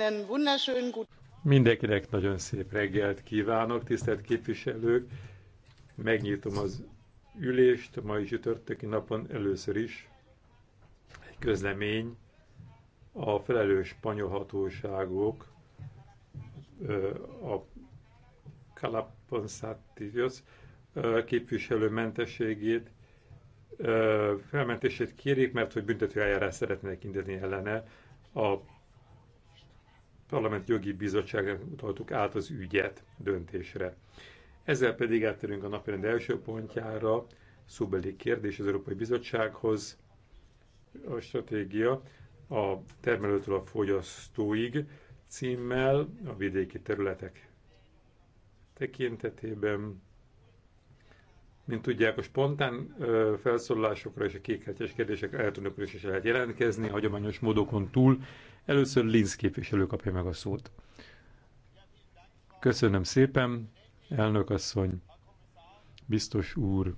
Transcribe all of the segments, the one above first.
Einen wunderschönen guten Mindenkinek nagyon szép reggelt kívánok, tisztelt képviselők! Megnyitom az ülést, ma is csütörtöki napon először is egy közlemény a felelős spanyol hatóságok a Calaponsatios képviselő mentességét felmentését kérik, mert hogy büntető eljárás szeretnének indítani ellene a Parlament Jogi Bizottságának utaltuk át az ügyet döntésre. Ezzel pedig átterünk a napirend első pontjára, szóbeli kérdés az Európai Bizottsághoz, a stratégia a termelőtől a fogyasztóig címmel a vidéki területek tekintetében. Mint tudják, a spontán ö, felszólalásokra és a kékhetyes kérdésekre eltűnökről is lehet jelentkezni, hagyományos módokon túl Először Linz képviselő kapja meg a szót. Köszönöm szépen, elnök asszony, biztos úr.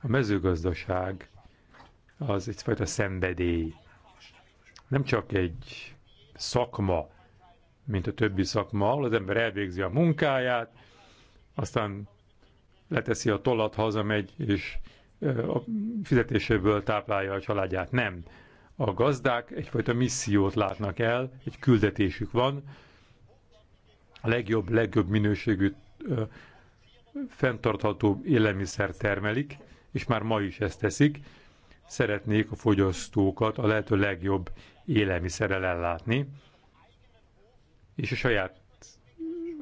A mezőgazdaság az egyfajta szenvedély. Nem csak egy szakma, mint a többi szakma, ahol az ember elvégzi a munkáját, aztán leteszi a tollat, hazamegy, és a fizetéséből táplálja a családját. Nem a gazdák egyfajta missziót látnak el, egy küldetésük van, a legjobb, legjobb minőségű, fenntartható élelmiszer termelik, és már ma is ezt teszik. Szeretnék a fogyasztókat a lehető legjobb élelmiszerrel ellátni, és a saját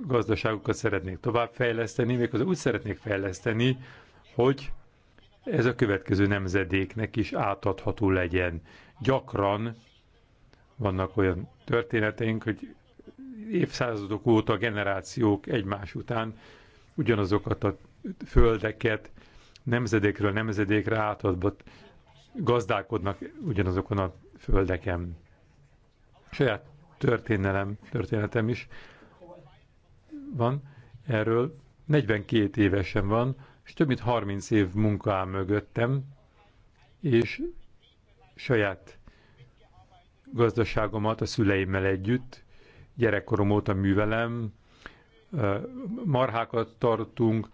gazdaságukat szeretnék továbbfejleszteni, az úgy szeretnék fejleszteni, hogy ez a következő nemzedéknek is átadható legyen. Gyakran vannak olyan történeteink, hogy évszázadok óta generációk egymás után ugyanazokat a földeket nemzedékről nemzedékre átadva gazdálkodnak ugyanazokon a földeken. Saját történelem, történetem is van erről. 42 évesen van, és több mint 30 év munkám mögöttem, és saját gazdaságomat a szüleimmel együtt, gyerekkorom óta művelem, marhákat tartunk,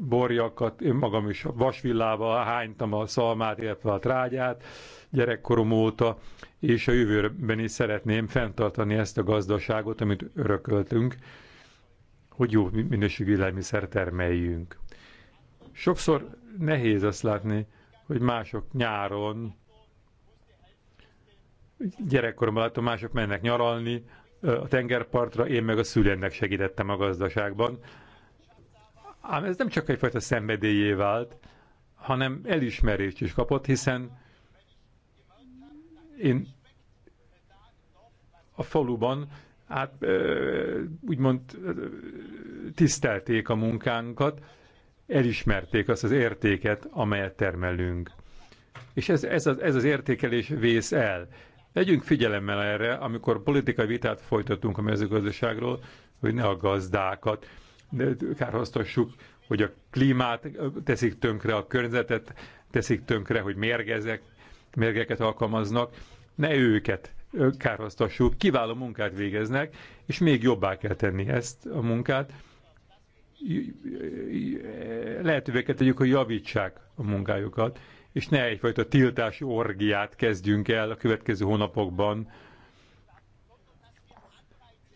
borjakat, én magam is a vasvillába hánytam a szalmát, illetve a trágyát gyerekkorom óta, és a jövőben is szeretném fenntartani ezt a gazdaságot, amit örököltünk, hogy jó minőségű élelmiszer termeljünk. Sokszor nehéz azt látni, hogy mások nyáron, gyerekkoromban láttam, mások mennek nyaralni a tengerpartra, én meg a szülemnek segítettem a gazdaságban. Ám ez nem csak egyfajta szenvedélyé vált, hanem elismerést is kapott, hiszen én a faluban hát úgymond tisztelték a munkánkat, elismerték azt az értéket, amelyet termelünk. És ez, ez, az, ez az értékelés vész el. Legyünk figyelemmel erre, amikor politikai vitát folytatunk a mezőgazdaságról, hogy ne a gazdákat kárhoztassuk, hogy a klímát teszik tönkre, a környezetet teszik tönkre, hogy mérgezek, mérgeket alkalmaznak, ne őket kárhoztassuk, kiváló munkát végeznek, és még jobbá kell tenni ezt a munkát, lehetővé kell tegyük, hogy javítsák a munkájukat, és ne egyfajta tiltási orgiát kezdjünk el a következő hónapokban,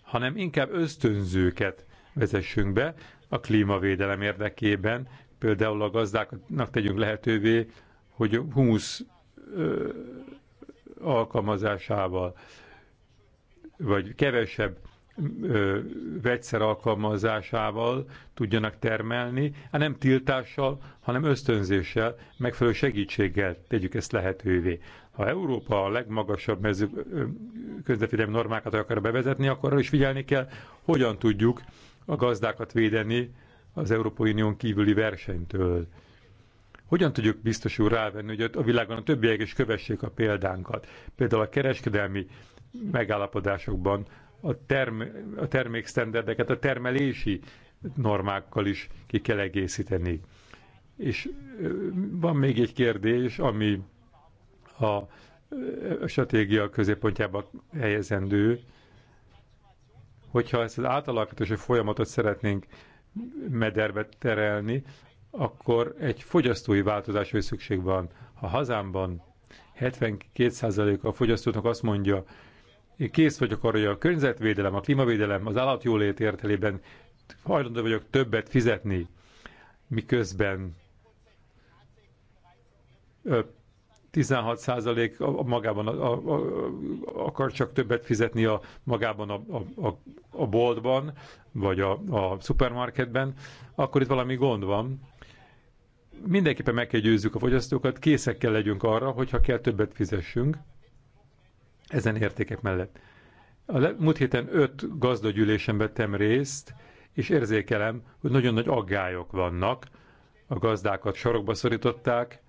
hanem inkább ösztönzőket vezessünk be a klímavédelem érdekében. Például a gazdáknak tegyünk lehetővé, hogy humusz alkalmazásával, vagy kevesebb vegyszer alkalmazásával tudjanak termelni, hát nem tiltással, hanem ösztönzéssel, megfelelő segítséggel tegyük ezt lehetővé. Ha Európa a legmagasabb mező közvetvédelmi normákat akar bevezetni, akkor arra is figyelni kell, hogyan tudjuk a gazdákat védeni az Európai Unión kívüli versenytől. Hogyan tudjuk biztosul rávenni, hogy a világon a többiek is kövessék a példánkat? Például a kereskedelmi megállapodásokban a, term, a termékstandardeket, a termelési normákkal is ki kell egészíteni. És van még egy kérdés, ami a, stratégia középpontjába helyezendő, hogyha ezt az átalakítási folyamatot szeretnénk mederbe terelni, akkor egy fogyasztói változásra is szükség van. Ha hazámban 72% a fogyasztóknak azt mondja, én kész vagyok arra, hogy a környezetvédelem, a klímavédelem, az állatjólét értelében hajlandó vagyok többet fizetni, miközben 16% a magában a, a, a, akar csak többet fizetni a magában a, a, a boltban, vagy a, a szupermarketben, akkor itt valami gond van. Mindenképpen meg kell győzzük a fogyasztókat, készek kell legyünk arra, hogyha kell többet fizessünk, ezen értékek mellett. A múlt héten öt gazdagyűlésen vettem részt, és érzékelem, hogy nagyon nagy aggályok vannak. A gazdákat sarokba szorították,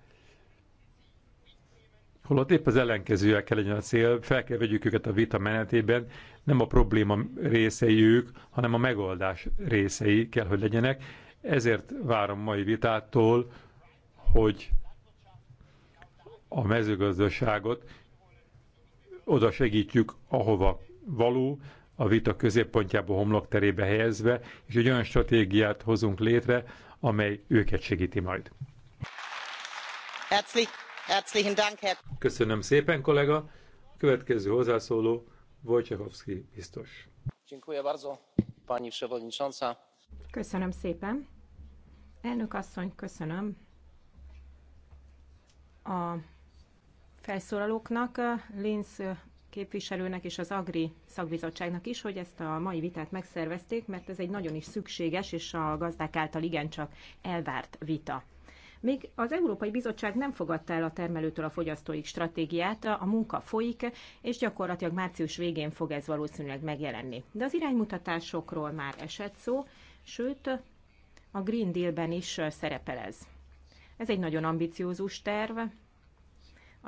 holott épp az ellenkezője kell legyen a cél, fel kell vegyük őket a vita menetében, nem a probléma részei ők, hanem a megoldás részei kell, hogy legyenek. Ezért várom mai vitától, hogy a mezőgazdaságot oda segítjük, ahova való, a vita középpontjába, homlokterébe helyezve, és egy olyan stratégiát hozunk létre, amely őket segíti majd. Köszönöm szépen, kollega. Következő hozzászóló Wojciechowski biztos. Köszönöm szépen. Elnök asszony, köszönöm. A felszólalóknak, Linz képviselőnek és az Agri szakbizottságnak is, hogy ezt a mai vitát megszervezték, mert ez egy nagyon is szükséges és a gazdák által igencsak elvárt vita. Még az Európai Bizottság nem fogadta el a termelőtől a fogyasztóig stratégiát, a munka folyik, és gyakorlatilag március végén fog ez valószínűleg megjelenni. De az iránymutatásokról már esett szó, sőt, a Green Deal-ben is szerepel ez. Ez egy nagyon ambiciózus terv,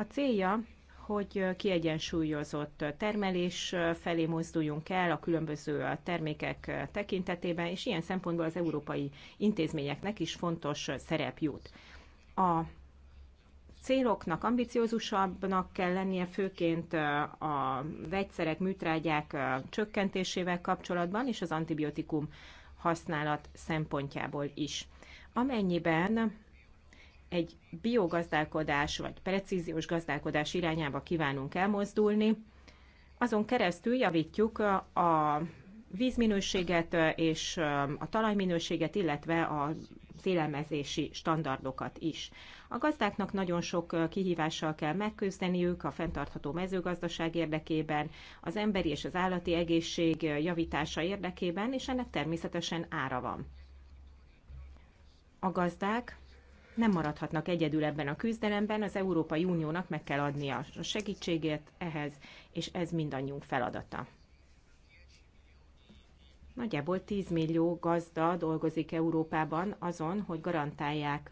a célja, hogy kiegyensúlyozott termelés felé mozduljunk el a különböző termékek tekintetében, és ilyen szempontból az európai intézményeknek is fontos szerep jut. A céloknak ambiciózusabbnak kell lennie, főként a vegyszerek, műtrágyák csökkentésével kapcsolatban, és az antibiotikum használat szempontjából is. Amennyiben egy biogazdálkodás vagy precíziós gazdálkodás irányába kívánunk elmozdulni. Azon keresztül javítjuk a vízminőséget és a talajminőséget, illetve a élelmezési standardokat is. A gazdáknak nagyon sok kihívással kell megküzdeniük a fenntartható mezőgazdaság érdekében, az emberi és az állati egészség javítása érdekében, és ennek természetesen ára van. A gazdák nem maradhatnak egyedül ebben a küzdelemben, az Európai Uniónak meg kell adnia a segítségét ehhez, és ez mindannyiunk feladata. Nagyjából 10 millió gazda dolgozik Európában azon, hogy garantálják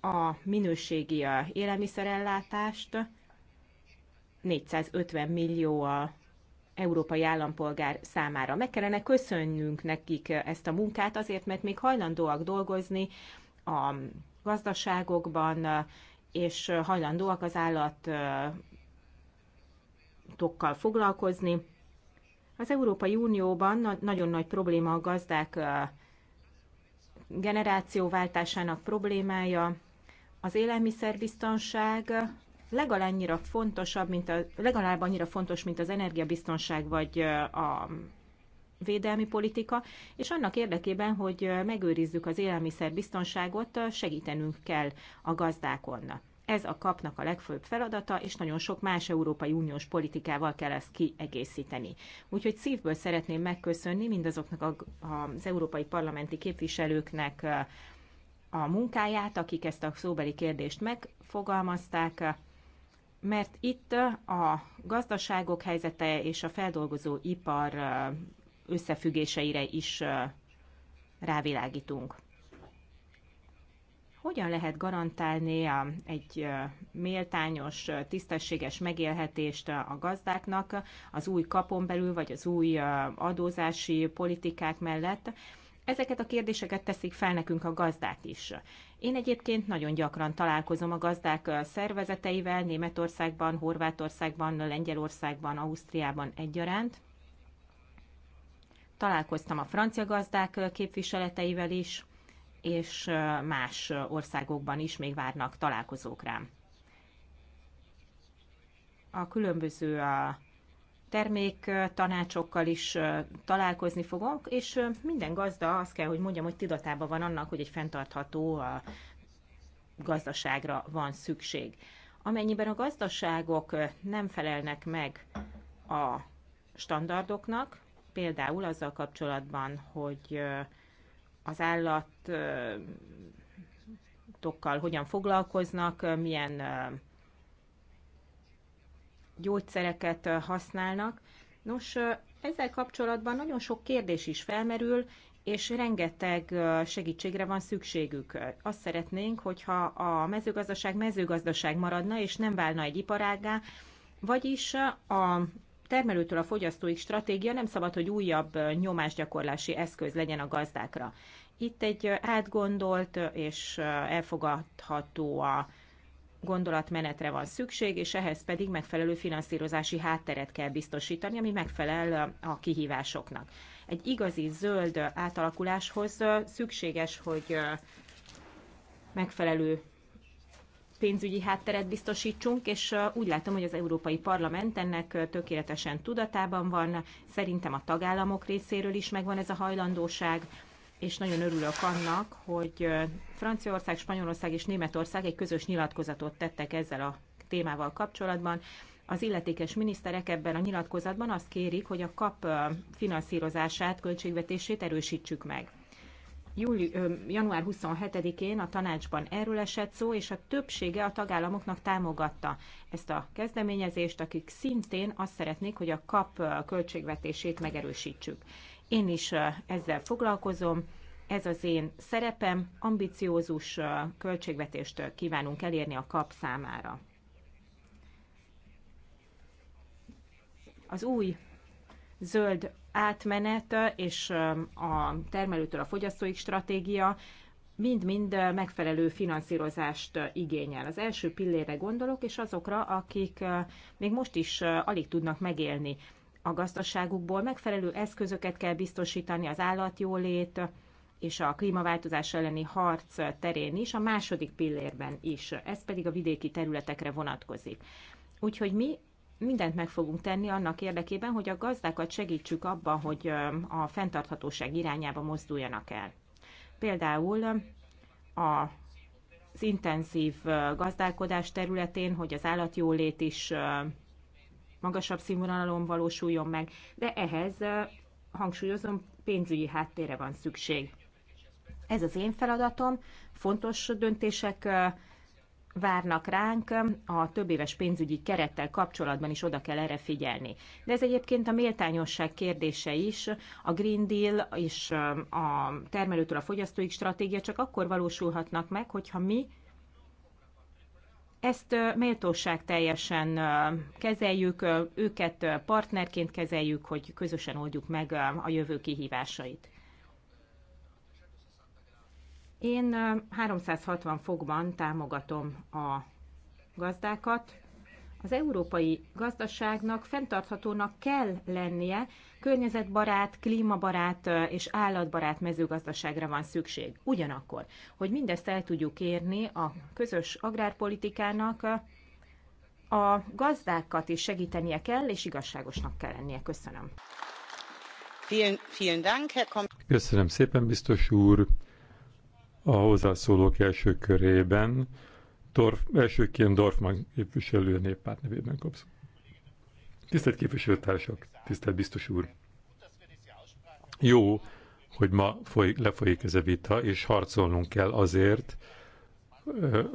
a minőségi élelmiszerellátást, 450 millió a európai állampolgár számára. Meg kellene köszönnünk nekik ezt a munkát azért, mert még hajlandóak dolgozni a gazdaságokban, és hajlandóak az állatokkal foglalkozni. Az Európai Unióban nagyon nagy probléma a gazdák generációváltásának problémája, az élelmiszerbiztonság legalább annyira fontosabb, mint a, legalább annyira fontos, mint az energiabiztonság vagy a védelmi politika, és annak érdekében, hogy megőrizzük az élelmiszerbiztonságot, segítenünk kell a gazdákon. Ez a kapnak a legfőbb feladata, és nagyon sok más Európai Uniós politikával kell ezt kiegészíteni. Úgyhogy szívből szeretném megköszönni mindazoknak a, az európai parlamenti képviselőknek a munkáját, akik ezt a szóbeli kérdést megfogalmazták mert itt a gazdaságok helyzete és a feldolgozó ipar összefüggéseire is rávilágítunk. Hogyan lehet garantálni egy méltányos, tisztességes megélhetést a gazdáknak az új kapon belül, vagy az új adózási politikák mellett? Ezeket a kérdéseket teszik fel nekünk a gazdák is. Én egyébként nagyon gyakran találkozom a gazdák szervezeteivel Németországban, Horvátországban, Lengyelországban, Ausztriában egyaránt. Találkoztam a francia gazdák képviseleteivel is, és más országokban is még várnak találkozók rám. A különböző a termék tanácsokkal is találkozni fogok, és minden gazda, azt kell, hogy mondjam, hogy tudatában van annak, hogy egy fenntartható gazdaságra van szükség. Amennyiben a gazdaságok nem felelnek meg a standardoknak, például azzal kapcsolatban, hogy az állat tokkal hogyan foglalkoznak, milyen gyógyszereket használnak. Nos, ezzel kapcsolatban nagyon sok kérdés is felmerül, és rengeteg segítségre van szükségük. Azt szeretnénk, hogyha a mezőgazdaság mezőgazdaság maradna, és nem válna egy iparággá, vagyis a termelőtől a fogyasztóig stratégia nem szabad, hogy újabb nyomásgyakorlási eszköz legyen a gazdákra. Itt egy átgondolt és elfogadható a gondolatmenetre van szükség, és ehhez pedig megfelelő finanszírozási hátteret kell biztosítani, ami megfelel a kihívásoknak. Egy igazi zöld átalakuláshoz szükséges, hogy megfelelő pénzügyi hátteret biztosítsunk, és úgy látom, hogy az Európai Parlament ennek tökéletesen tudatában van, szerintem a tagállamok részéről is megvan ez a hajlandóság, és nagyon örülök annak, hogy Franciaország, Spanyolország és Németország egy közös nyilatkozatot tettek ezzel a témával kapcsolatban. Az illetékes miniszterek ebben a nyilatkozatban azt kérik, hogy a kap finanszírozását, költségvetését erősítsük meg. Júli, január 27-én a tanácsban erről esett szó, és a többsége a tagállamoknak támogatta ezt a kezdeményezést, akik szintén azt szeretnék, hogy a kap költségvetését megerősítsük. Én is ezzel foglalkozom, ez az én szerepem, ambiciózus költségvetést kívánunk elérni a kap számára. Az új zöld átmenet és a termelőtől a fogyasztóik stratégia mind-mind megfelelő finanszírozást igényel. Az első pillére gondolok, és azokra, akik még most is alig tudnak megélni a gazdaságukból, megfelelő eszközöket kell biztosítani az állatjólét és a klímaváltozás elleni harc terén is, a második pillérben is, ez pedig a vidéki területekre vonatkozik. Úgyhogy mi mindent meg fogunk tenni annak érdekében, hogy a gazdákat segítsük abban, hogy a fenntarthatóság irányába mozduljanak el. Például a az intenzív gazdálkodás területén, hogy az állatjólét is magasabb színvonalon valósuljon meg, de ehhez hangsúlyozom, pénzügyi háttérre van szükség. Ez az én feladatom, fontos döntések várnak ránk, a több éves pénzügyi kerettel kapcsolatban is oda kell erre figyelni. De ez egyébként a méltányosság kérdése is. A Green Deal és a termelőtől a fogyasztóik stratégia csak akkor valósulhatnak meg, hogyha mi ezt méltóság teljesen kezeljük, őket partnerként kezeljük, hogy közösen oldjuk meg a jövő kihívásait. Én 360 fokban támogatom a gazdákat, az európai gazdaságnak fenntarthatónak kell lennie, környezetbarát, klímabarát és állatbarát mezőgazdaságra van szükség. Ugyanakkor, hogy mindezt el tudjuk érni a közös agrárpolitikának, a gazdákat is segítenie kell, és igazságosnak kell lennie. Köszönöm. Köszönöm szépen, biztos úr. A hozzászólók első körében Dorf, elsőként Dorfman képviselő a néppárt nevében kapsz. Tisztelt képviselőtársak, tisztelt biztos úr! Jó, hogy ma folyik, lefolyik ez a vita, és harcolnunk kell azért,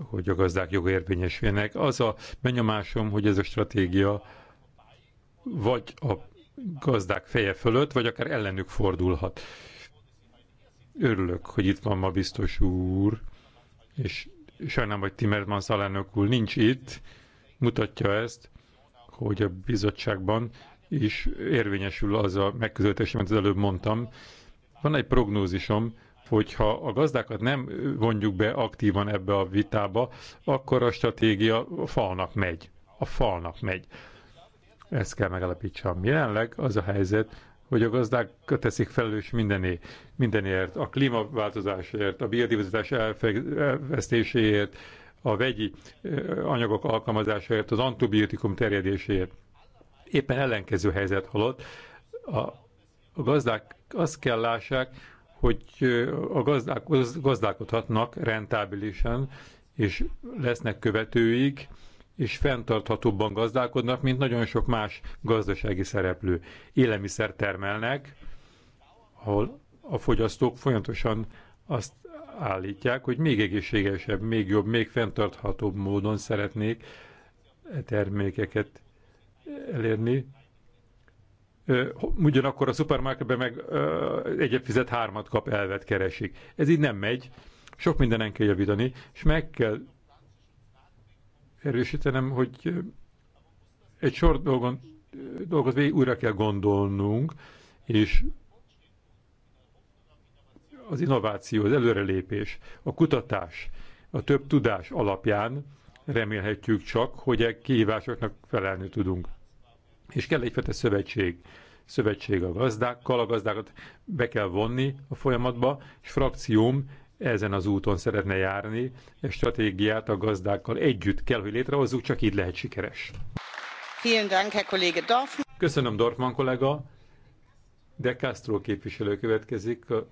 hogy a gazdák joga érvényesüljenek. Az a benyomásom, hogy ez a stratégia vagy a gazdák feje fölött, vagy akár ellenük fordulhat. Örülök, hogy itt van ma biztos úr, és sajnálom, hogy Timmermans alelnök úr nincs itt, mutatja ezt, hogy a bizottságban is érvényesül az a megközelítés, amit az előbb mondtam. Van egy prognózisom, hogyha a gazdákat nem vonjuk be aktívan ebbe a vitába, akkor a stratégia a falnak megy. A falnak megy. Ezt kell megalapítsam. Jelenleg az a helyzet, hogy a gazdák teszik felelős mindené, mindenért, a klímaváltozásért, a biodiverzitás elvesztéséért, a vegyi anyagok alkalmazásáért, az antibiotikum terjedéséért. Éppen ellenkező helyzet halott. A, a gazdák azt kell lássák, hogy a gazdák, gazdálkodhatnak rentábilisan, és lesznek követőik, és fenntarthatóbban gazdálkodnak, mint nagyon sok más gazdasági szereplő. Élelmiszer termelnek, ahol a fogyasztók folyamatosan azt állítják, hogy még egészségesebb, még jobb, még fenntarthatóbb módon szeretnék e termékeket elérni. Ugyanakkor a szupermarketben meg egyet fizet hármat kap elvet keresik. Ez így nem megy, sok mindenen kell javítani, és meg kell erősítenem, hogy egy sor dolgon, dolgot végig újra kell gondolnunk, és az innováció, az előrelépés, a kutatás, a több tudás alapján remélhetjük csak, hogy a e kihívásoknak felelni tudunk. És kell egyfajta szövetség. Szövetség a gazdákkal, a gazdákat be kell vonni a folyamatba, és frakcióm ezen az úton szeretne járni, és stratégiát a gazdákkal együtt kell, hogy létrehozzuk, csak így lehet sikeres. Köszönöm, Dorfman kollega. De Castro képviselő következik a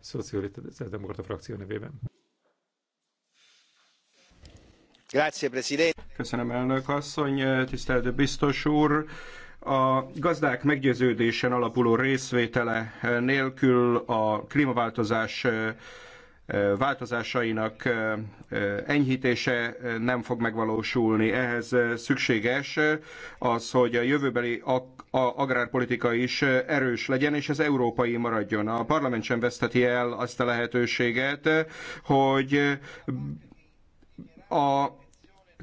Szocialista Demokrata frakció nevében. Köszönöm, elnök asszony, tisztelt biztos úr. A gazdák meggyőződésen alapuló részvétele nélkül a klímaváltozás változásainak enyhítése nem fog megvalósulni. Ehhez szükséges az, hogy a jövőbeli agrárpolitika is erős legyen, és ez európai maradjon. A parlament sem veszteti el azt a lehetőséget, hogy a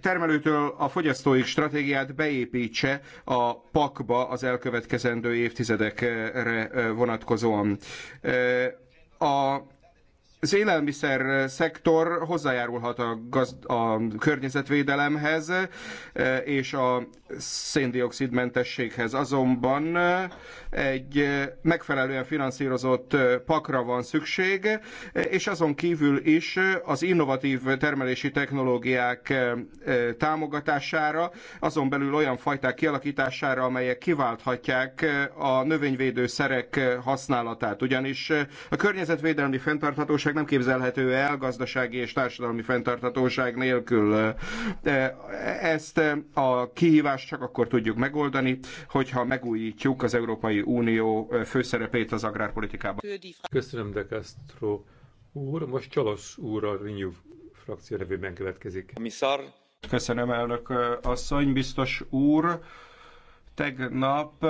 termelőtől a fogyasztóik stratégiát beépítse a pakba az elkövetkezendő évtizedekre vonatkozóan. A az élelmiszer szektor hozzájárulhat a, gazd- a környezetvédelemhez eh, és a széndiokszidmentességhez. Azonban eh, egy eh, megfelelően finanszírozott pakra van szükség, és azon kívül is az innovatív termelési technológiák támogatására, azon belül olyan fajták kialakítására, amelyek kiválthatják a növényvédőszerek használatát. Ugyanis a környezetvédelmi fenntarthatóság nem képzelhető el gazdasági és társadalmi fenntarthatóság nélkül. Ezt a kihívást csak akkor tudjuk megoldani, hogyha megújítjuk az Európai Unió főszerepét az agrárpolitikában. Köszönöm, De Castro úr. Most Csalasz úr a Renew frakció nevében következik. Köszönöm, elnök asszony, biztos úr. Tegnap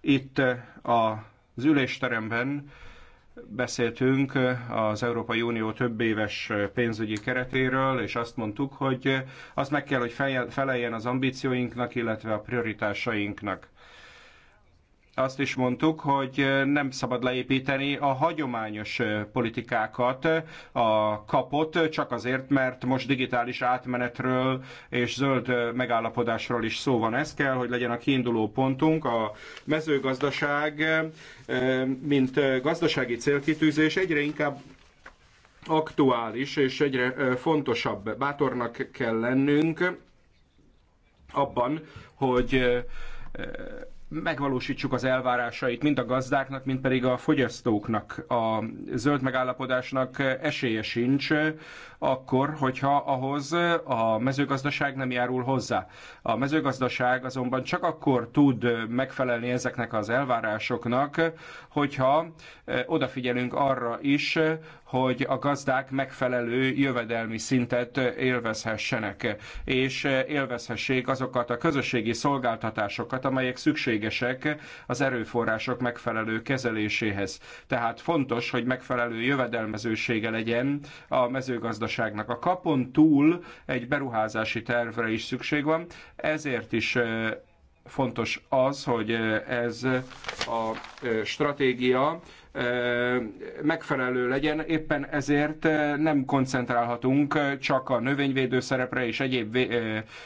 itt a az ülésteremben beszéltünk eh, az Európai Unió több éves eh, pénzügyi keretéről, és azt mondtuk, hogy eh, azt meg kell, hogy feleljen az ambícióinknak, illetve a prioritásainknak azt is mondtuk, hogy nem szabad leépíteni a hagyományos politikákat, a kapot, csak azért, mert most digitális átmenetről és zöld megállapodásról is szó van. Ez kell, hogy legyen a kiinduló pontunk. A mezőgazdaság, mint gazdasági célkitűzés egyre inkább aktuális és egyre fontosabb. Bátornak kell lennünk abban, hogy megvalósítsuk az elvárásait mind a gazdáknak, mind pedig a fogyasztóknak. A zöld megállapodásnak esélye sincs akkor, hogyha ahhoz a mezőgazdaság nem járul hozzá. A mezőgazdaság azonban csak akkor tud megfelelni ezeknek az elvárásoknak, hogyha e, odafigyelünk arra is, hogy a gazdák megfelelő jövedelmi szintet élvezhessenek, és e, élvezhessék azokat a közösségi szolgáltatásokat, amelyek szükségesek szükségesek az erőforrások megfelelő kezeléséhez. Tehát fontos, hogy megfelelő jövedelmezősége legyen a mezőgazdaságnak. A kapon túl egy beruházási tervre is szükség van, ezért is fontos az, hogy ez a stratégia megfelelő legyen, éppen ezért nem koncentrálhatunk csak a növényvédőszerepre és egyéb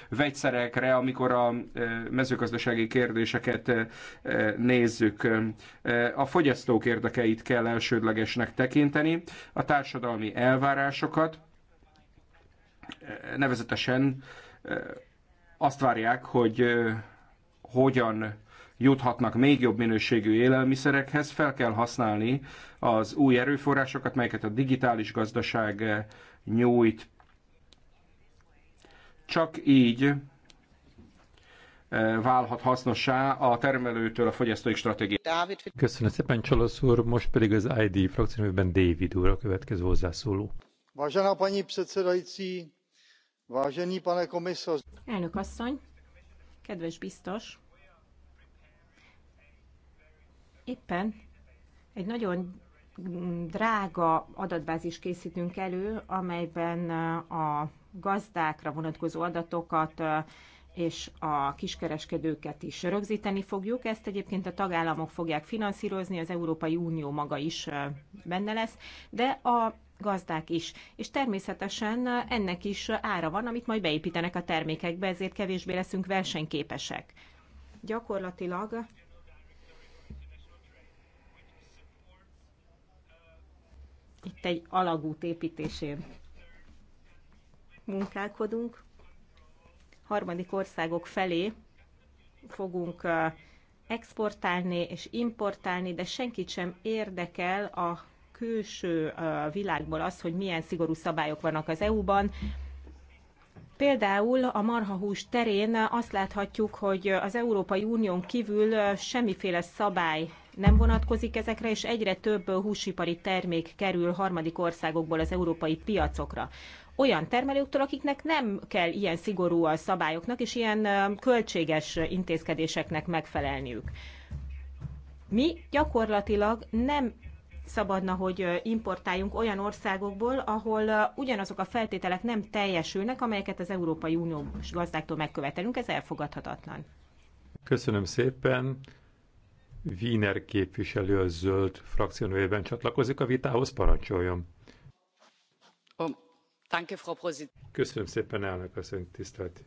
vegyszerekre, amikor a mezőgazdasági kérdéseket nézzük. A fogyasztók érdekeit kell elsődlegesnek tekinteni, a társadalmi elvárásokat, nevezetesen azt várják, hogy hogyan juthatnak még jobb minőségű élelmiszerekhez, fel kell használni az új erőforrásokat, melyeket a digitális gazdaság eh, nyújt. Csak így eh, válhat hasznossá a termelőtől a fogyasztói stratégia. Köszönöm szépen, Csalasz úr, most pedig az ID frakcióban David úr a következő hozzászóló. Vážená paní předsedající, vážený pane komisař. Elnök asszony, kedves biztos, éppen egy nagyon drága adatbázis készítünk elő, amelyben a gazdákra vonatkozó adatokat és a kiskereskedőket is rögzíteni fogjuk. Ezt egyébként a tagállamok fogják finanszírozni, az Európai Unió maga is benne lesz, de a gazdák is. És természetesen ennek is ára van, amit majd beépítenek a termékekbe, ezért kevésbé leszünk versenyképesek. Gyakorlatilag itt egy alagút építésén munkálkodunk. Harmadik országok felé fogunk exportálni és importálni, de senkit sem érdekel a külső világból az, hogy milyen szigorú szabályok vannak az EU-ban. Például a marhahús terén azt láthatjuk, hogy az Európai Unión kívül semmiféle szabály nem vonatkozik ezekre, és egyre több húsipari termék kerül harmadik országokból az európai piacokra. Olyan termelőktől, akiknek nem kell ilyen szigorú a szabályoknak és ilyen költséges intézkedéseknek megfelelniük. Mi gyakorlatilag nem szabadna, hogy importáljunk olyan országokból, ahol ugyanazok a feltételek nem teljesülnek, amelyeket az Európai Uniós gazdáktól megkövetelünk. Ez elfogadhatatlan. Köszönöm szépen. Wiener képviselő a zöld frakció csatlakozik a vitához, parancsoljon. Köszönöm szépen, elnök asszony, tisztelt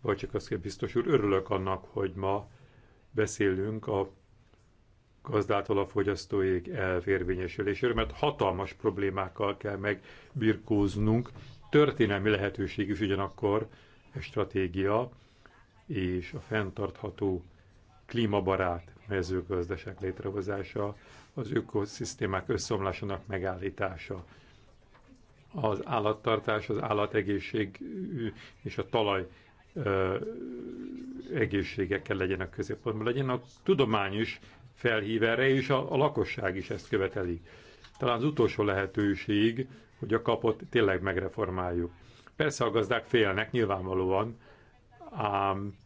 Vajcsakaszki biztos úr. Örülök annak, hogy ma beszélünk a gazdától a fogyasztóig elvérvényesüléséről, mert hatalmas problémákkal kell megbirkóznunk. Történelmi lehetőség is ugyanakkor a stratégia és a fenntartható klímabarát mezőgazdaság létrehozása, az ökoszisztémák összeomlásának megállítása, az állattartás, az állategészség és a talaj egészségekkel legyen a középpontban, legyen a tudomány is felhív erre, és a, a lakosság is ezt követeli. Talán az utolsó lehetőség, hogy a kapot tényleg megreformáljuk. Persze a gazdák félnek nyilvánvalóan, ám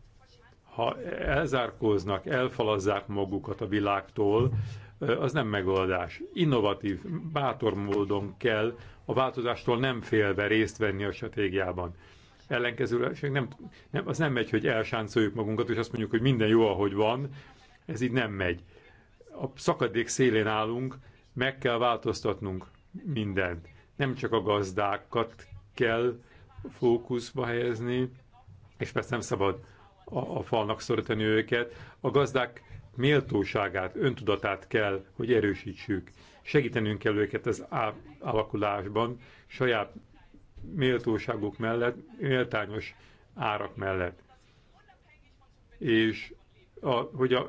ha elzárkóznak, elfalazzák magukat a világtól, az nem megoldás. Innovatív, bátor módon kell a változástól nem félve részt venni a stratégiában. Ellenkezőleg nem, nem, az nem megy, hogy elsáncoljuk magunkat, és azt mondjuk, hogy minden jó, ahogy van, ez így nem megy. A szakadék szélén állunk, meg kell változtatnunk mindent. Nem csak a gazdákat kell fókuszba helyezni, és persze nem szabad a, a falnak szorítani őket. A gazdák méltóságát, öntudatát kell, hogy erősítsük. Segítenünk kell őket az á, alakulásban, saját méltóságuk mellett, méltányos árak mellett. És a, hogy az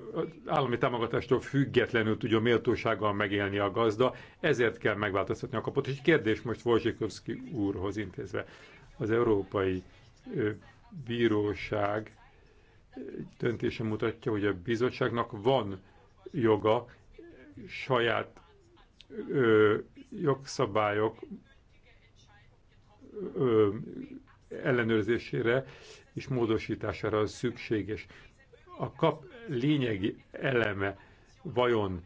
állami támogatástól függetlenül tudja méltósággal megélni a gazda, ezért kell megváltoztatni a kapot. És kérdés most Wojciechowski úrhoz intézve. Az Európai Bíróság döntése mutatja, hogy a bizottságnak van joga saját ö, jogszabályok ö, ellenőrzésére és módosítására az szükséges. A kap lényegi eleme vajon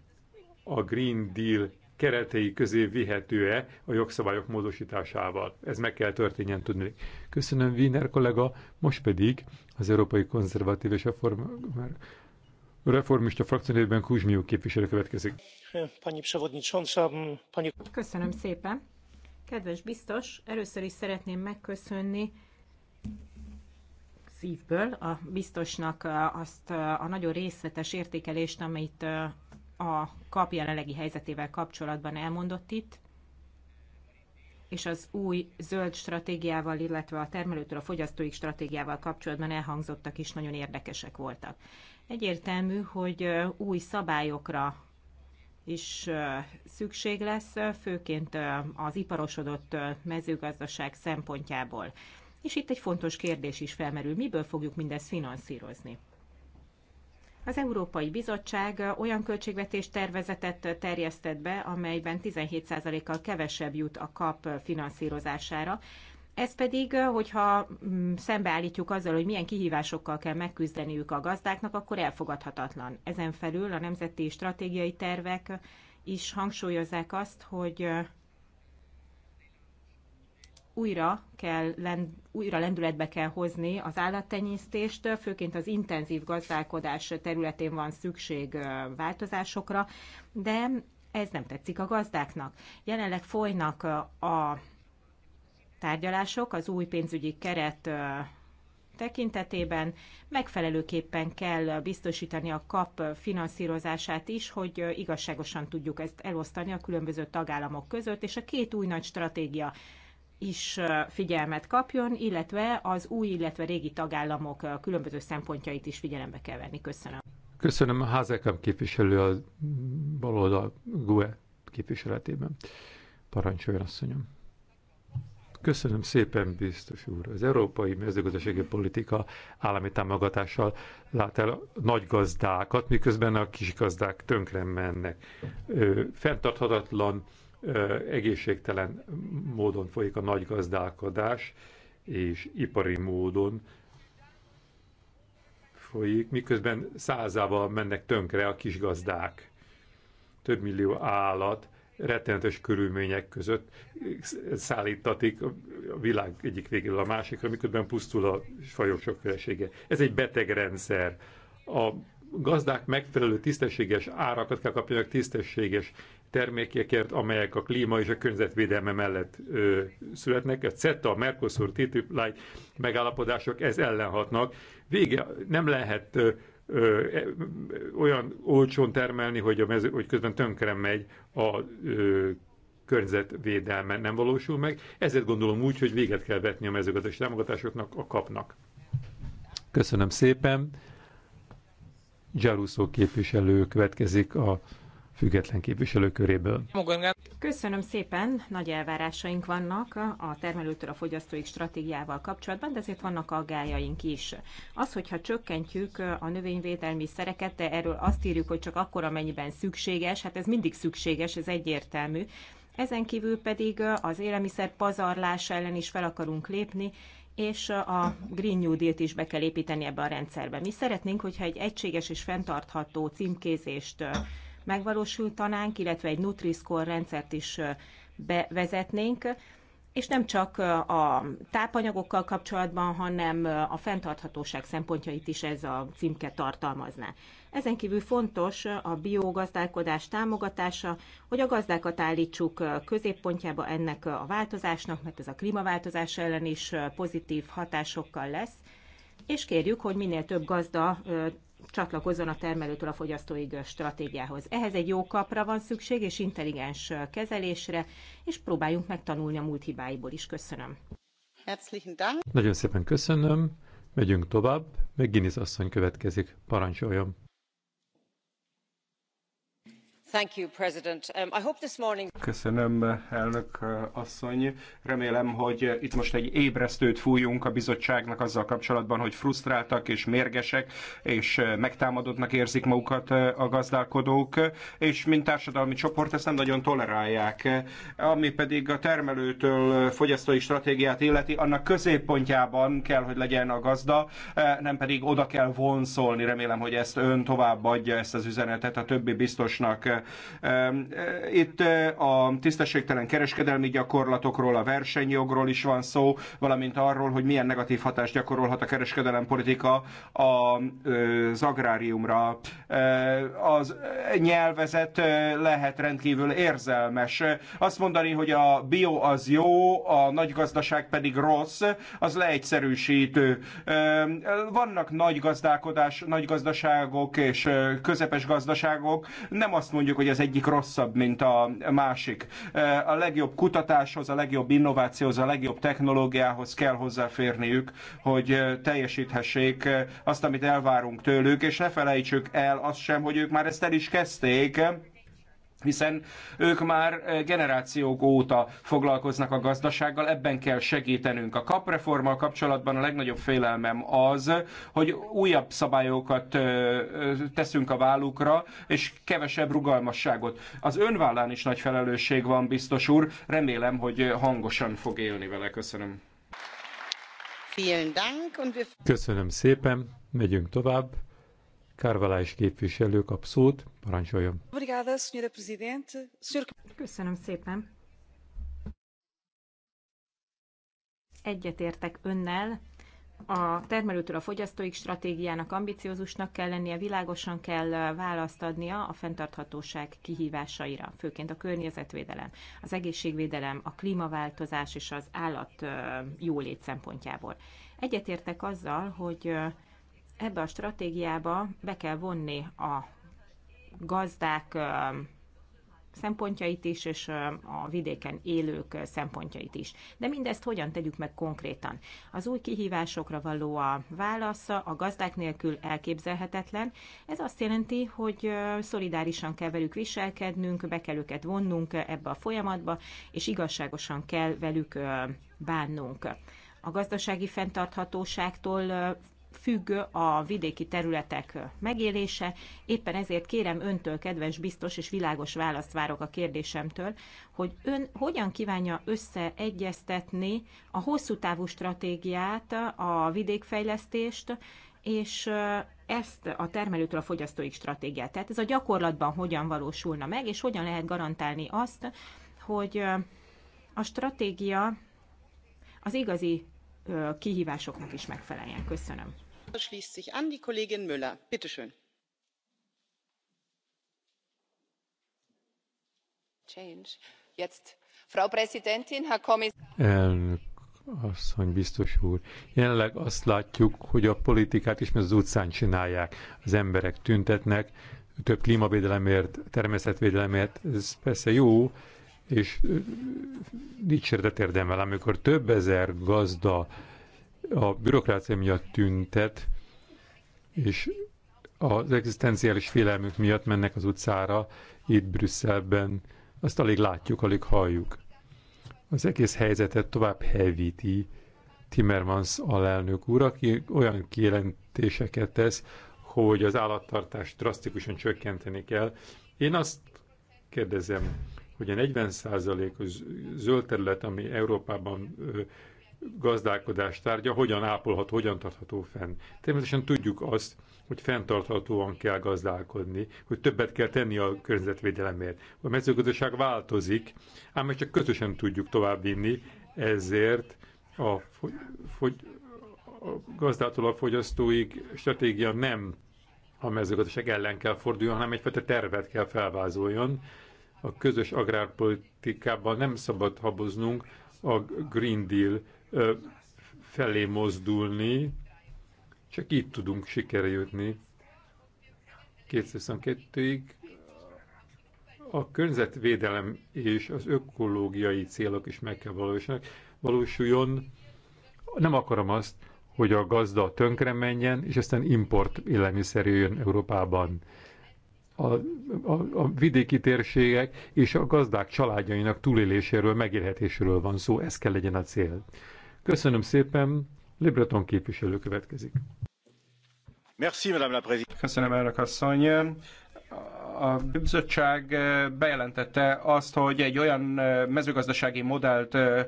a Green Deal keretei közé vihető-e a jogszabályok módosításával. Ez meg kell történjen tudni. Köszönöm, Wiener kollega. Most pedig az Európai Konzervatív és Reform... Reformista frakcionérben Kuzsmiuk képviselő következik. Köszönöm szépen. Kedves biztos, először is szeretném megköszönni szívből a biztosnak azt a nagyon részletes értékelést, amit a kap jelenlegi helyzetével kapcsolatban elmondott itt, és az új zöld stratégiával, illetve a termelőtől a fogyasztói stratégiával kapcsolatban elhangzottak is nagyon érdekesek voltak. Egyértelmű, hogy új szabályokra is szükség lesz, főként az iparosodott mezőgazdaság szempontjából. És itt egy fontos kérdés is felmerül, miből fogjuk mindezt finanszírozni. Az Európai Bizottság olyan költségvetés tervezetet terjesztett be, amelyben 17%-kal kevesebb jut a kap finanszírozására. Ez pedig, hogyha mm, szembeállítjuk azzal, hogy milyen kihívásokkal kell megküzdeniük a gazdáknak, akkor elfogadhatatlan. Ezen felül a nemzeti stratégiai tervek is hangsúlyozzák azt, hogy újra, kell, lend, újra lendületbe kell hozni az állattenyésztést, főként az intenzív gazdálkodás területén van szükség változásokra, de ez nem tetszik a gazdáknak. Jelenleg folynak a tárgyalások az új pénzügyi keret tekintetében megfelelőképpen kell biztosítani a kap finanszírozását is, hogy igazságosan tudjuk ezt elosztani a különböző tagállamok között, és a két új nagy stratégia is figyelmet kapjon, illetve az új, illetve régi tagállamok különböző szempontjait is figyelembe kell venni. Köszönöm. Köszönöm a Házekam képviselő a baloldal GUE képviseletében. Parancsoljon, asszonyom. Köszönöm szépen, biztos úr. Az európai mezőgazdasági politika állami támogatással lát el nagy gazdákat, miközben a kis gazdák tönkre mennek. Ö, fenntarthatatlan egészségtelen módon folyik a nagy gazdálkodás, és ipari módon folyik, miközben százával mennek tönkre a kis gazdák. Több millió állat rettenetes körülmények között szállítatik a világ egyik végéről a másikra, miközben pusztul a fajok sokfélesége. Ez egy beteg rendszer. A gazdák megfelelő tisztességes árakat kell kapjanak, tisztességes termékeket, amelyek a klíma és a környezetvédelme mellett ö, születnek. A CETA, a Mercosur, TTIP, Light megállapodások ez ellen hatnak. Vége, nem lehet ö, ö, e, olyan olcsón termelni, hogy, a mező, hogy közben tönkre megy a ö, környezetvédelme nem valósul meg. Ezért gondolom úgy, hogy véget kell vetni a mezőgazdasági támogatásoknak, a kapnak. Köszönöm szépen. Jaruszó képviselő következik a független képviselők köréből. Köszönöm szépen, nagy elvárásaink vannak a termelőtől a fogyasztói stratégiával kapcsolatban, de ezért vannak aggájaink is. Az, hogyha csökkentjük a növényvédelmi szereket, de erről azt írjuk, hogy csak akkor, amennyiben szükséges, hát ez mindig szükséges, ez egyértelmű. Ezen kívül pedig az élelmiszer pazarlása ellen is fel akarunk lépni, és a Green New Deal-t is be kell építeni ebbe a rendszerbe. Mi szeretnénk, hogyha egy egységes és fenntartható címkézést megvalósítanánk, illetve egy nutri rendszert is bevezetnénk, és nem csak a tápanyagokkal kapcsolatban, hanem a fenntarthatóság szempontjait is ez a címke tartalmazná. Ezen kívül fontos a biogazdálkodás támogatása, hogy a gazdákat állítsuk középpontjába ennek a változásnak, mert ez a klímaváltozás ellen is pozitív hatásokkal lesz, és kérjük, hogy minél több gazda csatlakozzon a termelőtől a fogyasztóig stratégiához. Ehhez egy jó kapra van szükség, és intelligens kezelésre, és próbáljunk megtanulni a múlt hibáiból is. Köszönöm. Nagyon szépen köszönöm. Megyünk tovább. Meg Guinness asszony következik. Parancsoljon. Um, Köszönöm, elnök uh, asszony. Remélem, hogy uh, itt most egy ébresztőt fújunk a bizottságnak azzal kapcsolatban, hogy frusztráltak és mérgesek, és uh, megtámadottnak érzik magukat a gazdálkodók, és mint társadalmi csoport ezt nem nagyon tolerálják. Ami pedig a termelőtől fogyasztói stratégiát illeti, annak középpontjában kell, hogy legyen a gazda, nem pedig oda kell vonszolni. Remélem, hogy ezt ön továbbadja, ezt az üzenetet a többi biztosnak Ehm, eh, itt eh, a tisztességtelen kereskedelmi gyakorlatokról, a versenyjogról is van szó, valamint arról, hogy milyen negatív hatást gyakorolhat a politika az agráriumra. Eh, az nyelvezet lehet rendkívül érzelmes. Azt mondani, hogy a bio az jó, a nagy gazdaság pedig rossz, az leegyszerűsítő. Ehm, vannak nagy gazdálkodás, nagy gazdaságok és közepes gazdaságok, nem azt mondjuk, mondjuk, hogy az egyik rosszabb, mint a másik. A legjobb kutatáshoz, a legjobb innovációhoz, a legjobb technológiához kell hozzáférniük, hogy teljesíthessék azt, amit elvárunk tőlük, és ne felejtsük el azt sem, hogy ők már ezt el is kezdték, hiszen ők már eh, generációk óta foglalkoznak a gazdasággal, ebben kell segítenünk. A kapreformmal kapcsolatban a legnagyobb félelmem az, hogy újabb szabályokat eh, eh, teszünk a vállukra, és kevesebb rugalmasságot. Az önvállán is nagy felelősség van, biztos úr, remélem, hogy hangosan fog élni vele. Köszönöm. Köszönöm szépen, megyünk tovább. Kárvalás képviselő kap szót, parancsoljon. Köszönöm szépen. Egyetértek önnel, a termelőtől a fogyasztóik stratégiának ambiciózusnak kell lennie, világosan kell választ adnia a fenntarthatóság kihívásaira, főként a környezetvédelem, az egészségvédelem, a klímaváltozás és az állat jólét szempontjából. Egyetértek azzal, hogy ebbe a stratégiába be kell vonni a gazdák szempontjait is, és a vidéken élők szempontjait is. De mindezt hogyan tegyük meg konkrétan? Az új kihívásokra való a válasz a gazdák nélkül elképzelhetetlen. Ez azt jelenti, hogy szolidárisan kell velük viselkednünk, be kell őket vonnunk ebbe a folyamatba, és igazságosan kell velük bánnunk. A gazdasági fenntarthatóságtól függ a vidéki területek megélése. Éppen ezért kérem öntől, kedves, biztos és világos választ várok a kérdésemtől, hogy ön hogyan kívánja összeegyeztetni a hosszú távú stratégiát, a vidékfejlesztést, és ezt a termelőtől a fogyasztóik stratégiát. Tehát ez a gyakorlatban hogyan valósulna meg, és hogyan lehet garantálni azt, hogy a stratégia az igazi kihívásoknak is megfeleljen. Köszönöm. Schließt sich an die Kollegin Müller. Change. Jetzt. Frau Präsidentin, Herr Kommissar. Elnök asszony, biztos úr. Jelenleg azt látjuk, hogy a politikát is az utcán csinálják. Az emberek tüntetnek, több klímavédelemért, természetvédelemért. Ez persze jó, és dicséretet érdemel, amikor több ezer gazda a bürokrácia miatt tüntet, és az egzisztenciális félelmük miatt mennek az utcára, itt Brüsszelben, azt alig látjuk, alig halljuk. Az egész helyzetet tovább hevíti Timmermans alelnök úr, aki olyan kijelentéseket tesz, hogy az állattartást drasztikusan csökkenteni kell. Én azt kérdezem, hogy a 40% os zöld terület, ami Európában gazdálkodás tárgya, hogyan ápolhat, hogyan tartható fenn. Természetesen tudjuk azt, hogy fenntarthatóan kell gazdálkodni, hogy többet kell tenni a környezetvédelemért. A mezőgazdaság változik, ám ezt csak közösen tudjuk továbbvinni, ezért a, fogy, fogy, a gazdától a fogyasztóig stratégia nem a mezőgazdaság ellen kell forduljon, hanem egyfajta tervet kell felvázoljon, a közös agrárpolitikában nem szabad haboznunk a Green Deal felé mozdulni, csak így tudunk sikere jutni. 2022-ig a környezetvédelem és az ökológiai célok is meg kell valósulnak. valósuljon. Nem akarom azt, hogy a gazda tönkre menjen, és aztán import élelmiszer jön Európában a, a, a vidéki térségek és a gazdák családjainak túléléséről, megélhetéséről van szó, ez kell legyen a cél. Köszönöm szépen, Libreton képviselő következik. Merci, Madame la Présidente. Köszönöm, elnök asszony a bizottság eh, bejelentette azt, hogy egy olyan eh, mezőgazdasági modellt eh,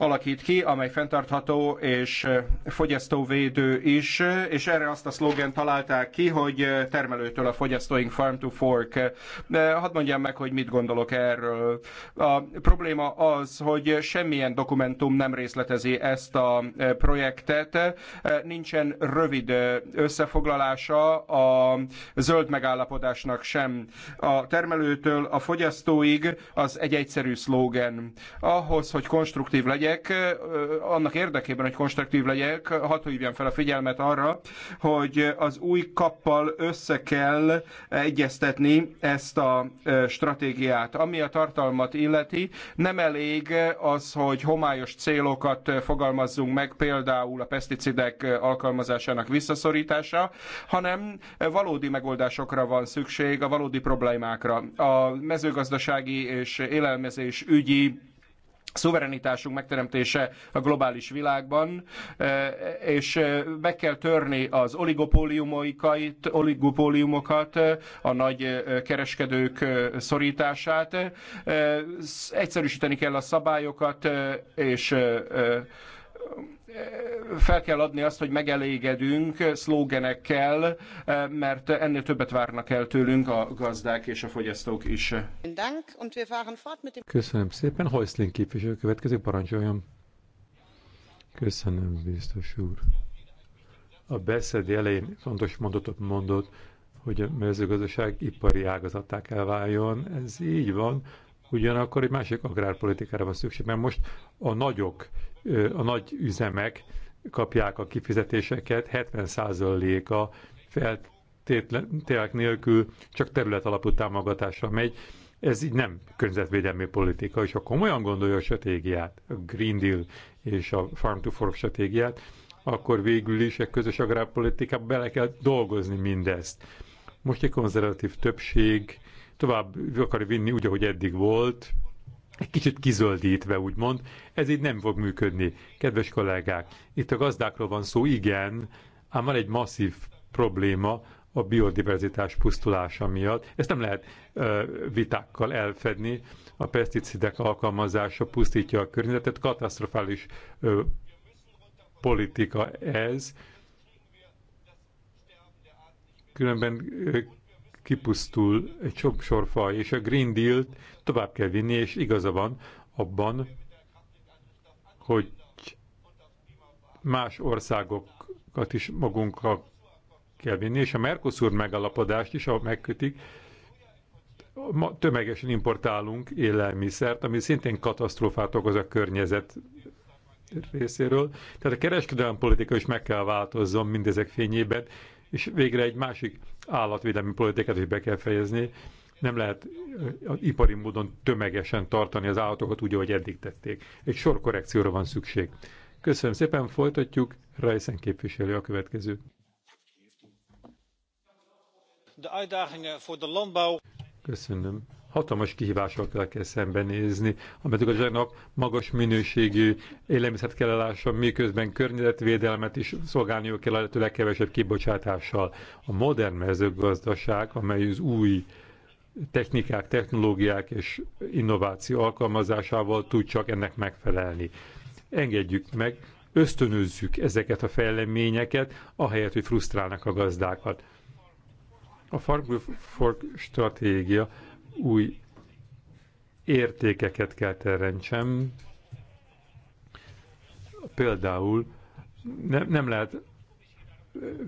alakít ki, amely fenntartható és fogyasztóvédő is, és erre azt a szlogent találták ki, hogy termelőtől a fogyasztóink farm to fork. hadd mondjam meg, hogy mit gondolok erről. A probléma az, hogy semmilyen dokumentum nem részletezi ezt a projektet, nincsen rövid összefoglalása a zöld megállapodásnak sem sem. A termelőtől a fogyasztóig az egy egyszerű szlógen. Ahhoz, hogy konstruktív legyek, annak érdekében, hogy konstruktív legyek, hadd hívjam fel a figyelmet arra, hogy az új kappal össze kell egyeztetni ezt a stratégiát. Ami a tartalmat illeti, nem elég az, hogy homályos célokat fogalmazzunk meg, például a peszticidek alkalmazásának visszaszorítása, hanem valódi megoldásokra van szükség, a valódi problémákra. A mezőgazdasági és élelmezés ügyi szuverenitásunk megteremtése a globális világban, eh, és eh, meg kell törni az oligopóliumokait, oligopóliumokat, a nagy eh, kereskedők szorítását, egyszerűsíteni kell a szabályokat, és fel kell adni azt, hogy megelégedünk szlógenekkel, mert ennél többet várnak el tőlünk a gazdák és a fogyasztók is. Köszönöm szépen. Hojszlin képviselő következik, parancsoljon. Köszönöm, biztos úr. A beszéd elején fontos mondatot mondott, hogy a mezőgazdaság ipari ágazattá kell váljon. Ez így van, ugyanakkor egy másik agrárpolitikára van szükség, mert most a nagyok, a nagy üzemek kapják a kifizetéseket, 70%-a feltételek nélkül csak terület alapú támogatásra megy. Ez így nem környezetvédelmi politika, és ha komolyan gondolja a stratégiát, a Green Deal és a Farm to Fork stratégiát, akkor végül is egy közös agrárpolitikába bele kell dolgozni mindezt. Most egy konzervatív többség tovább akar vinni úgy, ahogy eddig volt, egy kicsit kizöldítve, úgymond. Ez így nem fog működni. Kedves kollégák, itt a gazdákról van szó, igen, ám van egy masszív probléma a biodiverzitás pusztulása miatt. Ezt nem lehet uh, vitákkal elfedni. A peszticidek alkalmazása pusztítja a környezetet. Katasztrofális uh, politika ez. Különben kipusztul egy sok sorfaj, és a Green Deal-t tovább kell vinni, és igaza van abban, hogy más országokat is magunkkal kell vinni, és a Mercosur megalapodást is, ahol megkötik, ma tömegesen importálunk élelmiszert, ami szintén katasztrófát okoz a környezet részéről. Tehát a kereskedelmi politika is meg kell változzon mindezek fényében, és végre egy másik állatvédelmi politikát is be kell fejezni. Nem lehet ipari módon tömegesen tartani az állatokat úgy, ahogy eddig tették. Egy sor korrekcióra van szükség. Köszönöm szépen, folytatjuk. Rajszen képviselő a következő. Köszönöm hatalmas kihívással kell, kell szembenézni, a mezőgazdaságnak magas minőségű élelmiszert kell elássa, miközben környezetvédelmet is szolgálniuk kell a lehető legkevesebb kibocsátással. A modern mezőgazdaság, amely az új technikák, technológiák és innováció alkalmazásával tud csak ennek megfelelni. Engedjük meg, ösztönözzük ezeket a fejleményeket, ahelyett, hogy frusztrálnak a gazdákat. A Farm Fork stratégia új értékeket kell teremtsem. Például ne, nem lehet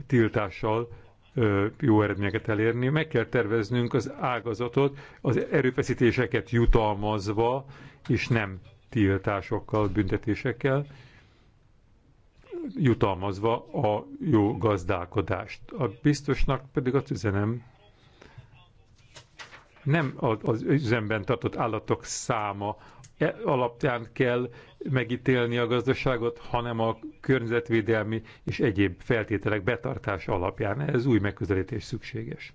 tiltással ö, jó eredményeket elérni. Meg kell terveznünk az ágazatot, az erőfeszítéseket jutalmazva, és nem tiltásokkal, büntetésekkel jutalmazva a jó gazdálkodást. A biztosnak pedig azt üzenem, nem az üzemben tartott állatok száma e alapján kell megítélni a gazdaságot, hanem a környezetvédelmi és egyéb feltételek betartása alapján. Ez új megközelítés szükséges.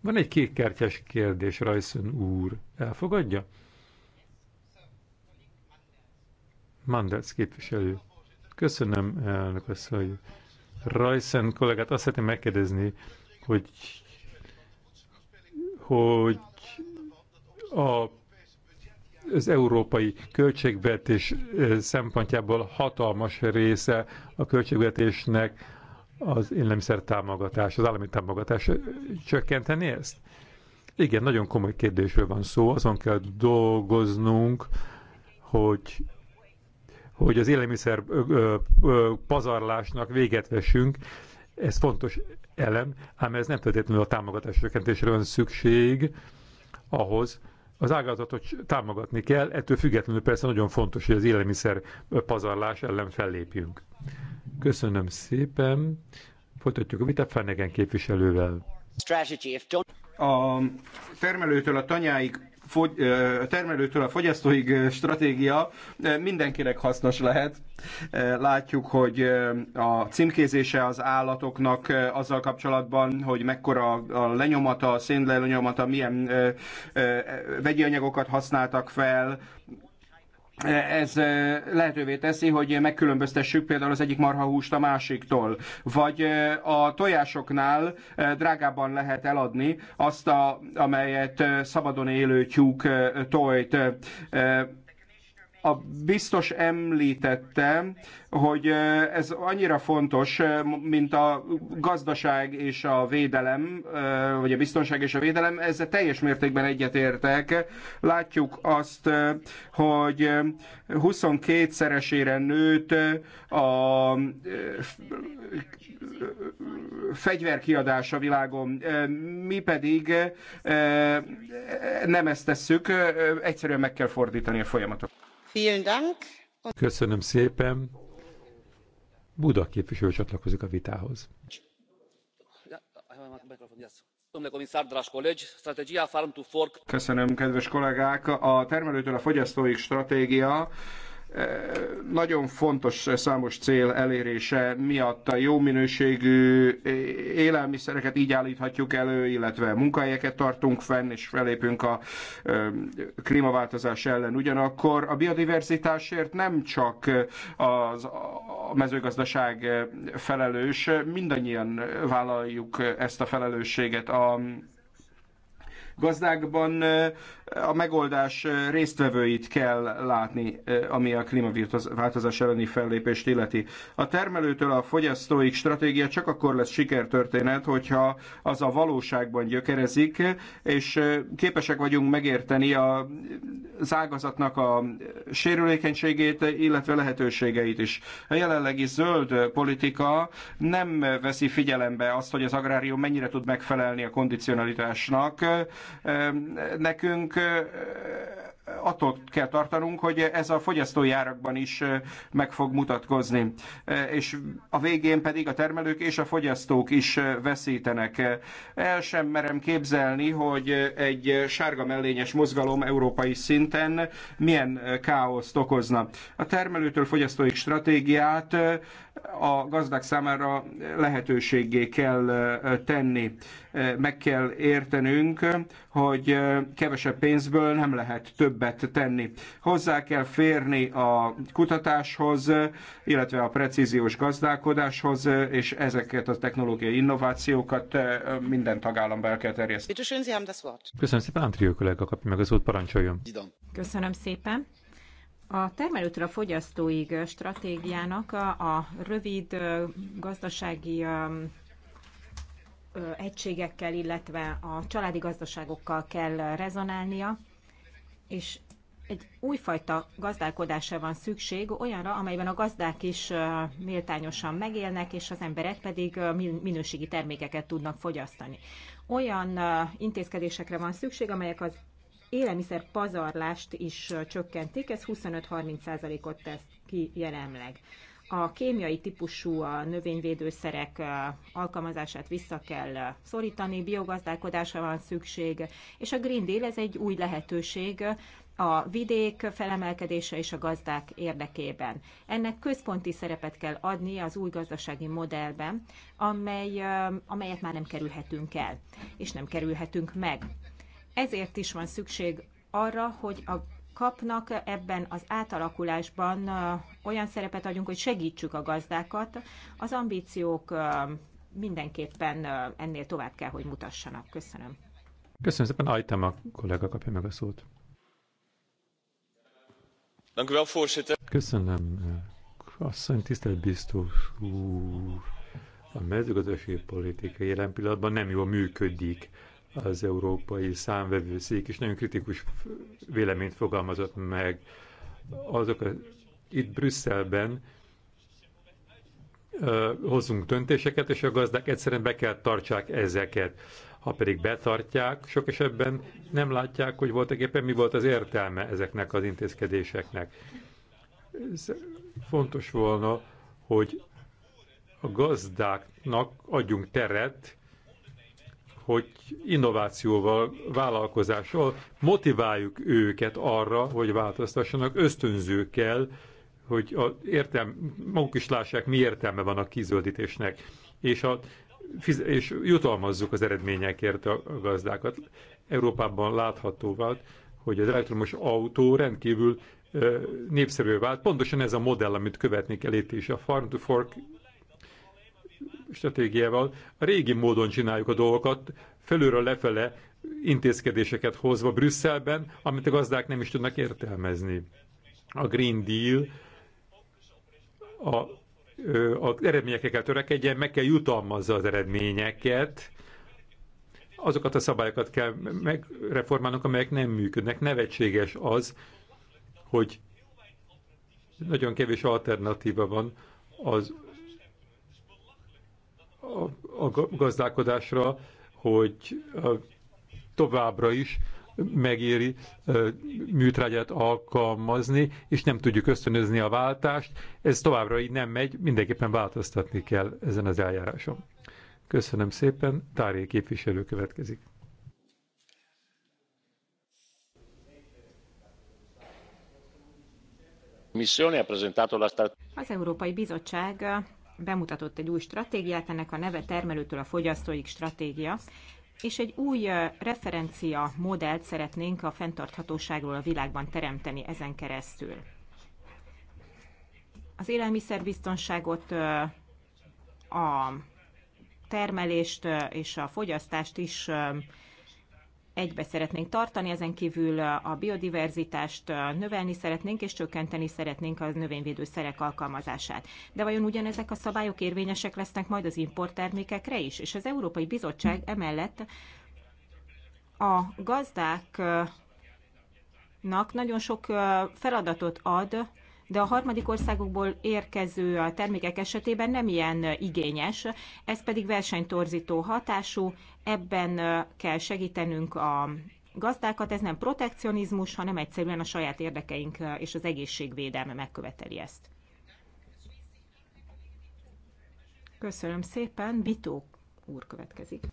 Van egy kékkártyás kérdés, Rajszön úr. Elfogadja? Mandels képviselő. Köszönöm, elnök asszony. Rajszön kollégát azt szeretném megkérdezni, hogy hogy a, az európai költségvetés szempontjából hatalmas része a költségvetésnek az élelmiszer támogatás, az állami támogatás csökkenteni ezt? Igen, nagyon komoly kérdésről van szó, azon kell dolgoznunk, hogy, hogy az élelmiszer pazarlásnak véget vessünk. Ez fontos elem, ám ez nem feltétlenül a támogatás csökkentésre van szükség ahhoz, az ágazatot támogatni kell, ettől függetlenül persze nagyon fontos, hogy az élelmiszer pazarlás ellen fellépjünk. Köszönöm szépen. Folytatjuk a vitát Fennegen képviselővel. A termelőtől a tanyáig fogy, termelőtől a fogyasztóig stratégia mindenkinek hasznos lehet. Látjuk, hogy a címkézése az állatoknak azzal kapcsolatban, hogy mekkora a lenyomata, a szénlenyomata, milyen vegyi anyagokat használtak fel, ez lehetővé teszi, hogy megkülönböztessük például az egyik marhahúst a másiktól. Vagy a tojásoknál drágában lehet eladni azt, a, amelyet szabadon élő tyúk tojt a biztos említette, hogy ez annyira fontos, mint a gazdaság és a védelem, vagy a biztonság és a védelem, ezzel teljes mértékben egyetértek. Látjuk azt, hogy 22-szeresére nőtt a fegyverkiadás a világon. Mi pedig nem ezt tesszük, egyszerűen meg kell fordítani a folyamatot. Köszönöm szépen. Buda képviselő csatlakozik a vitához. Köszönöm, kedves kollégák! A termelőtől a fogyasztóig stratégia nagyon fontos számos cél elérése miatt a jó minőségű élelmiszereket így állíthatjuk elő, illetve munkahelyeket tartunk fenn, és felépünk a klímaváltozás ellen. Ugyanakkor a biodiverzitásért nem csak az, a mezőgazdaság felelős, mindannyian vállaljuk ezt a felelősséget. A gazdákban a megoldás résztvevőit kell látni, ami a klímaváltozás elleni fellépést illeti. A termelőtől a fogyasztóig stratégia csak akkor lesz sikertörténet, hogyha az a valóságban gyökerezik, és képesek vagyunk megérteni a, az ágazatnak a sérülékenységét, illetve lehetőségeit is. A jelenlegi zöld politika nem veszi figyelembe azt, hogy az agrárium mennyire tud megfelelni a kondicionalitásnak. Nekünk attól kell tartanunk, hogy ez a fogyasztói árakban is meg fog mutatkozni. És a végén pedig a termelők és a fogyasztók is veszítenek. El sem merem képzelni, hogy egy sárga mellényes mozgalom európai szinten milyen káoszt okozna. A termelőtől fogyasztói stratégiát a gazdák számára lehetőségé kell tenni. Meg kell értenünk, hogy kevesebb pénzből nem lehet többet tenni. Hozzá kell férni a kutatáshoz, illetve a precíziós gazdálkodáshoz, és ezeket a technológiai innovációkat minden tagállamba el kell terjeszteni. Köszönöm szépen, Antrió kollega kapja meg az út, parancsoljon. Köszönöm szépen. A termelőtől a fogyasztóig stratégiának a, a rövid gazdasági egységekkel, illetve a családi gazdaságokkal kell rezonálnia, és egy újfajta gazdálkodásra van szükség, olyanra, amelyben a gazdák is méltányosan megélnek, és az emberek pedig minőségi termékeket tudnak fogyasztani. Olyan intézkedésekre van szükség, amelyek az élelmiszer pazarlást is csökkentik, ez 25-30%-ot tesz ki jelenleg. A kémiai típusú a növényvédőszerek alkalmazását vissza kell szorítani, biogazdálkodásra van szükség, és a Green Deal ez egy új lehetőség, a vidék felemelkedése és a gazdák érdekében. Ennek központi szerepet kell adni az új gazdasági modellben, amely, amelyet már nem kerülhetünk el, és nem kerülhetünk meg. Ezért is van szükség arra, hogy a kapnak ebben az átalakulásban olyan szerepet adjunk, hogy segítsük a gazdákat. Az ambíciók mindenképpen ennél tovább kell, hogy mutassanak. Köszönöm. Köszönöm szépen, Ajtem a kollega kapja meg a szót. Köszönöm, asszony, tisztelt biztos úr. A mezőgazdasági politika jelen pillanatban nem jól működik az európai számvevőszék is nagyon kritikus véleményt fogalmazott meg. Azok a, itt Brüsszelben hozunk döntéseket, és a gazdák egyszerűen be kell tartsák ezeket. Ha pedig betartják, sok esetben nem látják, hogy voltak éppen mi volt az értelme ezeknek az intézkedéseknek. Ez fontos volna, hogy a gazdáknak adjunk teret hogy innovációval, vállalkozással motiváljuk őket arra, hogy változtassanak, ösztönzőkkel, hogy a értelm, maguk is lássák, mi értelme van a kizöldítésnek, és, a, és jutalmazzuk az eredményekért a gazdákat. Európában látható volt, hogy az elektromos autó rendkívül népszerű vált. Pontosan ez a modell, amit követni kell itt is. A Farm to Fork stratégiával a régi módon csináljuk a dolgokat, felülről lefele intézkedéseket hozva Brüsszelben, amit a gazdák nem is tudnak értelmezni. A Green Deal a az eredményekre kell törekedjen, meg kell jutalmazza az eredményeket, azokat a szabályokat kell megreformálnunk, amelyek nem működnek. Nevetséges az, hogy nagyon kevés alternatíva van az a, gazdálkodásra, hogy továbbra is megéri műtrágyát alkalmazni, és nem tudjuk ösztönözni a váltást. Ez továbbra így nem megy, mindenképpen változtatni kell ezen az eljáráson. Köszönöm szépen, Táré képviselő következik. Az Európai Bizottság bemutatott egy új stratégiát, ennek a neve termelőtől a fogyasztóig stratégia, és egy új referencia modellt szeretnénk a fenntarthatóságról a világban teremteni ezen keresztül. Az élelmiszerbiztonságot, a termelést és a fogyasztást is egybe szeretnénk tartani, ezen kívül a biodiverzitást növelni szeretnénk, és csökkenteni szeretnénk a szerek alkalmazását. De vajon ugyanezek a szabályok érvényesek lesznek majd az importtermékekre is? És az Európai Bizottság emellett a gazdáknak nagyon sok feladatot ad de a harmadik országokból érkező termékek esetében nem ilyen igényes, ez pedig versenytorzító hatású, ebben kell segítenünk a gazdákat, ez nem protekcionizmus, hanem egyszerűen a saját érdekeink és az egészségvédelme megköveteli ezt. Köszönöm szépen, Bitó úr következik.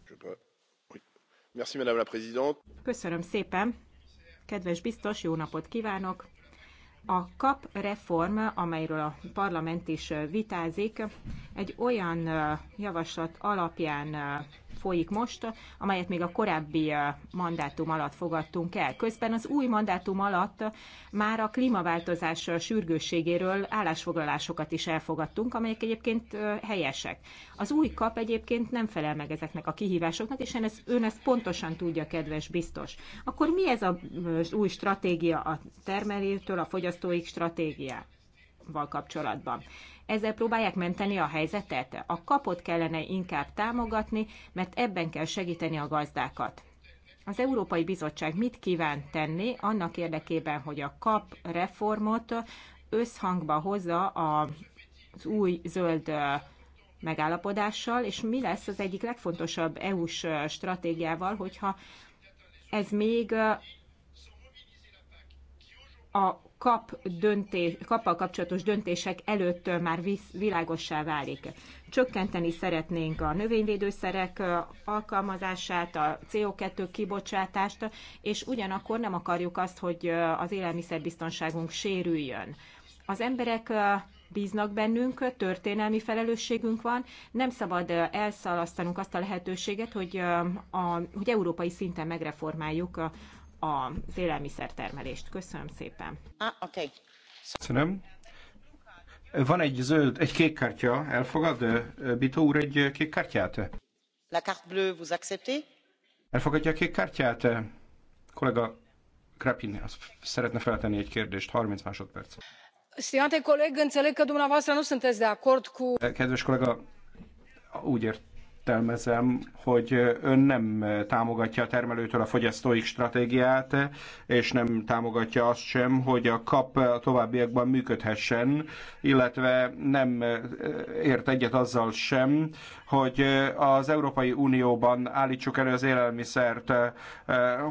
Köszönöm szépen, kedves biztos, jó napot kívánok! A KAP reform, amelyről a parlament is vitázik, egy olyan javaslat alapján folyik most, amelyet még a korábbi mandátum alatt fogadtunk el. Közben az új mandátum alatt már a klímaváltozás sürgősségéről állásfoglalásokat is elfogadtunk, amelyek egyébként helyesek. Az új kap egyébként nem felel meg ezeknek a kihívásoknak, és ön ezt pontosan tudja, kedves biztos. Akkor mi ez az új stratégia a termelőtől a fogyasztóik stratégiával kapcsolatban? ezzel próbálják menteni a helyzetet. A kapot kellene inkább támogatni, mert ebben kell segíteni a gazdákat. Az Európai Bizottság mit kíván tenni annak érdekében, hogy a kap reformot összhangba hozza az új zöld megállapodással, és mi lesz az egyik legfontosabb EU-s stratégiával, hogyha ez még a kap döntés, kappal kapcsolatos döntések előtt már világossá válik. Csökkenteni szeretnénk a növényvédőszerek alkalmazását, a CO2 kibocsátást, és ugyanakkor nem akarjuk azt, hogy az élelmiszerbiztonságunk sérüljön. Az emberek bíznak bennünk, történelmi felelősségünk van, nem szabad elszalasztanunk azt a lehetőséget, hogy, a, hogy európai szinten megreformáljuk az élelmiszertermelést. Köszönöm szépen. Ah, okay. Köszönöm. Van egy zöld, egy kék kártya. Elfogad, Bito úr, egy kék kártyát? La carte bleue, vous acceptez? Elfogadja a kék kártyát? Kollega Krapin azt szeretne feltenni egy kérdést, 30 másodperc. Stimate coleg, înțeleg că dumneavoastră nu sunteți de acord cu... Kedves kollega, úgy ért, értelmezem, hogy ön nem támogatja a termelőtől a fogyasztóik stratégiát, és nem támogatja azt sem, hogy a kap a továbbiakban működhessen, illetve nem ért egyet azzal sem, hogy az Európai Unióban állítsuk elő az élelmiszert.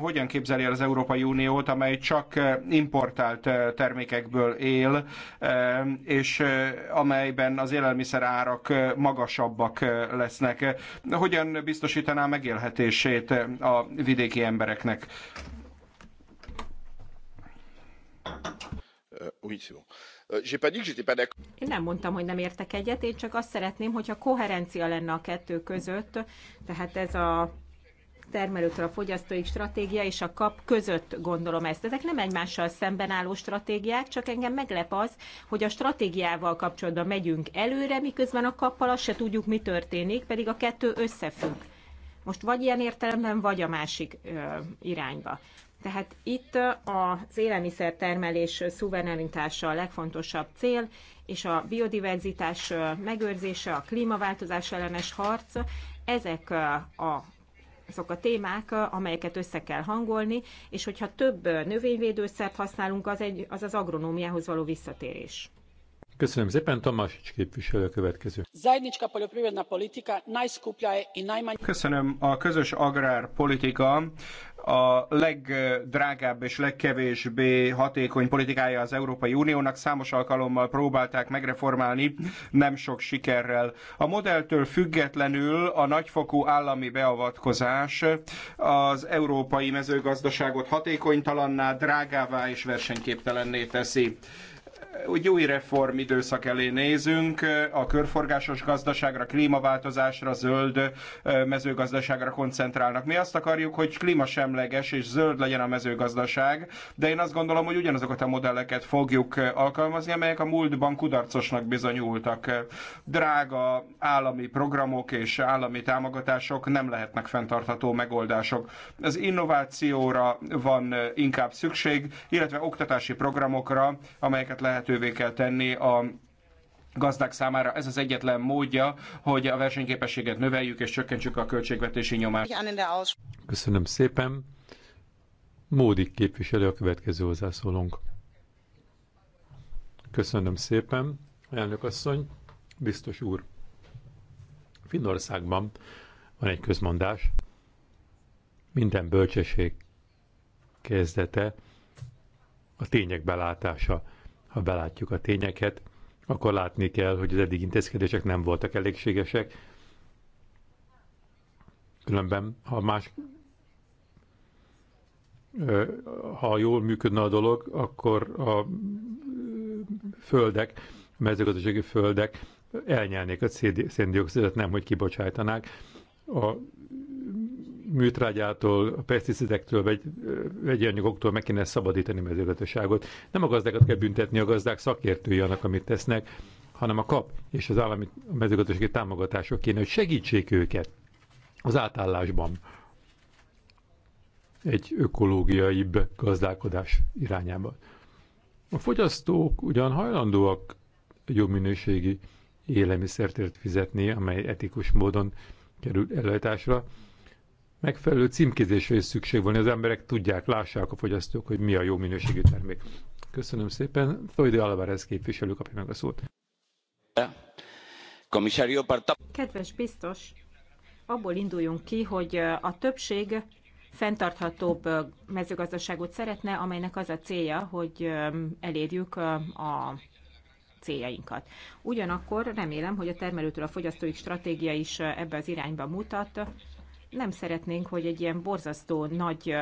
Hogyan képzeli el az Európai Uniót, amely csak importált termékekből él, és amelyben az élelmiszer árak magasabbak lesznek? hogyan biztosítaná megélhetését a vidéki embereknek? Uh, uh, én nem mondtam, hogy nem értek egyet, én csak azt szeretném, hogyha koherencia lenne a kettő között, tehát ez a termelőktől a fogyasztói stratégia és a kap között gondolom ezt. Ezek nem egymással szemben álló stratégiák, csak engem meglep az, hogy a stratégiával kapcsolatban megyünk előre, miközben a kappal azt se tudjuk, mi történik, pedig a kettő összefügg. Most vagy ilyen értelemben, vagy a másik ö, irányba. Tehát itt az élelmiszertermelés szuverenitása a legfontosabb cél, és a biodiverzitás megőrzése, a klímaváltozás ellenes harc, ezek a azok a témák, amelyeket össze kell hangolni, és hogyha több növényvédőszert használunk, az, egy, az az agronómiához való visszatérés. Köszönöm szépen, Tamásics képviselő a következő. Köszönöm, a közös agrárpolitika a legdrágább és legkevésbé hatékony politikája az Európai Uniónak. Számos alkalommal próbálták megreformálni, nem sok sikerrel. A modelltől függetlenül a nagyfokú állami beavatkozás az európai mezőgazdaságot hatékonytalanná, drágává és versenyképtelenné teszi egy új reform időszak elé nézünk, a körforgásos gazdaságra, klímaváltozásra, zöld mezőgazdaságra koncentrálnak. Mi azt akarjuk, hogy klímasemleges és zöld legyen a mezőgazdaság, de én azt gondolom, hogy ugyanazokat a modelleket fogjuk alkalmazni, amelyek a múltban kudarcosnak bizonyultak. Drága állami programok és állami támogatások nem lehetnek fenntartható megoldások. Az innovációra van inkább szükség, illetve oktatási programokra, amelyeket lehet lehetővé kell tenni a gazdák számára ez az egyetlen módja, hogy a versenyképességet növeljük és csökkentsük a költségvetési nyomást. Köszönöm szépen. Módik képviselő a következő hozzászólónk. Köszönöm szépen, elnök asszony, biztos úr. Finnországban van egy közmondás, minden bölcsesség kezdete a tények belátása. Ha belátjuk a tényeket, akkor látni kell, hogy az eddig intézkedések nem voltak elégségesek. Különben, ha más ha jól működne a dolog, akkor a földek, a mezőgazdasági földek elnyelnék a széndiokszidot, nem hogy kibocsájtanák. A műtrágyától, a pesticidektől, vagy vegyanyagoktól meg kéne szabadítani mezőgazdaságot. Nem a gazdákat kell büntetni, a gazdák szakértői annak, amit tesznek, hanem a kap és az állami mezőgazdasági támogatások kéne, hogy segítsék őket az átállásban egy ökológiaibb gazdálkodás irányába. A fogyasztók ugyan hajlandóak jobb minőségi élelmiszertért fizetni, amely etikus módon kerül előállításra, megfelelő címkézésre is szükség van, az emberek tudják, lássák a fogyasztók, hogy mi a jó minőségű termék. Köszönöm szépen. Thoide Alvarez képviselő kapja meg a szót. Kedves biztos, abból induljunk ki, hogy a többség fenntarthatóbb mezőgazdaságot szeretne, amelynek az a célja, hogy elérjük a céljainkat. Ugyanakkor remélem, hogy a termelőtől a fogyasztóik stratégia is ebbe az irányba mutat, nem szeretnénk, hogy egy ilyen borzasztó nagy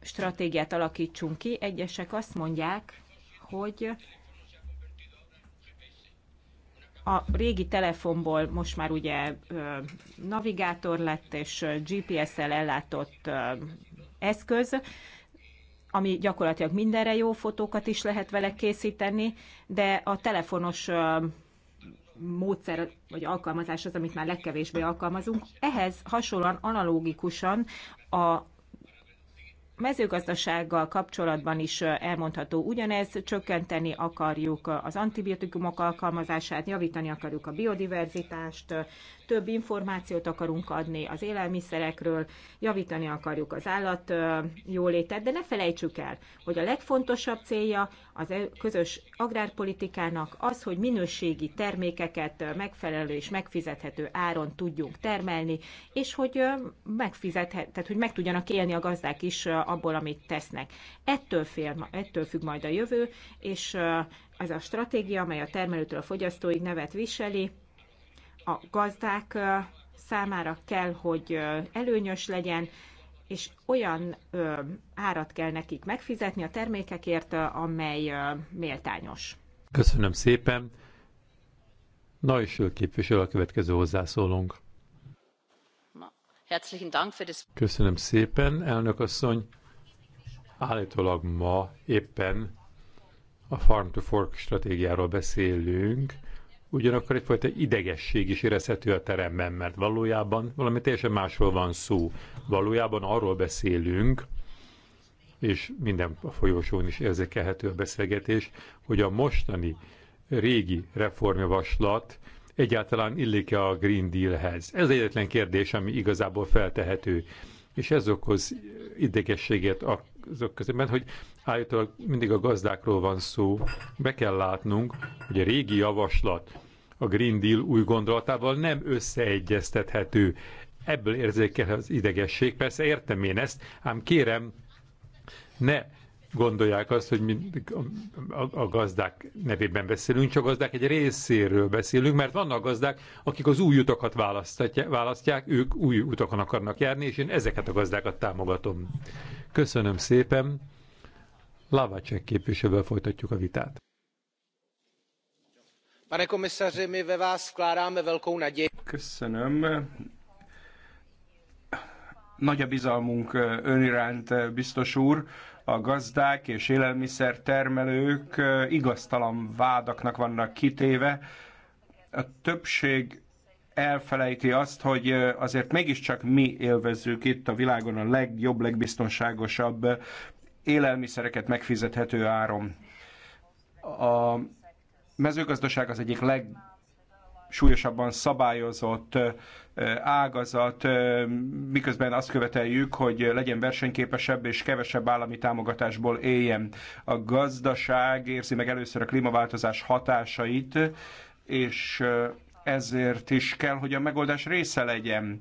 stratégiát alakítsunk ki. Egyesek azt mondják, hogy a régi telefonból most már ugye navigátor lett és GPS-el ellátott eszköz, ami gyakorlatilag mindenre jó fotókat is lehet vele készíteni, de a telefonos módszer vagy alkalmazás az, amit már legkevésbé alkalmazunk. Ehhez hasonlóan analógikusan a mezőgazdasággal kapcsolatban is elmondható ugyanez, csökkenteni akarjuk az antibiotikumok alkalmazását, javítani akarjuk a biodiverzitást, több információt akarunk adni az élelmiszerekről, javítani akarjuk az állat jólétet, de ne felejtsük el, hogy a legfontosabb célja az e- közös agrárpolitikának az, hogy minőségi termékeket megfelelő és megfizethető áron tudjunk termelni, és hogy megfizethet, tehát hogy meg tudjanak élni a gazdák is abból, amit tesznek. Ettől, fél, ettől függ majd a jövő, és ez a stratégia, amely a termelőtől a fogyasztóig nevet viseli, a gazdák számára kell, hogy előnyös legyen, és olyan árat kell nekik megfizetni a termékekért, amely méltányos. Köszönöm szépen. Na és képviselő a következő hozzászólónk. Köszönöm szépen, elnök asszony. Állítólag ma éppen a Farm to Fork stratégiáról beszélünk, ugyanakkor egyfajta idegesség is érezhető a teremben, mert valójában valami teljesen másról van szó. Valójában arról beszélünk, és minden a folyosón is érzékelhető a beszélgetés, hogy a mostani régi reformjavaslat egyáltalán illik-e a Green Dealhez. Ez egyetlen kérdés, ami igazából feltehető. És ez okoz idegességet azok közében, hogy állítólag mindig a gazdákról van szó. Be kell látnunk, hogy a régi javaslat a Green Deal új gondolatával nem összeegyeztethető. Ebből érzékel az idegesség. Persze értem én ezt, ám kérem, ne gondolják azt, hogy mindig a, a, a gazdák nevében beszélünk, csak a gazdák egy részéről beszélünk, mert vannak gazdák, akik az új utakat választják, választják, ők új utakon akarnak járni, és én ezeket a gazdákat támogatom. Köszönöm szépen! Lavacek képviselővel folytatjuk a vitát. Pane komisaři, mi ve vás vkládáme velkou naději. Köszönöm. Nagy a bizalmunk ön iránt, biztos úr a gazdák és élelmiszertermelők igaztalan vádaknak vannak kitéve. A többség elfelejti azt, hogy azért mégiscsak mi élvezzük itt a világon a legjobb, legbiztonságosabb élelmiszereket megfizethető áron. A mezőgazdaság az egyik leg súlyosabban szabályozott ágazat, miközben azt követeljük, hogy legyen versenyképesebb és kevesebb állami támogatásból éljen. A gazdaság érzi meg először a klímaváltozás hatásait, és ezért is kell, hogy a megoldás része legyen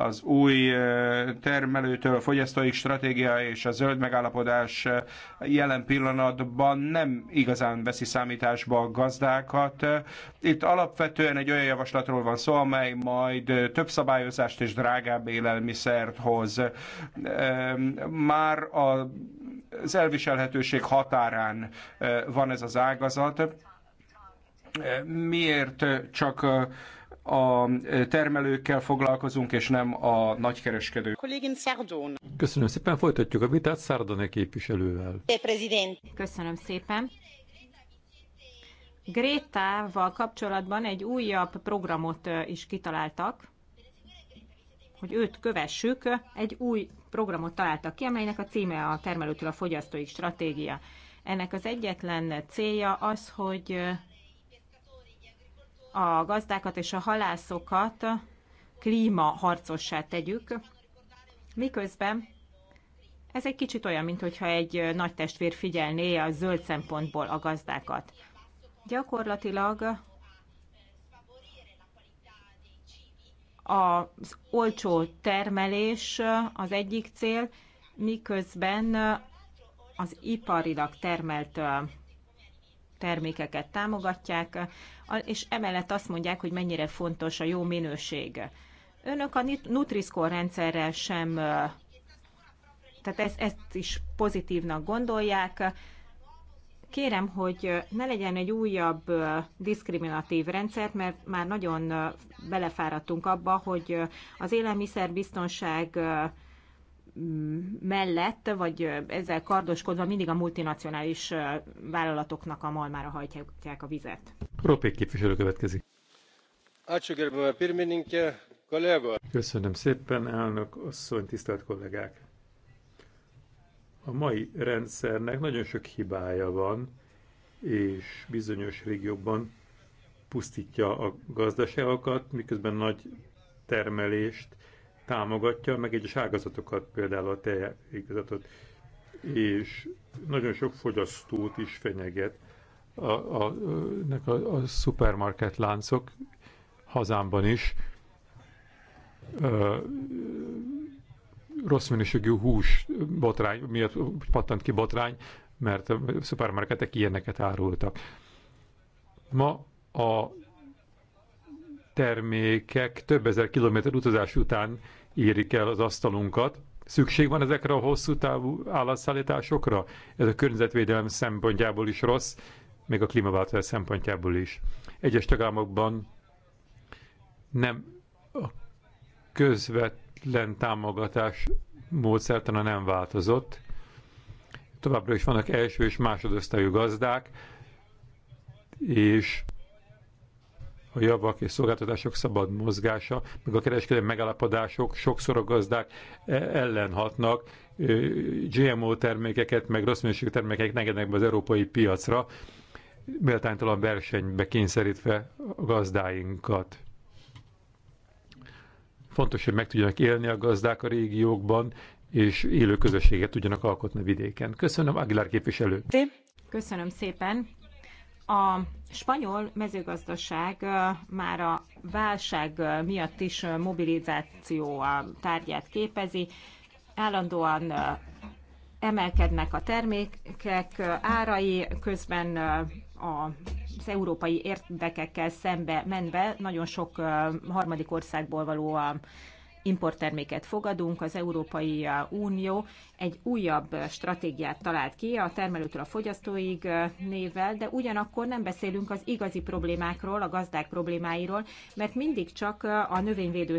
az új termelőtől a fogyasztói stratégia és a zöld megállapodás jelen pillanatban nem igazán veszi számításba a gazdákat. Itt alapvetően egy olyan javaslatról van szó, amely majd több szabályozást és drágább élelmiszert hoz. Már a az elviselhetőség határán van ez az ágazat. Miért csak a termelőkkel foglalkozunk, és nem a nagykereskedők. Köszönöm szépen, folytatjuk a vitát Szárdane képviselővel. Köszönöm szépen. Grétával kapcsolatban egy újabb programot is kitaláltak, hogy őt kövessük, egy új programot találtak ki, amelynek a címe a termelőtől a fogyasztói stratégia. Ennek az egyetlen célja az, hogy a gazdákat és a halászokat klímaharcossá tegyük, miközben ez egy kicsit olyan, mintha egy nagy testvér figyelné a zöld szempontból a gazdákat. Gyakorlatilag az olcsó termelés az egyik cél, miközben az iparilag termelt termékeket támogatják és emellett azt mondják, hogy mennyire fontos a jó minőség. Önök a Nutriscore rendszerrel sem, tehát ezt, ezt is pozitívnak gondolják. Kérem, hogy ne legyen egy újabb diszkriminatív rendszer, mert már nagyon belefáradtunk abba, hogy az élelmiszerbiztonság biztonság mellett, vagy ezzel kardoskodva mindig a multinacionális vállalatoknak a malmára hajtják a vizet. Ropék képviselő következik. Köszönöm szépen, elnök asszony, tisztelt kollégák! A mai rendszernek nagyon sok hibája van, és bizonyos régiókban pusztítja a gazdaságokat, miközben nagy termelést támogatja, meg egyes ágazatokat, például a tejágazatot, és nagyon sok fogyasztót is fenyeget a, a, a, a, a szupermarket láncok hazámban is. Ö, rossz minőségű hús botrány, miatt pattant ki botrány, mert a szupermarketek ilyeneket árultak. Ma a termékek több ezer kilométer utazás után érik el az asztalunkat. Szükség van ezekre a hosszú távú állatszállításokra? Ez a környezetvédelem szempontjából is rossz, még a klímaváltozás szempontjából is. Egyes tagállamokban nem a közvetlen támogatás módszertana nem változott. Továbbra is vannak első és másodosztályú gazdák, és a javak és szolgáltatások szabad mozgása, meg a kereskedelmi megállapodások sokszor a gazdák e- ellen hatnak, GMO termékeket, meg rossz minőségű termékeket engednek be az európai piacra, méltánytalan versenybe kényszerítve a gazdáinkat. Fontos, hogy meg tudjanak élni a gazdák a régiókban, és élő közösséget tudjanak alkotni vidéken. Köszönöm, Aguilar képviselő. Köszönöm szépen. A spanyol mezőgazdaság már a válság miatt is mobilizáció tárgyát képezi. Állandóan emelkednek a termékek árai, közben az európai érdekekkel szembe menve nagyon sok harmadik országból való importterméket fogadunk, az Európai Unió egy újabb stratégiát talált ki a termelőtől a fogyasztóig névvel, de ugyanakkor nem beszélünk az igazi problémákról, a gazdák problémáiról, mert mindig csak a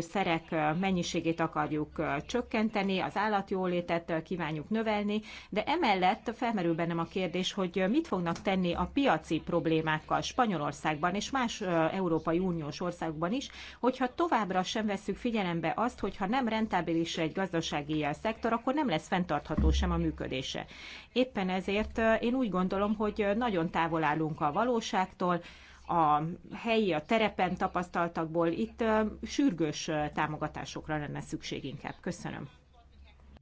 szerek mennyiségét akarjuk csökkenteni, az állatjólétet kívánjuk növelni, de emellett felmerül bennem a kérdés, hogy mit fognak tenni a piaci problémákkal Spanyolországban és más Európai Uniós országban is, hogyha továbbra sem veszük figyelembe azt, azt, hogy ha nem rentábilis egy gazdasági szektor, akkor nem lesz fenntartható sem a működése. Éppen ezért eh, én úgy gondolom, hogy eh, nagyon távol állunk a valóságtól, a helyi, a terepen tapasztaltakból itt eh, sürgős támogatásokra lenne szükség inkább. Köszönöm.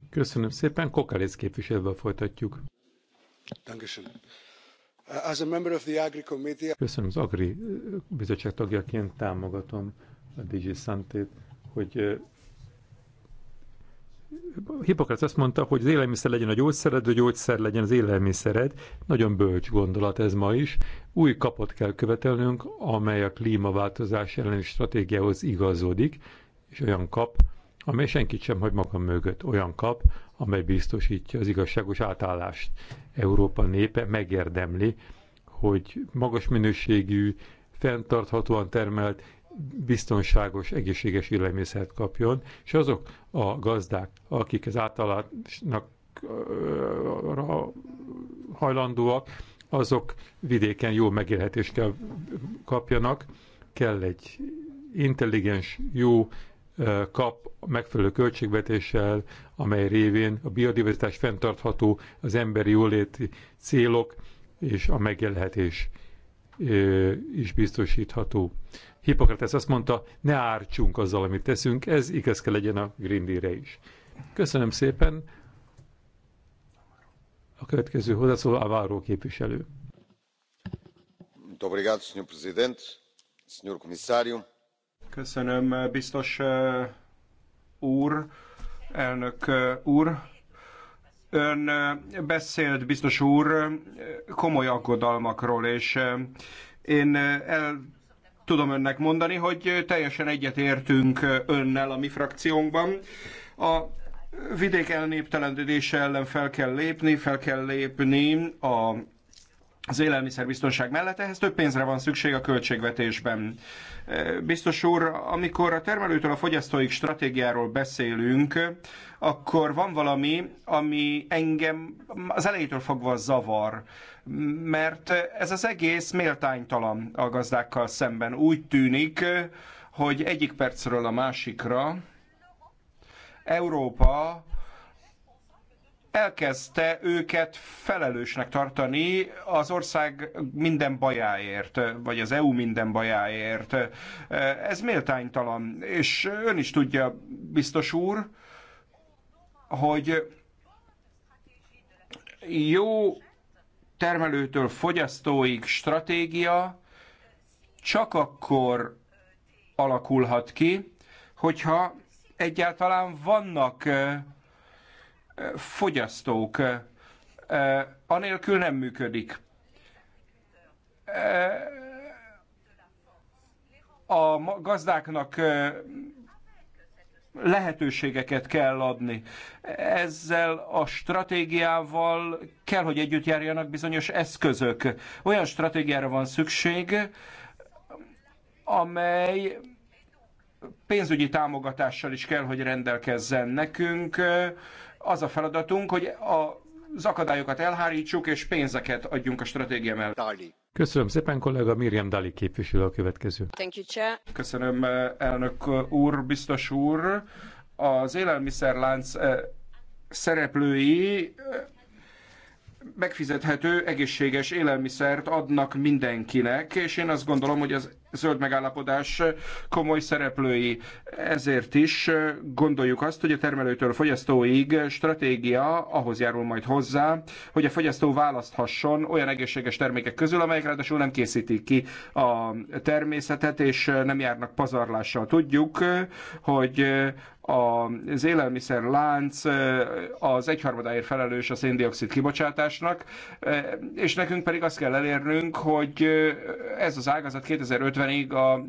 Köszönöm szépen. Kokalész képviselővel folytatjuk. Köszönöm az Agri bizottság tagjaként támogatom a DG Santét, hogy Hippokrates azt mondta, hogy az élelmiszer legyen a gyógyszered, a gyógyszer legyen az élelmiszered. Nagyon bölcs gondolat ez ma is. Új kapot kell követelnünk, amely a klímaváltozás elleni stratégiához igazodik, és olyan kap, amely senkit sem hagy maga mögött. Olyan kap, amely biztosítja az igazságos átállást. Európa népe megérdemli, hogy magas minőségű, fenntarthatóan termelt biztonságos, egészséges élelmiszert kapjon, és azok a gazdák, akik az általának hajlandóak, azok vidéken jó megélhetést kell kapjanak, kell egy intelligens, jó kap megfelelő költségvetéssel, amely révén a biodiverzitás fenntartható, az emberi jóléti célok és a megélhetés is biztosítható. Hippokrates azt mondta, ne ártsunk azzal, amit teszünk, ez igaz kell legyen a Green Deal-re is. Köszönöm szépen. A következő a váró képviselő. Köszönöm, biztos úr, elnök úr Ön beszélt, biztos úr, komoly aggodalmakról, és én el tudom önnek mondani, hogy teljesen egyetértünk önnel a mi frakciónkban. A vidék elnéptelenedése ellen fel kell lépni, fel kell lépni a az élelmiszerbiztonság mellett, ehhez több pénzre van szükség a költségvetésben. Biztos úr, amikor a termelőtől a fogyasztóik stratégiáról beszélünk, akkor van valami, ami engem az elejétől fogva zavar, mert ez az egész méltánytalan a gazdákkal szemben. Úgy tűnik, hogy egyik percről a másikra Európa elkezdte őket felelősnek tartani az ország minden bajáért, vagy az EU minden bajáért. Ez méltánytalan, és ön is tudja, biztos úr, hogy jó termelőtől fogyasztóig stratégia csak akkor alakulhat ki, hogyha egyáltalán vannak fogyasztók. Anélkül nem működik. A gazdáknak lehetőségeket kell adni. Ezzel a stratégiával kell, hogy együtt járjanak bizonyos eszközök. Olyan stratégiára van szükség, amely pénzügyi támogatással is kell, hogy rendelkezzen nekünk, az a feladatunk, hogy a az akadályokat elhárítsuk, és pénzeket adjunk a stratégia mellett. Köszönöm szépen, kollega Miriam Dali képviselő a következő. Thank you, Chair. Köszönöm, eh, elnök úr, biztos úr. Az élelmiszerlánc eh, szereplői eh, megfizethető, egészséges élelmiszert adnak mindenkinek, és én azt gondolom, hogy az zöld megállapodás komoly szereplői. Ezért is gondoljuk azt, hogy a termelőtől a fogyasztóig stratégia ahhoz járul majd hozzá, hogy a fogyasztó választhasson olyan egészséges termékek közül, amelyek ráadásul nem készítik ki a természetet, és nem járnak pazarlással. Tudjuk, hogy az élelmiszer lánc az egyharmadáért felelős a széndiokszid kibocsátásnak, és nekünk pedig azt kell elérnünk, hogy ez az ágazat 2050 50 ig a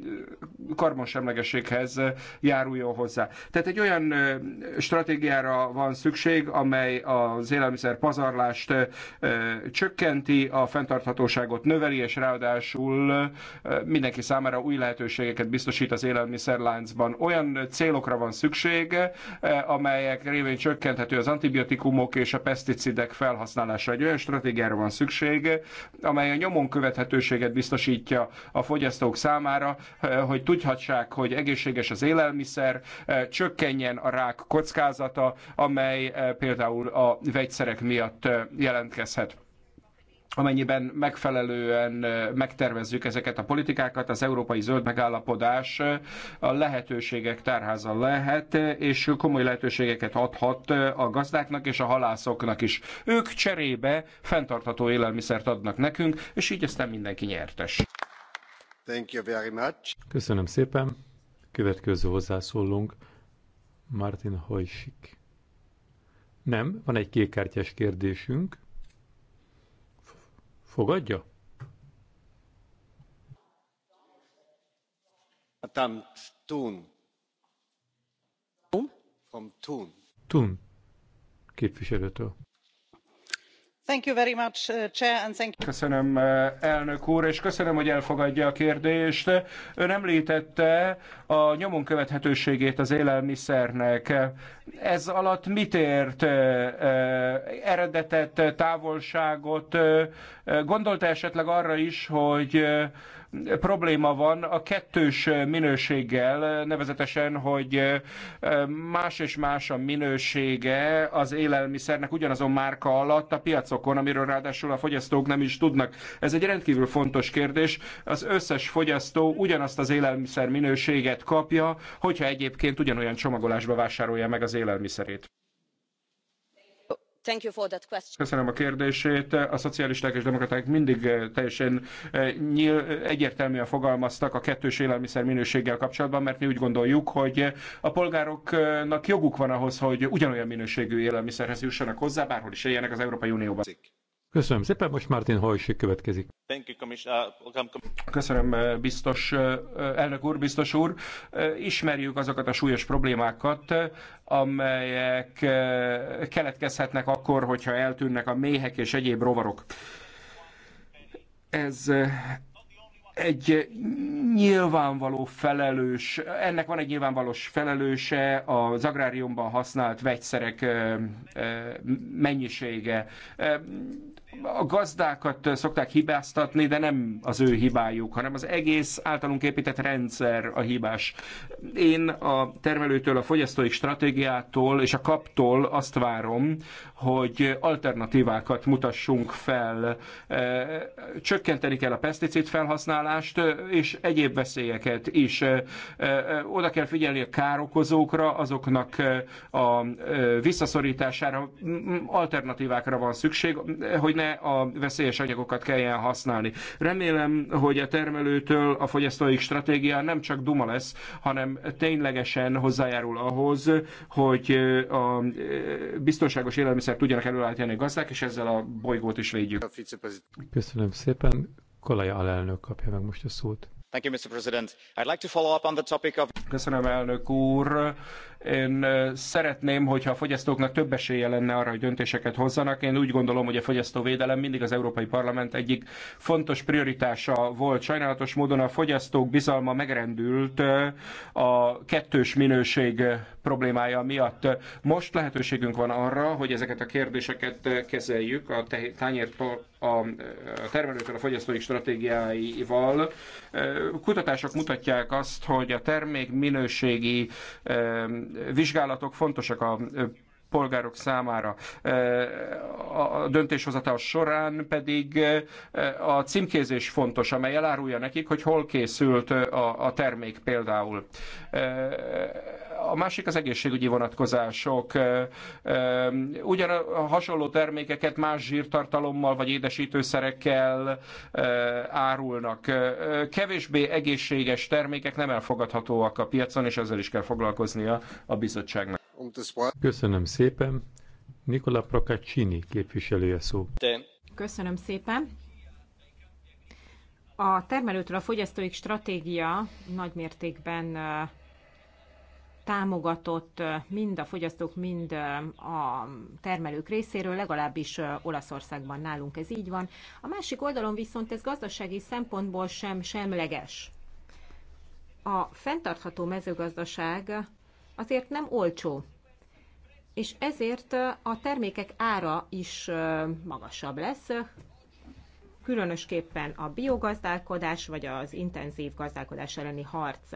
karbonsemlegességhez járuljon hozzá. Tehát egy olyan stratégiára van szükség, amely az élelmiszer pazarlást csökkenti, a fenntarthatóságot növeli, és ráadásul mindenki számára új lehetőségeket biztosít az élelmiszerláncban. Olyan célokra van szükség, amelyek révén csökkenthető az antibiotikumok és a peszticidek felhasználása. Egy olyan stratégiára van szükség, amely a nyomon követhetőséget biztosítja a fogyasztók számára, eh, hogy tudhassák, hogy egészséges az élelmiszer, eh, csökkenjen a rák kockázata, amely eh, például a vegyszerek miatt jelentkezhet amennyiben megfelelően megtervezzük ezeket a politikákat, az európai zöld megállapodás a lehetőségek tárháza lehet, és komoly lehetőségeket adhat a gazdáknak és a halászoknak is. Ők cserébe fenntartható élelmiszert adnak nekünk, és így aztán mindenki nyertes. Köszönöm szépen. Következő hozzászólunk Martin Hojsik. Nem, van egy kékkártyás kérdésünk. Fogadja? Atam Tun. From Tun. Tun. Képviselőtől. Uh, köszönöm, uh, elnök úr, és köszönöm, hogy elfogadja a kérdést. Ön említette a nyomon követhetőségét az élelmiszernek. Ez alatt mit ért uh, eredetet, távolságot? Gondolta esetleg arra is, hogy probléma van a kettős minőséggel, nevezetesen, hogy más és más a minősége az élelmiszernek ugyanazon márka alatt a piacokon, amiről ráadásul a fogyasztók nem is tudnak. Ez egy rendkívül fontos kérdés. Az összes fogyasztó ugyanazt az élelmiszer minőséget kapja, hogyha egyébként ugyanolyan csomagolásba vásárolja meg az élelmiszerét. Köszönöm a kérdését. A szocialisták és demokraták mindig eh, teljesen eh, nyíl, eh, egyértelműen fogalmaztak a kettős élelmiszer minőséggel kapcsolatban, mert mi úgy gondoljuk, hogy a polgároknak joguk van ahhoz, hogy ugyanolyan minőségű élelmiszerhez jussanak hozzá, bárhol is éljenek az Európai Unióban. Köszönöm szépen, most Martin Hojsik következik. Köszönöm, eh, biztos eh, elnök úr, biztos úr. Eh, ismerjük azokat a súlyos problémákat, amelyek keletkezhetnek akkor, hogyha eltűnnek a méhek és egyéb rovarok. Ez egy nyilvánvaló felelős, ennek van egy nyilvánvalós felelőse az agráriumban használt vegyszerek mennyisége a gazdákat szokták hibáztatni, de nem az ő hibájuk, hanem az egész általunk épített rendszer a hibás. Én a termelőtől, a fogyasztói stratégiától és a kaptól azt várom, hogy alternatívákat mutassunk fel. E, csökkenteni kell a peszticid felhasználást e, és egyéb veszélyeket is. E, oda kell figyelni a károkozókra, azoknak a visszaszorítására, alternatívákra van szükség, hogy ne a veszélyes anyagokat kelljen használni. Remélem, hogy a termelőtől a fogyasztói stratégia nem csak duma lesz, hanem ténylegesen hozzájárul ahhoz, hogy a biztonságos élelmiszer tudjanak előállítani a gazdák, és ezzel a bolygót is védjük. Köszönöm szépen. Kolaja alelnök kapja meg most a szót. Köszönöm, elnök úr. Én szeretném, hogyha a fogyasztóknak több esélye lenne arra, hogy döntéseket hozzanak. Én úgy gondolom, hogy a fogyasztóvédelem mindig az Európai Parlament egyik fontos prioritása volt. Sajnálatos módon a fogyasztók bizalma megrendült a kettős minőség problémája miatt. Most lehetőségünk van arra, hogy ezeket a kérdéseket kezeljük a tányértól a termelőtől a fogyasztói stratégiáival. Kutatások mutatják azt, hogy a termék minőségi vizsgálatok fontosak a polgárok számára. A döntéshozatal során pedig a címkézés fontos, amely elárulja nekik, hogy hol készült a termék például a másik az egészségügyi vonatkozások. Ugyan a hasonló termékeket más zsírtartalommal vagy édesítőszerekkel árulnak. Kevésbé egészséges termékek nem elfogadhatóak a piacon, és ezzel is kell foglalkoznia a bizottságnak. Köszönöm szépen. Nikola Procaccini képviselője szó. Köszönöm szépen. A termelőtől a fogyasztóik stratégia nagymértékben támogatott mind a fogyasztók, mind a termelők részéről, legalábbis Olaszországban nálunk ez így van. A másik oldalon viszont ez gazdasági szempontból sem semleges. A fenntartható mezőgazdaság azért nem olcsó, és ezért a termékek ára is magasabb lesz, különösképpen a biogazdálkodás vagy az intenzív gazdálkodás elleni harc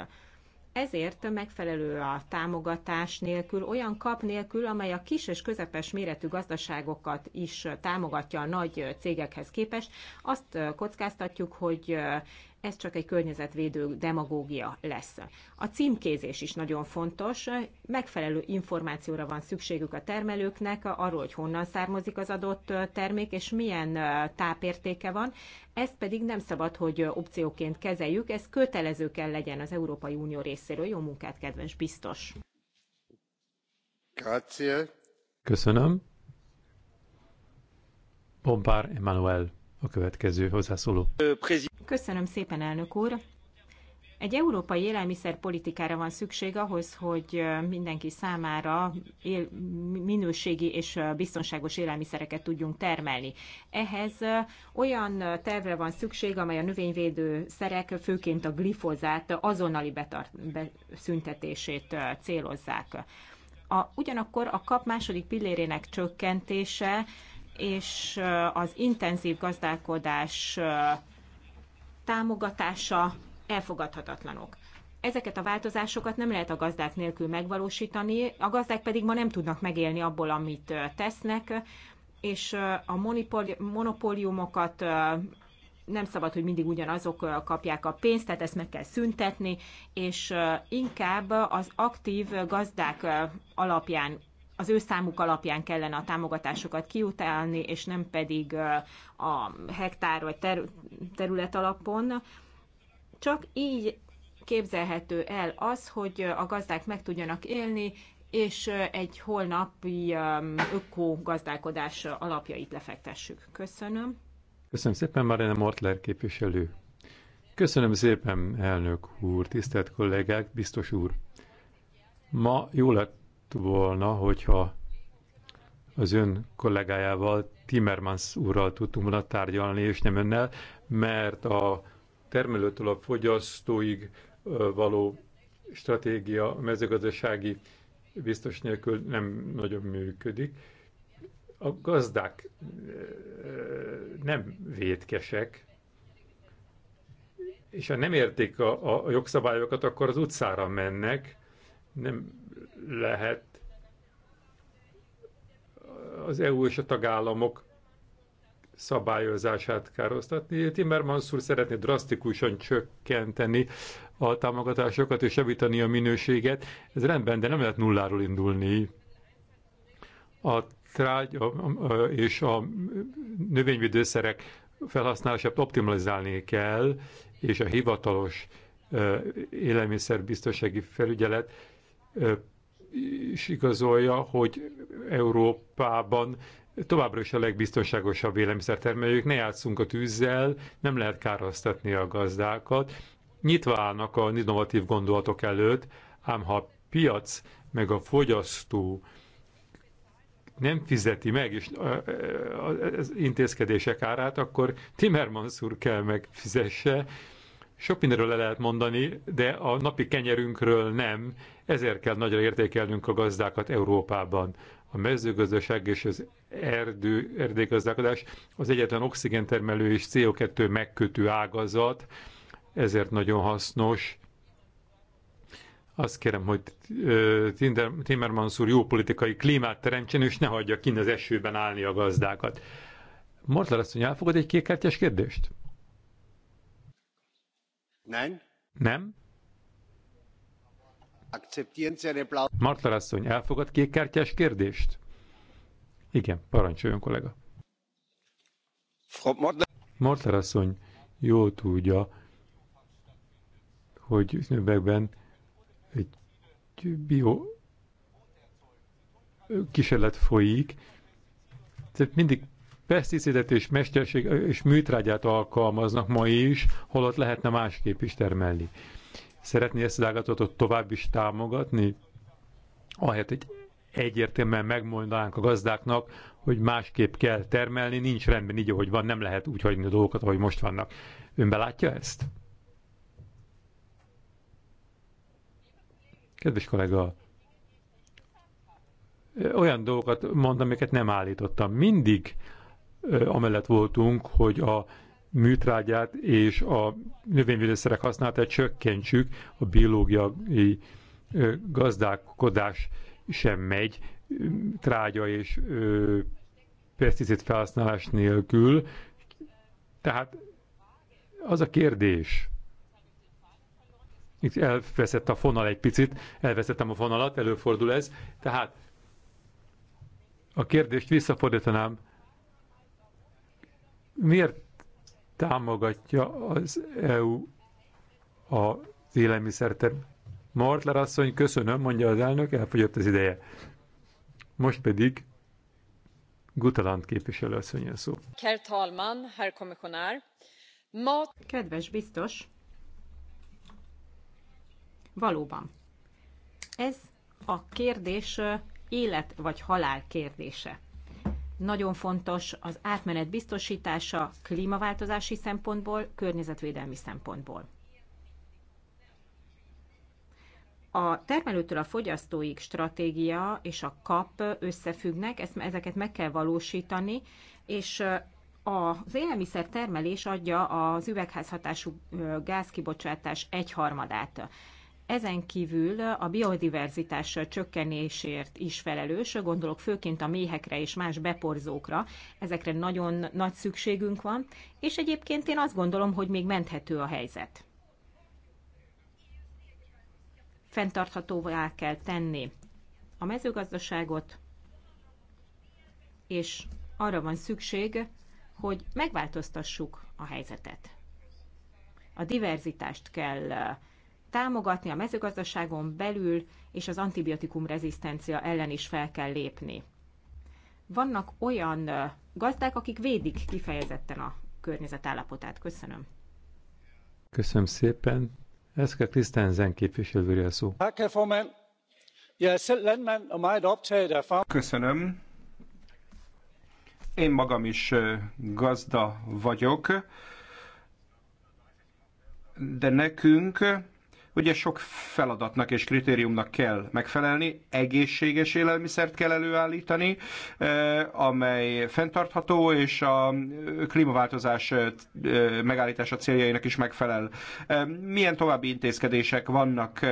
ezért megfelelő a támogatás nélkül, olyan kap nélkül, amely a kis és közepes méretű gazdaságokat is támogatja a nagy cégekhez képest, azt kockáztatjuk, hogy ez csak egy környezetvédő demagógia lesz. A címkézés is nagyon fontos, megfelelő információra van szükségük a termelőknek arról, hogy honnan származik az adott termék, és milyen tápértéke van. Ezt pedig nem szabad, hogy opcióként kezeljük, ez kötelező kell legyen az Európai Unió részéről. Jó munkát, kedves biztos! Grazie. Köszönöm. Bombár Emmanuel a következő hozzászóló. Köszönöm szépen, elnök úr! Egy európai élelmiszerpolitikára van szükség ahhoz, hogy mindenki számára él, minőségi és biztonságos élelmiszereket tudjunk termelni. Ehhez olyan tervre van szükség, amely a növényvédő szerek, főként a glifozát azonnali betart, beszüntetését célozzák. A, ugyanakkor a kap második pillérének csökkentése és az intenzív gazdálkodás támogatása elfogadhatatlanok. Ezeket a változásokat nem lehet a gazdák nélkül megvalósítani, a gazdák pedig ma nem tudnak megélni abból, amit tesznek, és a monopóliumokat nem szabad, hogy mindig ugyanazok kapják a pénzt, tehát ezt meg kell szüntetni, és inkább az aktív gazdák alapján az ő számuk alapján kellene a támogatásokat kiutálni, és nem pedig a hektár vagy ter- terület alapon. Csak így képzelhető el az, hogy a gazdák meg tudjanak élni, és egy holnapi ökó gazdálkodás alapjait lefektessük. Köszönöm. Köszönöm szépen, Marina Mortler képviselő. Köszönöm szépen, elnök úr, tisztelt kollégák, biztos úr. Ma jó lett volna, hogyha az ön kollégájával, Timmermans úrral tudtunk volna tárgyalni, és nem önnel, mert a termelőtől a fogyasztóig való stratégia a mezőgazdasági biztos nélkül nem nagyon működik. A gazdák nem védkesek, és ha nem értik a, a jogszabályokat, akkor az utcára mennek, nem lehet az EU és a tagállamok szabályozását károztatni. Timmermans úr szeretné drasztikusan csökkenteni a támogatásokat és javítani a minőséget. Ez rendben, de nem lehet nulláról indulni. A trágy és a növényvédőszerek felhasználását optimalizálni kell, és a hivatalos élelmiszerbiztonsági felügyelet is igazolja, hogy Európában továbbra is a legbiztonságosabb termeljük, ne játszunk a tűzzel, nem lehet kárhoztatni a gazdákat. Nyitva állnak a innovatív gondolatok előtt, ám ha a piac meg a fogyasztó nem fizeti meg és az intézkedések árát, akkor Timmermans úr kell megfizesse, sok mindenről le lehet mondani, de a napi kenyerünkről nem, ezért kell nagyra értékelnünk a gazdákat Európában. A mezőgazdaság és az erdő, erdőgazdálkodás az egyetlen oxigéntermelő és CO2 megkötő ágazat, ezért nagyon hasznos. Azt kérem, hogy Timmermans úr jó politikai klímát teremtsen, és ne hagyja kint az esőben állni a gazdákat. Mortler azt mondja, elfogad egy kékkártyás kérdést? Nem? Martler asszony, elfogad kékkártyás kérdést? Igen, parancsoljon, kollega. Martler asszony jól tudja, hogy Növekben egy bio kísérlet folyik, tehát mindig peszticidet és mesterség és műtrágyát alkalmaznak ma is, holott lehetne másképp is termelni. Szeretné ezt az ágazatot tovább is támogatni? Ahelyett, hogy egyértelműen megmondanánk a gazdáknak, hogy másképp kell termelni, nincs rendben így, ahogy van, nem lehet úgy hagyni a dolgokat, ahogy most vannak. Ön belátja ezt? Kedves kollega, olyan dolgokat mondom, amiket nem állítottam. Mindig amellett voltunk, hogy a műtrágyát és a növényvédőszerek használatát csökkentsük, a biológiai gazdálkodás sem megy trágya és pesticid felhasználás nélkül. Tehát az a kérdés, itt elveszett a fonal egy picit, elveszettem a fonalat, előfordul ez, tehát a kérdést visszafordítanám, Miért támogatja az EU a élelmiszerte? Martler asszony, köszönöm, mondja az elnök, elfogyott az ideje. Most pedig Gutaland képviselő asszony szó. Herr talman, herr kommissionär. Kedves biztos, valóban. Ez a kérdés élet vagy halál kérdése. Nagyon fontos az átmenet biztosítása klímaváltozási szempontból, környezetvédelmi szempontból. A termelőtől a fogyasztóig stratégia és a kap összefüggnek, ezt, ezeket meg kell valósítani, és az élelmiszer termelés adja az üvegházhatású gázkibocsátás egyharmadát. Ezen kívül a biodiverzitás csökkenésért is felelős, gondolok főként a méhekre és más beporzókra, ezekre nagyon nagy szükségünk van, és egyébként én azt gondolom, hogy még menthető a helyzet. Fentarthatóvá kell tenni a mezőgazdaságot, és arra van szükség, hogy megváltoztassuk a helyzetet. A diverzitást kell támogatni a mezőgazdaságon belül, és az antibiotikum rezisztencia ellen is fel kell lépni. Vannak olyan gazdák, akik védik kifejezetten a környezet állapotát. Köszönöm. Köszönöm szépen. Ezt a Krisztán Zen képviselőre szó. Köszönöm. Én magam is gazda vagyok, de nekünk Ugye sok feladatnak és kritériumnak kell megfelelni, egészséges élelmiszert kell előállítani, eh, amely fenntartható és a klímaváltozás eh, megállítása céljainak is megfelel. Eh, milyen további intézkedések vannak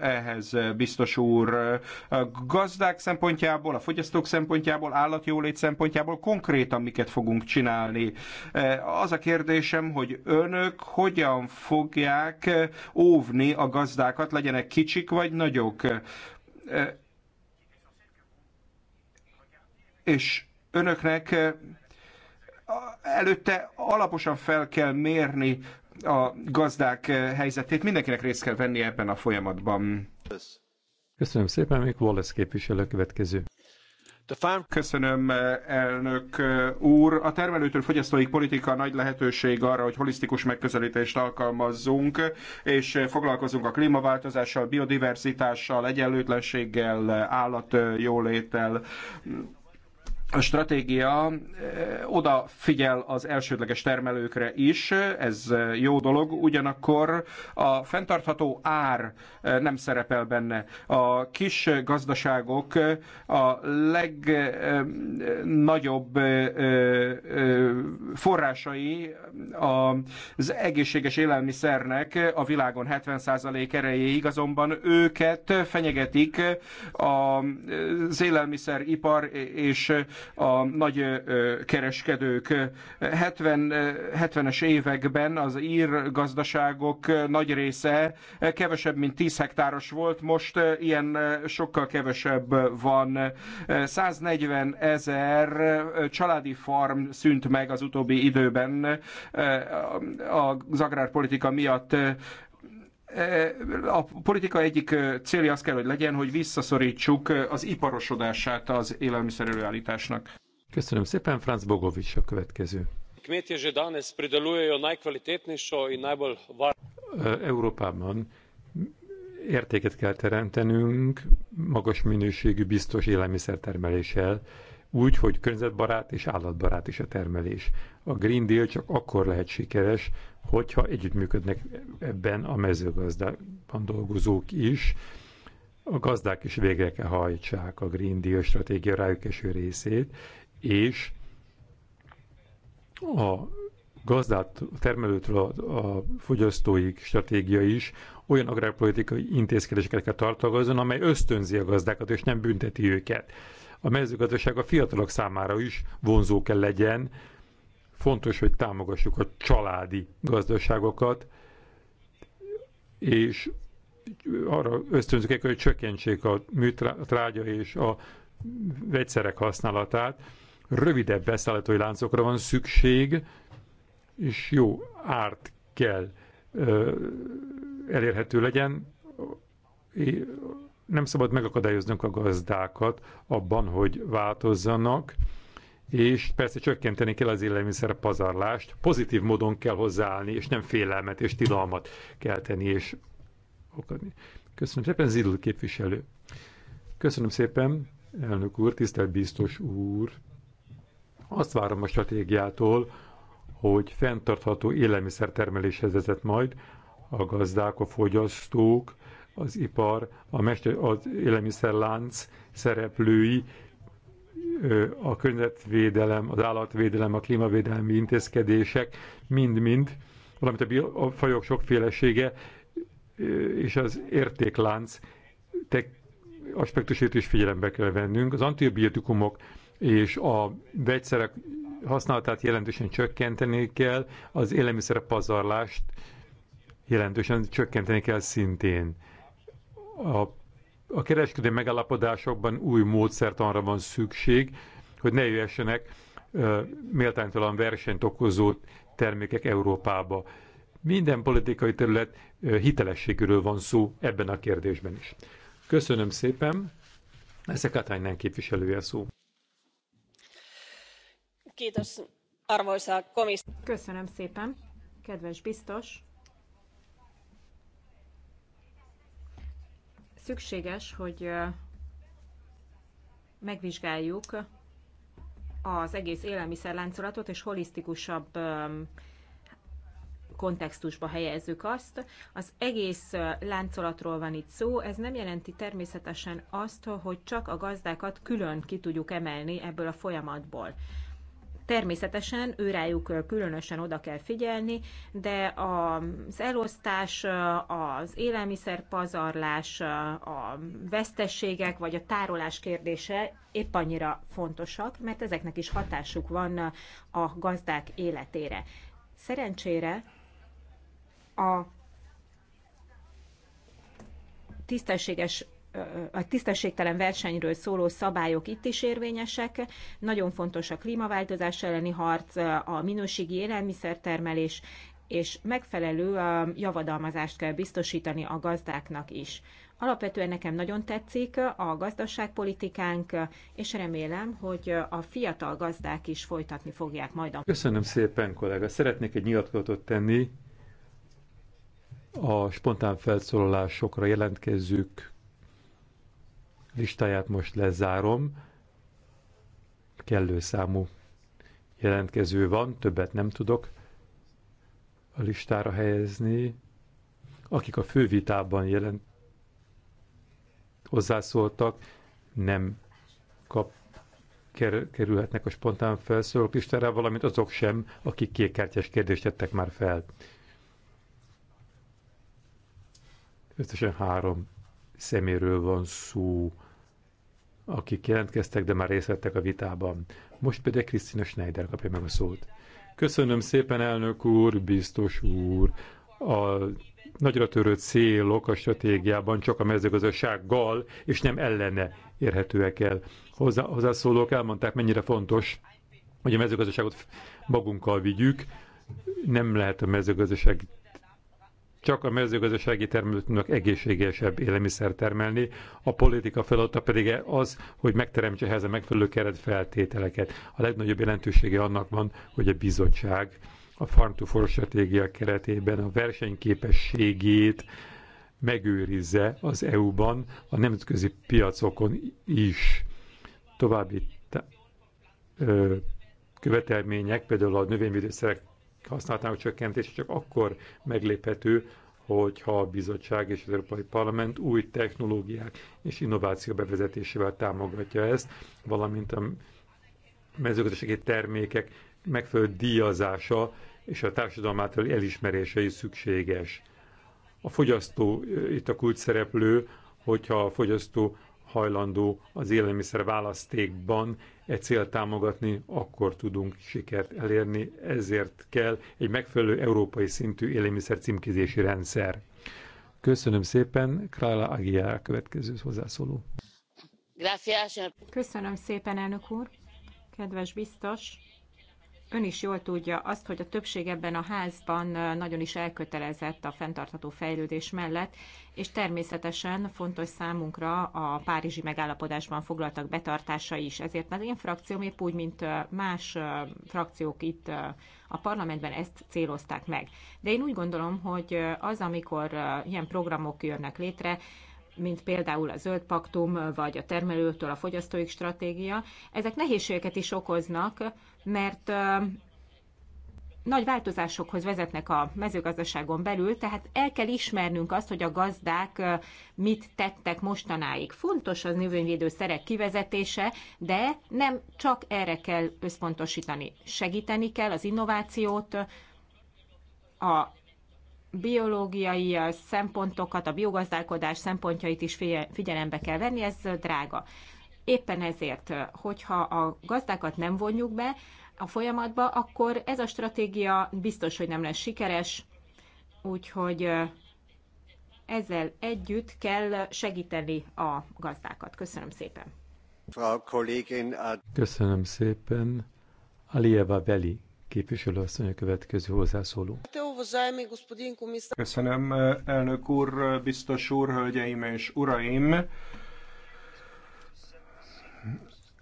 ehhez, biztos úr, a gazdák szempontjából, a fogyasztók szempontjából, állatjólét szempontjából konkrétan miket fogunk csinálni? Az a kérdésem, hogy önök hogyan fogják óvni a a gazdákat, legyenek kicsik vagy nagyok. És önöknek előtte alaposan fel kell mérni a gazdák helyzetét. Mindenkinek részt kell venni ebben a folyamatban. Köszönöm szépen, még Wallace képviselő következő. Köszönöm, elnök úr. A termelőtől fogyasztói politika nagy lehetőség arra, hogy holisztikus megközelítést alkalmazzunk, és foglalkozunk a klímaváltozással, biodiverzitással, egyenlőtlenséggel, állatjóléttel a stratégia odafigyel az elsődleges termelőkre is, ez jó dolog, ugyanakkor a fenntartható ár nem szerepel benne. A kis gazdaságok a legnagyobb forrásai az egészséges élelmiszernek a világon 70% erejéig, azonban őket fenyegetik az élelmiszeripar és a nagy kereskedők. 70, 70-es években az ír gazdaságok nagy része kevesebb, mint 10 hektáros volt, most ilyen sokkal kevesebb van. 140 ezer családi farm szűnt meg az utóbbi időben az agrárpolitika miatt a politika egyik célja az kell, hogy legyen, hogy visszaszorítsuk az iparosodását az élelmiszer előállításnak. Köszönöm szépen, Franz Bogovics a következő. Európában értéket kell teremtenünk magas minőségű, biztos élelmiszertermeléssel. termeléssel úgy, hogy környezetbarát és állatbarát is a termelés. A Green Deal csak akkor lehet sikeres, hogyha együttműködnek ebben a mezőgazdában dolgozók is, a gazdák is végre kell hajtsák a Green Deal stratégia rájuk eső részét, és a gazdát, a termelőtől a, a fogyasztóig stratégia is olyan agrárpolitikai intézkedéseket kell tartalmazni, amely ösztönzi a gazdákat, és nem bünteti őket a mezőgazdaság a fiatalok számára is vonzó kell legyen. Fontos, hogy támogassuk a családi gazdaságokat, és arra ösztönzők, hogy csökkentsék a műtrágya és a vegyszerek használatát. Rövidebb beszállítói láncokra van szükség, és jó árt kell elérhető legyen nem szabad megakadályoznunk a gazdákat abban, hogy változzanak, és persze csökkenteni kell az élelmiszer pazarlást, pozitív módon kell hozzáállni, és nem félelmet és tilalmat kell tenni és okadni. Köszönöm szépen, Zidl képviselő. Köszönöm szépen, elnök úr, tisztelt biztos úr. Azt várom a stratégiától, hogy fenntartható élelmiszertermeléshez vezet majd a gazdák, a fogyasztók, az ipar, a mester, az élelmiszerlánc szereplői, a környezetvédelem, az állatvédelem, a klímavédelmi intézkedések, mind-mind, valamint a, a fajok sokfélesége és az értéklánc tek aspektusét is figyelembe kell vennünk. Az antibiotikumok és a vegyszerek használatát jelentősen csökkenteni kell, az élelmiszer pazarlást jelentősen csökkenteni kell szintén a, a kereskedelmi megállapodásokban új módszertanra van szükség, hogy ne jöhessenek méltánytalan versenyt okozó termékek Európába. Minden politikai terület hitelességről van szó ebben a kérdésben is. Köszönöm szépen. a Katánynán képviselője szó. Köszönöm szépen, kedves biztos. szükséges, hogy megvizsgáljuk az egész élelmiszerláncolatot, és holisztikusabb kontextusba helyezzük azt. Az egész láncolatról van itt szó, ez nem jelenti természetesen azt, hogy csak a gazdákat külön ki tudjuk emelni ebből a folyamatból. Természetesen őrájuk különösen oda kell figyelni, de az elosztás, az élelmiszerpazarlás, a vesztességek vagy a tárolás kérdése épp annyira fontosak, mert ezeknek is hatásuk van a gazdák életére. Szerencsére a tisztességes a tisztességtelen versenyről szóló szabályok itt is érvényesek. Nagyon fontos a klímaváltozás elleni harc, a minőségi élelmiszertermelés, és megfelelő javadalmazást kell biztosítani a gazdáknak is. Alapvetően nekem nagyon tetszik a gazdaságpolitikánk, és remélem, hogy a fiatal gazdák is folytatni fogják majd a... Köszönöm szépen, kollega. Szeretnék egy nyilatkozatot tenni a spontán felszólalásokra jelentkezők listáját most lezárom. Kellő számú jelentkező van, többet nem tudok a listára helyezni. Akik a fővitában jelent hozzászóltak, nem kap, ker, kerülhetnek a spontán felszólók listára, valamint azok sem, akik kékkártyás kérdést tettek már fel. Összesen három szeméről van szó akik jelentkeztek, de már részt vettek a vitában. Most pedig Krisztina Schneider kapja meg a szót. Köszönöm szépen, elnök úr, biztos úr. A nagyra törő célok a stratégiában csak a mezőgazdasággal és nem ellene érhetőek el. Hozzá, hozzászólók elmondták, mennyire fontos, hogy a mezőgazdaságot magunkkal vigyük. Nem lehet a mezőgazdaság csak a mezőgazdasági termelőknek egészségesebb élelmiszer termelni, a politika feladata pedig az, hogy megteremtse ehhez a megfelelő keretfeltételeket. A legnagyobb jelentősége annak van, hogy a bizottság a Farm to Forest stratégia keretében a versenyképességét megőrizze az EU-ban, a nemzetközi piacokon is. További követelmények, például a növényvédőszerek használatának csökkentése csak akkor megléphető, hogyha a bizottság és az Európai Parlament új technológiák és innováció bevezetésével támogatja ezt, valamint a mezőgazdasági termékek megfelelő díjazása és a társadalom által elismerése is szükséges. A fogyasztó itt a kulcs szereplő, hogyha a fogyasztó hajlandó az élelmiszer választékban e célt támogatni, akkor tudunk sikert elérni. Ezért kell egy megfelelő európai szintű élelmiszer címkézési rendszer. Köszönöm szépen, Krála Agia a következő hozzászóló. Köszönöm szépen, elnök úr. Kedves biztos, ön is jól tudja azt, hogy a többség ebben a házban nagyon is elkötelezett a fenntartható fejlődés mellett, és természetesen fontos számunkra a Párizsi megállapodásban foglaltak betartása is. Ezért az én frakcióm épp úgy, mint más frakciók itt a parlamentben ezt célozták meg. De én úgy gondolom, hogy az, amikor ilyen programok jönnek létre, mint például a zöld paktum, vagy a termelőtől a fogyasztóik stratégia, ezek nehézségeket is okoznak, mert nagy változásokhoz vezetnek a mezőgazdaságon belül, tehát el kell ismernünk azt, hogy a gazdák mit tettek mostanáig. Fontos az szerek kivezetése, de nem csak erre kell összpontosítani. Segíteni kell az innovációt, a biológiai szempontokat, a biogazdálkodás szempontjait is figyelembe kell venni, ez drága. Éppen ezért, hogyha a gazdákat nem vonjuk be a folyamatba, akkor ez a stratégia biztos, hogy nem lesz sikeres, úgyhogy ezzel együtt kell segíteni a gazdákat. Köszönöm szépen. Köszönöm szépen. Alieva Veli Képviselő asszony a következő hozzászóló. Köszönöm, elnök úr, biztos úr, hölgyeim és uraim!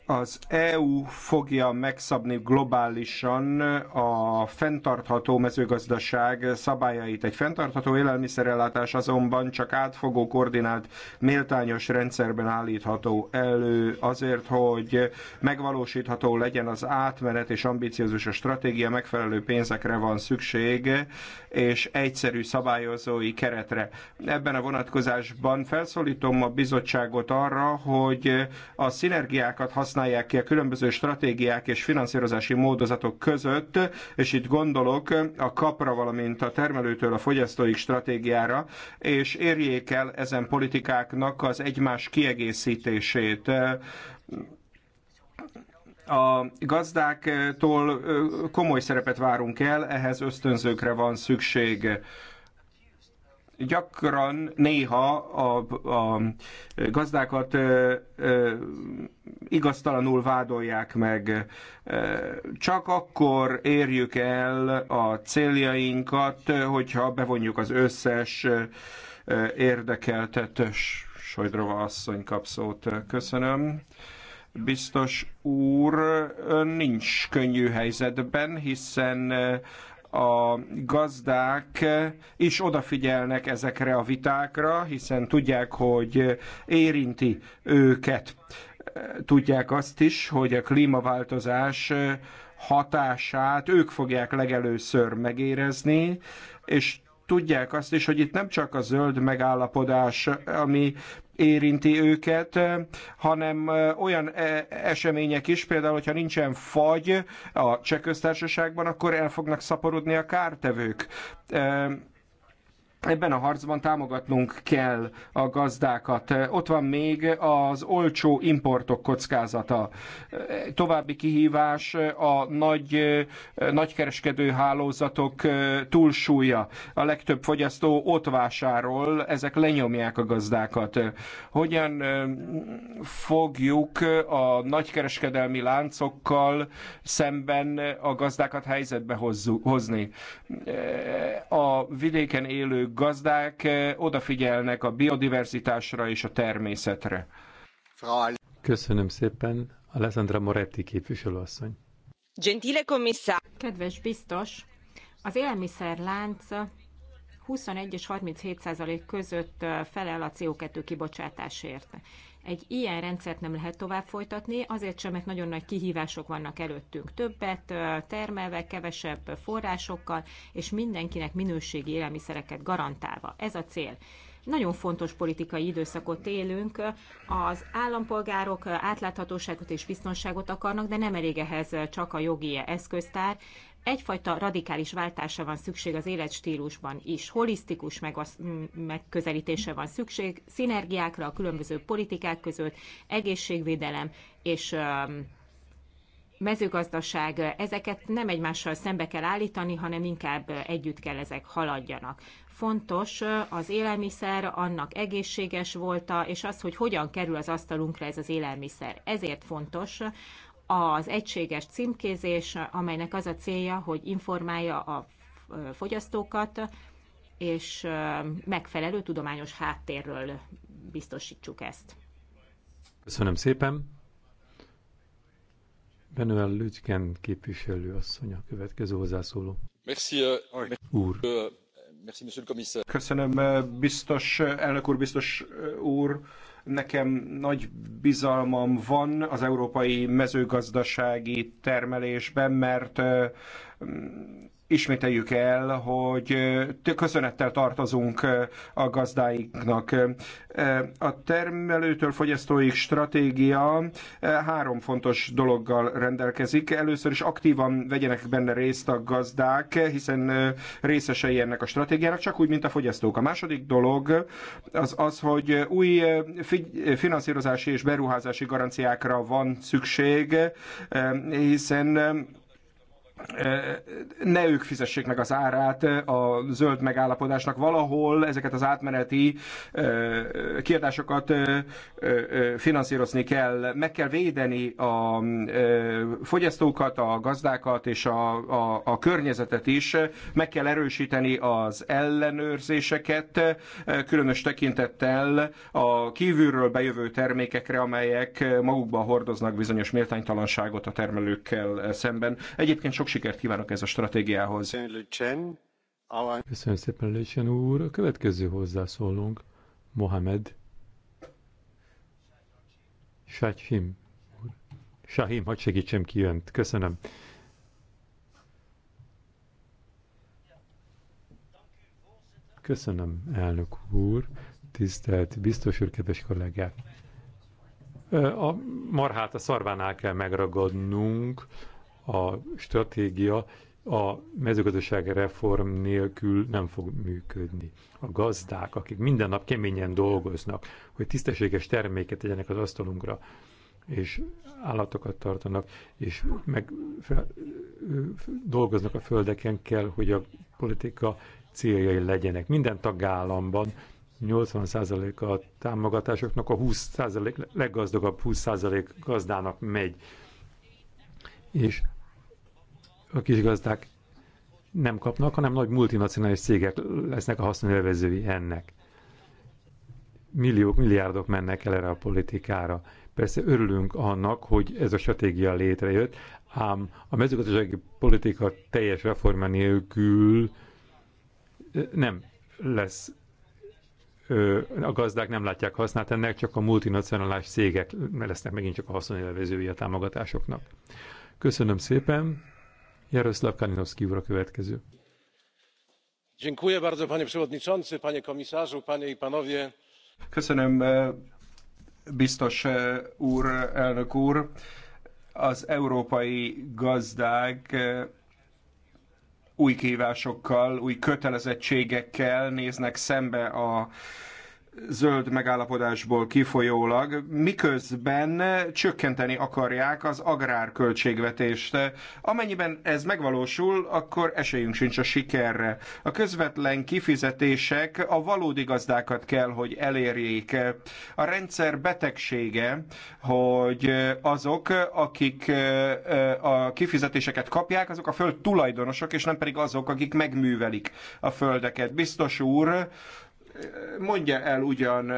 az EU fogja megszabni globálisan a fenntartható mezőgazdaság szabályait. Egy fenntartható élelmiszerellátás azonban csak átfogó, koordinált, méltányos rendszerben állítható elő azért, hogy megvalósítható legyen az átmenet és ambiciózus a stratégia, megfelelő pénzekre van szükség, és egyszerű szabályozói keretre. Ebben a vonatkozásban felszólítom a bizottságot arra, hogy a szinergiákat használják használják ki a különböző stratégiák és finanszírozási módozatok között, és itt gondolok a kapra, valamint a termelőtől a fogyasztóik stratégiára, és érjék el ezen politikáknak az egymás kiegészítését a gazdáktól komoly szerepet várunk el, ehhez ösztönzőkre van szükség gyakran, néha a, a gazdákat ö, ö, igaztalanul vádolják meg. Csak akkor érjük el a céljainkat, hogyha bevonjuk az összes érdekeltet. Sojdrova asszony kap szót. Köszönöm. Biztos úr, ön nincs könnyű helyzetben, hiszen a gazdák is odafigyelnek ezekre a vitákra, hiszen tudják, hogy érinti őket. Tudják azt is, hogy a klímaváltozás hatását ők fogják legelőször megérezni, és tudják azt is, hogy itt nem csak a zöld megállapodás, ami érinti őket, hanem olyan események is, például, hogyha nincsen fagy a cseh köztársaságban, akkor el fognak szaporodni a kártevők Ebben a harcban támogatnunk kell a gazdákat. Ott van még az olcsó importok kockázata. További kihívás a nagy, nagykereskedő hálózatok túlsúlya. A legtöbb fogyasztó ott vásárol, ezek lenyomják a gazdákat. Hogyan fogjuk a nagykereskedelmi láncokkal szemben a gazdákat helyzetbe hozni? A vidéken élő gazdák eh, odafigyelnek a biodiverzitásra és a természetre. Köszönöm szépen, Alessandra Moretti képviselőasszony. Gentile commissar. Kedves biztos, az élelmiszerlánc 21 és 37 százalék között eh, felel a CO2 kibocsátásért. Egy ilyen rendszert nem lehet tovább folytatni, azért sem, mert nagyon nagy kihívások vannak előttünk. Többet termelve, kevesebb forrásokkal, és mindenkinek minőségi élelmiszereket garantálva. Ez a cél nagyon fontos politikai időszakot élünk. Az állampolgárok átláthatóságot és biztonságot akarnak, de nem elég ehhez csak a jogi eszköztár egyfajta radikális váltása van szükség az életstílusban is. Holisztikus mm, megközelítése van szükség, szinergiákra a különböző politikák között, egészségvédelem és mezőgazdaság, ezeket nem egymással szembe kell állítani, hanem inkább együtt kell ezek haladjanak. Fontos az élelmiszer, annak egészséges volta, és az, hogy hogyan kerül az asztalunkra ez az élelmiszer. Ezért fontos az egységes címkézés, amelynek az a célja, hogy informálja a fogyasztókat, és megfelelő tudományos háttérről biztosítsuk ezt. Köszönöm szépen. Benuel Lütgen képviselő asszony a következő hozzászóló. Merci, uh, úr. Euh, merci, Köszönöm, euh, biztos, euh, elnök úr, biztos úr Nekem nagy bizalmam van az európai mezőgazdasági termelésben, mert ismételjük el, hogy köszönettel tartozunk a gazdáinknak. A termelőtől fogyasztóig stratégia három fontos dologgal rendelkezik. Először is aktívan vegyenek benne részt a gazdák, hiszen részesei ennek a stratégiának, csak úgy, mint a fogyasztók. A második dolog az az, hogy új finanszírozási és beruházási garanciákra van szükség, hiszen ne ők fizessék meg az árát a zöld megállapodásnak. Valahol ezeket az átmeneti kiadásokat finanszírozni kell. Meg kell védeni a fogyasztókat, a gazdákat és a, a, a környezetet is. Meg kell erősíteni az ellenőrzéseket, különös tekintettel a kívülről bejövő termékekre, amelyek magukban hordoznak bizonyos méltánytalanságot a termelőkkel szemben. Egyébként sok sikert kívánok ez a stratégiához. Köszönöm szépen, Lőcsen úr. A következő hozzászólunk, Mohamed Shahim. Shahim, hadd segítsem ki önt. Köszönöm. Köszönöm, elnök úr, tisztelt biztos úr, kedves kollégák. A marhát a szarvánál kell megragadnunk a stratégia a mezőgazdaság reform nélkül nem fog működni. A gazdák, akik minden nap keményen dolgoznak, hogy tisztességes terméket tegyenek az asztalunkra, és állatokat tartanak, és meg fel, dolgoznak a földeken, kell, hogy a politika céljai legyenek. Minden tagállamban 80% a támogatásoknak a 20% leggazdagabb 20% gazdának megy és a kisgazdák nem kapnak, hanem nagy multinacionális cégek lesznek a haszonélvezői ennek. Milliók, milliárdok mennek el erre a politikára. Persze örülünk annak, hogy ez a stratégia létrejött, ám a mezőgazdasági politika teljes reforma nélkül nem lesz a gazdák nem látják hasznát ennek, csak a multinacionális cégek lesznek megint csak a haszonélvezői a támogatásoknak. Köszönöm szépen. Jaroszláv Kalinowski úr a következő. Dziękuję bardzo, panie przewodniczący, panie komisarzu, panie i panowie. Köszönöm, e, biztos e, úr, elnök úr. Az európai gazdák e, új kívásokkal, új kötelezettségekkel néznek szembe a zöld megállapodásból kifolyólag, miközben csökkenteni akarják az agrárköltségvetést. Amennyiben ez megvalósul, akkor esélyünk sincs a sikerre. A közvetlen kifizetések a valódi gazdákat kell, hogy elérjék. A rendszer betegsége, hogy azok, akik a kifizetéseket kapják, azok a föld tulajdonosok, és nem pedig azok, akik megművelik a földeket. Biztos úr, mondja el ugyan,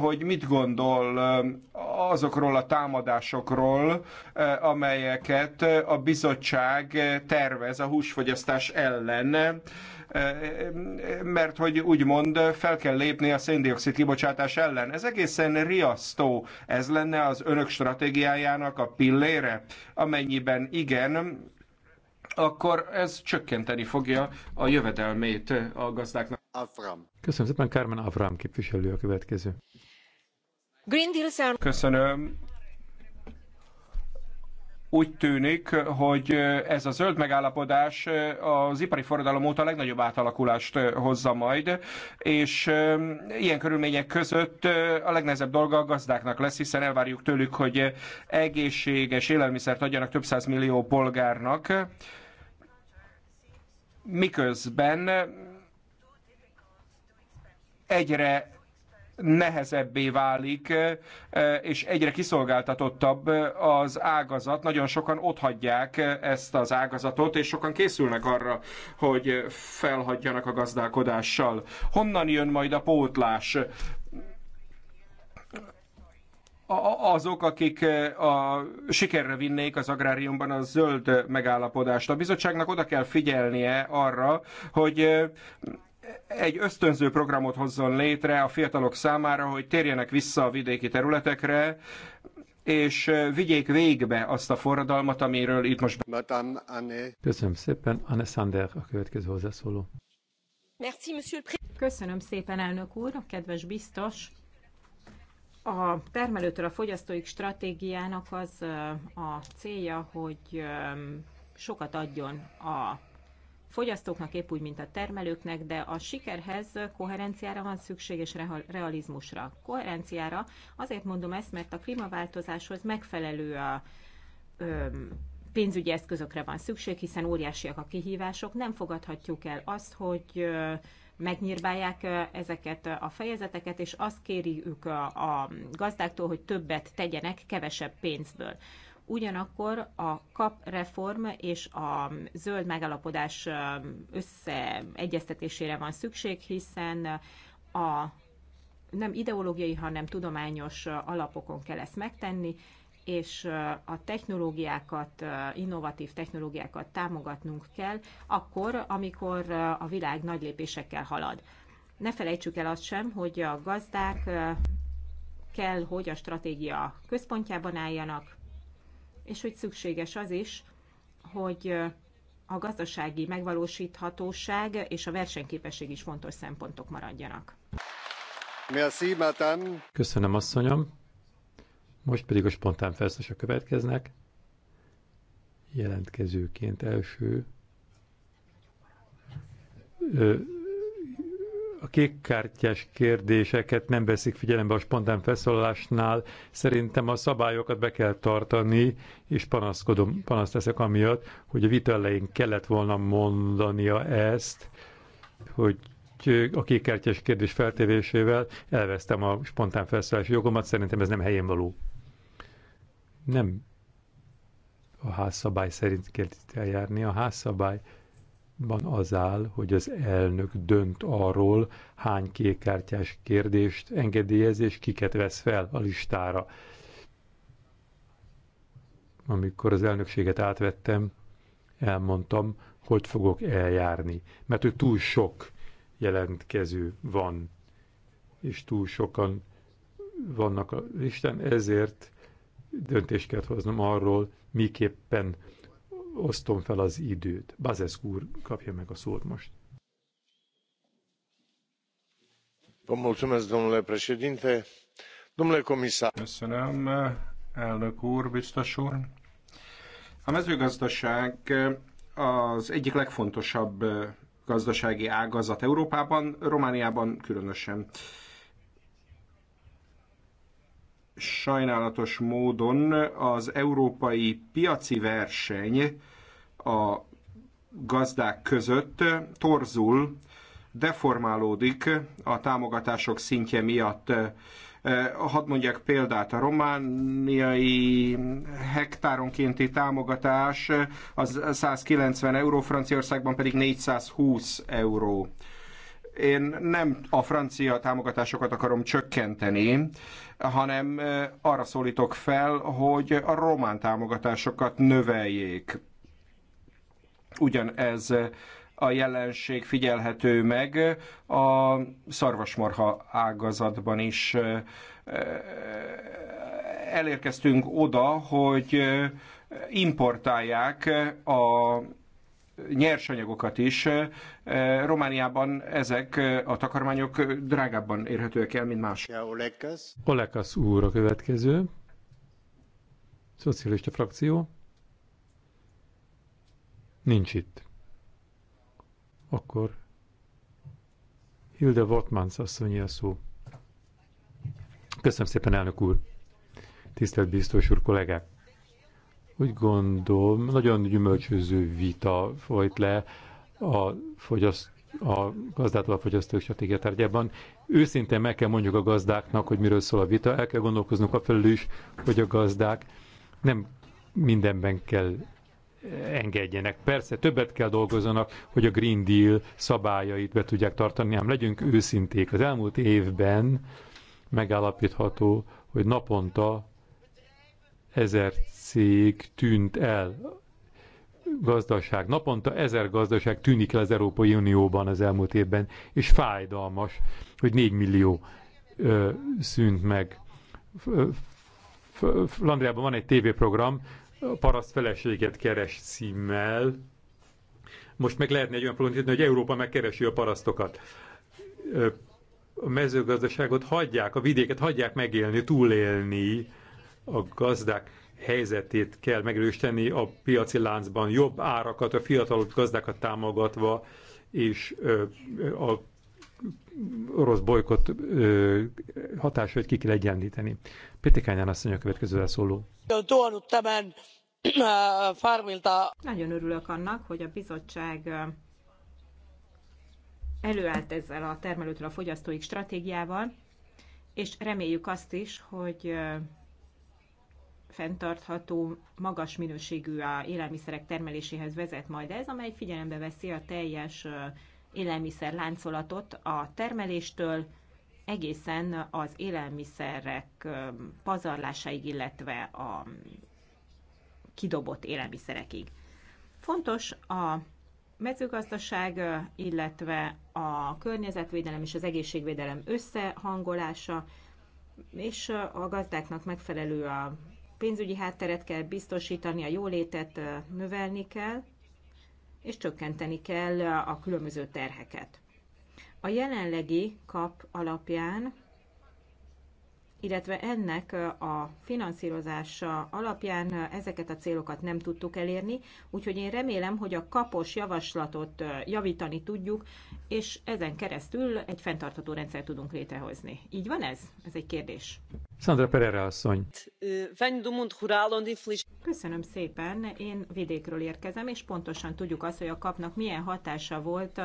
hogy mit gondol um, azokról a támadásokról, um, amelyeket a bizottság tervez a húsfogyasztás ellen, um, mert hogy úgymond fel kell lépni a széndiokszid kibocsátás ellen. Ez egészen riasztó. Ez lenne az önök stratégiájának a pillére, amennyiben igen, akkor ez csökkenteni fogja a jövedelmét a gazdáknak. Avram. Köszönöm szépen, Carmen Avram képviselő a következő. Green Deal szám... Köszönöm. Úgy tűnik, hogy ez a zöld megállapodás az ipari forradalom óta a legnagyobb átalakulást hozza majd, és ilyen körülmények között a legnehezebb dolga a gazdáknak lesz, hiszen elvárjuk tőlük, hogy egészséges élelmiszert adjanak több száz millió polgárnak miközben egyre nehezebbé válik, és egyre kiszolgáltatottabb az ágazat. Nagyon sokan hagyják ezt az ágazatot, és sokan készülnek arra, hogy felhagyjanak a gazdálkodással. Honnan jön majd a pótlás? azok, akik eh, a sikerre vinnék az agráriumban a zöld megállapodást. A bizottságnak oda kell figyelnie arra, hogy eh, egy ösztönző programot hozzon létre a fiatalok számára, hogy térjenek vissza a vidéki területekre, és eh, vigyék végbe azt a forradalmat, amiről itt most... Madame Köszönöm szépen. Anne Sander a következő hozzászóló. Köszönöm szépen, elnök úr, kedves biztos a termelőtől a fogyasztóik stratégiának az a célja, hogy sokat adjon a fogyasztóknak, épp úgy, mint a termelőknek, de a sikerhez koherenciára van szükség és realizmusra. Koherenciára azért mondom ezt, mert a klímaváltozáshoz megfelelő a pénzügyi eszközökre van szükség, hiszen óriásiak a kihívások. Nem fogadhatjuk el azt, hogy megnyírbálják ezeket a fejezeteket, és azt kérjük a gazdáktól, hogy többet tegyenek kevesebb pénzből. Ugyanakkor a kap reform és a zöld megalapodás összeegyeztetésére van szükség, hiszen a nem ideológiai, hanem tudományos alapokon kell ezt megtenni, és a technológiákat, innovatív technológiákat támogatnunk kell, akkor, amikor a világ nagy lépésekkel halad. Ne felejtsük el azt sem, hogy a gazdák kell, hogy a stratégia központjában álljanak, és hogy szükséges az is, hogy a gazdasági megvalósíthatóság és a versenyképesség is fontos szempontok maradjanak. Köszönöm, asszonyom. Most pedig a spontán felszások következnek. Jelentkezőként első. a kékkártyás kérdéseket nem veszik figyelembe a spontán felszólalásnál. Szerintem a szabályokat be kell tartani, és panaszkodom, panaszt teszek amiatt, hogy a vita elején kellett volna mondania ezt, hogy a kékkártyás kérdés feltévésével elvesztem a spontán felszólalási jogomat, szerintem ez nem helyén való nem a házszabály szerint kell itt eljárni. A házszabályban az áll, hogy az elnök dönt arról, hány kékkártyás kérdést engedélyez, és kiket vesz fel a listára. Amikor az elnökséget átvettem, elmondtam, hogy fogok eljárni, mert hogy túl sok jelentkező van, és túl sokan vannak a listán, ezért döntést kellett hoznom arról, miképpen osztom fel az időt. Bazeszk úr kapja meg a szót most. Köszönöm, elnök úr, biztos úr. A mezőgazdaság az egyik legfontosabb gazdasági ágazat Európában, Romániában különösen sajnálatos módon az európai piaci verseny a gazdák között torzul, deformálódik a támogatások szintje miatt. Hadd mondjak példát, a romániai hektáronkénti támogatás az 190 euró, Franciaországban pedig 420 euró én nem a francia támogatásokat akarom csökkenteni, hanem arra szólítok fel, hogy a román támogatásokat növeljék. Ugyanez a jelenség figyelhető meg a szarvasmarha ágazatban is. Elérkeztünk oda, hogy importálják a nyersanyagokat is. Romániában ezek a takarmányok drágábban érhetőek el, mint más. Olekas úr a következő. Szocialista frakció. Nincs itt. Akkor Hilde Wattmans asszonyi a szó. Köszönöm szépen, elnök úr. Tisztelt biztos úr, kollégák. Úgy gondolom, nagyon gyümölcsöző vita folyt le a, fogyaszt, a gazdától a fogyasztók stratégia tárgyában. Őszintén meg kell mondjuk a gazdáknak, hogy miről szól a vita, el kell gondolkoznunk a felül is, hogy a gazdák nem mindenben kell engedjenek. Persze többet kell dolgozzanak, hogy a Green Deal szabályait be tudják tartani, ám legyünk őszinték. Az elmúlt évben megállapítható, hogy naponta ezer cég tűnt el gazdaság. Naponta ezer gazdaság tűnik el az Európai Unióban az elmúlt évben, és fájdalmas, hogy 4 millió ö, szűnt meg. Flandriában van egy tévéprogram, Paraszt feleséget keres címmel. Most meg lehetne egy olyan problémát, hogy Európa megkeresi a parasztokat. Ö, a mezőgazdaságot hagyják, a vidéket hagyják megélni, túlélni a gazdák helyzetét kell megerősíteni a piaci láncban, jobb árakat, a fiatalok gazdákat támogatva, és a orosz bolykott hatásait ki kell egyenlíteni. Pétikányán azt mondja a következő szóló. Nagyon örülök annak, hogy a bizottság előállt ezzel a termelőtől a fogyasztóik stratégiával, és reméljük azt is, hogy fenntartható, magas minőségű a élelmiszerek termeléséhez vezet majd ez, amely figyelembe veszi a teljes élelmiszer láncolatot a termeléstől egészen az élelmiszerek pazarlásáig, illetve a kidobott élelmiszerekig. Fontos a mezőgazdaság, illetve a környezetvédelem és az egészségvédelem összehangolása, és a gazdáknak megfelelő a pénzügyi hátteret kell biztosítani, a jólétet növelni kell, és csökkenteni kell a különböző terheket. A jelenlegi kap alapján illetve ennek a finanszírozása alapján ezeket a célokat nem tudtuk elérni, úgyhogy én remélem, hogy a kapos javaslatot javítani tudjuk, és ezen keresztül egy fenntartható rendszer tudunk létrehozni. Így van ez? Ez egy kérdés. Sandra Pereira asszony. Köszönöm szépen. Én vidékről érkezem, és pontosan tudjuk azt, hogy a kapnak milyen hatása volt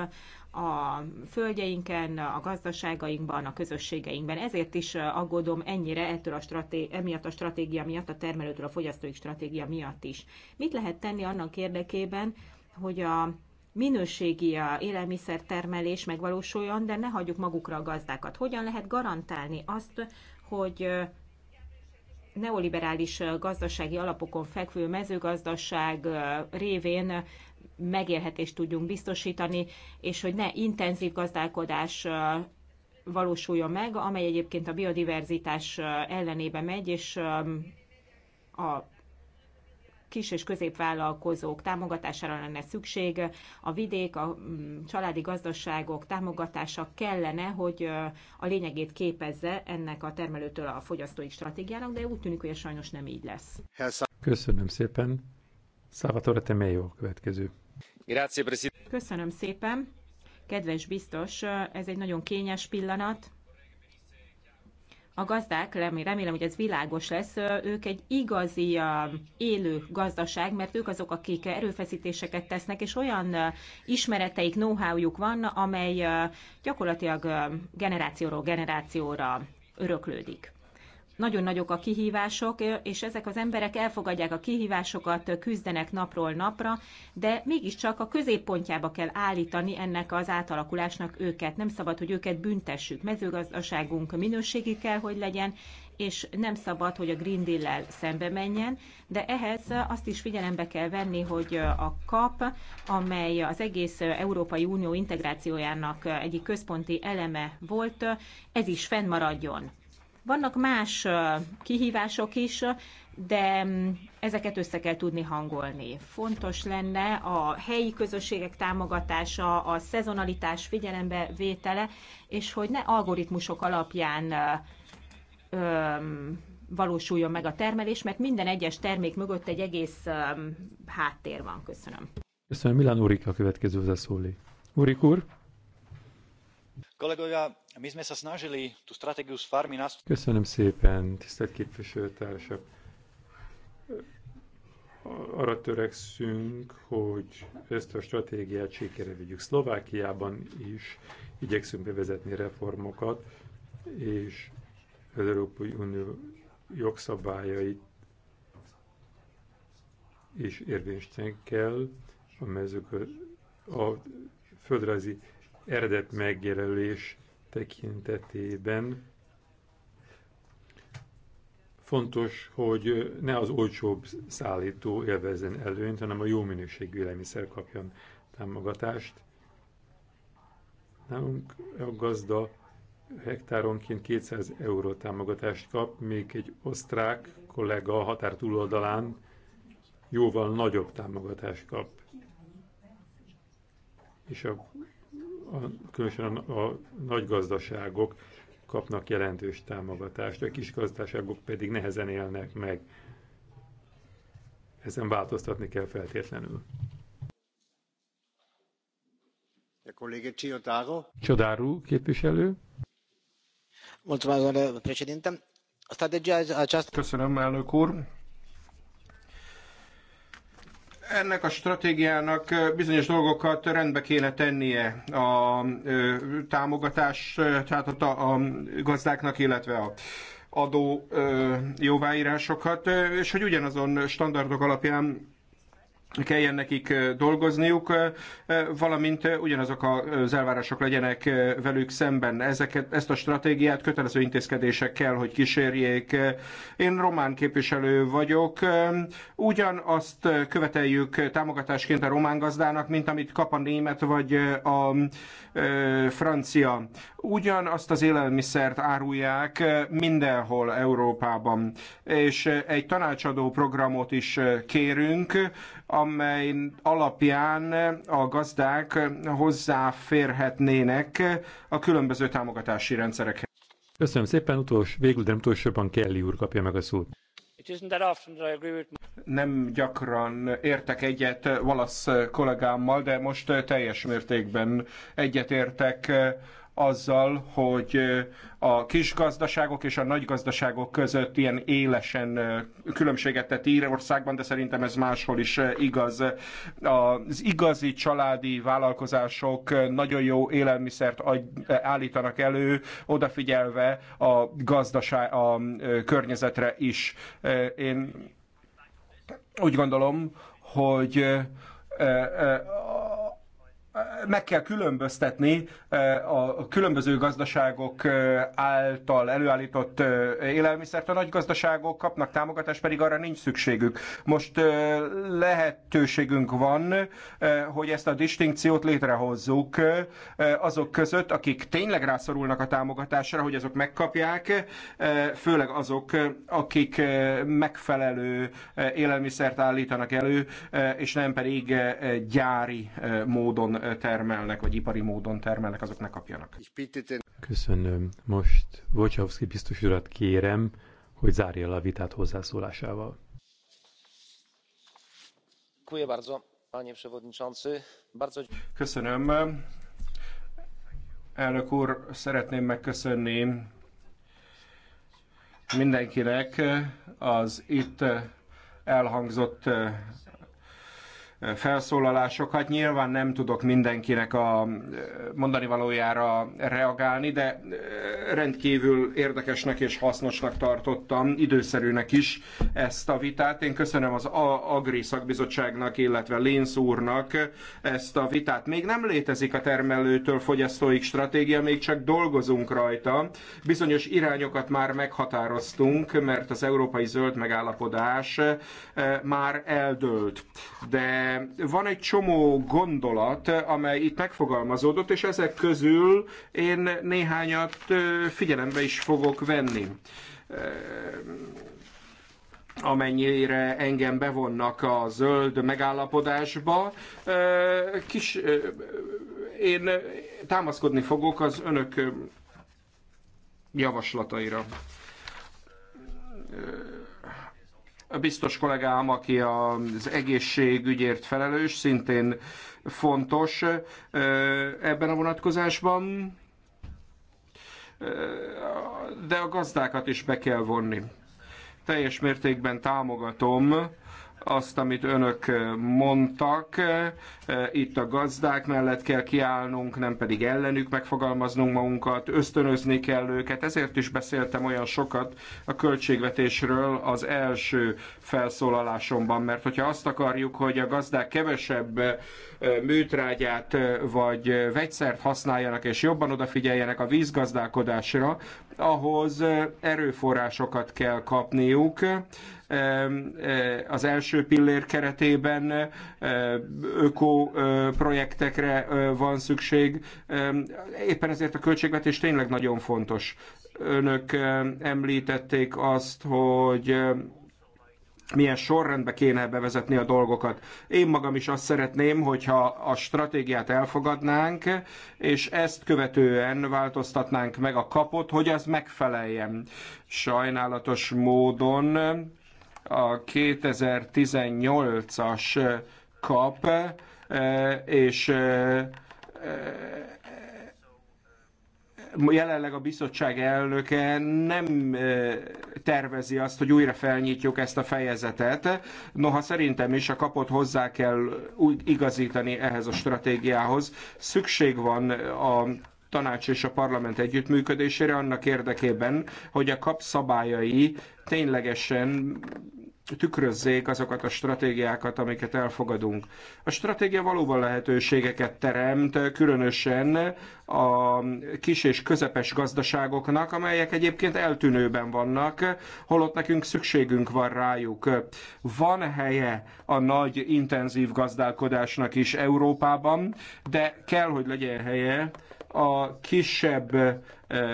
a földjeinken, a gazdaságainkban, a közösségeinkben. Ezért is aggódom ennyire ettől a straté- emiatt a stratégia miatt, a termelőtől a fogyasztói stratégia miatt is. Mit lehet tenni annak érdekében, hogy a minőségi a élelmiszertermelés megvalósuljon, de ne hagyjuk magukra a gazdákat. Hogyan lehet garantálni azt, hogy neoliberális gazdasági alapokon fekvő mezőgazdaság révén megélhetést tudjunk biztosítani, és hogy ne intenzív gazdálkodás valósuljon meg, amely egyébként a biodiverzitás ellenébe megy, és a kis és középvállalkozók támogatására lenne szükség, a vidék, a családi gazdaságok támogatása kellene, hogy a lényegét képezze ennek a termelőtől a fogyasztói stratégiának, de úgy tűnik, hogy sajnos nem így lesz. Köszönöm szépen. Salvatore Temejo következő. Köszönöm szépen. Kedves biztos, ez egy nagyon kényes pillanat. A gazdák, remélem, hogy ez világos lesz, ők egy igazi um, élő gazdaság, mert ők azok, akik erőfeszítéseket tesznek, és olyan uh, ismereteik, know-howjuk van, amely uh, gyakorlatilag um, generációról generációra öröklődik. Nagyon nagyok a kihívások, és ezek az emberek elfogadják a kihívásokat, küzdenek napról napra, de mégiscsak a középpontjába kell állítani ennek az átalakulásnak őket. Nem szabad, hogy őket büntessük. Mezőgazdaságunk minőségi kell, hogy legyen, és nem szabad, hogy a Green Deal-lel szembe menjen, de ehhez azt is figyelembe kell venni, hogy a KAP, amely az egész Európai Unió integrációjának egyik központi eleme volt, ez is fennmaradjon. Vannak más kihívások is, de mm, ezeket össze kell tudni hangolni. Fontos lenne a helyi közösségek támogatása, a szezonalitás figyelembe vétele, és hogy ne algoritmusok alapján öm, valósuljon meg a termelés, mert minden egyes termék mögött egy egész öm, háttér van. Köszönöm. Köszönöm. Milán Urika a következő hozzászólé. Urik úr! Köszönöm szépen, tisztelt képviselőtársak! Arra törekszünk, hogy ezt a stratégiát sikere vigyük. Szlovákiában is igyekszünk bevezetni reformokat, és az Európai Unió jogszabályait és érvényesen kell a mezők a földrajzi eredet megjelölés tekintetében fontos, hogy ne az olcsóbb szállító élvezzen előnyt, hanem a jó minőségű élelmiszer kapjon támogatást. Nálunk a gazda hektáronként 200 euró támogatást kap, még egy osztrák kollega a határ túloldalán jóval nagyobb támogatást kap. És a a, különösen a, a nagy gazdaságok kapnak jelentős támogatást, a kis gazdaságok pedig nehezen élnek meg. Ezen változtatni kell feltétlenül. A kollége Csiodáru. Csiodáru képviselő. Mulțumesc, domnule președinte. Köszönöm, elnök úr ennek a stratégiának bizonyos dolgokat rendbe kéne tennie a támogatás, tehát a, a gazdáknak, illetve a adó jóváírásokat, és hogy ugyanazon standardok alapján kelljen nekik dolgozniuk, valamint ugyanazok az elvárások legyenek velük szemben. Ezeket, ezt a stratégiát kötelező intézkedések kell, hogy kísérjék. Én román képviselő vagyok. Ugyanazt követeljük támogatásként a román gazdának, mint amit kap a német vagy a francia. Ugyanazt az élelmiszert árulják mindenhol Európában. És egy tanácsadó programot is kérünk, amely alapján a gazdák hozzáférhetnének a különböző támogatási rendszerekhez. Köszönöm szépen, utolsó, végül, de nem utolsóban Kelly úr kapja meg a szót. Nem gyakran értek egyet Valasz kollégámmal, de most teljes mértékben egyetértek azzal, hogy a kis gazdaságok és a nagy gazdaságok között ilyen élesen különbséget tett Írországban, de szerintem ez máshol is igaz. Az igazi családi vállalkozások nagyon jó élelmiszert állítanak elő, odafigyelve a, gazdaság, a környezetre is. Én úgy gondolom, hogy meg kell különböztetni eh, a különböző gazdaságok eh, által előállított eh, élelmiszert. A nagy gazdaságok kapnak támogatást, pedig arra nincs szükségük. Most lehetőségünk van, hogy ezt a distinkciót létrehozzuk azok között, akik tényleg rászorulnak a támogatásra, hogy azok megkapják, főleg azok, akik megfelelő élelmiszert állítanak elő, és nem pedig gyári módon termelnek, vagy ipari módon termelnek, azok ne kapjanak. Köszönöm. Most Wojciechowski biztos urat kérem, hogy zárja le a vitát hozzászólásával. Köszönöm. Elnök úr, szeretném megköszönni mindenkinek az itt elhangzott felszólalásokat. Hát nyilván nem tudok mindenkinek a mondani valójára reagálni, de rendkívül érdekesnek és hasznosnak tartottam, időszerűnek is ezt a vitát. Én köszönöm az Agri szakbizottságnak, illetve Lénz úrnak ezt a vitát. Még nem létezik a termelőtől fogyasztóik stratégia, még csak dolgozunk rajta. Bizonyos irányokat már meghatároztunk, mert az európai zöld megállapodás már eldőlt. De van egy csomó gondolat, amely itt megfogalmazódott, és ezek közül én néhányat figyelembe is fogok venni amennyire engem bevonnak a zöld megállapodásba. Kis, én támaszkodni fogok az önök javaslataira a biztos kollégám, aki az egészségügyért felelős, szintén fontos ebben a vonatkozásban, de a gazdákat is be kell vonni. Teljes mértékben támogatom azt, amit önök eh, mondtak. Eh, itt a gazdák mellett kell kiállnunk, nem pedig ellenük megfogalmaznunk magunkat, ösztönözni kell őket. Ezért is beszéltem olyan sokat a költségvetésről az első felszólalásomban, mert hogyha azt akarjuk, hogy a gazdák kevesebb eh, műtrágyát vagy vegyszert használjanak és jobban odafigyeljenek a vízgazdálkodásra, ahhoz erőforrásokat kell kapniuk, E, az első pillér keretében e, öko e, projektekre van szükség. Éppen ezért a költségvetés tényleg nagyon fontos. Önök említették azt, hogy milyen sorrendbe kéne bevezetni a dolgokat. Én magam is azt szeretném, hogyha a stratégiát elfogadnánk, és ezt követően változtatnánk meg a kapot, hogy az megfeleljen. Sajnálatos módon a 2018-as kap, eh, és eh, eh, jelenleg a bizottság elnöke nem tervezi azt, hogy újra felnyitjuk ezt a fejezetet. Noha szerintem is a kapot hozzá kell igazítani ehhez a stratégiához. Szükség van a tanács és a parlament együttműködésére annak érdekében, hogy a kap szabályai ténylegesen tükrözzék azokat a stratégiákat, amiket elfogadunk. A stratégia valóban lehetőségeket teremt, különösen a kis és közepes gazdaságoknak, amelyek egyébként eltűnőben vannak, holott nekünk szükségünk van rájuk. Van helye a nagy intenzív gazdálkodásnak is Európában, de kell, hogy legyen helye a kisebb eh,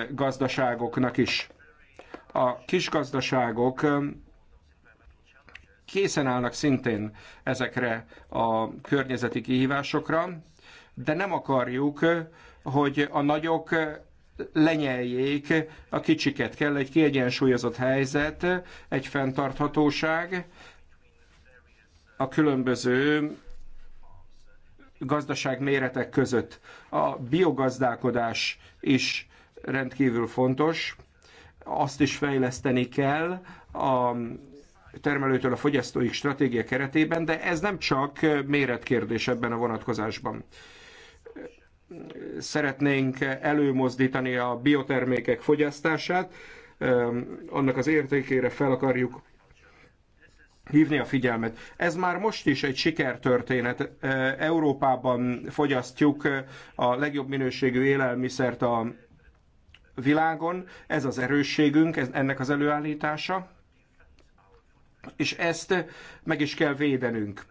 gazdaságoknak is. A kis gazdaságok eh, készen állnak szintén ezekre a környezeti kihívásokra, de nem akarjuk, eh, hogy a nagyok lenyeljék a kicsiket. Kell egy kiegyensúlyozott helyzet, egy fenntarthatóság a különböző gazdaság méretek között. A biogazdálkodás is rendkívül fontos, azt is fejleszteni kell a termelőtől a fogyasztóik stratégia keretében, de ez nem csak méretkérdés ebben a vonatkozásban szeretnénk előmozdítani a biotermékek fogyasztását, annak az értékére fel akarjuk hívni a figyelmet. Ez már most is egy sikertörténet. Európában fogyasztjuk a legjobb minőségű élelmiszert a világon. Ez az erősségünk, ez, ennek az előállítása. És ezt meg is kell védenünk.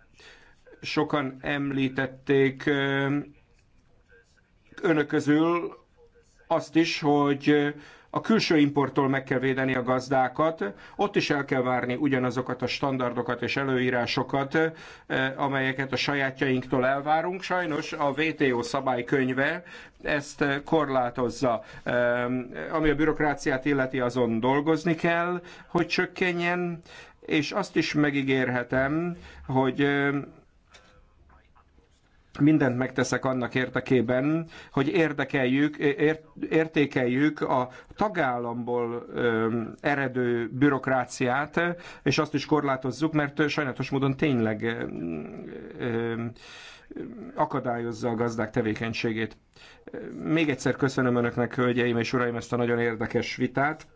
Sokan említették önök közül azt is, hogy a külső importtól meg kell védeni a gazdákat, ott is el kell várni ugyanazokat a standardokat és előírásokat, eh, amelyeket a sajátjainktól elvárunk. Sajnos a WTO szabálykönyve ezt eh, korlátozza. Eh, ami a bürokráciát illeti, azon dolgozni kell, hogy csökkenjen, és azt is megígérhetem, hogy mindent megteszek annak érdekében, hogy érdekeljük, ért, értékeljük a tagállamból ö, eredő bürokráciát, és azt is korlátozzuk, mert sajnálatos módon tényleg ö, ö, akadályozza a gazdák tevékenységét. Még egyszer köszönöm Önöknek, hölgyeim és uraim, ezt a nagyon érdekes vitát.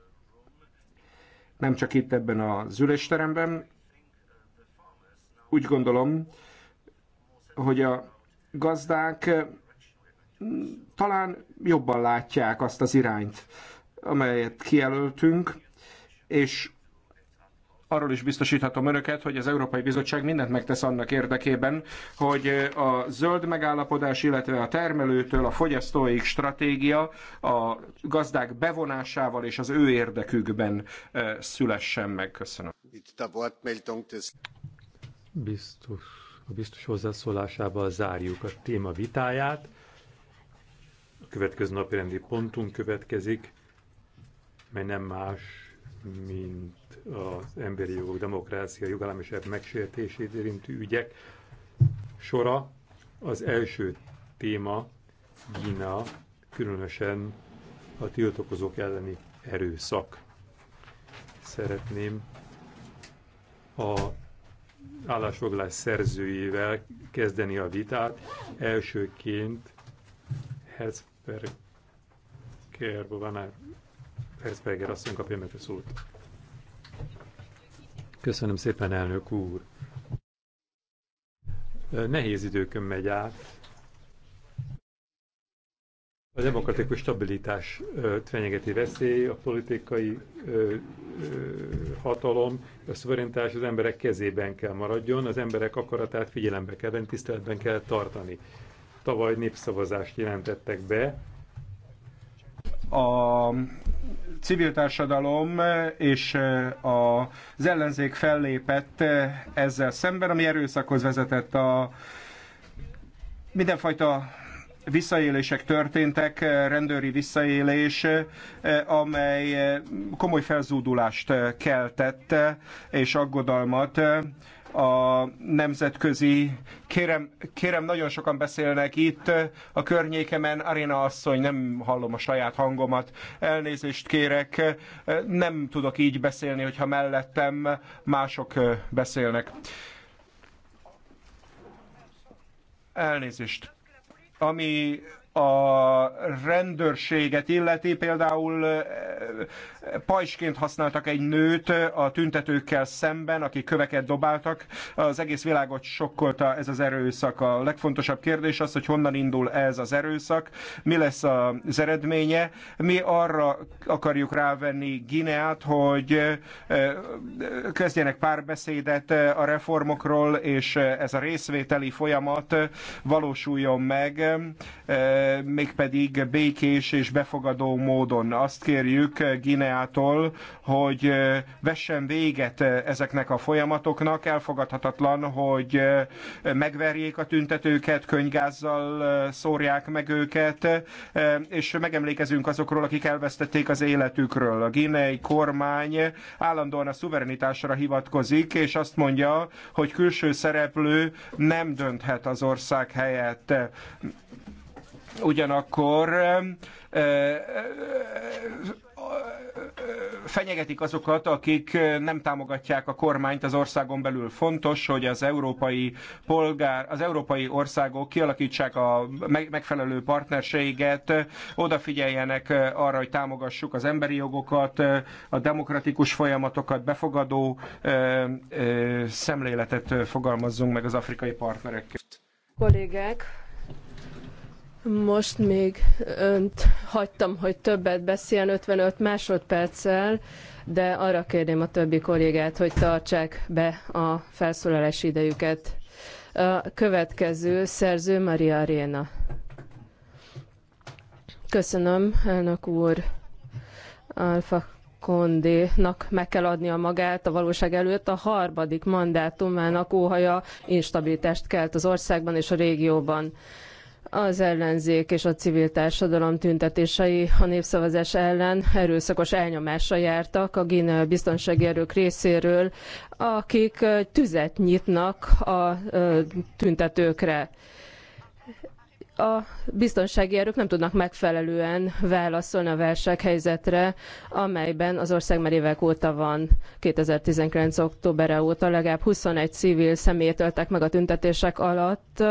Nem csak itt ebben az ülésteremben. Úgy gondolom, hogy a gazdák eh, talán jobban látják azt az irányt, amelyet kijelöltünk, és arról is biztosíthatom önöket, hogy az Európai Bizottság mindent megtesz annak érdekében, hogy eh, a zöld megállapodás, illetve a termelőtől a fogyasztóig stratégia a gazdák bevonásával és az ő érdekükben eh, szülessen meg. Köszönöm. Biztos a biztos hozzászólásával zárjuk a téma vitáját. A következő napi rendi pontunk következik, mely nem más, mint az emberi jogok, demokrácia, jogállamiság megsértését érintő ügyek sora. Az első téma Gina, különösen a tiltakozók elleni erőszak. Szeretném a állásfoglalás szerzőjével kezdeni a vitát. Elsőként Herzberger, Bovanár, Herzberger asszony kapja meg a szót. Köszönöm szépen, elnök úr. Nehéz időkön megy át a demokratikus stabilitás fenyegeti veszély, a politikai ö, ö, hatalom, a szuverenitás az emberek kezében kell maradjon, az emberek akaratát figyelembe kell venni, tiszteletben kell tartani. Tavaly népszavazást jelentettek be. A civil társadalom és az ellenzék fellépett ezzel szemben, ami erőszakhoz vezetett a mindenfajta visszaélések történtek, eh, rendőri visszaélés, eh, amely eh, komoly felzúdulást keltett és aggodalmat a nemzetközi, kérem, kérem, nagyon sokan beszélnek itt a környékemen, Arena asszony, nem hallom a saját hangomat, elnézést kérek, nem tudok így beszélni, hogyha mellettem mások beszélnek. Elnézést. Ami a rendőrséget illeti, például eh, pajsként használtak egy nőt eh, a tüntetőkkel szemben, akik köveket dobáltak. Az egész világot sokkolta ez az erőszak. A legfontosabb kérdés az, hogy honnan indul ez az erőszak, mi lesz az eredménye. Mi arra akarjuk rávenni Gineát, hogy eh, kezdjenek párbeszédet a reformokról, és ez a részvételi folyamat valósuljon meg mégpedig békés és befogadó módon. Azt kérjük Gineától, hogy vessen véget ezeknek a folyamatoknak. Elfogadhatatlan, hogy megverjék a tüntetőket, könygázzal szórják meg őket, és megemlékezünk azokról, akik elvesztették az életükről. A ginei kormány állandóan a szuverenitásra hivatkozik, és azt mondja, hogy külső szereplő nem dönthet az ország helyett ugyanakkor e, e, fenyegetik azokat, akik e, nem támogatják a kormányt az országon belül. Fontos, hogy az európai polgár, az európai országok kialakítsák a megfelelő partnerséget, odafigyeljenek arra, hogy támogassuk az emberi jogokat, a demokratikus folyamatokat, befogadó szemléletet fogalmazzunk meg az afrikai partnerekkel. Kollégák, most még önt hagytam, hogy többet beszéljen 55 másodperccel, de arra kérném a többi kollégát, hogy tartsák be a felszólalási idejüket. A következő szerző Maria Arena. Köszönöm, elnök úr. Alfa Kondénak meg kell adnia magát a valóság előtt. A harmadik mandátumának óhaja instabilitást kelt az országban és a régióban az ellenzék és a civil társadalom tüntetései a népszavazás ellen erőszakos elnyomásra jártak a Gine biztonsági erők részéről, akik tüzet nyitnak a tüntetőkre a biztonsági erők nem tudnak megfelelően válaszolni a válsághelyzetre, amelyben az ország már évek óta van. 2019. októberre óta legalább 21 civil személyt öltek meg a tüntetések alatt,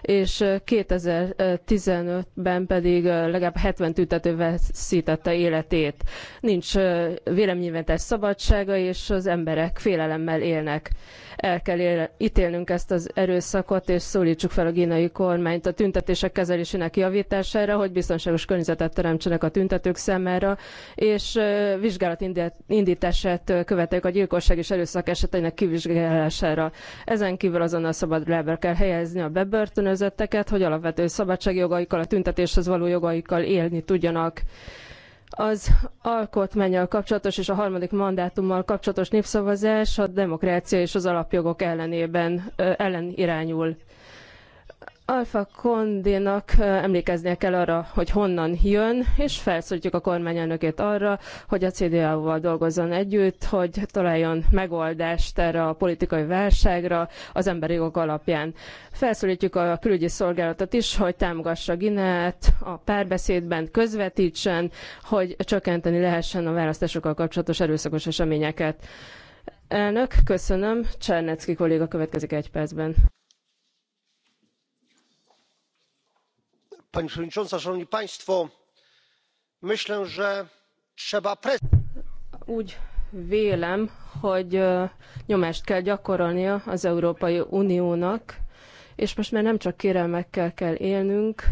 és 2015-ben pedig legalább 70 tüntető veszítette életét. Nincs véleménynyilvántás szabadsága, és az emberek félelemmel élnek. El kell ítélnünk ezt az erőszakot, és szólítsuk fel a gínai kormányt a tüntetések kezelésének javítására, hogy biztonságos környezetet teremtsenek a tüntetők számára, és vizsgálat indítását követeljük a gyilkosság és erőszak eseteinek kivizsgálására. Ezen kívül azonnal szabad lábra kell helyezni a bebörtönözötteket, hogy alapvető szabadságjogaikkal, a tüntetéshez való jogaikkal élni tudjanak az alkotmányjal kapcsolatos és a harmadik mandátummal kapcsolatos népszavazás a demokrácia és az alapjogok ellenében ellen irányul. Alfa Kondinak emlékeznie kell arra, hogy honnan jön, és felszólítjuk a kormányelnökét arra, hogy a CDA-val dolgozzon együtt, hogy találjon megoldást erre a politikai válságra az emberi jogok alapján. Felszólítjuk a külügyi szolgálatot is, hogy támogassa Gineát a párbeszédben, közvetítsen, hogy csökkenteni lehessen a választásokkal kapcsolatos erőszakos eseményeket. Elnök, köszönöm. Csernecki kolléga következik egy percben. pani przewodnicząca! szanowni państwo! myślę że trzeba. úgy vélem hogy e, nyomást kell gyakorolnia az európai uniónak és most már nem csak kérelmekkel kell élnünk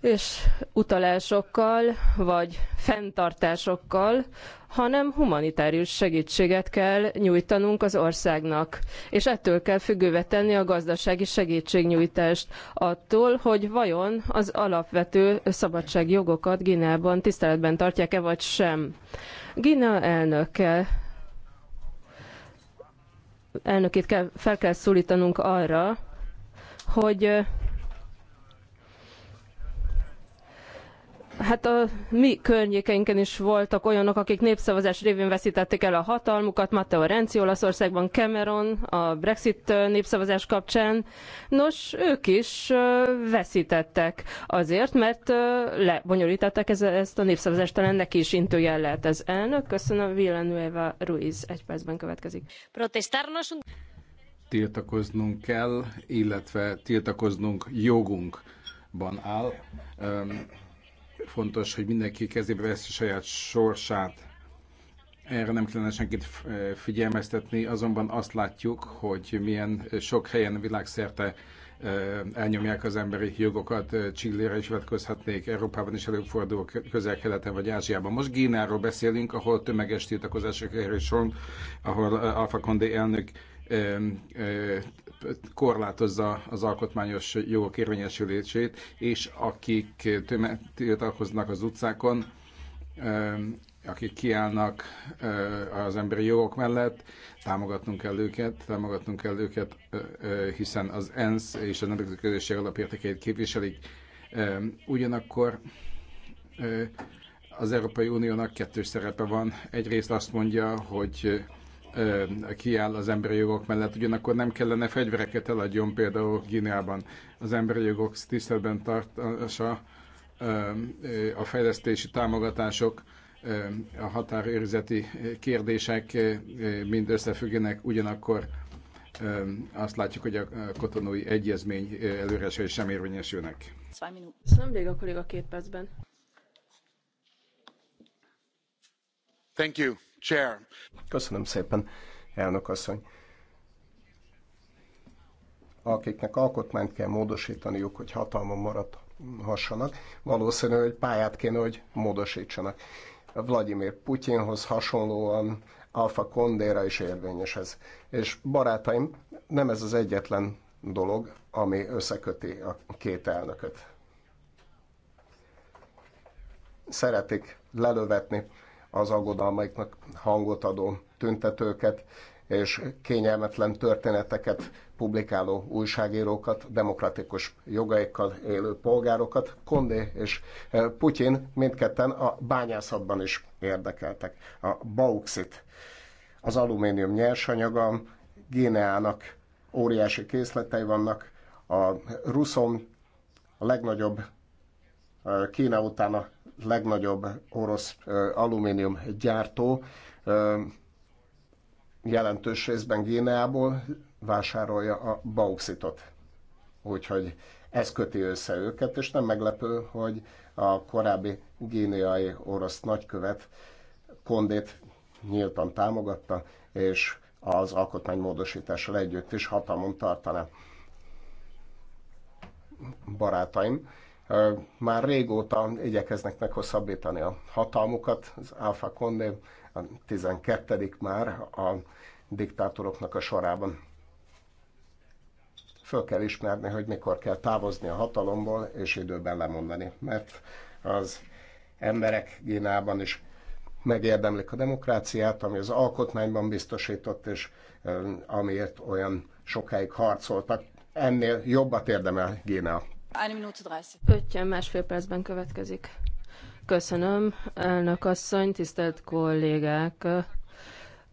és utalásokkal vagy fenntartásokkal, hanem humanitárius segítséget kell nyújtanunk az országnak, és ettől kell függővé tenni a gazdasági segítségnyújtást, attól, hogy vajon az alapvető szabadságjogokat Gineában tiszteletben tartják-e vagy sem. Gina elnöke elnökét kell, fel kell szólítanunk arra, hogy Hát a mi környékeinken is voltak olyanok, akik népszavazás révén veszítették el a hatalmukat, Matteo Renzi Olaszországban, Cameron a Brexit népszavazás kapcsán. Nos, ők is veszítettek azért, mert lebonyolították ezt a népszavazást, talán neki is intőjel lehet ez elnök. Köszönöm, Villanueva Ruiz egy percben következik. Protestarnos tiltakoznunk kell, illetve tiltakoznunk jogunkban áll fontos, hogy mindenki kezébe veszi saját sorsát. Erre nem kellene senkit eh, figyelmeztetni, azonban azt látjuk, hogy milyen sok helyen világszerte eh, elnyomják az emberi jogokat. Eh, Csillére is vetkozhatnék, Európában is előfordul, közel-keleten vagy Ázsiában. Most Gínáról beszélünk, ahol tömeges tiltakozások erősorunk, ahol Alfa Condé elnök korlátozza az alkotmányos jogok érvényesülését, és akik tiltakoznak az utcákon, akik kiállnak az emberi jogok mellett, támogatnunk kell őket, támogatnunk kell őket, hiszen az ENSZ és a nemzetközi közösség alapértékeit képviselik. Ugyanakkor az Európai Uniónak kettős szerepe van. Egyrészt azt mondja, hogy kiáll az emberi jogok mellett, ugyanakkor nem kellene fegyvereket eladjon például Gineában. Az emberi jogok tiszteletben tartása, a fejlesztési támogatások, a határőrizeti kérdések mind összefüggenek, ugyanakkor azt látjuk, hogy a kotonói egyezmény előre sem érvényesülnek. Köszönöm, Déga kolléga két percben. Thank you. Chair. Köszönöm szépen, elnök asszony. Akiknek alkotmányt kell módosítaniuk, hogy hatalmon maradhassanak, valószínű, hogy pályát kéne, hogy módosítsanak. Vladimir Putyinhoz hasonlóan Alfa Kondéra is érvényes ez. És barátaim, nem ez az egyetlen dolog, ami összeköti a két elnököt. Szeretik lelövetni az aggodalmaiknak hangot adó tüntetőket és kényelmetlen történeteket publikáló újságírókat, demokratikus jogaikkal élő polgárokat. Kondé és eh, Putyin mindketten a bányászatban is érdekeltek. A bauxit, az alumínium nyersanyaga, Géneának óriási készletei vannak, a Ruszon a legnagyobb eh, Kína után a legnagyobb orosz alumínium gyártó jelentős részben Géneából vásárolja a bauxitot. Úgyhogy ez köti össze őket, és nem meglepő, hogy a korábbi géniai orosz nagykövet Kondét nyíltan támogatta, és az módosítással együtt is hatalmon tartana. Barátaim, már régóta igyekeznek meghosszabbítani a hatalmukat. Az Alfa Condé a 12. már a diktátoroknak a sorában. Föl kell ismerni, hogy mikor kell távozni a hatalomból, és időben lemondani, mert az emberek Gínában is megérdemlik a demokráciát, ami az alkotmányban biztosított, és amiért olyan sokáig harcoltak. Ennél jobbat érdemel Gína. Ötjen másfél percben következik. Köszönöm, elnök asszony, tisztelt kollégák.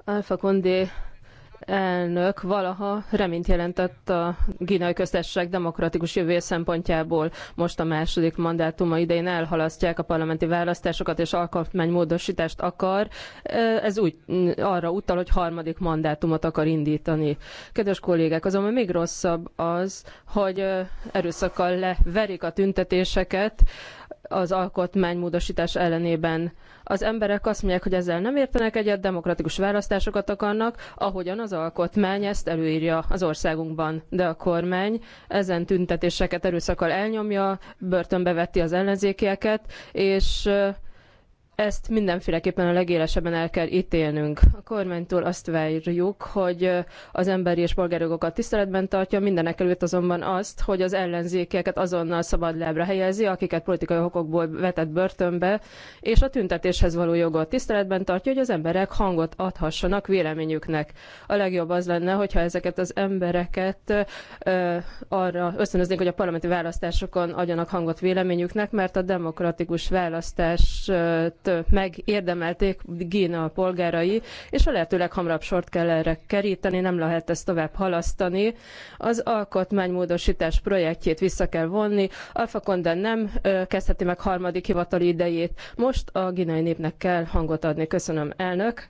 Alfa Kondé elnök valaha reményt jelentett a Gínai Köztársaság demokratikus jövője szempontjából. Most a második mandátuma idején elhalasztják a parlamenti választásokat, és alkotmánymódosítást akar. Ez úgy arra utal, hogy harmadik mandátumot akar indítani. Kedves kollégák, azonban még rosszabb az, hogy erőszakkal leverik a tüntetéseket, az alkotmány módosítás ellenében. Az emberek azt mondják, hogy ezzel nem értenek egyet, demokratikus választásokat akarnak, ahogyan az alkotmány ezt előírja az országunkban. De a kormány ezen tüntetéseket erőszakkal elnyomja, börtönbe veti az ellenzékieket, és ezt mindenféleképpen a legélesebben el kell ítélnünk. A kormánytól azt várjuk, hogy az emberi és polgárjogokat tiszteletben tartja, mindenek előtt azonban azt, hogy az ellenzékeket azonnal szabad lábra helyezi, akiket politikai okokból vetett börtönbe, és a tüntetéshez való jogot tiszteletben tartja, hogy az emberek hangot adhassanak véleményüknek. A legjobb az lenne, hogyha ezeket az embereket ö, arra ösztönöznénk, hogy a parlamenti választásokon adjanak hangot véleményüknek, mert a demokratikus választás megérdemelték Gína polgárai, és a lehető leghamarabb sort kell erre keríteni, nem lehet ezt tovább halasztani. Az alkotmánymódosítás projektjét vissza kell vonni, Alfa Condé nem kezdheti meg harmadik hivatali idejét. Most a gínai népnek kell hangot adni. Köszönöm, elnök.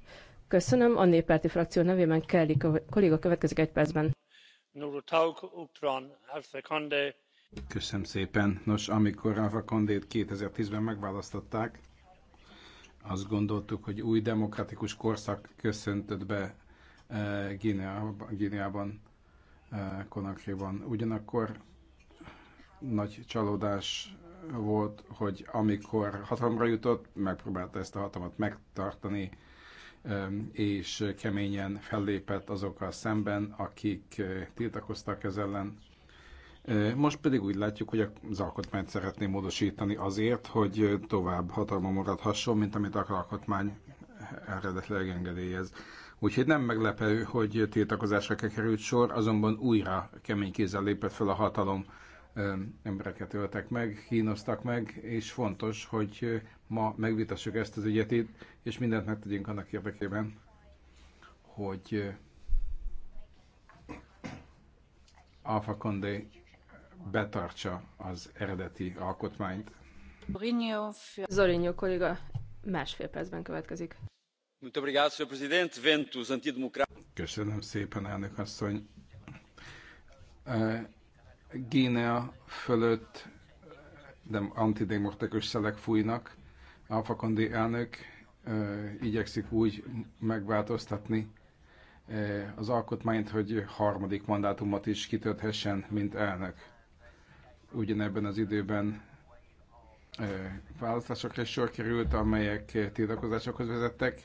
Köszönöm. A néppárti frakció nevében Kelly kolléga következik egy percben. Köszönöm szépen. Nos, amikor Alfa Kondét 2010-ben megválasztották, azt gondoltuk, hogy új demokratikus korszak köszöntött be eh, Gineában, Konakréban. Eh, Ugyanakkor nagy csalódás volt, hogy amikor hatalomra jutott, megpróbálta ezt a hatalmat megtartani, eh, és keményen fellépett azokkal szemben, akik tiltakoztak ez ellen. Most pedig úgy látjuk, hogy az alkotmányt szeretné módosítani azért, hogy tovább hatalma maradhasson, mint amit az alkotmány eredetileg engedélyez. Úgyhogy nem meglepő, hogy tiltakozásra került sor, azonban újra kemény kézzel lépett fel a hatalom, embereket öltek meg, kínoztak meg, és fontos, hogy ma megvitassuk ezt az ügyet itt, és mindent megtegyünk annak érdekében, hogy Alfa Condé betartsa az eredeti alkotmányt. Zorinho kolléga másfél percben következik. Köszönöm szépen, elnök asszony. Eh, Gínea fölött eh, nem antidemokratikus szelek fújnak. Alfa Kondi elnök eh, igyekszik úgy megváltoztatni az alkotmányt, hogy harmadik mandátumot is kitölthessen, mint elnök ugyanebben az időben választásokra is sor került, amelyek tiltakozásokhoz vezettek.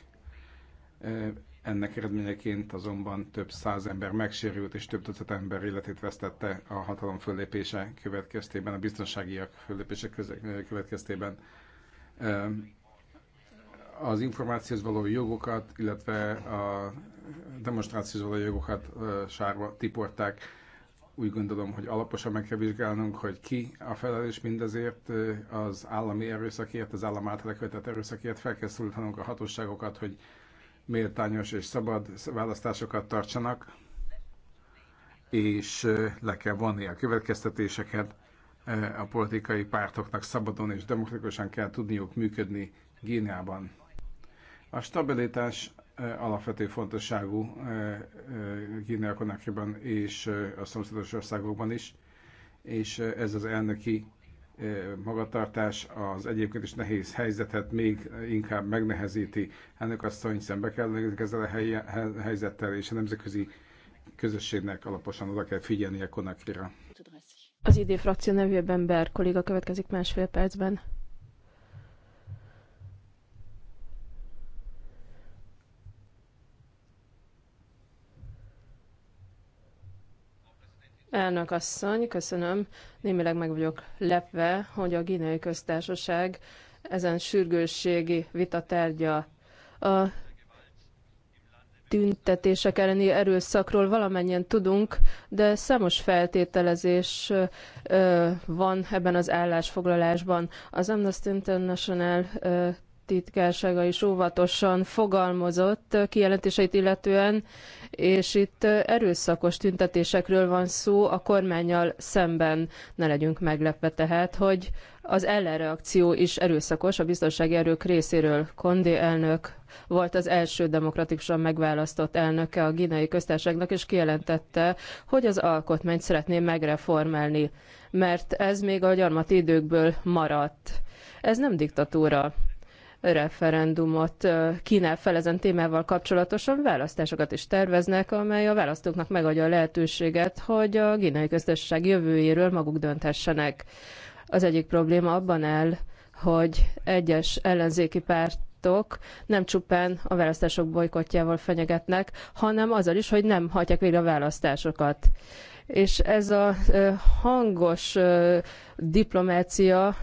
Ennek eredményeként azonban több száz ember megsérült, és több tucat ember életét vesztette a hatalom föllépése következtében, a biztonságiak föllépése következtében. Az információhoz való jogokat, illetve a demonstrációhoz való jogokat sárba tiporták úgy gondolom, hogy alaposan meg kell vizsgálnunk, hogy ki a felelős mindezért az állami erőszakért, az állam által elkövetett erőszakért. Fel kell szólítanunk a hatóságokat, hogy méltányos és szabad választásokat tartsanak, és le kell vonni a következtetéseket. A politikai pártoknak szabadon és demokratikusan kell tudniuk működni Géniában. A stabilitás alapvető fontosságú guinea és a szomszédos országokban is, és ez az elnöki magatartás az egyébként is nehéz helyzetet még inkább megnehezíti. Ennek asszony szembe kell ezzel a helyzettel, és a nemzetközi közösségnek alaposan oda kell figyelnie Konakira. Az ID frakció nevében Ber kolléga következik másfél percben. Elnök asszony, köszönöm. Némileg meg vagyok lepve, hogy a Guineai Köztársaság ezen sürgősségi vita tárgya a tüntetések elleni erőszakról valamennyien tudunk, de számos feltételezés van ebben az állásfoglalásban. Az Amnesty International titkársága is óvatosan fogalmazott kijelentéseit illetően, és itt erőszakos tüntetésekről van szó a kormányjal szemben. Ne legyünk meglepve tehát, hogy az ellenreakció is erőszakos a biztonsági erők részéről. kondi elnök volt az első demokratikusan megválasztott elnöke a ginei Köztársaságnak, és kijelentette, hogy az alkotmányt szeretné megreformálni, mert ez még a gyarmati időkből maradt. Ez nem diktatúra, referendumot kínál fel ezen témával kapcsolatosan, választásokat is terveznek, amely a választóknak megadja a lehetőséget, hogy a Gínai Köztársaság jövőjéről maguk dönthessenek. Az egyik probléma abban áll, hogy egyes ellenzéki párt nem csupán a választások bolykotjával fenyegetnek, hanem azzal is, hogy nem hagyják végre a választásokat. És ez a hangos diplomácia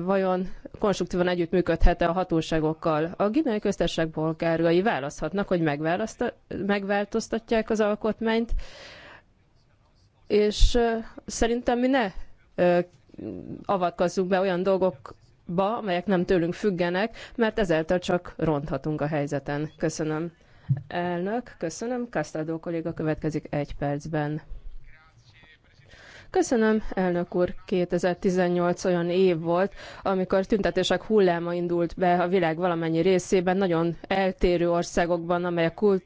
vajon konstruktívan együttműködhet-e a hatóságokkal. A Guineai köztársaság polgárai választhatnak, hogy megváltoztatják az alkotmányt, és szerintem mi ne avatkozzunk be olyan dolgokba, amelyek nem tőlünk függenek, mert ezáltal csak ronthatunk a helyzeten. Köszönöm. Elnök, köszönöm. Kasztádó kolléga következik egy percben. Köszönöm, elnök úr, 2018 olyan év volt, amikor tüntetések hulláma indult be a világ valamennyi részében, nagyon eltérő országokban, amelyek kult,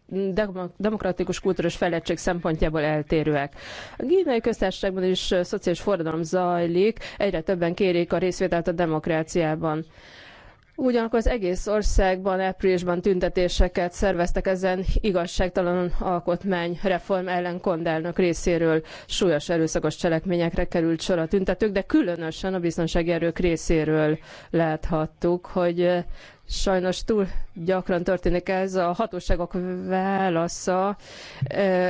demokratikus kultúrás fejlettség szempontjából eltérőek. A Gínai köztársaságban is szociális forradalom zajlik, egyre többen kérik a részvételt a demokráciában. Ugyanakkor az egész országban áprilisban tüntetéseket szerveztek ezen igazságtalan alkotmányreform ellen kondálnak részéről. Súlyos erőszakos cselekményekre került sor a tüntetők, de különösen a biztonsági erők részéről láthattuk, hogy Sajnos túl gyakran történik ez. A hatóságok válasza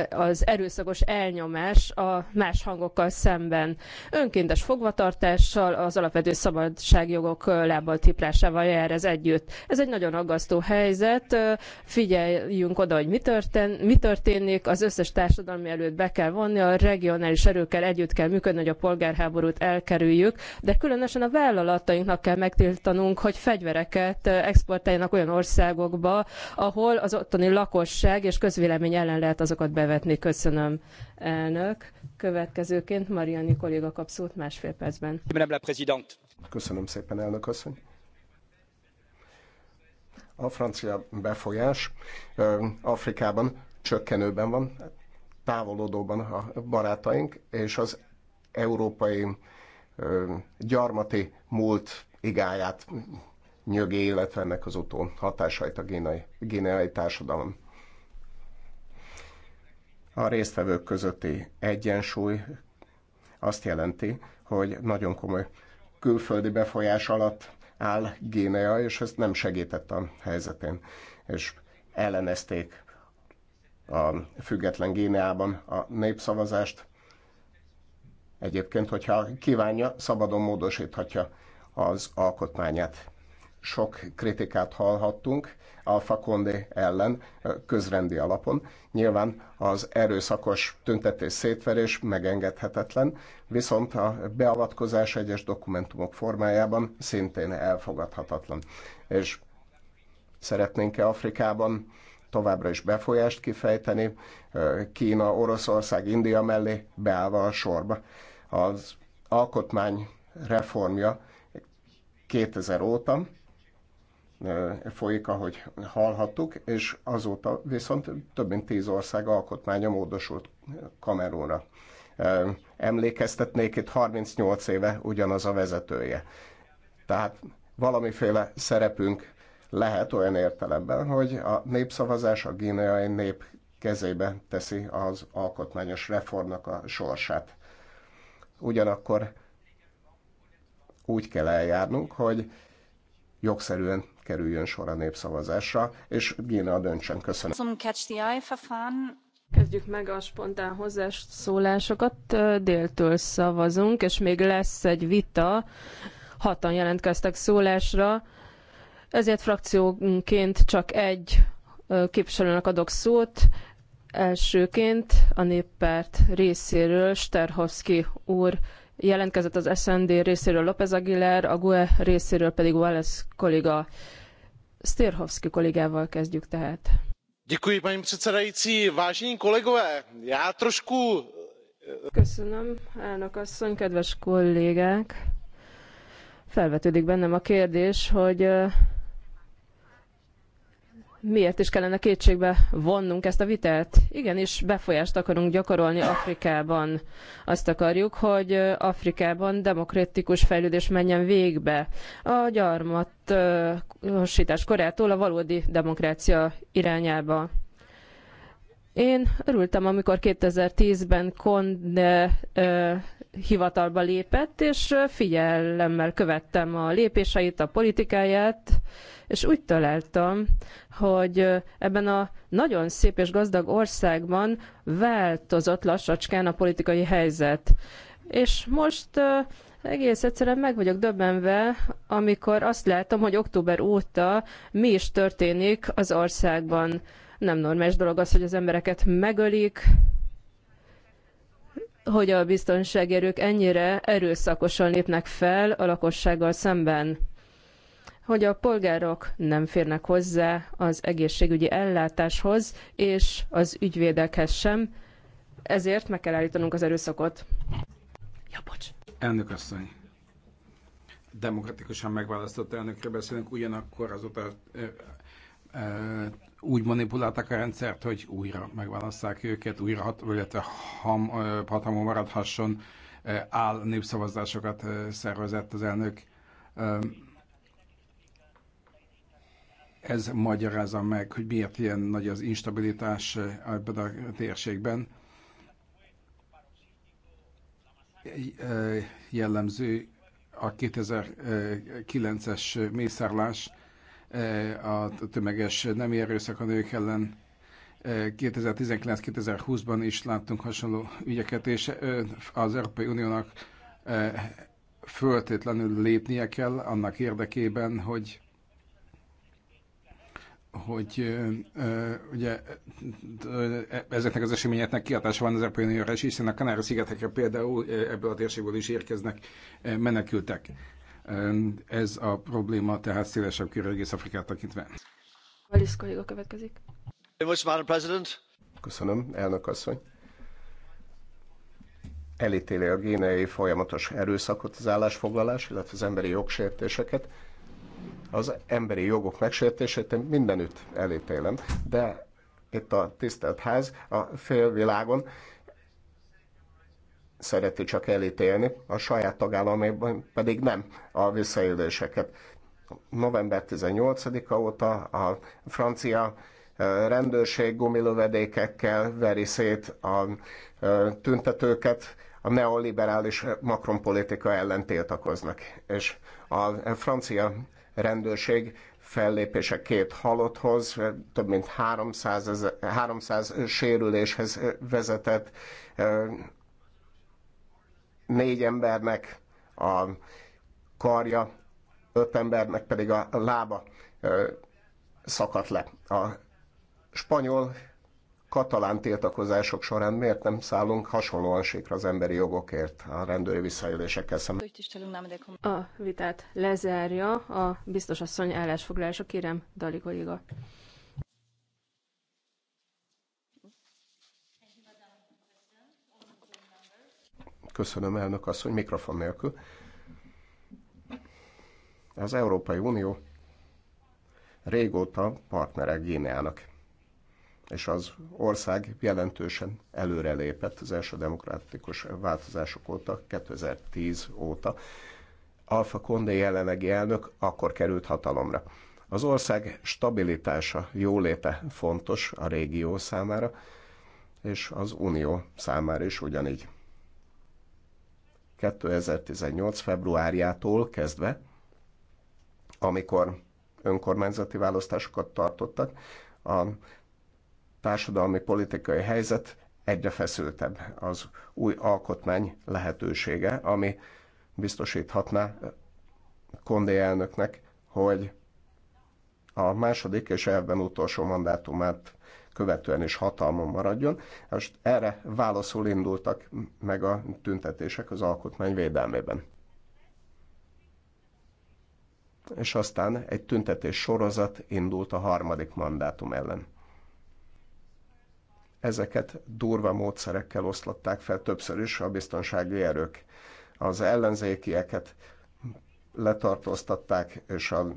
az erőszakos elnyomás a más hangokkal szemben. Önkéntes fogvatartással, az alapvető szabadságjogok lábbal tiprásával jár ez együtt. Ez egy nagyon aggasztó helyzet. Figyeljünk oda, hogy mi, történ mi történik. Az összes társadalmi előtt be kell vonni, a regionális erőkkel együtt kell működni, hogy a polgárháborút elkerüljük, de különösen a vállalatainknak kell megtiltanunk, hogy fegyvereket exportáljanak olyan országokba, ahol az ottani lakosság és közvélemény ellen lehet azokat bevetni. Köszönöm, elnök. Következőként Mariani kolléga kap szót másfél percben. Köszönöm szépen, elnök asszony a francia befolyás Afrikában csökkenőben van, távolodóban a barátaink, és az európai gyarmati múlt igáját nyögé, illetve ennek az utó hatásait a génai, géneai társadalom. A résztvevők közötti egyensúly azt jelenti, hogy nagyon komoly külföldi befolyás alatt áll Génea, és ezt nem segített a helyzetén, és ellenezték a független Géneában a népszavazást. Egyébként, hogyha kívánja, szabadon módosíthatja az alkotmányát sok kritikát hallhattunk Alfa Condé ellen közrendi alapon. Nyilván az erőszakos tüntetés szétverés megengedhetetlen, viszont a beavatkozás egyes dokumentumok formájában szintén elfogadhatatlan. És szeretnénk-e Afrikában továbbra is befolyást kifejteni, Kína, Oroszország, India mellé beállva a sorba. Az alkotmány reformja 2000 óta folyik, ahogy hallhattuk, és azóta viszont több mint tíz ország alkotmánya módosult Kamerunra. Emlékeztetnék, itt 38 éve ugyanaz a vezetője. Tehát valamiféle szerepünk lehet olyan értelemben, hogy a népszavazás a gíneai nép kezébe teszi az alkotmányos reformnak a sorsát. Ugyanakkor úgy kell eljárnunk, hogy jogszerűen kerüljön sor a népszavazásra, és a döntsön. Köszönöm. Catch the Eye fun. Kezdjük meg a spontán hozzászólásokat. Déltől szavazunk, és még lesz egy vita. Hatan jelentkeztek szólásra, ezért frakciónként csak egy képviselőnek adok szót. Elsőként a néppárt részéről Sterhovszki úr jelentkezett az SND részéről López Aguilar, a GUE részéről pedig Wallace kolléga. Styrhovsky kollégával kezdjük tehát. Děkuji, paní předsedající. Vážení kolegové, já trošku... Eh, Köszönöm, elnök asszony, kedves kollégák. Felvetődik bennem a kérdés, hogy eh, miért is kellene kétségbe vonnunk ezt a vitát? Igenis, befolyást akarunk gyakorolni Afrikában. Azt akarjuk, hogy Afrikában demokratikus fejlődés menjen végbe. A gyarmatosítás korától a valódi demokrácia irányába. Én örültem, amikor 2010-ben Konde hivatalba lépett, és figyelemmel követtem a lépéseit, a politikáját, és úgy találtam, hogy ebben a nagyon szép és gazdag országban változott lassacskán a politikai helyzet. És most egész egyszerűen meg vagyok döbbenve, amikor azt látom, hogy október óta mi is történik az országban. Nem normális dolog az, hogy az embereket megölik, hogy a biztonsági erők ennyire erőszakosan lépnek fel a lakossággal szemben hogy a polgárok nem férnek hozzá az egészségügyi ellátáshoz és az ügyvédekhez sem, ezért meg kell állítanunk az erőszakot. Ja, bocs. Elnök asszony, demokratikusan megválasztott elnökre beszélünk, ugyanakkor azóta ö, ö, úgy manipulálták a rendszert, hogy újra megválasztják őket, újra, hat, illetve ham, hatalmon maradhasson, áll népszavazásokat szervezett az elnök. Ez magyarázza meg, hogy miért ilyen nagy az instabilitás eh, ebben a térségben. Eh, jellemző a 2009-es mészárlás, eh, a tömeges nem erőszak a nők ellen. 2019-2020-ban is láttunk hasonló ügyeket, és az Európai Uniónak föltétlenül lépnie kell annak érdekében, hogy hogy ugye e, ezeknek az eseményeknek kihatása van az Európai Unióra is, hiszen a kanára szigetekre például ebből a térségből is érkeznek menekültek. Ez a probléma tehát szélesebb körül egész Afrikát tekintve. Valisz kolléga következik. Köszönöm, elnök asszony. Elítéli a génei folyamatos erőszakot, az állásfoglalás, illetve az emberi jogsértéseket az emberi jogok megsértését én mindenütt elítélem, de itt a tisztelt ház a félvilágon szereti csak elítélni, a saját tagállamében pedig nem a visszaéléseket. November 18-a óta a francia rendőrség gumilövedékekkel veri szét a tüntetőket, a neoliberális Macron politika ellen tiltakoznak. És a francia rendőrség fellépése két halotthoz, több mint 300, ezer, 300 sérüléshez vezetett, négy embernek a karja, öt embernek pedig a lába szakadt le. A spanyol katalán tiltakozások során miért nem szállunk hasonlóan sikra az emberi jogokért a rendőri visszaélésekkel szemben. A vitát lezárja a biztosasszony állásfoglalása. Kérem, Dali kolléga. Köszönöm, elnök asszony, mikrofon nélkül. Az Európai Unió régóta partnere Gíneának és az ország jelentősen előrelépett az első demokratikus változások óta, 2010 óta. Alfa Condé jelenlegi elnök akkor került hatalomra. Az ország stabilitása, jóléte fontos a régió számára, és az Unió számára is ugyanígy. 2018. februárjától kezdve, amikor önkormányzati választásokat tartottak, a társadalmi politikai helyzet egyre feszültebb az új alkotmány lehetősége, ami biztosíthatná Kondé elnöknek, hogy a második és ebben utolsó mandátumát követően is hatalmon maradjon. Most erre válaszul indultak meg a tüntetések az alkotmány védelmében. És aztán egy tüntetés sorozat indult a harmadik mandátum ellen ezeket durva módszerekkel oszlatták fel többször is a biztonsági erők. Az ellenzékieket letartóztatták, és a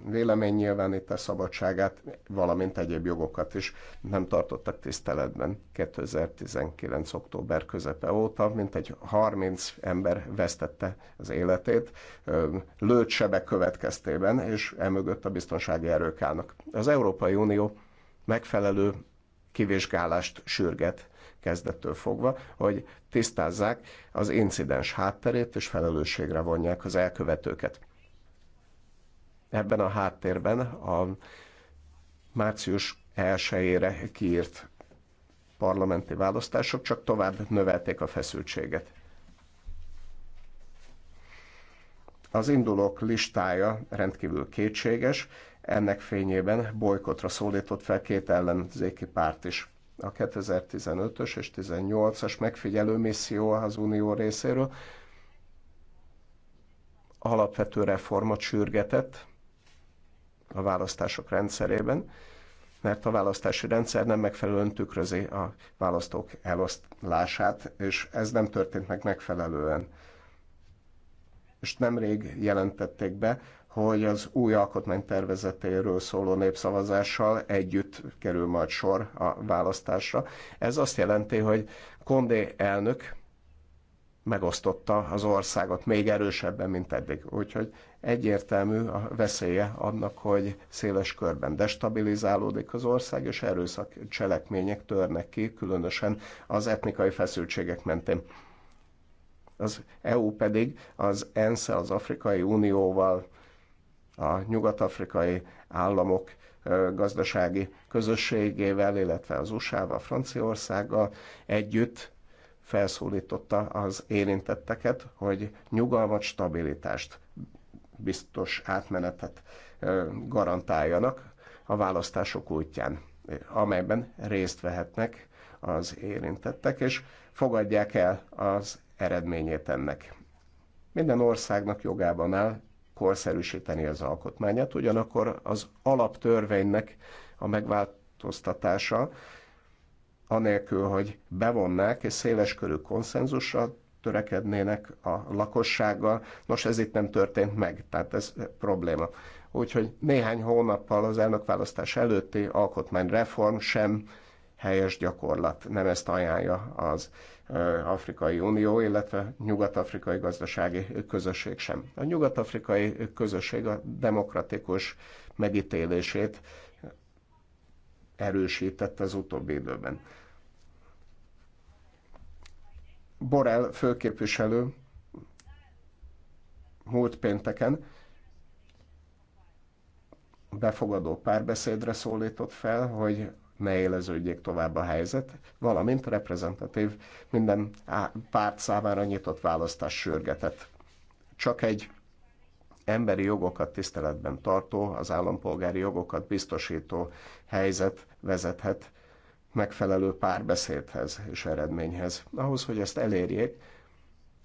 a szabadságát, valamint egyéb jogokat is nem tartottak tiszteletben 2019. október közepe óta, mint egy 30 ember vesztette az életét, lőtt sebek következtében, és emögött a biztonsági erők állnak. Az Európai Unió megfelelő kivizsgálást sürget kezdettől fogva, hogy tisztázzák az incidens hátterét és felelősségre vonják az elkövetőket. Ebben a háttérben a március 1-ére kiírt parlamenti választások csak tovább növelték a feszültséget. Az indulók listája rendkívül kétséges, ennek fényében bolykotra szólított fel két ellenzéki párt is. A 2015-ös és 2018-as megfigyelő misszió az Unió részéről alapvető reformot sürgetett a választások rendszerében, mert a választási rendszer nem megfelelően tükrözi a választók eloszlását, és ez nem történt meg megfelelően. És nemrég jelentették be hogy az új alkotmánytervezetéről szóló népszavazással együtt kerül majd sor a választásra. Ez azt jelenti, hogy Kondé elnök megosztotta az országot még erősebben, mint eddig. Úgyhogy egyértelmű a veszélye annak, hogy széles körben destabilizálódik az ország, és erőszak cselekmények törnek ki, különösen az etnikai feszültségek mentén. Az EU pedig az ENSZ, e, az Afrikai Unióval a nyugat-afrikai államok gazdasági közösségével, illetve az USA-val, Franciaországgal együtt felszólította az érintetteket, hogy nyugalmat, stabilitást, biztos átmenetet garantáljanak a választások útján, amelyben részt vehetnek az érintettek, és fogadják el az eredményét ennek. Minden országnak jogában áll korszerűsíteni az alkotmányát, ugyanakkor az alaptörvénynek a megváltoztatása, anélkül, hogy bevonnák és széleskörű konszenzusra törekednének a lakossággal. Nos, ez itt nem történt meg, tehát ez probléma. Úgyhogy néhány hónappal az elnökválasztás előtti alkotmányreform sem helyes gyakorlat, nem ezt ajánlja az Afrikai Unió, illetve Nyugat-Afrikai Gazdasági Közösség sem. A Nyugat-Afrikai Közösség a demokratikus megítélését erősítette az utóbbi időben. Borel főképviselő múlt pénteken befogadó párbeszédre szólított fel, hogy ne éleződjék tovább a helyzet, valamint reprezentatív, minden párt számára nyitott választás sürgetett. Csak egy emberi jogokat tiszteletben tartó, az állampolgári jogokat biztosító helyzet vezethet megfelelő párbeszédhez és eredményhez. Ahhoz, hogy ezt elérjék,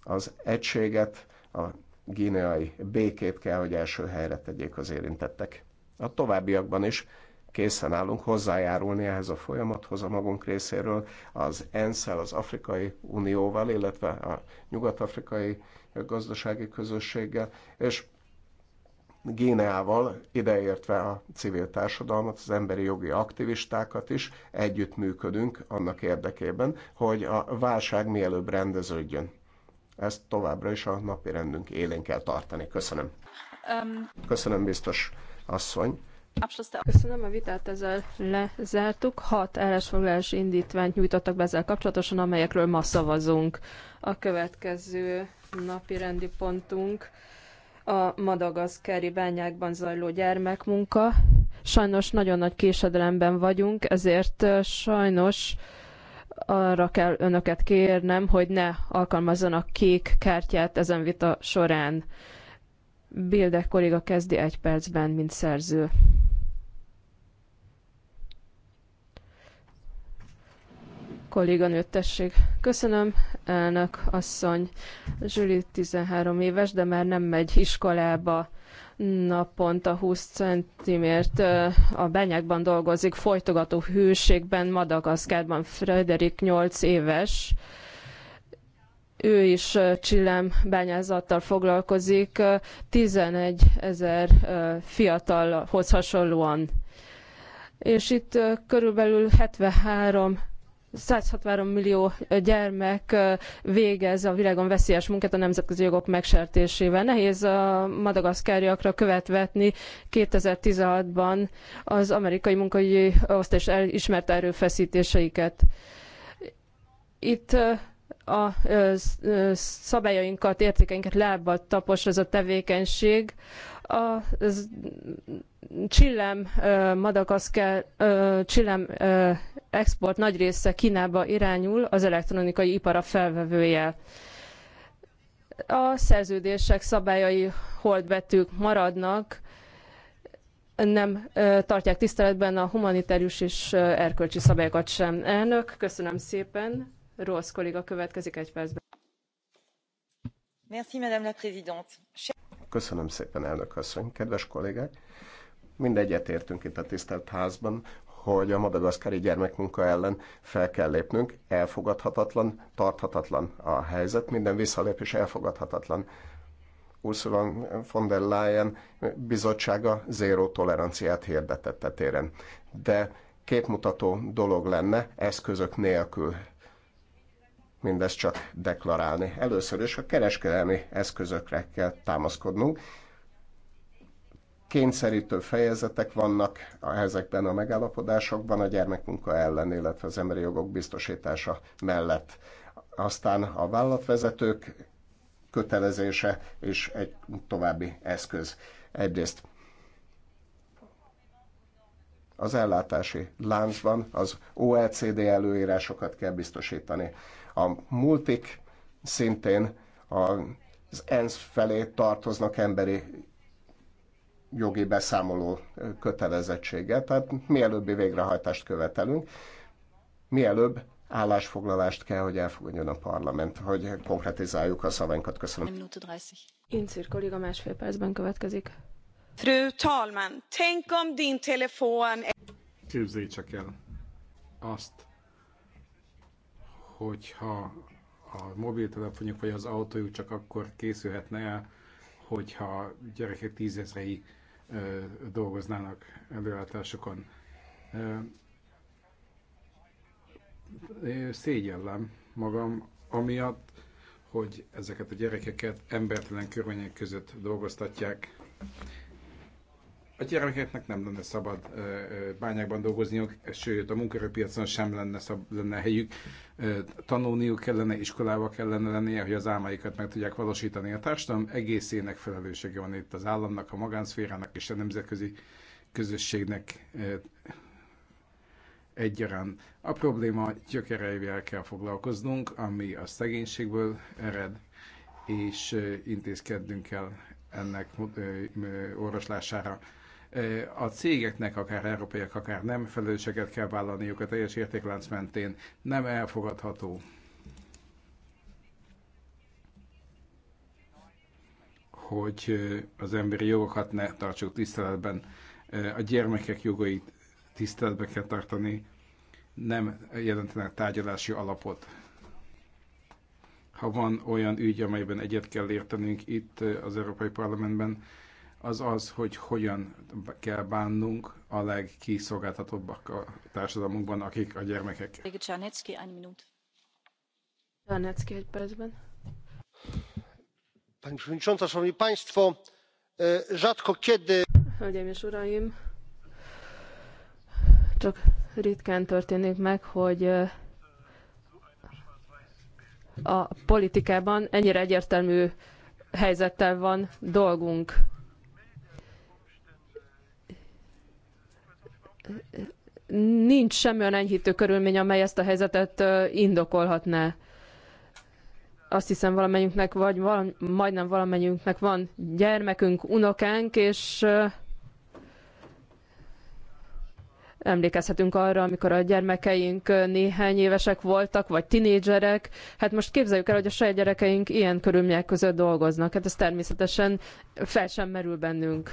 az egységet, a gineai békét kell, hogy első helyre tegyék az érintettek. A továbbiakban is készen állunk hozzájárulni ehhez a folyamathoz a magunk részéről az ensz az Afrikai Unióval, illetve a Nyugat-Afrikai Gazdasági Közösséggel, és Géneával, ideértve a civil társadalmat, az emberi jogi aktivistákat is együttműködünk annak érdekében, hogy a válság mielőbb rendeződjön. Ezt továbbra is a napi rendünk élén kell tartani. Köszönöm. Um... Köszönöm, biztos asszony. Köszönöm, a vitát ezzel lezártuk. Hat állásfoglalási indítványt nyújtottak be ezzel kapcsolatosan, amelyekről ma szavazunk. A következő napi rendi pontunk a madagaszkeri bányákban zajló gyermekmunka. Sajnos nagyon nagy késedelemben vagyunk, ezért sajnos arra kell önöket kérnem, hogy ne alkalmazzanak kék kártyát ezen vita során. Bildek kolléga kezdi egy percben, mint szerző. Kolléganőt tessék. Köszönöm, elnök asszony. Zsüli 13 éves, de már nem megy iskolába naponta 20 centimért a bányákban dolgozik, folytogató hűségben, Madagaszkárban Frederik 8 éves. Ő is csillem bányászattal foglalkozik, 11 ezer fiatalhoz hasonlóan. És itt körülbelül 73 163 millió gyermek végez a világon veszélyes munkát a nemzetközi jogok megsértésével. Nehéz a madagaszkáriakra követvetni 2016-ban az amerikai munkai osztás elismerte erőfeszítéseiket. Itt a szabályainkat, értékeinket lábbal tapos ez a tevékenység. A Csillem, Madagaszkár, Csillem export nagy része Kínába irányul, az elektronikai ipar a felvevője. A szerződések szabályai holdbetűk maradnak, nem tartják tiszteletben a humanitárius és erkölcsi szabályokat sem. Elnök, köszönöm szépen. Rossz kolléga következik egy percben. Merci, Madame la Présidente. Köszönöm szépen, elnök asszony, kedves kollégák! Mind egyetértünk itt a tisztelt házban, hogy a madagaszkári gyermekmunka ellen fel kell lépnünk. Elfogadhatatlan, tarthatatlan a helyzet, minden visszalépés elfogadhatatlan. Ursula von der Leyen bizottsága zéró toleranciát hirdetett a téren. De képmutató dolog lenne eszközök nélkül mindezt csak deklarálni. Először is a kereskedelmi eszközökre kell támaszkodnunk, kényszerítő fejezetek vannak ezekben a megállapodásokban a gyermekmunka ellen, illetve az emberi jogok biztosítása mellett. Aztán a vállalatvezetők kötelezése és egy további eszköz. Egyrészt az ellátási láncban az OECD előírásokat kell biztosítani. A multik szintén az ENSZ felé tartoznak emberi jogi beszámoló kötelezettsége, tehát mielőbbi végrehajtást követelünk, mielőbb állásfoglalást kell, hogy elfogadjon a parlament, hogy konkretizáljuk a szavainkat. Köszönöm. Incir kolléga másfél percben következik. Fru talman, tänk om din telefon... Képzelj csak el azt, hogyha a mobiltelefonjuk vagy az autójuk csak akkor készülhetne el, hogyha gyerekek tízezrei dolgoznának előállításokon. Szégyellem magam amiatt, hogy ezeket a gyerekeket embertelen körülmények között dolgoztatják. A gyermekeknek nem lenne szabad bányákban dolgozniuk, sőt a munkaerőpiacon sem lenne, szab, lenne helyük. Tanulniuk kellene, iskolába kellene lennie, hogy az álmaikat meg tudják valósítani. A társadalom egészének felelőssége van itt az államnak, a magánszférának és a nemzetközi közösségnek egyaránt. A probléma gyökereivel kell foglalkoznunk, ami a szegénységből ered, és intézkednünk kell ennek orvoslására. A cégeknek, akár európaiak, akár nem felelősséget kell vállalniuk a teljes értéklánc mentén. Nem elfogadható. hogy az emberi jogokat ne tartsuk tiszteletben, a gyermekek jogait tiszteletben kell tartani, nem jelentenek tárgyalási alapot. Ha van olyan ügy, amelyben egyet kell értenünk itt az Európai Parlamentben, az az, hogy hogyan kell bánnunk a legkiszolgáltatóbbak a társadalmunkban, akik a gyermekek. Csarnecki, egy minút. Czarnecki egy percben. Pani Przewodnicząca, Szanowni Państwo, e, rzadko kiedy... Hölgyeim és Uraim, csak ritkán történik meg, hogy e, a politikában ennyire egyértelmű helyzettel van dolgunk nincs semmilyen enyhítő körülmény, amely ezt a helyzetet indokolhatná. Azt hiszem valamennyünknek, vagy majdnem valamennyünknek van gyermekünk, unokánk, és emlékezhetünk arra, amikor a gyermekeink néhány évesek voltak, vagy tinédzserek. Hát most képzeljük el, hogy a saját gyerekeink ilyen körülmények között dolgoznak. Hát ez természetesen fel sem merül bennünk.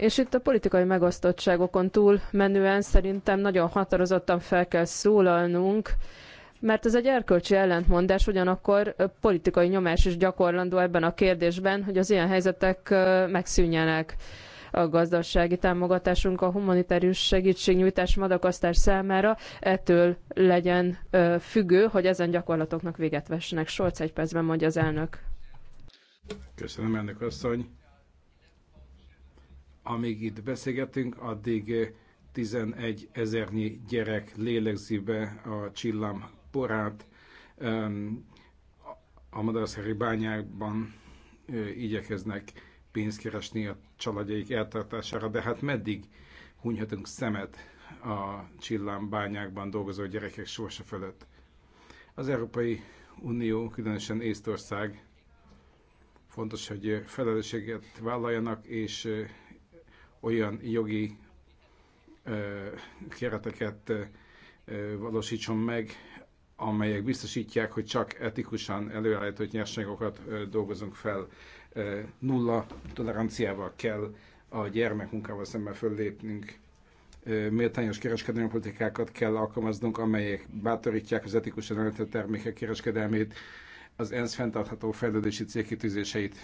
És itt a politikai megosztottságokon túl menően szerintem nagyon határozottan fel kell szólalnunk, mert ez egy erkölcsi ellentmondás, ugyanakkor politikai nyomás is gyakorlandó ebben a kérdésben, hogy az ilyen helyzetek megszűnjenek a gazdasági támogatásunk, a humanitárius segítségnyújtás Madagasztár számára ettől legyen függő, hogy ezen gyakorlatoknak véget vessenek. Solc egy percben mondja az elnök. Köszönöm, elnök asszony. Amíg itt beszélgetünk, addig 11 eh, ezernyi gyerek lélegzi be a csillám porát a madarszeri bányákban eh, igyekeznek pénzt keresni a családjaik eltartására, de hát meddig hunyhatunk szemet a csillámbányákban dolgozó gyerekek sorsa fölött. Az Európai Unió, különösen Észtország fontos, hogy eh, felelősséget vállaljanak, és olyan jogi kereteket valósítson meg, amelyek biztosítják, hogy csak etikusan előállított nyersanyagokat dolgozunk fel. Nulla toleranciával kell a gyermekmunkával szemben föllépnünk. Méltányos kereskedelmi politikákat kell alkalmaznunk, amelyek bátorítják az etikusan előállított termékek kereskedelmét, az ENSZ fenntartható fejlődési célkitűzéseit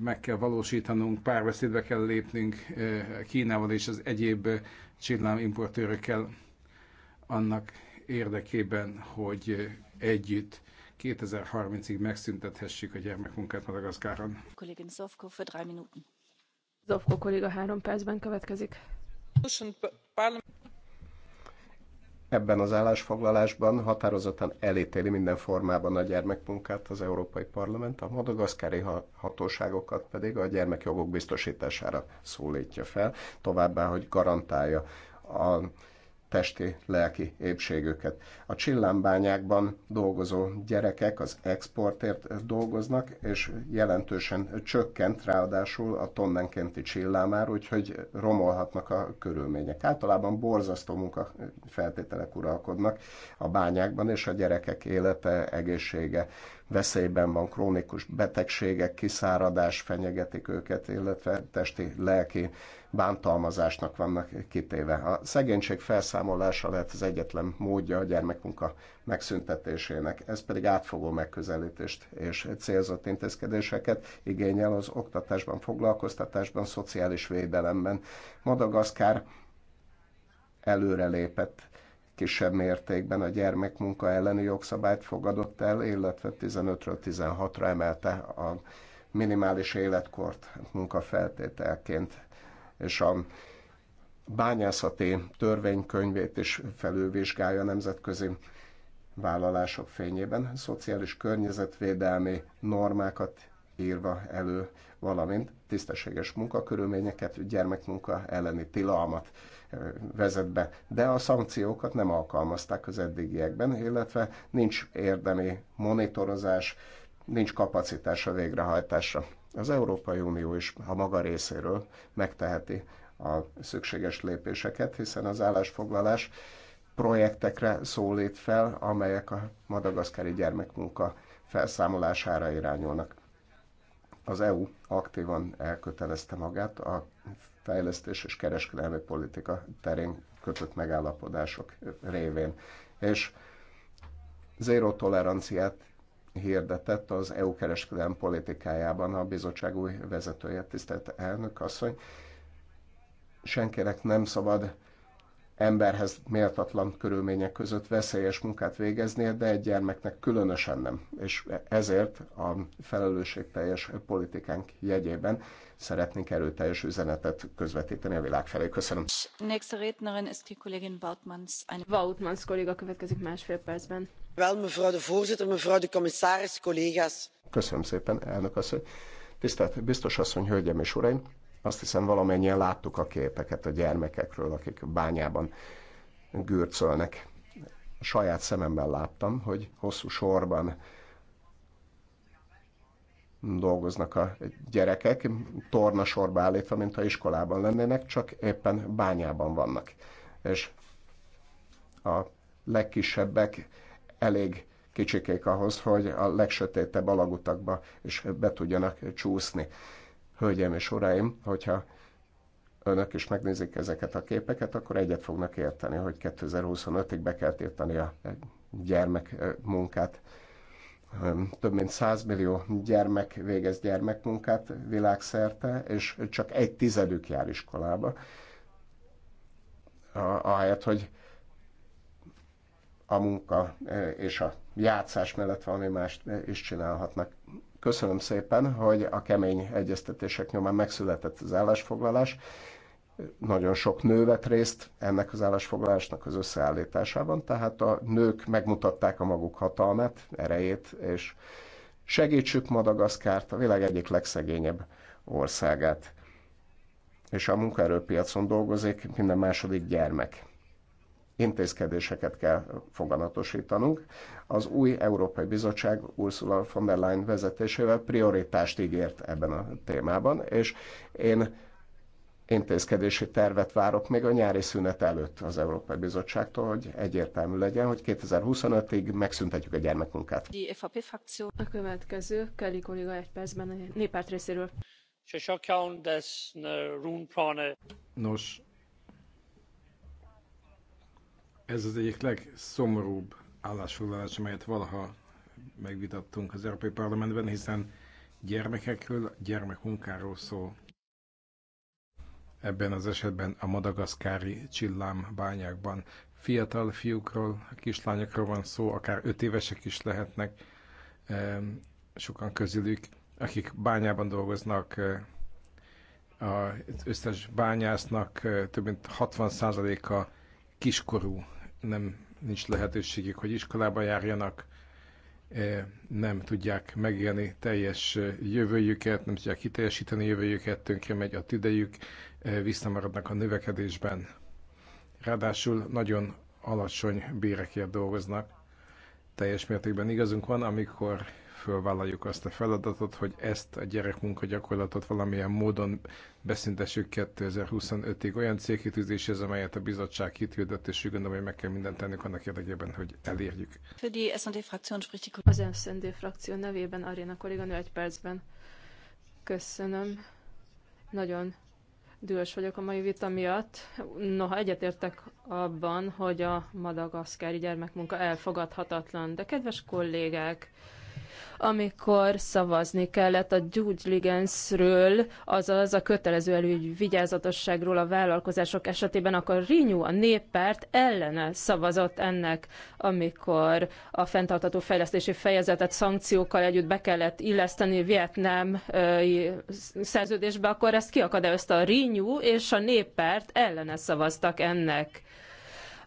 meg kell valósítanunk, párbeszédbe kell lépnünk eh, Kínával és az egyéb eh, csillámimportőrökkel annak érdekében, hogy eh, együtt 2030-ig megszüntethessük a gyermekmunkát Madagaszkáron. Kollégin Zofko, für 3 Minuten. Zofko kolléga három percben következik ebben az állásfoglalásban határozottan elítéli minden formában a gyermekmunkát az Európai Parlament, a madagaszkári hatóságokat pedig a gyermekjogok biztosítására szólítja fel, továbbá, hogy garantálja a testi, lelki épségüket. A csillámbányákban dolgozó gyerekek az exportért dolgoznak, és jelentősen csökkent ráadásul a tonnenkénti csillámár, úgyhogy romolhatnak a körülmények. Általában borzasztó munka feltételek uralkodnak a bányákban, és a gyerekek élete, egészsége veszélyben van, krónikus betegségek, kiszáradás fenyegetik őket, illetve testi, lelki bántalmazásnak vannak kitéve. A szegénység felszámolása lehet az egyetlen módja a gyermekmunka megszüntetésének. Ez pedig átfogó megközelítést és célzott intézkedéseket igényel az oktatásban, foglalkoztatásban, szociális védelemben. Madagaszkár előrelépett kisebb mértékben a gyermekmunka elleni jogszabályt fogadott el, illetve 15-ről 16-ra emelte a minimális életkort munkafeltételként, és a bányászati törvénykönyvét is felülvizsgálja a nemzetközi vállalások fényében, szociális környezetvédelmi normákat írva elő, valamint tisztességes munkakörülményeket, gyermekmunka elleni tilalmat vezet be. De a szankciókat nem alkalmazták az eddigiekben, illetve nincs érdemi monitorozás, nincs kapacitás a végrehajtásra. Az Európai Unió is a maga részéről megteheti a szükséges lépéseket, hiszen az állásfoglalás projektekre szólít fel, amelyek a madagaszkári gyermekmunka felszámolására irányulnak. Az EU aktívan elkötelezte magát a fejlesztés és kereskedelmi politika terén kötött megállapodások révén. És zéró toleranciát hirdetett az EU kereskedelmi politikájában a bizottság új vezetője, tisztelt elnök asszony. Senkinek nem szabad emberhez méltatlan körülmények között veszélyes munkát végeznie, de egy gyermeknek különösen nem. És ezért a felelősségteljes politikánk jegyében szeretnénk erőteljes üzenetet közvetíteni a világ felé. Köszönöm. Nächste Rednerin ist die Kollegin Wautmans. Wautmans kolléga következik másfél percben. Wel, mevrouw de voorzitter, mevrouw de commissaris, collega's. Köszönöm szépen, elnök asszony. Tisztelt biztos asszony, hölgyem és uraim! Azt hiszem valamennyien láttuk a képeket a gyermekekről, akik bányában gürcölnek. A saját szememmel láttam, hogy hosszú sorban dolgoznak a gyerekek, torna sorba állítva, mintha iskolában lennének, csak éppen bányában vannak. És a legkisebbek elég kicsikék ahhoz, hogy a legsötétebb alagutakba is be tudjanak csúszni. Hölgyeim és uraim, hogyha önök is megnézik ezeket a képeket, akkor egyet fognak érteni, hogy 2025-ig be kell tiltani a gyermek munkát. Több mint 100 millió gyermek végez gyermekmunkát világszerte, és csak egy tizedük jár iskolába. Ahelyett, hogy a munka és a játszás mellett valami mást is csinálhatnak. Köszönöm szépen, hogy a kemény egyeztetések nyomán megszületett az állásfoglalás. Nagyon sok nő vett részt ennek az állásfoglalásnak az összeállításában, tehát a nők megmutatták a maguk hatalmát, erejét, és segítsük Madagaszkárt, a világ egyik legszegényebb országát. És a munkaerőpiacon dolgozik minden második gyermek intézkedéseket kell foganatosítanunk. Az új Európai Bizottság Ursula von der Leyen vezetésével prioritást ígért ebben a témában, és én intézkedési tervet várok még a nyári szünet előtt az Európai Bizottságtól, hogy egyértelmű legyen, hogy 2025-ig megszüntetjük a gyermekmunkát. A következő Kelly kolléga egy percben a néppárt részéről. Nos, ez az egyik legszomorúbb állásfoglalás, amelyet valaha megvitattunk az Európai Parlamentben, hiszen gyermekekről, gyermekmunkáról szól. Ebben az esetben a madagaszkári csillám bányákban fiatal fiúkról, kislányokról van szó, akár öt évesek is lehetnek, e, sokan közülük, akik bányában dolgoznak, e, az összes bányásznak e, több mint 60%-a kiskorú nem nincs lehetőségük, hogy iskolába járjanak, e, nem tudják megélni teljes e, jövőjüket, nem tudják kiteljesíteni jövőjüket, tönkre megy a tüdejük, e, visszamaradnak a növekedésben. Ráadásul nagyon alacsony bérekért dolgoznak. Teljes mértékben igazunk van, amikor fölvállaljuk azt a feladatot, hogy ezt a gyerekmunka gyakorlatot valamilyen módon beszüntessük 2025-ig olyan célkitűzéshez, amelyet a bizottság kitűzött, és úgy gondolom, hogy meg kell mindent tennünk annak érdekében, hogy elérjük. Für die SND Fraktion spricht Az SND Frakció nevében Aréna igen, egy percben. Köszönöm. Nagyon dühös vagyok a mai vita miatt. Noha egyetértek abban, hogy a madagaszkári gyermekmunka elfogadhatatlan, de kedves kollégák, amikor szavazni kellett a due diligence-ről, azaz a kötelező előügy vigyázatosságról a vállalkozások esetében, akkor Renew, a néppárt ellene szavazott ennek, amikor a fenntartató fejlesztési fejezetet szankciókkal együtt be kellett illeszteni Vietnám szerződésbe, akkor ezt kiakadályozta a Renew, és a néppárt ellene szavaztak ennek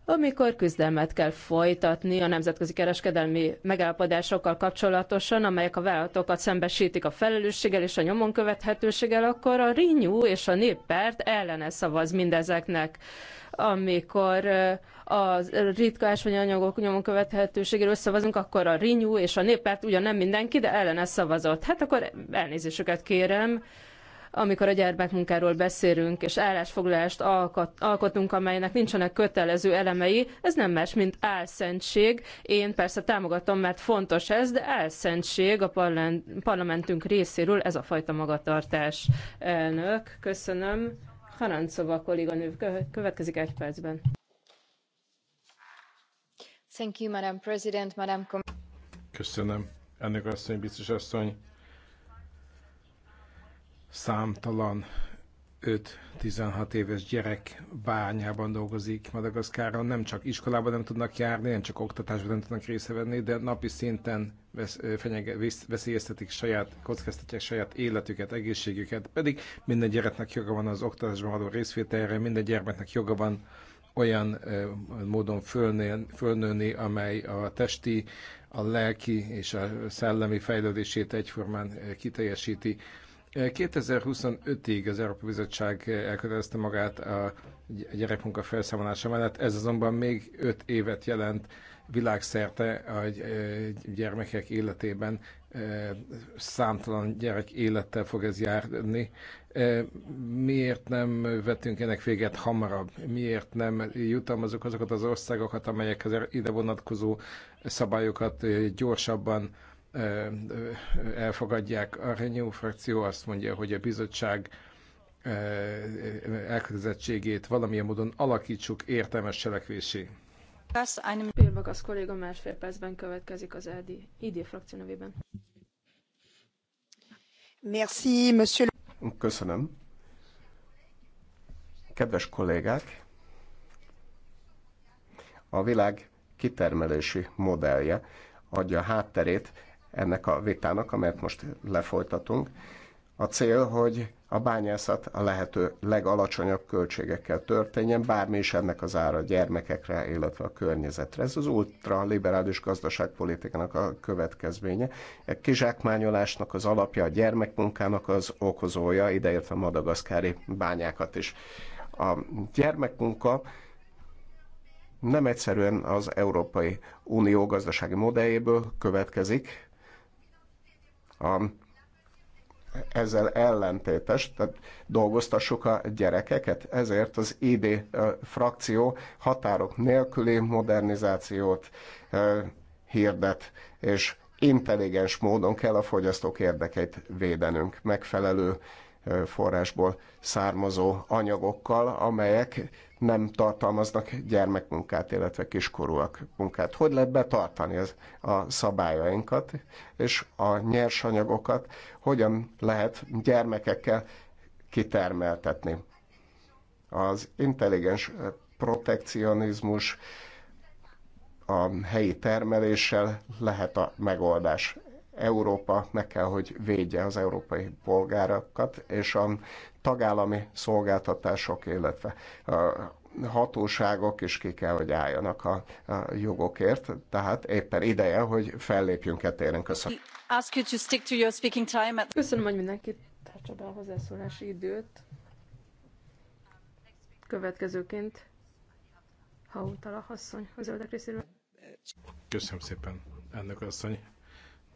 amikor küzdelmet kell folytatni a nemzetközi kereskedelmi megállapodásokkal kapcsolatosan, amelyek a vállalatokat szembesítik a felelősséggel és a nyomon követhetőséggel, akkor a Rinyú és a Néppárt ellene szavaz mindezeknek amikor eh, a ritka ásványanyagok nyomon követhetőségéről szavazunk, akkor a Rinyú és a Néppárt ugyan nem mindenki, de ellene szavazott. Hát akkor elnézésüket kérem, amikor a gyermekmunkáról beszélünk, és állásfoglalást alkotunk, amelynek nincsenek kötelező elemei, ez nem más, mint álszentség. Én persze támogatom, mert fontos ez, de álszentség a parlamentünk részéről ez a fajta magatartás. Elnök, köszönöm. Harancova kolléganő következik egy percben. Thank you, Madam President, Madam Köszönöm. Ennek asszony, biztos asszony számtalan 5-16 éves gyerek bányában dolgozik Madagaszkáron, nem csak iskolában nem tudnak járni, nem csak oktatásban nem tudnak részt venni, de napi szinten veszélyeztetik saját, kockáztatják saját életüket, egészségüket, pedig minden gyereknek joga van az oktatásban való részvételre, minden gyermeknek joga van olyan módon fölnél, fölnőni, amely a testi, a lelki és a szellemi fejlődését egyformán kiteljesíti 2025-ig az Európai Bizottság elkötelezte magát a gyerekmunka felszámolása mellett, ez azonban még 5 évet jelent világszerte a gyermekek életében, számtalan gyerek élettel fog ez járni. Miért nem vetünk ennek véget hamarabb? Miért nem jutalmazunk azokat az országokat, amelyek az ide vonatkozó szabályokat gyorsabban elfogadják. A Renew frakció azt mondja, hogy a bizottság elkötelezettségét valamilyen módon alakítsuk értelmes cselekvésé. az kolléga másfél percben következik az EDI, ID frakció nevében. Merci, monsieur. Köszönöm. Kedves kollégák, a világ kitermelési modellje adja hátterét ennek a vitának, amelyet most lefolytatunk. A cél, hogy a bányászat a lehető legalacsonyabb költségekkel történjen, bármi is ennek az ára a gyermekekre, illetve a környezetre. Ez az ultraliberális gazdaságpolitikának a következménye. A kizsákmányolásnak az alapja, a gyermekmunkának az okozója, ideértve madagaszkári bányákat is. A gyermekmunka nem egyszerűen az Európai Unió gazdasági modelljéből következik, a ezzel ellentétes, tehát dolgoztassuk a gyerekeket, ezért az ID eh, frakció határok nélküli modernizációt eh, hirdet, és intelligens módon kell a fogyasztók érdekeit védenünk, megfelelő eh, forrásból származó anyagokkal, amelyek nem tartalmaznak gyermekmunkát, illetve kiskorúak munkát. Hogy lehet betartani az, a szabályainkat, és a nyersanyagokat hogyan lehet gyermekekkel kitermeltetni. Az intelligens protekcionizmus a helyi termeléssel lehet a megoldás. Európa meg kell, hogy védje az európai polgárakat, és a tagállami szolgáltatások, illetve a hatóságok is ki kell, hogy álljanak a, a jogokért, tehát éppen ideje, hogy fellépjünk e téren. Köszönöm. Köszönöm, hogy mindenki tartsa be a hozzászólási időt. Következőként Hautala asszony, az öldek részéről. Köszönöm szépen, ennek asszony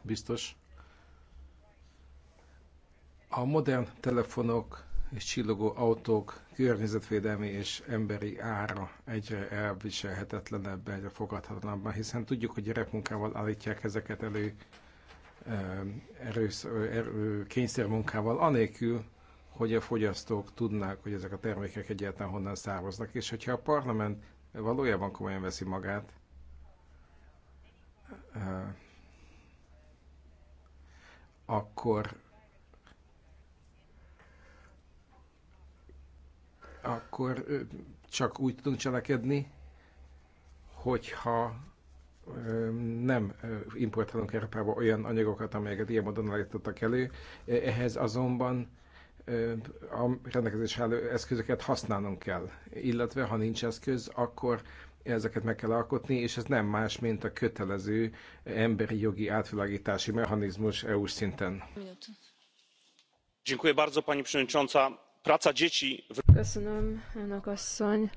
biztos. A modern telefonok és csillogó autók környezetvédelmi és emberi ára egyre elviselhetetlenebb, egyre fogadhatatlanabb, hiszen tudjuk, hogy gyerekmunkával állítják ezeket elő, erős erő, kényszermunkával, anélkül, hogy a fogyasztók tudnák, hogy ezek a termékek egyáltalán honnan származnak. És hogyha a parlament valójában komolyan veszi magát, akkor akkor csak úgy tudunk cselekedni, hogyha nem importálunk Európába olyan anyagokat, amelyeket ilyen módon állítottak elő. Ehhez azonban a rendelkezés álló eszközöket használnunk kell, illetve ha nincs eszköz, akkor ezeket meg kell alkotni, és ez nem más, mint a kötelező emberi jogi átvilágítási mechanizmus EU-s szinten. Dziękuję bardzo, pani przewodnicząca. Praca dzieci... Köszönöm, önök asszony.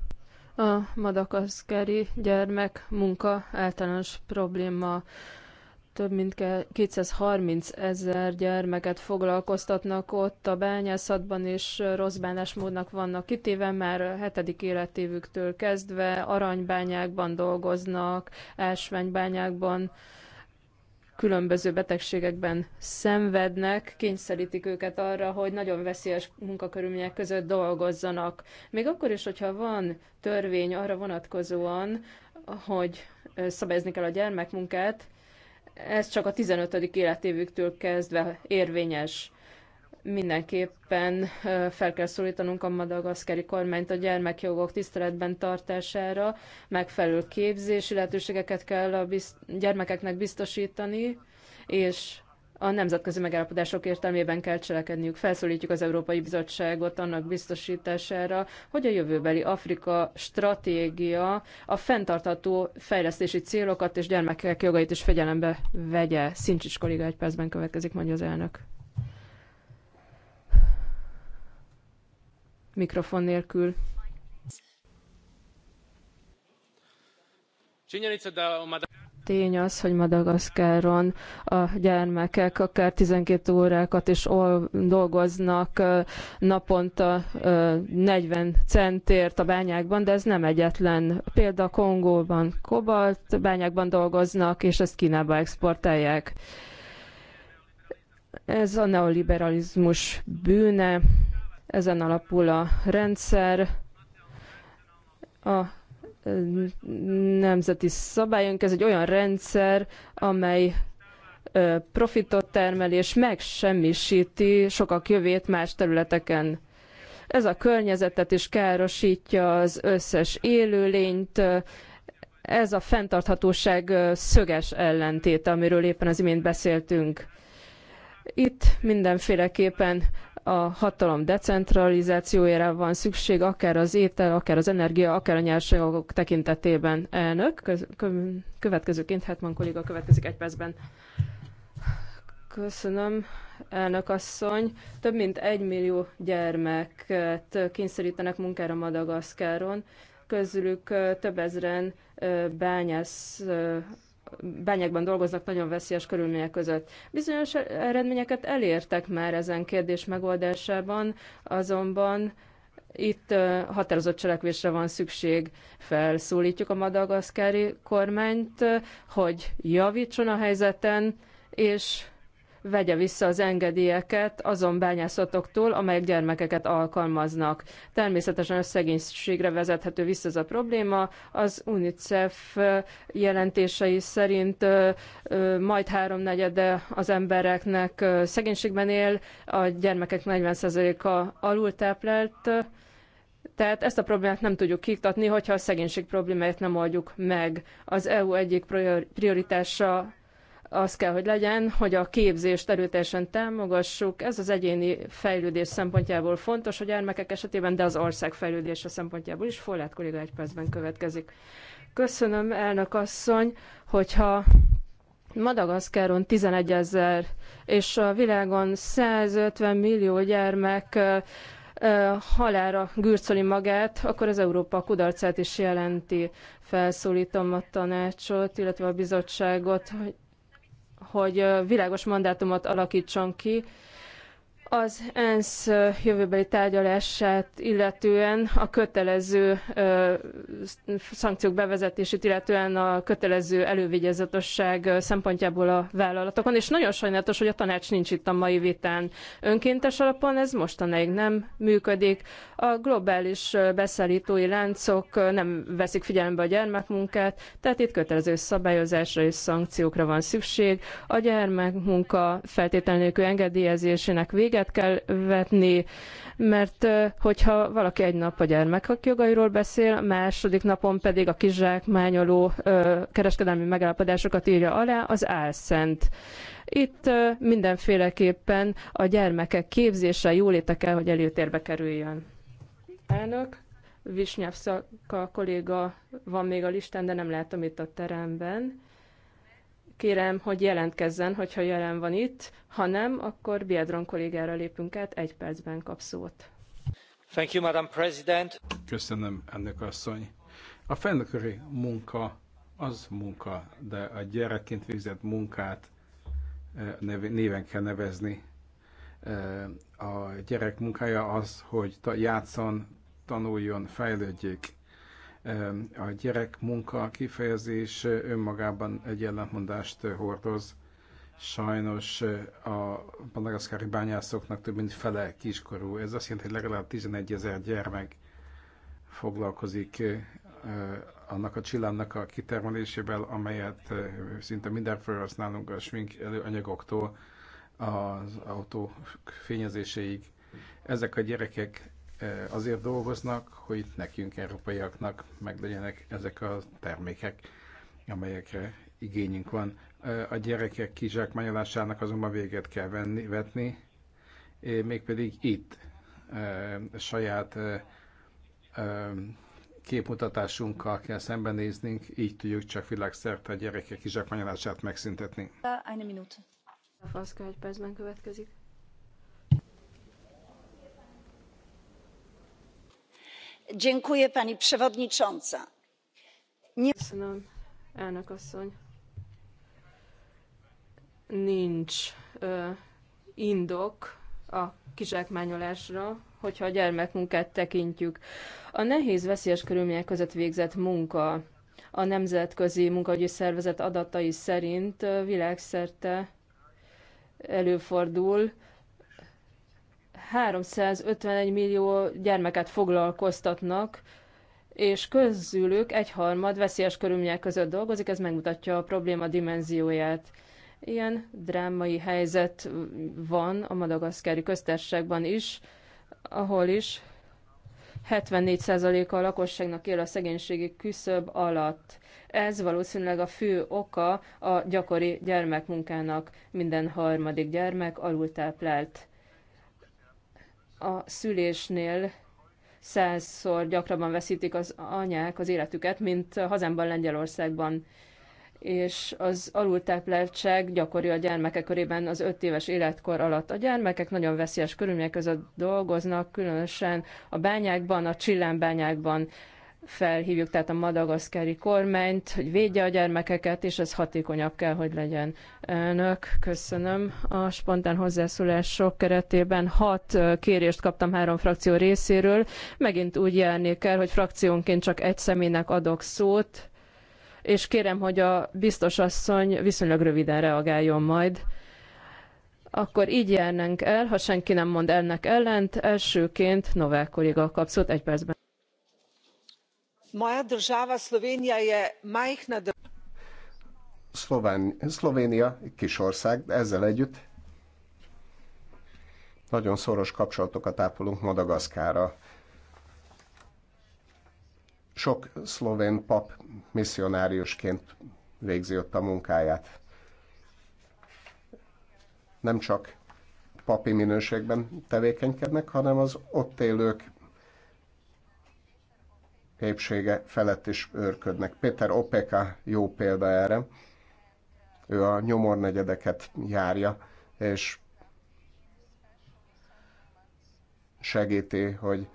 A madagaszkári gyermek munka általános probléma több mint 230 ezer gyermeket foglalkoztatnak ott a bányászatban, és rossz bánásmódnak vannak kitéve, már a hetedik életévüktől kezdve aranybányákban dolgoznak, ásványbányákban, különböző betegségekben szenvednek, kényszerítik őket arra, hogy nagyon veszélyes munkakörülmények között dolgozzanak. Még akkor is, hogyha van törvény arra vonatkozóan, hogy szabályozni kell a gyermekmunkát, ez csak a 15. életévüktől kezdve érvényes. Mindenképpen fel kell szólítanunk a madagaszkeri kormányt a gyermekjogok tiszteletben tartására, megfelelő képzési lehetőségeket kell a bizt- gyermekeknek biztosítani, és a nemzetközi megállapodások értelmében kell cselekedniük. Felszólítjuk az Európai Bizottságot annak biztosítására, hogy a jövőbeli Afrika stratégia a fenntartató fejlesztési célokat és gyermekek jogait is figyelembe vegye. Szincsics kolléga egy percben következik, mondja az elnök. Mikrofon nélkül. Činjenica da Tény az, hogy Madagaszkáron a gyermekek akár 12 órákat is dolgoznak naponta 40 centért a bányákban, de ez nem egyetlen. Példa Kongóban kobalt bányákban dolgoznak, és ezt Kínába exportálják. Ez a neoliberalizmus bűne, ezen alapul a rendszer, a nemzeti szabályunk. Ez egy olyan rendszer, amely profitot termel és megsemmisíti sokak jövét más területeken. Ez a környezetet is károsítja az összes élőlényt, ez a fenntarthatóság szöges ellentét, amiről éppen az imént beszéltünk. Itt mindenféleképpen a hatalom decentralizációjára van szükség, akár az étel, akár az energia, akár a nyersanyagok tekintetében. Elnök, következőként Hetman kolléga következik egy percben. Köszönöm, elnök asszony. Több mint egy millió gyermeket kényszerítenek munkára Madagaszkáron, közülük több ezren bányász bányákban dolgoznak nagyon veszélyes körülmények között. Bizonyos eredményeket elértek már ezen kérdés megoldásában, azonban itt határozott cselekvésre van szükség. Felszólítjuk a madagaszkári kormányt, hogy javítson a helyzeten, és vegye vissza az engedélyeket azon bányászatoktól, amelyek gyermekeket alkalmaznak. Természetesen a szegénységre vezethető vissza ez a probléma. Az UNICEF jelentései szerint majd háromnegyede az embereknek szegénységben él, a gyermekek 40%-a alultáplált, tehát ezt a problémát nem tudjuk kiktatni, hogyha a szegénység problémáját nem oldjuk meg. Az EU egyik prioritása az kell, hogy legyen, hogy a képzést erőteljesen támogassuk. Ez az egyéni fejlődés szempontjából fontos a gyermekek esetében, de az ország fejlődése szempontjából is. Follát kolléga egy percben következik. Köszönöm, elnök asszony, hogyha Madagaszkáron 11 ezer, és a világon 150 millió gyermek halára gürcöli magát, akkor az Európa kudarcát is jelenti. Felszólítom a tanácsot, illetve a bizottságot, hogy hogy világos mandátumot alakítson ki, az ENSZ jövőbeli tárgyalását illetően a kötelező szankciók bevezetését, illetően a kötelező elővigyázatosság szempontjából a vállalatokon, és nagyon sajnálatos, hogy a tanács nincs itt a mai vitán. Önkéntes alapon ez mostanáig nem működik. A globális beszállítói láncok nem veszik figyelembe a gyermekmunkát, tehát itt kötelező szabályozásra és szankciókra van szükség. A gyermekmunka feltétel nélkül engedélyezésének vége véget kell vetni, mert hogyha valaki egy nap a gyermekek jogairól beszél, második napon pedig a kizsákmányoló kereskedelmi megállapodásokat írja alá, az álszent. Itt mindenféleképpen a gyermekek képzése, jóléte kell, hogy előtérbe kerüljön. Elnök, Visnyevszak kolléga van még a listán, de nem látom itt a teremben. Kérem, hogy jelentkezzen, hogyha jelen van itt, ha nem, akkor Biedron kollégára lépünk át, egy percben kap szót. Thank you, Madam President. Köszönöm, ennek asszony. A fennököri munka az munka, de a gyerekként végzett munkát eh, néven kell nevezni. Eh, a gyerek munkája az, hogy játszon, tanuljon, fejlődjék. A gyerek munka kifejezés önmagában egy ellentmondást hordoz. Sajnos a panagaszkári bányászoknak több mint fele kiskorú. Ez azt jelenti, hogy legalább 11 ezer gyermek foglalkozik annak a csillának a kitermelésével, amelyet szinte minden felhasználunk a smink anyagoktól az autó fényezéséig. Ezek a gyerekek azért dolgoznak, hogy nekünk, európaiaknak meglegyenek ezek a termékek, amelyekre igényünk van. A gyerekek kizsákmányolásának azonban véget kell venni, vetni, mégpedig itt saját képmutatásunkkal kell szembenéznünk, így tudjuk csak világszerte a gyerekek kizsákmányolását megszüntetni. Egy minút. A faszka egy percben következik. pani przewodnicząca! elnök asszony! nincs indok a kizsákmányolásra hogyha a gyermekmunkát tekintjük. a nehéz veszélyes körülmények között végzett munka a nemzetközi munkaügyi szervezet adatai szerint világszerte előfordul 351 millió gyermeket foglalkoztatnak, és közülük egyharmad veszélyes körülmények között dolgozik, ez megmutatja a probléma dimenzióját. Ilyen drámai helyzet van a madagaszkári köztársaságban is, ahol is 74%-a a lakosságnak él a szegénységi küszöb alatt. Ez valószínűleg a fő oka a gyakori gyermekmunkának. Minden harmadik gyermek alultáplált a szülésnél százszor gyakrabban veszítik az anyák az életüket, mint hazámban Lengyelországban. És az alultápláltság gyakori a gyermekek körében az öt éves életkor alatt. A gyermekek nagyon veszélyes körülmények között dolgoznak, különösen a bányákban, a csillámbányákban. Felhívjuk tehát a madagaszkári kormányt, hogy védje a gyermekeket, és ez hatékonyabb kell, hogy legyen. Önök, köszönöm. A spontán hozzászólások keretében hat kérést kaptam három frakció részéről. Megint úgy járni kell, hogy frakciónként csak egy személynek adok szót, és kérem, hogy a biztos asszony viszonylag röviden reagáljon majd akkor így járnánk el, ha senki nem mond ennek ellent. Elsőként Novák kolléga kapszott egy percben. Szlovén... Szlovénia kis ország, de ezzel együtt nagyon szoros kapcsolatokat ápolunk Madagaszkára. Sok szlovén pap misszionáriusként végzi ott a munkáját. Nem csak papi minőségben tevékenykednek, hanem az ott élők épsége felett is őrködnek. Péter Opeka jó példa erre. Ő a nyomornegyedeket járja, és segíti, hogy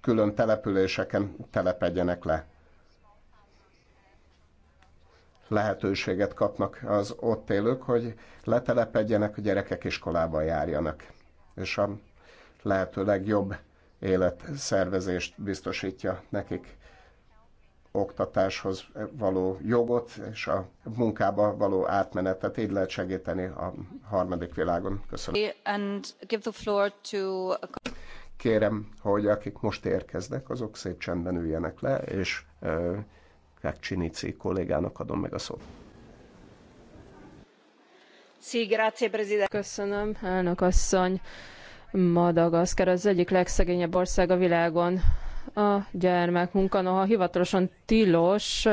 külön településeken telepedjenek le. Lehetőséget kapnak az ott élők, hogy letelepedjenek, a gyerekek iskolába járjanak. És a lehető legjobb életszervezést biztosítja nekik oktatáshoz való jogot és a munkába való átmenetet. Így lehet segíteni a harmadik világon. Köszönöm. To... Kérem, hogy akik most érkeznek, azok szép csendben üljenek le, és uh, Kacsinicsi kollégának adom meg a szót. Sí, grazie, Köszönöm, elnök asszony. Madagaszkár az egyik legszegényebb ország a világon a gyermekmunka. Noha hivatalosan tilos,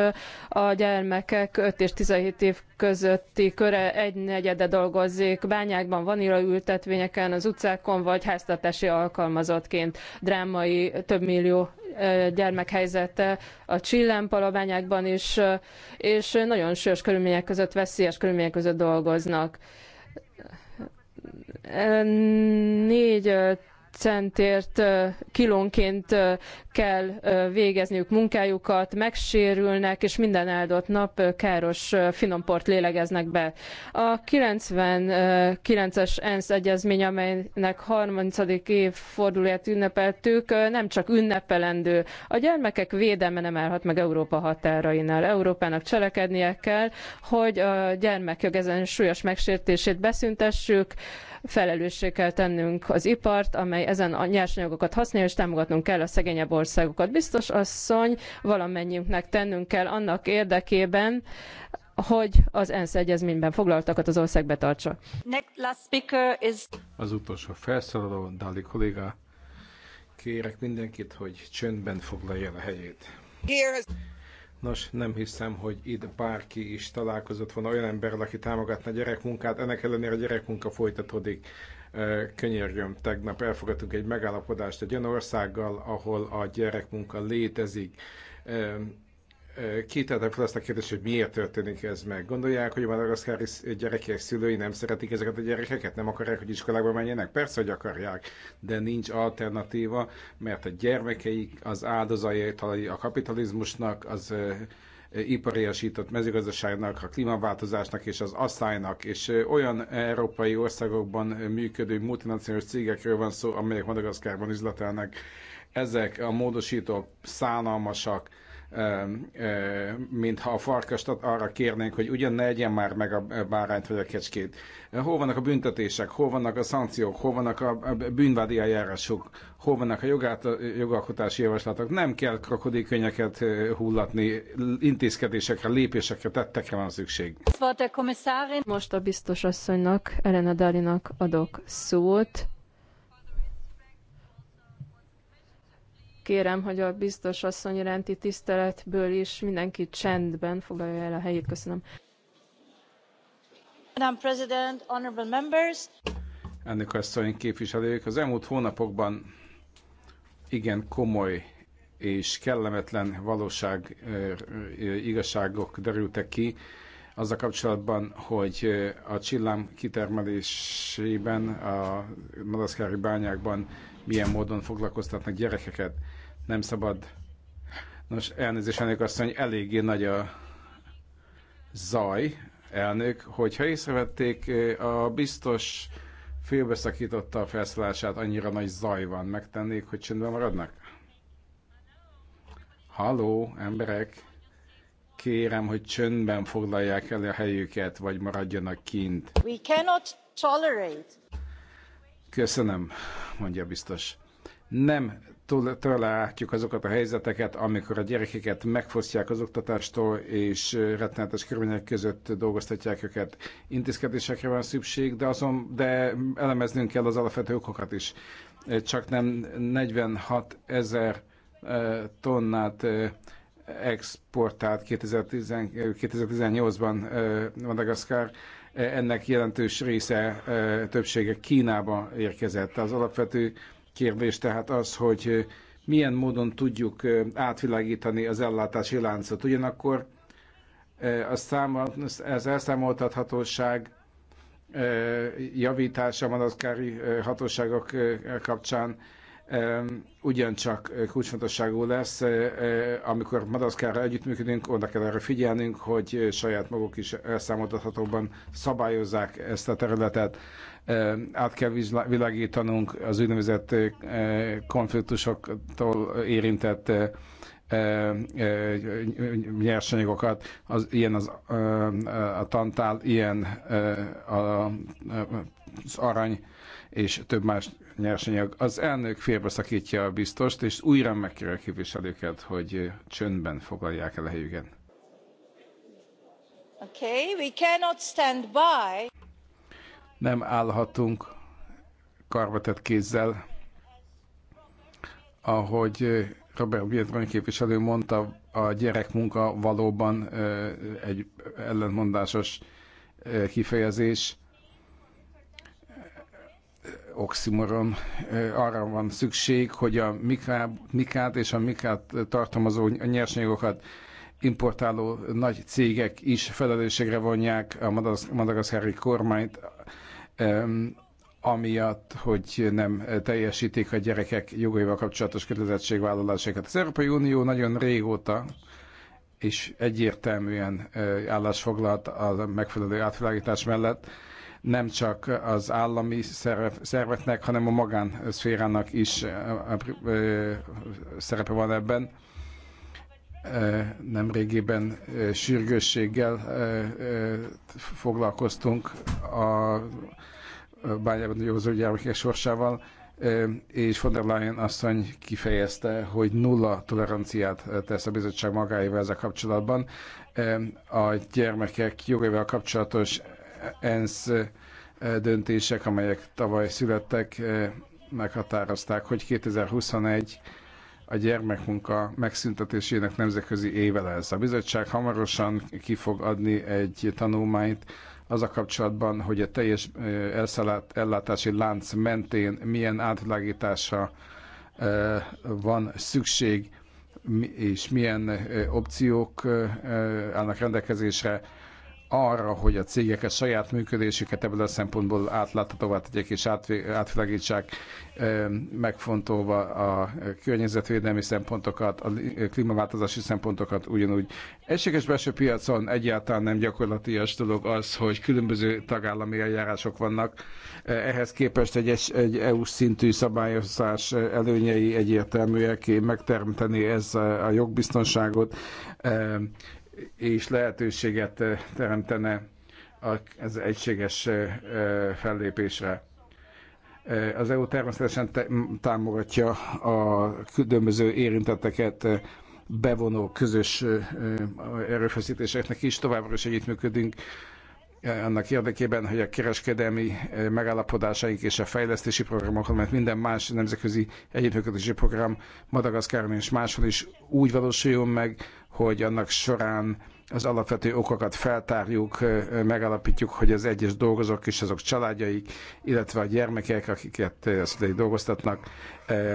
a gyermekek 5 és 17 év közötti köre egy negyede dolgozik bányákban, vanilaültetvényeken, az utcákon, vagy háztartási alkalmazottként. Drámai több millió gyermek helyzete a csillámpalabányákban is, és nagyon sős körülmények között, veszélyes körülmények között dolgoznak négy centért kilónként kell végezniük munkájukat, megsérülnek, és minden áldott nap káros finomport lélegeznek be. A 99-es ENSZ egyezmény, amelynek 30. évfordulóját ünnepeltük, nem csak ünnepelendő. A gyermekek védelme nem állhat meg Európa határainál. Európának cselekednie kell, hogy a gyermekjog ezen súlyos megsértését beszüntessük, felelőssé kell tennünk az ipart, amely ezen a nyersanyagokat használja, és támogatnunk kell a szegényebb országokat. Biztos asszony, valamennyiünknek tennünk kell annak érdekében, hogy az ENSZ egyezményben foglaltakat az ország betartsa. Az utolsó felszólaló, Dali kolléga, kérek mindenkit, hogy csöndben foglalja a helyét. Nos, nem hiszem, hogy itt bárki is találkozott volna olyan emberrel, aki támogatna a gyerekmunkát. Ennek ellenére a gyerekmunka folytatódik. Könyörgöm, tegnap elfogadtunk egy megállapodást egy olyan országgal, ahol a gyerekmunka létezik fel azt a kérdést, hogy miért történik ez meg. Gondolják, hogy a madagaszkári gyerekek szülői nem szeretik ezeket a gyerekeket, nem akarják, hogy iskolába menjenek? Persze, hogy akarják, de nincs alternatíva, mert a gyermekeik az áldozatai a kapitalizmusnak, az ipariasított mezőgazdaságnak, a klímaváltozásnak és az asszálynak, és olyan európai országokban működő multinacionális cégekről van szó, amelyek Madagaszkárban üzletelnek. Ezek a módosítók szánalmasak, mintha a farkastat arra kérnénk, hogy ugyan ne egyen már meg a bárányt vagy a kecskét. Hol vannak a büntetések, hol vannak a szankciók, hol vannak a bűnvádi eljárások, hol vannak a jogát, jogalkotási javaslatok. Nem kell krokodilkönyeket hullatni, intézkedésekre, lépésekre, tettekre van szükség. Most a biztos asszonynak, Elena Dalinak adok szót. Kérem, hogy a biztos asszony iránti tiszteletből is mindenki csendben foglalja el a helyét. Köszönöm. Madam President, honorable members. Ennek asszony képviselők, az elmúlt hónapokban igen komoly és kellemetlen valóság, igazságok derültek ki a kapcsolatban, hogy a csillám kitermelésében, a madaszkári bányákban milyen módon foglalkoztatnak gyerekeket nem szabad. Nos, elnézést, elnök asszony, eléggé nagy a zaj, elnök, hogyha észrevették, a biztos félbeszakította a felszólását, annyira nagy zaj van. Megtennék, hogy csendben maradnak? Halló, emberek! Kérem, hogy csöndben foglalják el a helyüket, vagy maradjanak kint. We cannot tolerate. Köszönöm, mondja biztos. Nem tőle látjuk azokat a helyzeteket, amikor a gyerekeket megfosztják az oktatástól, és rettenetes körülmények között dolgoztatják őket. Intézkedésekre van szükség, de, azon, de elemeznünk kell az alapvető okokat is. Csak nem 46 ezer e, tonnát e, exportált 2018-ban e, Madagaszkár, ennek jelentős része többsége Kínába érkezett. Az alapvető kérdés tehát az, hogy milyen módon tudjuk átvilágítani az ellátási láncot. Ugyanakkor a száma, az elszámoltathatóság javítása a madaszkári hatóságok kapcsán ugyancsak kulcsfontosságú lesz, amikor Madagaszkárral együttműködünk, oda kell erre figyelnünk, hogy saját maguk is elszámoltathatóban szabályozzák ezt a területet. Át kell világítanunk az úgynevezett konfliktusoktól érintett nyersanyagokat, az, ilyen az, a tantál, ilyen a, az arany, és több más nyersanyag. Az elnök félbeszakítja a biztost, és újra megkér a képviselőket, hogy csöndben foglalják el a helyüket. Okay, we cannot stand by. Nem állhatunk karbatett kézzel, ahogy Robert Biedron képviselő mondta, a gyerekmunka valóban egy ellentmondásos kifejezés oximoron. Arra van szükség, hogy a mikát és a mikát tartalmazó nyersanyagokat importáló nagy cégek is felelősségre vonják a madagaszkári kormányt, amiatt, hogy nem teljesítik a gyerekek jogaival kapcsolatos kötelezettségvállalásokat. Az Európai Unió nagyon régóta és egyértelműen állásfoglalt a megfelelő átvilágítás mellett, nem csak az állami szerveknek, hanem a magánszférának is szerepe van ebben. Nem régében sürgősséggel foglalkoztunk a bányában józó gyermekek sorsával, és von der Leyen asszony kifejezte, hogy nulla toleranciát tesz a bizottság magáével ezzel kapcsolatban. A gyermekek jogaival kapcsolatos ENSZ eh, döntések, amelyek tavaly születtek, eh, meghatározták, hogy 2021 a gyermekmunka megszüntetésének nemzetközi éve lesz. A bizottság hamarosan ki fog adni egy tanulmányt az a kapcsolatban, hogy a teljes eh, ellátási lánc mentén milyen átvilágítása van szükség, és milyen opciók állnak rendelkezésre arra, hogy a cégek a saját működésüket ebből a szempontból átláthatóvá tegyék és átvilágítsák, megfontolva a környezetvédelmi szempontokat, a klímaváltozási szempontokat ugyanúgy. Egységes belső piacon egyáltalán nem gyakorlatias dolog az, hogy különböző tagállami eljárások vannak. Ehhez képest egy, egy EU-s szintű szabályozás előnyei egyértelműek, megteremteni ez a jogbiztonságot, és lehetőséget eh, teremtene eh, eh, az egységes fellépésre. Az EU természetesen támogatja a különböző érintetteket bevonó közös erőfeszítéseknek is. Továbbra is együttműködünk annak érdekében, hogy a kereskedelmi megállapodásaink és a fejlesztési programok, mert minden más nemzetközi együttműködési program Madagaszkáron és máshol is úgy valósuljon meg, hogy annak során az alapvető okokat feltárjuk, megalapítjuk, hogy az egyes dolgozók és azok családjaik, illetve a gyermekek, akiket a szülei dolgoztatnak,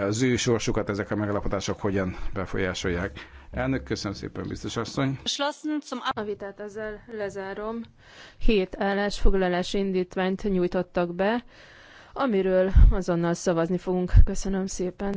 az ő sorsukat ezek a megalapodások hogyan befolyásolják. Elnök, köszönöm szépen, biztos asszony. A vitát ezzel lezárom. Hét állásfoglalás indítványt nyújtottak be, amiről azonnal szavazni fogunk. Köszönöm szépen.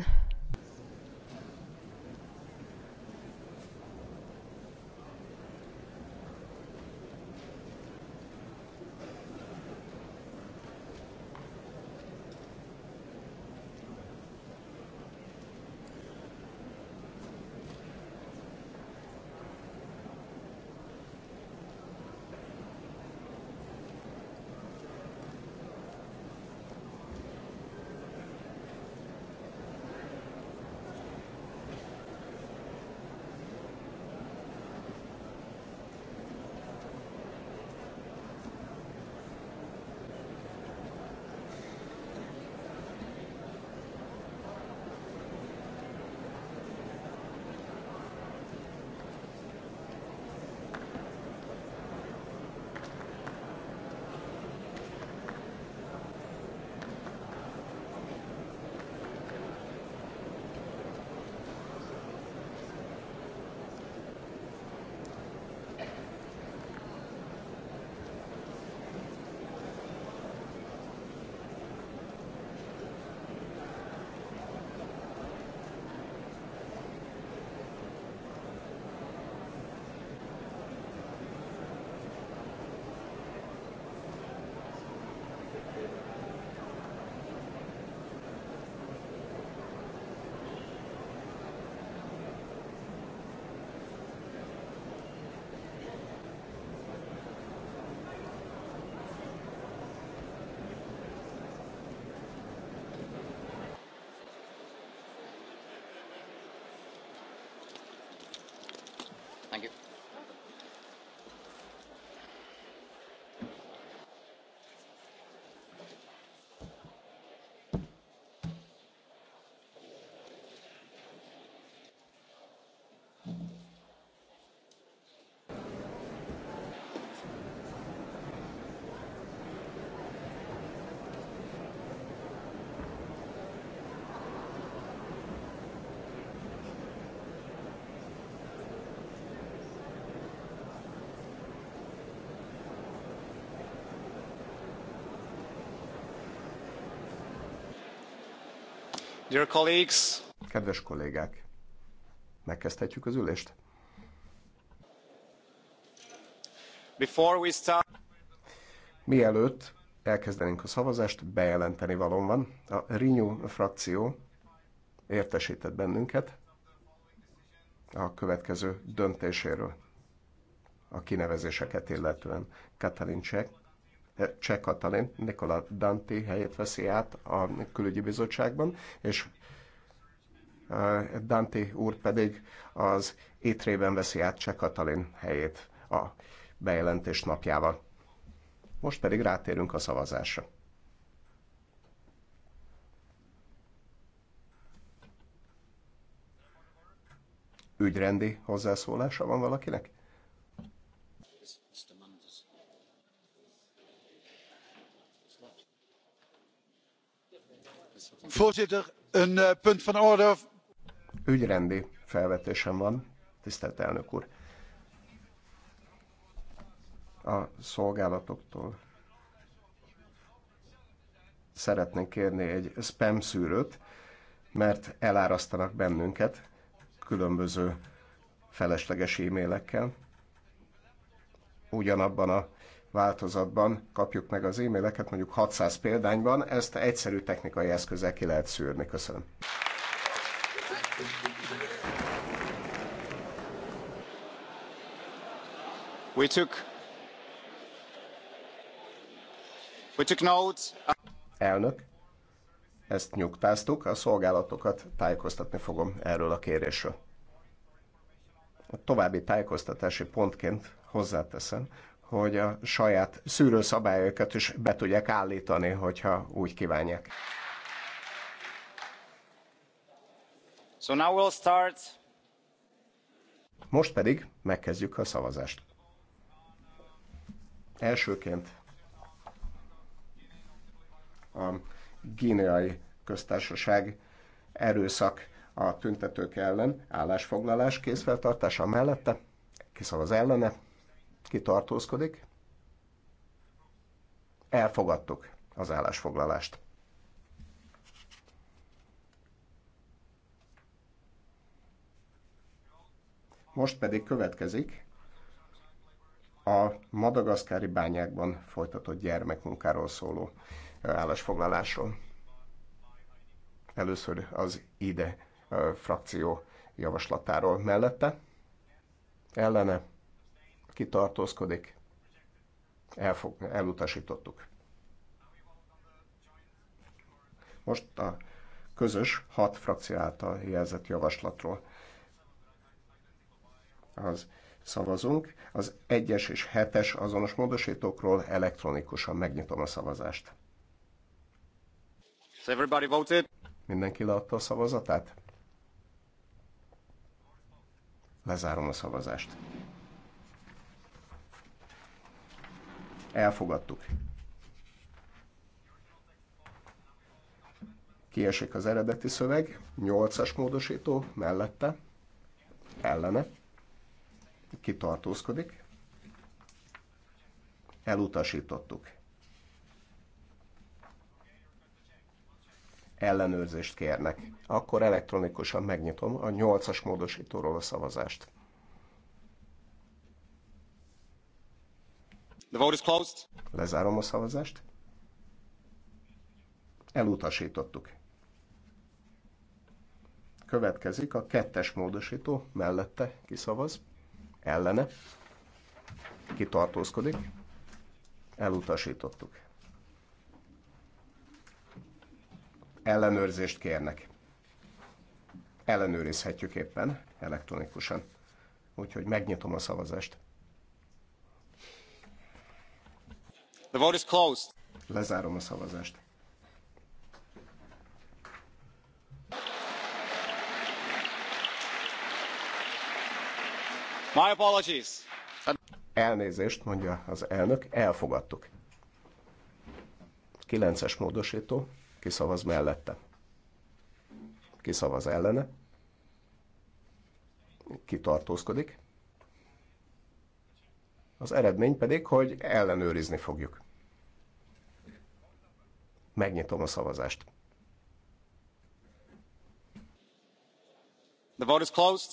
Dear colleagues. Kedves kollégák, megkezdhetjük az ülést? Before we start... Mielőtt elkezdenénk a szavazást, bejelenteni valon van. A Renew frakció értesített bennünket a következő döntéséről a kinevezéseket illetően. Katalin Csek Cseh Katalin, Nikola Danti helyét veszi át a külügyi bizottságban, és Danti úr pedig az étrében veszi át Cseh Katalin helyét a bejelentés napjával. Most pedig rátérünk a szavazásra. Ügyrendi hozzászólása van valakinek? Voorzitter, een eh, punt van orde. Ügyrendi felvetésem van, tisztelt elnök úr. A szolgálatoktól szeretnénk kérni egy spam szűrőt, mert elárasztanak bennünket különböző felesleges e-mailekkel ugyanabban a változatban kapjuk meg az e-maileket, mondjuk 600 példányban, ezt egyszerű technikai eszközzel ki lehet szűrni. Köszönöm. We took, we took notes. Elnök, ezt nyugtáztuk, a szolgálatokat tájékoztatni fogom erről a kérésről. A további tájékoztatási pontként hozzáteszem, hogy a saját szűrőszabályokat is be tudják állítani, hogyha úgy kívánják. So now we'll start. Most pedig megkezdjük a szavazást. Elsőként a Guineai Köztársaság erőszak a tüntetők ellen állásfoglalás készfeltartása mellette, kiszavaz ellene, Kitartózkodik. Elfogadtuk az állásfoglalást. Most pedig következik a madagaszkári bányákban folytatott gyermekmunkáról szóló állásfoglalásról. Először az IDE frakció javaslatáról mellette, ellene kitartózkodik, Elfog, elutasítottuk. Most a közös hat frakció által jelzett javaslatról az szavazunk. Az egyes és hetes azonos módosítókról elektronikusan megnyitom a szavazást. Everybody voted. Mindenki leadta a szavazatát? Lezárom a szavazást. Elfogadtuk. Kiesik az eredeti szöveg, 8-as módosító mellette, ellene, kitartózkodik, elutasítottuk. Ellenőrzést kérnek. Akkor elektronikusan megnyitom a 8-as módosítóról a szavazást. The vote is closed. Lezárom a szavazást. Elutasítottuk. Következik a kettes módosító, mellette kiszavaz, ellene, kitartózkodik, elutasítottuk. Ellenőrzést kérnek. Ellenőrizhetjük éppen elektronikusan. Úgyhogy megnyitom a szavazást. The vote is closed. Lezárom a szavazást. My apologies. Elnézést, mondja az elnök, elfogadtuk. Kilences es módosító, kiszavaz mellette. Kiszavaz ellene. Kitartózkodik. Az eredmény pedig, hogy ellenőrizni fogjuk. Megnyitom a szavazást. The vote is closed.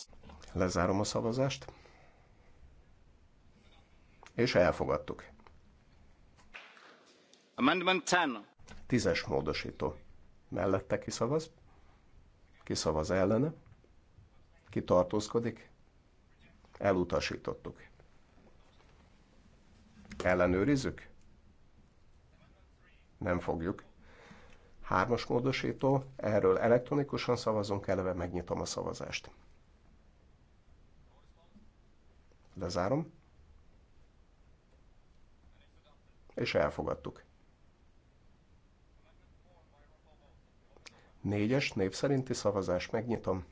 Lezárom a szavazást. És elfogadtuk. Amendment 10. Tízes módosító. Mellette kiszavaz. Kiszavaz ellene. Ki tartózkodik. Elutasítottuk. Ellenőrizzük? Nem fogjuk. Hármas módosító, erről elektronikusan szavazunk, eleve megnyitom a szavazást. Lezárom. És elfogadtuk. Négyes név szerinti szavazás, megnyitom.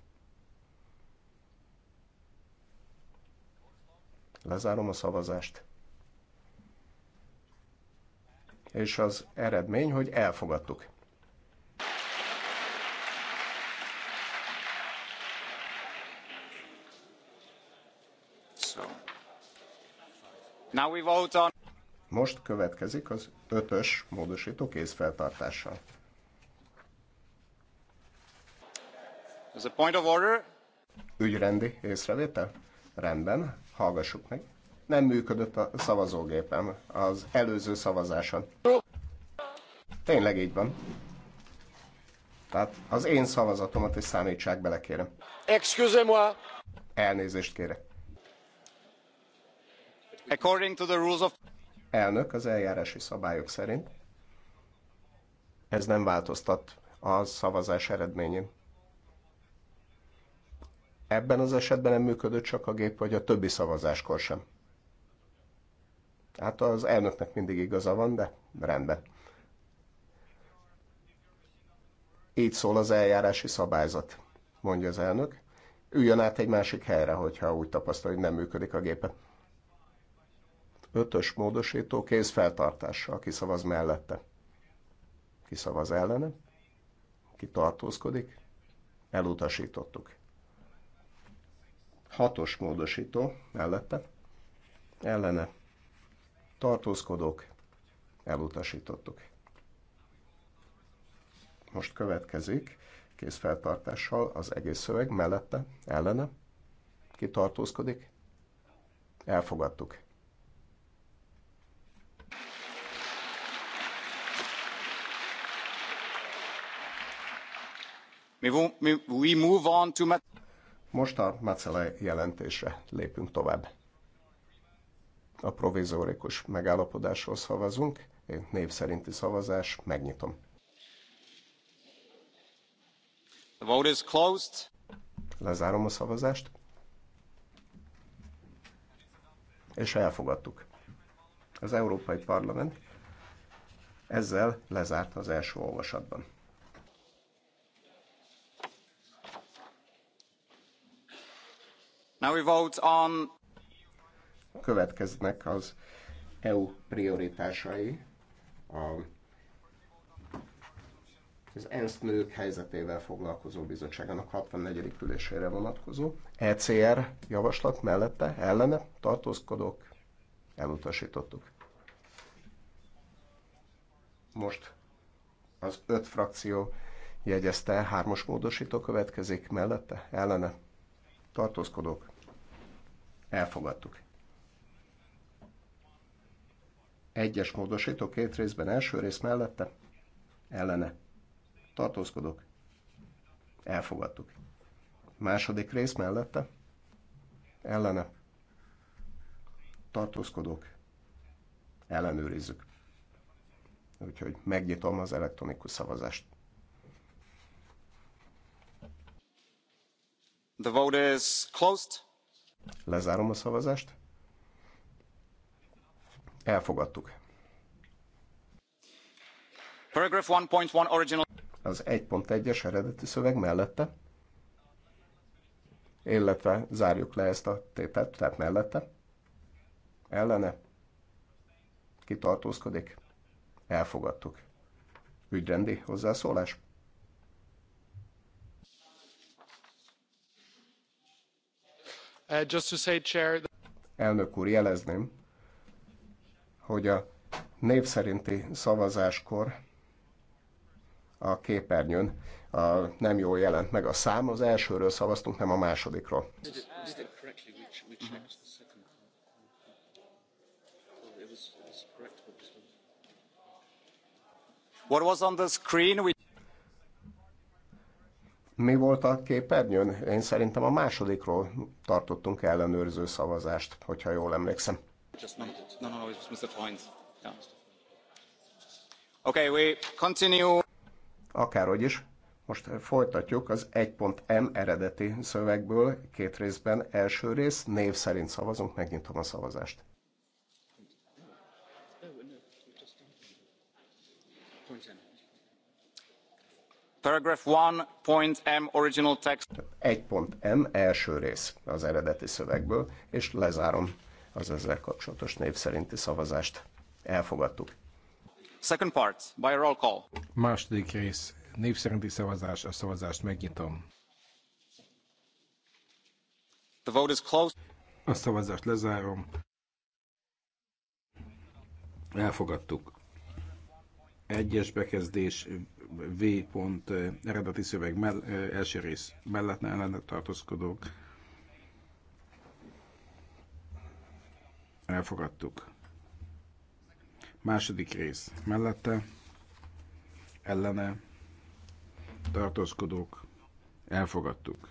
Lezárom a szavazást. És az eredmény, hogy elfogadtuk. Most következik az ötös módosító kézfeltartással. Ez a point of order. Ügyrendi észrevétel? Rendben, hallgassuk meg. Nem működött a szavazógépem az előző szavazáson. Tényleg így van. Tehát az én szavazatomat is számítsák bele, kérem. Excusez-moi. Elnézést kérek. According to the rules of... Elnök az eljárási szabályok szerint. Ez nem változtat a szavazás eredményén. Ebben az esetben nem működött csak a gép, vagy a többi szavazáskor sem. Hát az elnöknek mindig igaza van, de rendben. Így szól az eljárási szabályzat, mondja az elnök. Üljön át egy másik helyre, hogyha úgy tapasztal, hogy nem működik a gépe. Ötös módosító kéz aki szavaz mellette. szavaz ellene. tartózkodik? Elutasítottuk. Hatos módosító mellette. Ellene. Tartózkodók. Elutasítottuk. Most következik kézfeltartással az egész szöveg mellette, ellene, kitartózkodik, elfogadtuk. Most a Macele jelentésre lépünk tovább. A provizórikus megállapodáshoz szavazunk, én név szerinti szavazás, megnyitom. The vote is closed. Lezárom a szavazást. És elfogadtuk. Az Európai Parlament ezzel lezárt az első olvasatban. Now we vote on... Következnek az EU prioritásai a, az ENSZ nők helyzetével foglalkozó bizottságának 64. ülésére vonatkozó ECR javaslat mellette ellene tartózkodók elutasítottuk. Most az öt frakció jegyezte, hármas módosító következik mellette, ellene tartózkodók Elfogadtuk. Egyes módosító két részben első rész mellette, ellene. Tartózkodok. Elfogadtuk. Második rész mellette, ellene. Tartózkodok. Ellenőrizzük. Úgyhogy megnyitom az elektronikus szavazást. The vote is closed. Lezárom a szavazást. Elfogadtuk. Paragraph 1.1 original. Az 1.1-es eredeti szöveg mellette. Illetve zárjuk le ezt a tétet, tehát mellette. Ellene. Kitartózkodik. Elfogadtuk. Ügyrendi hozzászólás. Uh, just to say, Chair... Elnök úr, jelezném, hogy a név szerinti szavazáskor a képernyőn a, nem jól jelent meg a szám, az elsőről szavaztunk, nem a másodikról. What was on the screen? We... Mi volt a képernyőn? Én szerintem a másodikról tartottunk ellenőrző szavazást, hogyha jól emlékszem. okay, we continue. Akárhogy is, most folytatjuk az 1.m eredeti szövegből két részben. Első rész, név szerint szavazunk, megnyitom a szavazást. Paragraph 1, M, original text. 1.m pont M, első rész az eredeti szövegből, és lezárom az ezzel kapcsolatos név szerinti szavazást. Elfogadtuk. Second part, by roll call. Második rész, név szerinti szavazás, a szavazást megnyitom. The vote is closed. A szavazást lezárom. Elfogadtuk. Egyes bekezdés V pont eredeti szöveg mell, első rész mellett ellene tartózkodók. Elfogadtuk. Második rész mellette ellene tartózkodók. Elfogadtuk.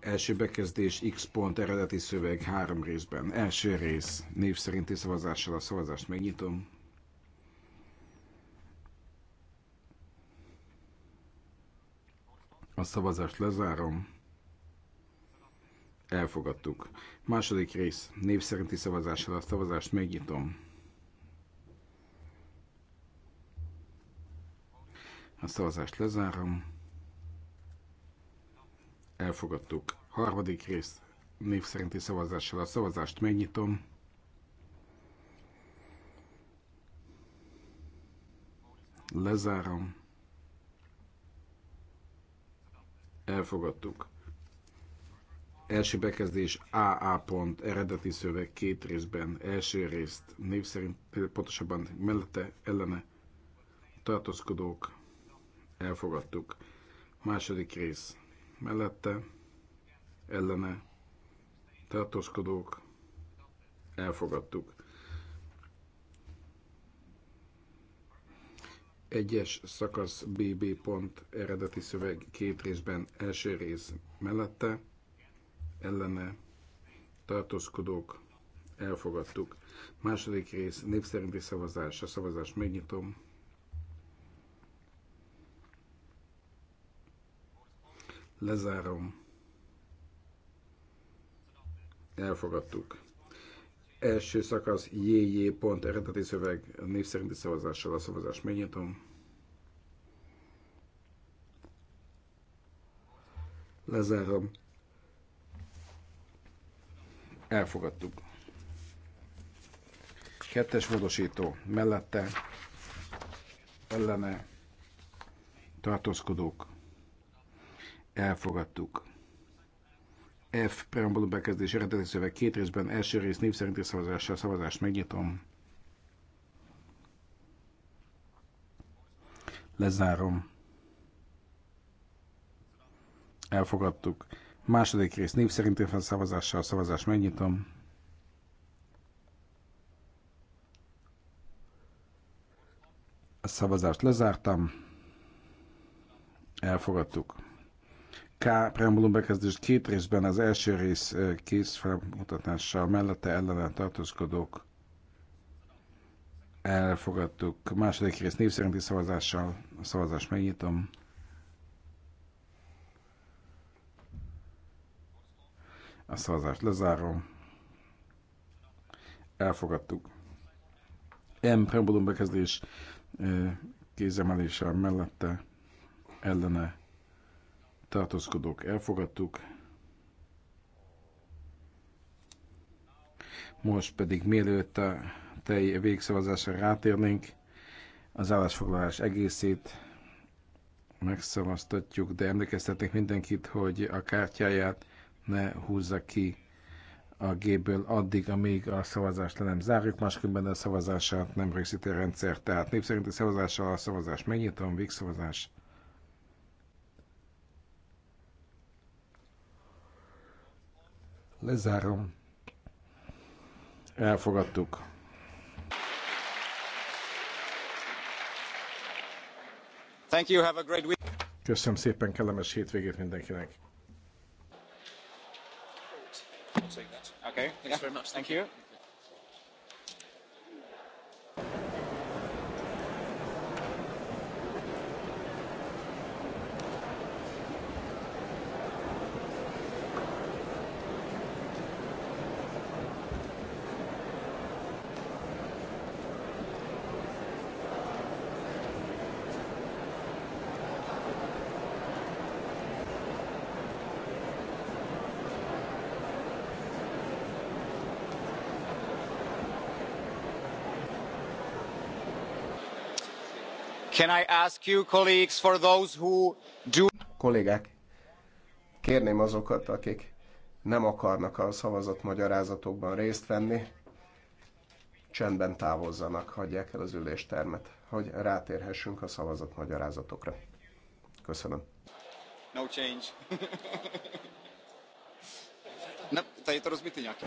Első bekezdés X pont eredeti szöveg három részben. Első rész név szerinti szavazással a szavazást megnyitom. A szavazást lezárom. Elfogadtuk. Második rész. Név szerinti szavazással a szavazást megnyitom. A szavazást lezárom. Elfogadtuk. Harmadik rész. Név szerinti szavazással a szavazást megnyitom. Lezárom elfogadtuk. Első bekezdés AA pont, eredeti szöveg két részben, első részt név szerint, pontosabban mellette, ellene tartózkodók, elfogadtuk. Második rész mellette, ellene tartózkodók, elfogadtuk. egyes szakasz BB pont eredeti szöveg két részben első rész mellette, ellene tartózkodók elfogadtuk. Második rész népszerinti szavazás, a szavazást megnyitom. Lezárom. Elfogadtuk. Első szakasz JJ pont eredeti szöveg név szerinti szavazással a szavazás megnyitom. Lezárom. Elfogadtuk. Kettes módosító mellette ellene tartózkodók. Elfogadtuk. F preambulum bekezdés eredeti szöveg két részben, első rész név szerinti szavazással szavazást megnyitom. Lezárom. Elfogadtuk. Második rész név szerinti szavazással szavazást megnyitom. A szavazást lezártam. Elfogadtuk. K preambulum bekezdés két részben, az első rész eh, kész felmutatással mellette ellenen tartózkodók elfogadtuk. A második rész név szerinti szavazással, a szavazást megnyitom. A szavazást lezárom. Elfogadtuk. M preambulum bekezdés eh, kézemeléssel mellette ellene tartózkodók elfogadtuk. Most pedig mielőtt a tej végszavazásra rátérnénk, az állásfoglalás egészét megszavaztatjuk, de emlékeztetnék mindenkit, hogy a kártyáját ne húzza ki a gépből addig, amíg a szavazást le nem zárjuk, máskülönben a szavazását nem rögzíti a rendszer. Tehát népszerinti szavazással a szavazás megnyitom, végszavazás. Lezárom. Elfogadtuk. Thank you, have a great week. Köszönöm szépen, kellemes hétvégét mindenkinek. Okay. Thanks very much. Thank you. Can I ask you, colleagues, for those who do... Kollégák, kérném azokat, akik nem akarnak a szavazat magyarázatokban részt venni, csendben távozzanak, hagyják el az üléstermet, hogy rátérhessünk a szavazat magyarázatokra. Köszönöm. No change. Ne, tady to rozbity nějaký.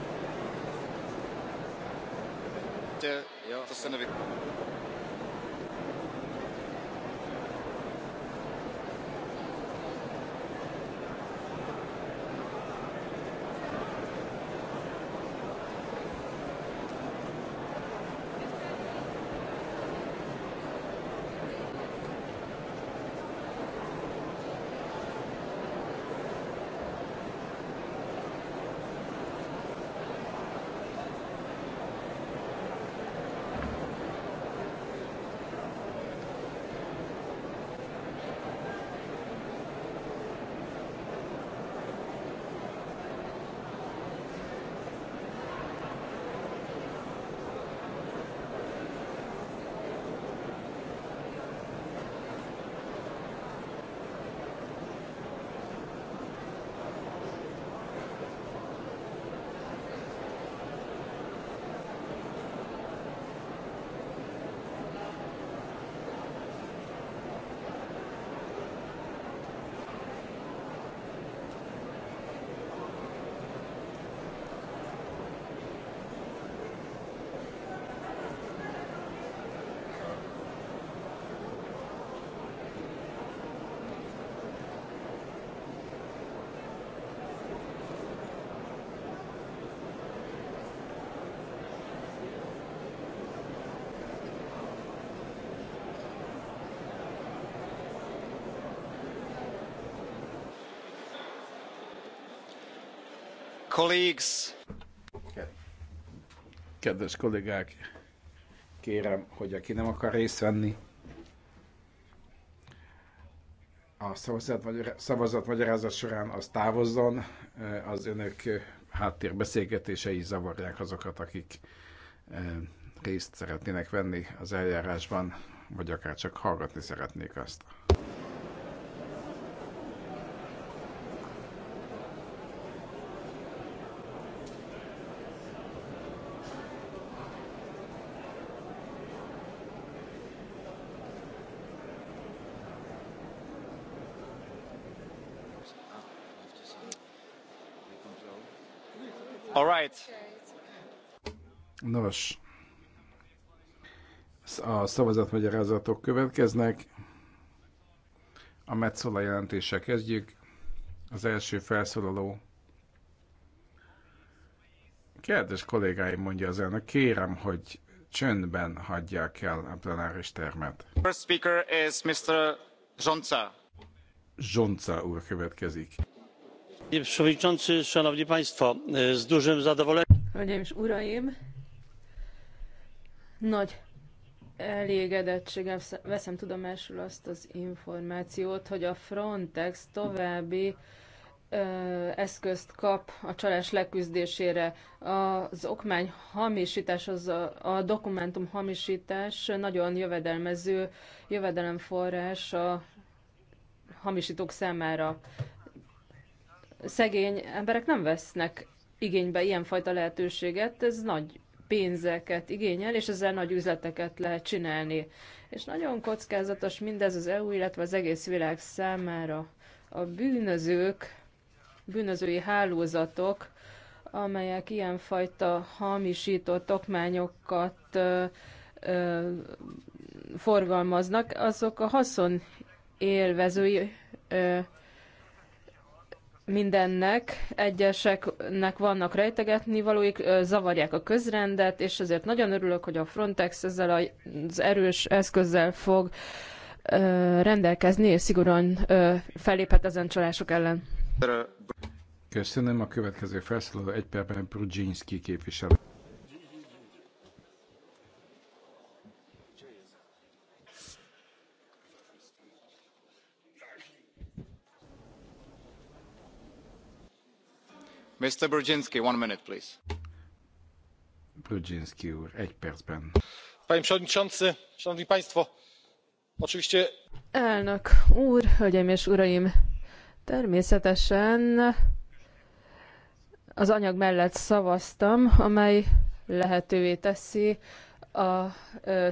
To se colleagues. Kedves kollégák, kérem, hogy aki nem akar részt venni a szavazatmagyarázat során, az távozzon. Eh, az önök eh, háttérbeszélgetései zavarják azokat, akik eh, részt szeretnének venni az eljárásban, vagy akár csak hallgatni szeretnék azt. szavazás. A szavazatmagyarázatok következnek. A Metzola jelentése kezdjük. Az első felszólaló. Kedves kollégáim, mondja az elnök, kérem, hogy csöndben hagyják el a plenáris termet. First speaker is Mr. Zsonca. Zsonca úr következik. Panie Przewodniczący, Szanowni Państwo, z dużym zadowoleniem. Hölgyeim és Uraim, nagy elégedettségem veszem tudomásul azt az információt, hogy a Frontex további ö, eszközt kap a csalás leküzdésére. Az okmány hamisítás, az a, a dokumentum hamisítás nagyon jövedelmező jövedelemforrás a hamisítók számára. Szegény emberek nem vesznek igénybe ilyenfajta lehetőséget, ez nagy pénzeket igényel, és ezzel nagy üzleteket lehet csinálni. És nagyon kockázatos mindez az EU, illetve az egész világ számára. A bűnözők, bűnözői hálózatok, amelyek ilyenfajta hamisított okmányokat ö, ö, forgalmaznak, azok a haszon élvezői ö, mindennek, egyeseknek vannak rejtegetni valóik, zavarják a közrendet, és ezért nagyon örülök, hogy a Frontex ezzel az erős eszközzel fog rendelkezni, és szigorúan felléphet ezen csalások ellen. Köszönöm a következő felszólaló egy percben Brudzinski képviselő. Mr. Brzezinski, one minute, please. Brzezinski úr, egy percben. Panie Przewodniczący, Szanowni Państwo, oczywiście... Elnök úr, hölgyeim és uraim, természetesen az anyag mellett szavaztam, amely lehetővé teszi a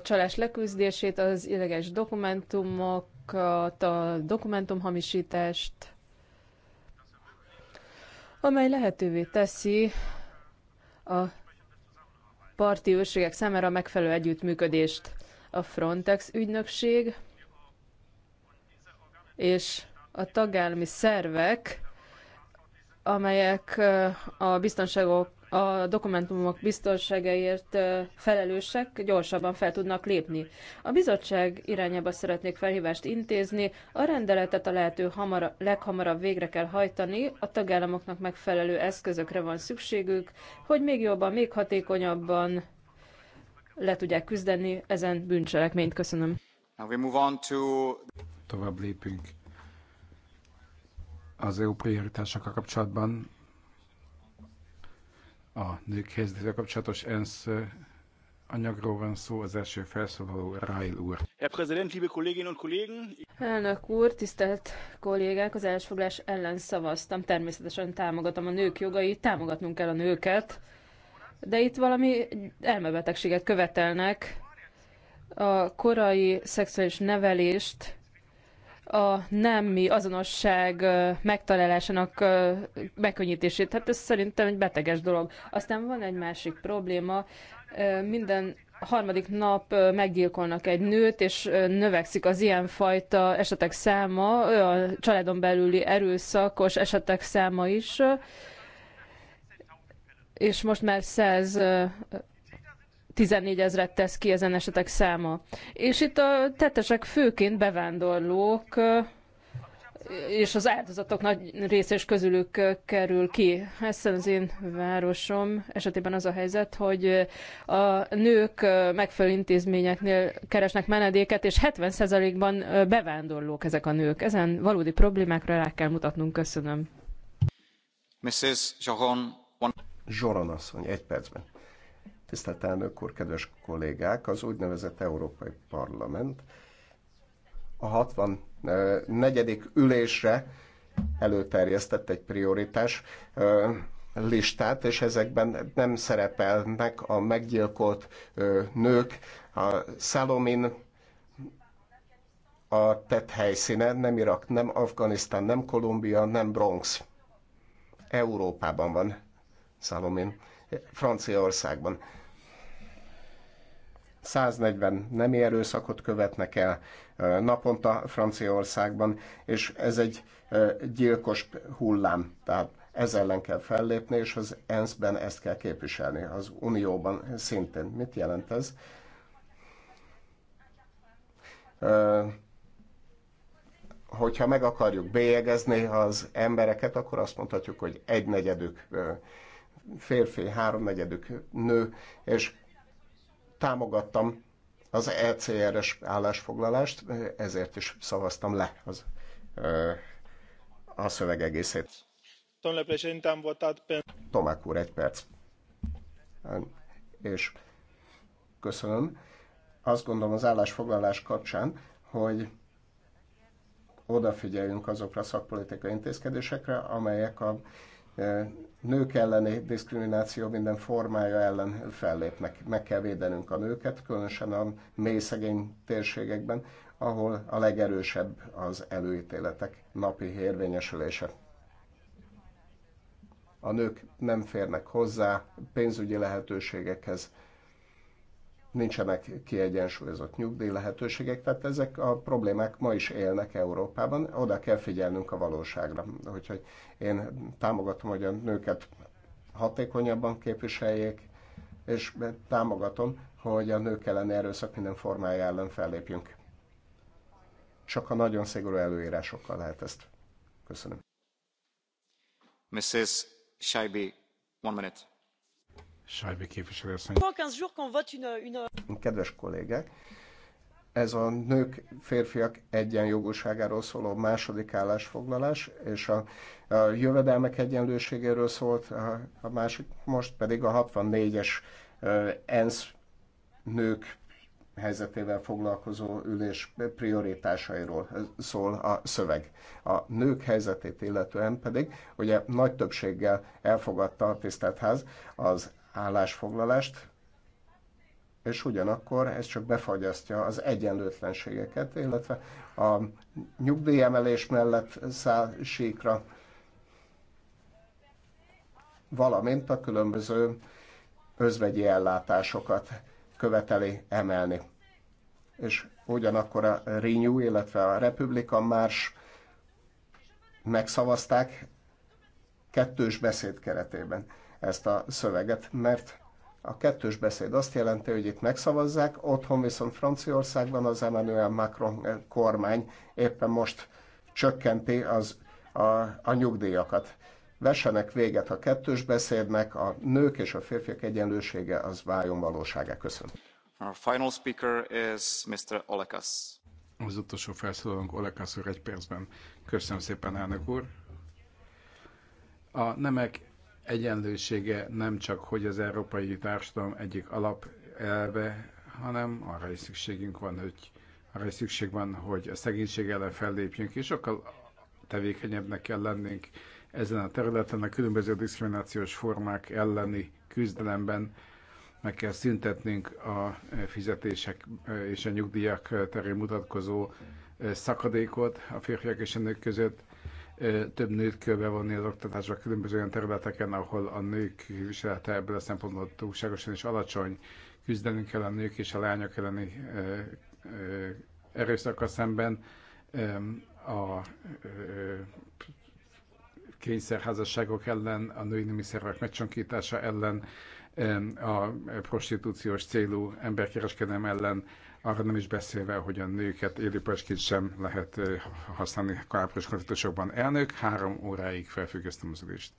csalás leküzdését, az illegális dokumentumokat, a dokumentumhamisítást, amely lehetővé teszi a parti őrségek számára megfelelő együttműködést. A Frontex ügynökség és a tagállami szervek, amelyek a biztonságok a dokumentumok biztonságáért felelősek gyorsabban fel tudnak lépni. A bizottság irányába szeretnék felhívást intézni, a rendeletet a lehető hamar, leghamarabb végre kell hajtani, a tagállamoknak megfelelő eszközökre van szükségük, hogy még jobban, még hatékonyabban le tudják küzdeni ezen bűncselekményt. Köszönöm. To... Tovább lépünk az EU prioritásokkal kapcsolatban a nők helyzetével kapcsolatos ENSZ eh, anyagról van szó, az első felszólaló Ráil úr. Herr Präsident, liebe Kolleginnen und Kollegen! Elnök úr, tisztelt kollégák, az elsfoglás ellen szavaztam. Természetesen támogatom a nők jogait, támogatnunk kell a nőket, de itt valami elmebetegséget követelnek, a korai szexuális nevelést a nemi azonosság megtalálásának megkönnyítését. Hát ez szerintem egy beteges dolog. Aztán van egy másik probléma. Minden harmadik nap meggyilkolnak egy nőt, és növekszik az ilyenfajta esetek száma, a családon belüli erőszakos esetek száma is és most már száz 14 ezret tesz ki ezen esetek száma. És itt a tettesek főként bevándorlók, és az áldozatok nagy része is közülük kerül ki. Ezen az én városom esetében az a helyzet, hogy a nők megfelelő intézményeknél keresnek menedéket, és 70%-ban bevándorlók ezek a nők. Ezen valódi problémákra rá kell mutatnunk. Köszönöm. Mrs. Joron. Joron asszony, egy percben. Tisztelt elnök úr, kedves kollégák, az úgynevezett Európai Parlament a 64. ülésre előterjesztett egy prioritás listát, és ezekben nem szerepelnek a meggyilkolt nők, a Szalomin, a tett helyszíne, nem Irak, nem Afganisztán, nem Kolumbia, nem Bronx. Európában van Szalomin, Franciaországban. 140 nemi erőszakot követnek el naponta Franciaországban, és ez egy gyilkos hullám. Tehát ez ellen kell fellépni, és az ENSZ-ben ezt kell képviselni, az Unióban szintén. Mit jelent ez? Hogyha meg akarjuk bélyegezni az embereket, akkor azt mondhatjuk, hogy egynegyedük férfi, háromnegyedük nő, és támogattam az ECRS állásfoglalást, ezért is szavaztam le az, a szöveg egészét. Tomák úr, egy perc. És köszönöm. Azt gondolom az állásfoglalás kapcsán, hogy odafigyeljünk azokra a szakpolitikai intézkedésekre, amelyek a nők elleni diszkrimináció minden formája ellen fellépnek. Meg kell védenünk a nőket, különösen a mély szegény térségekben, ahol a legerősebb az előítéletek napi érvényesülése. A nők nem férnek hozzá pénzügyi lehetőségekhez, nincsenek kiegyensúlyozott nyugdíj lehetőségek, tehát ezek a problémák ma is élnek Európában, oda kell figyelnünk a valóságra. Úgyhogy én támogatom, hogy a nőket hatékonyabban képviseljék, és támogatom, hogy a nők elleni erőszak minden formája ellen fellépjünk. Csak a nagyon szigorú előírásokkal lehet ezt. Köszönöm. Mrs. Shaibi, one minute Sajbi képviselő Kedves kollégek, ez a nők, férfiak egyenjogúságáról szóló második állásfoglalás, és a, a jövedelmek egyenlőségéről szólt a, a másik, most pedig a 64-es ENSZ nők helyzetével foglalkozó ülés prioritásairól szól a szöveg. A nők helyzetét illetően pedig ugye nagy többséggel elfogadta a tisztelt ház az állásfoglalást, és ugyanakkor ez csak befagyasztja az egyenlőtlenségeket, illetve a nyugdíjemelés mellett száll síkra, valamint a különböző özvegyi ellátásokat követeli emelni. És ugyanakkor a Renew, illetve a republika Mars megszavazták kettős beszéd keretében ezt a szöveget, mert a kettős beszéd azt jelenti, hogy itt megszavazzák, otthon viszont Franciaországban az Emmanuel Macron kormány éppen most csökkenti az, a, a nyugdíjakat. Vessenek véget a kettős beszédnek, a nők és a férfiak egyenlősége az váljon valóságá. Köszönöm. Our final speaker is Mr. Olekas. Az utolsó felszólalónk Olekas úr egy percben. Köszönöm szépen, elnök úr. A nemek egyenlősége nem csak, hogy az európai társadalom egyik alapelve, hanem arra is szükségünk van, hogy arra is szükség van, hogy a szegénység ellen fellépjünk, és sokkal tevékenyebbnek kell lennünk ezen a területen, a különböző diszkriminációs formák elleni küzdelemben meg kell szüntetnünk a fizetések és a nyugdíjak terén mutatkozó szakadékot a férfiak és a nők között, több nőt kell bevonni az oktatásba különböző olyan területeken, ahol a nők viselete ebből a szempontból túlságosan is alacsony. Küzdenünk kell a nők és a lányok elleni erőszakkal szemben. A kényszerházasságok ellen, a női nemi szervek megcsonkítása ellen, a prostitúciós célú emberkereskedelem ellen, arra nem is beszélve, hogy a nőket élőpeskét sem lehet eh, használni a konfliktusokban. Elnök, három óráig felfüggesztem az ülést.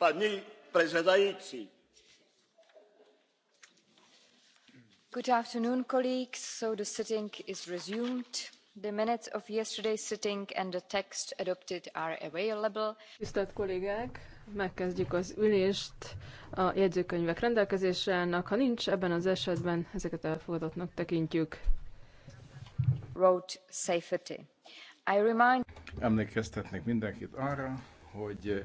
paní předsedající good afternoon colleagues so the sitting is resumed. the minutes of yesterday's sitting and the text adopted are available. tisztelt kollégák megkezdjük az ülést a jegyzőkönyvek rendelkezésre állnak ha nincs ebben az esetben ezeket elfogadottnak tekintjük. road safety. I remind... emlékeztetnék mindenkit arra hogy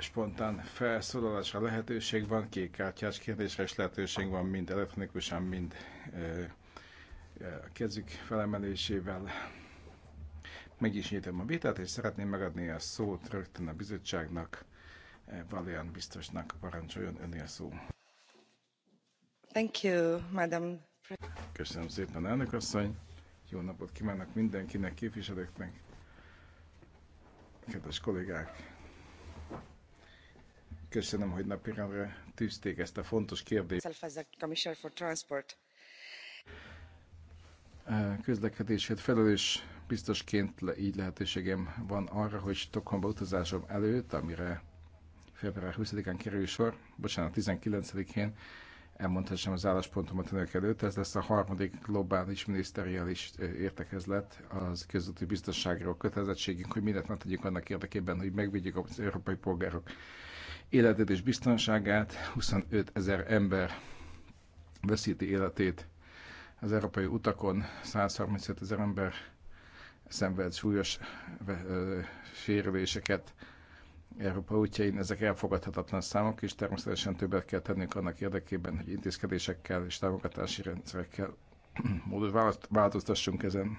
spontán felszólalásra lehetőség van, kékkártyás kérdésre is lehetőség van, mind elektronikusan, mind a kezük felemelésével. Meg is nyitom a vitát, és szeretném megadni a szót rögtön a bizottságnak, Valéan biztosnak parancsoljon önél szó. Thank you, madam. Köszönöm szépen, elnök asszony. Jó napot kívánok mindenkinek, képviselőknek, kedves kollégák, Köszönöm, hogy napirendre tűzték ezt a fontos kérdést. Közlekedésért felelős biztosként így lehetőségem van arra, hogy Stockholmba utazásom előtt, amire február 20-án kerül sor, bocsánat, 19-én elmondhassam az álláspontomat önök előtt. Ez lesz a harmadik globális miniszteriális értekezlet az közúti biztonságról kötelezettségünk, hogy mindent megtegyünk annak érdekében, hogy megvédjük az európai polgárok életét és biztonságát, 25 ezer ember veszíti életét az európai utakon, 135 ezer ember szenved súlyos sérüléseket Európa útjain. Ezek elfogadhatatlan számok, és természetesen többet kell tennünk annak érdekében, hogy intézkedésekkel és támogatási rendszerekkel módot változtassunk ezen.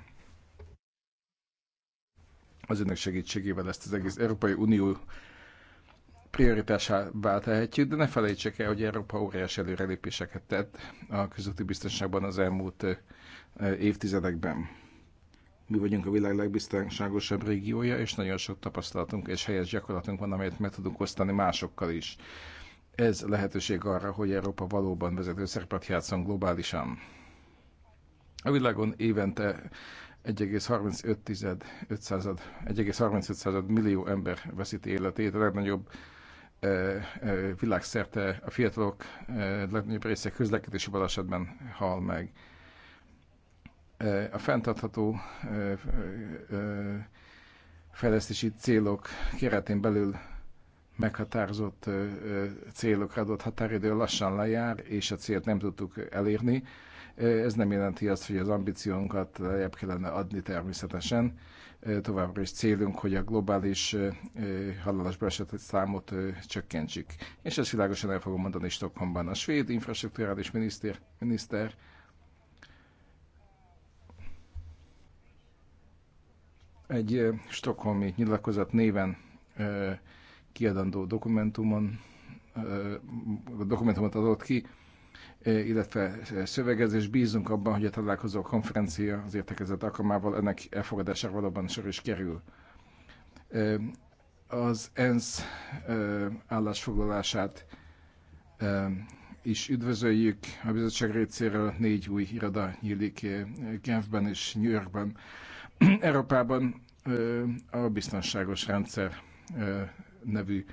Az önök segítségével ezt az egész Európai Unió prioritásává tehetjük, de ne felejtsék el, hogy Európa óriás előrelépéseket tett a közötti biztonságban az elmúlt évtizedekben. Mi vagyunk a világ legbiztonságosabb régiója, és nagyon sok tapasztalatunk és helyes gyakorlatunk van, amelyet meg tudunk osztani másokkal is. Ez lehetőség arra, hogy Európa valóban vezető szerepet játszon globálisan. A világon évente 1,35 millió ember veszíti életét, a legnagyobb világszerte a fiatalok legnagyobb része közlekedési balesetben hal meg. A fenntartható fejlesztési célok keretén belül meghatározott célokra adott határidő lassan lejár, és a célt nem tudtuk elérni. Ez nem jelenti azt, hogy az ambíciónkat lejjebb kellene adni természetesen, továbbra is célunk, hogy a globális halálos baleset számot csökkentsük. És ezt világosan el fogom mondani Stockholmban. A svéd infrastruktúrális miniszter, miniszter egy stokholmi nyilatkozat néven kiadandó dokumentumon dokumentumot adott ki, illetve szövegezés. Bízunk abban, hogy a találkozó konferencia az értekezett alkalmával ennek elfogadására valóban sor is kerül. Az ENSZ állásfoglalását is üdvözöljük. A bizottság részéről négy új iroda nyílik Genfben és New Yorkban. Európában a biztonságos rendszer nevű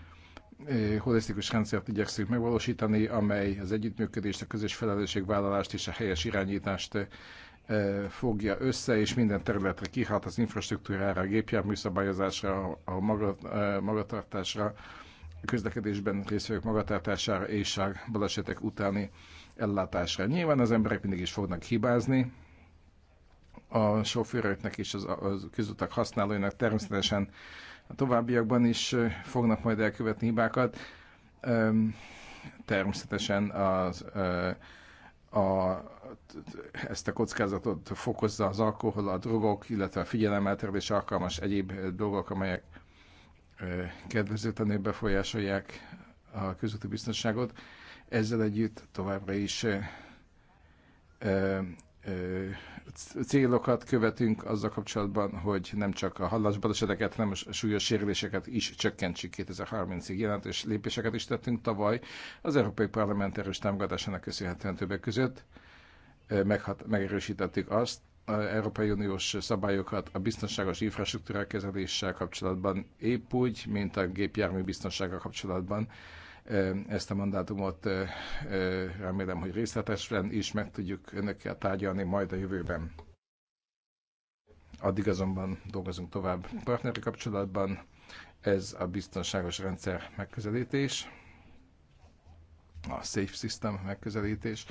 holisztikus rendszert igyekszünk megvalósítani, amely az együttműködést, a közös felelősségvállalást és a helyes irányítást fogja össze, és minden területre kihat az infrastruktúrára, a gépjárműszabályozásra, a magatartásra, a közlekedésben részvevők magatartására és a balesetek utáni ellátásra. Nyilván az emberek mindig is fognak hibázni, a sofőröknek és az, az közutak használóinak természetesen a továbbiakban is fognak majd elkövetni hibákat. Természetesen az, a, ezt a kockázatot fokozza az alkohol, a drogok, illetve a figyelemelterelés alkalmas egyéb dolgok, amelyek kedvezőtlenül befolyásolják a közúti biztonságot. Ezzel együtt továbbra is célokat követünk azzal kapcsolatban, hogy nem csak a hallásbaleseteket, hanem a súlyos sérüléseket is csökkentsük 2030-ig. Jelentős lépéseket is tettünk tavaly az Európai Parlament erős támogatásának köszönhetően többek között. Meghat- megerősítettük azt, Európai Uniós szabályokat a biztonságos infrastruktúrák kezeléssel kapcsolatban, épp úgy, mint a gépjármű biztonsággal kapcsolatban ezt a mandátumot remélem, hogy részletesen is meg tudjuk önökkel tárgyalni majd a jövőben. Addig azonban dolgozunk tovább partneri kapcsolatban. Ez a biztonságos rendszer megközelítés, a Safe System megközelítés,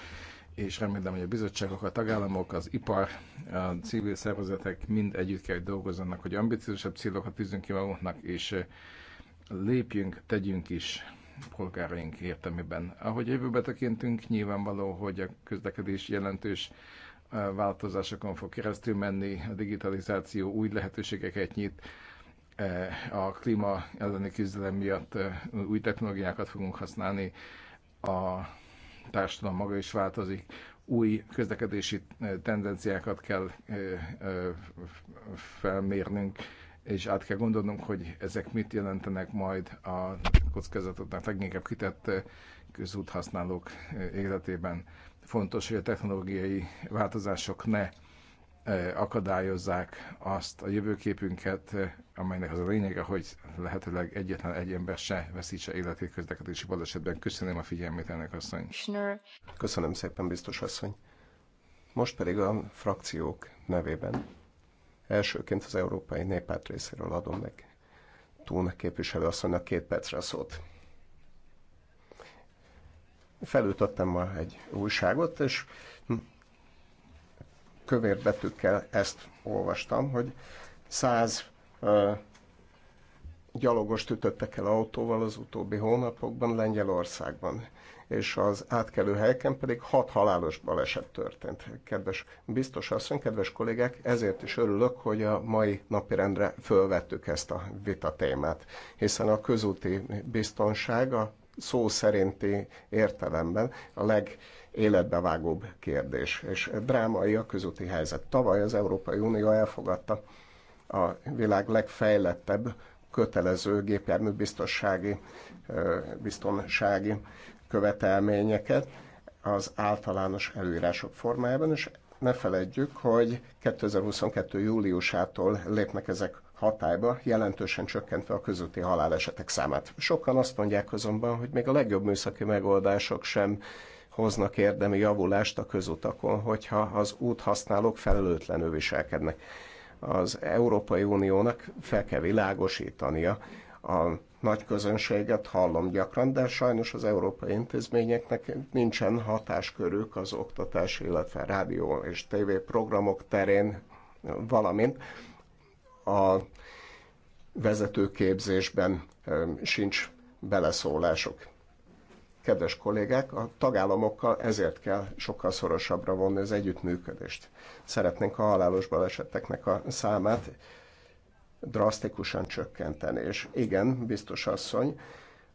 és remélem, hogy a bizottságok, a tagállamok, az ipar, a civil szervezetek mind együtt kell, hogy dolgozzanak, hogy ambiciózusabb célokat tűzünk ki magunknak, és lépjünk, tegyünk is polgáraink értelmében. Ahogy jövőbe tekintünk, nyilvánvaló, hogy a közlekedés jelentős eh, változásokon fog keresztül menni, a digitalizáció új lehetőségeket nyit, eh, a klíma elleni küzdelem miatt eh, új technológiákat fogunk használni, a társadalom maga is változik, új közlekedési tendenciákat kell felmérnünk, és át kell gondolnunk, hogy ezek mit jelentenek majd a tehát leginkább kitett eh, közúthasználók eh, életében. Fontos, hogy a technológiai változások ne eh, akadályozzák azt a jövőképünket, amelynek az a lényege, hogy lehetőleg egyetlen egy ember se veszítse életét közlekedési balesetben. Köszönöm a figyelmét ennek asszony. Köszönöm szépen, biztos asszony. Most pedig a frakciók nevében. Elsőként az Európai Néppárt részéről adom meg Tún képviselő asszonynak két percre szót. Felütöttem ma egy újságot, és kövér betűkkel ezt olvastam, hogy száz uh, gyalogost ütöttek el autóval az utóbbi hónapokban Lengyelországban és az átkelő helyeken pedig hat halálos baleset történt. Kedves biztos asszony, kedves kollégák, ezért is örülök, hogy a mai napirendre fölvettük ezt a vita témát, hiszen a közúti biztonság a szó szerinti értelemben a leg életbevágóbb kérdés, és drámai a közúti helyzet. Tavaly az Európai Unió elfogadta a világ legfejlettebb kötelező gépjárműbiztonsági biztonsági követelményeket az általános előírások formájában, és ne feledjük, hogy 2022. júliusától lépnek ezek hatályba, jelentősen csökkentve a közúti halálesetek számát. Sokan azt mondják azonban, hogy még a legjobb műszaki megoldások sem hoznak érdemi javulást a közutakon, hogyha az úthasználók felelőtlenül viselkednek. Az Európai Uniónak fel kell világosítania a nagy közönséget hallom gyakran, de sajnos az európai intézményeknek nincsen hatáskörük az oktatás, illetve rádió és tévéprogramok terén, valamint a vezetőképzésben sincs beleszólásuk. Kedves kollégák, a tagállamokkal ezért kell sokkal szorosabbra vonni az együttműködést. Szeretnénk a halálos baleseteknek a számát drasztikusan csökkenteni. És igen, biztos asszony,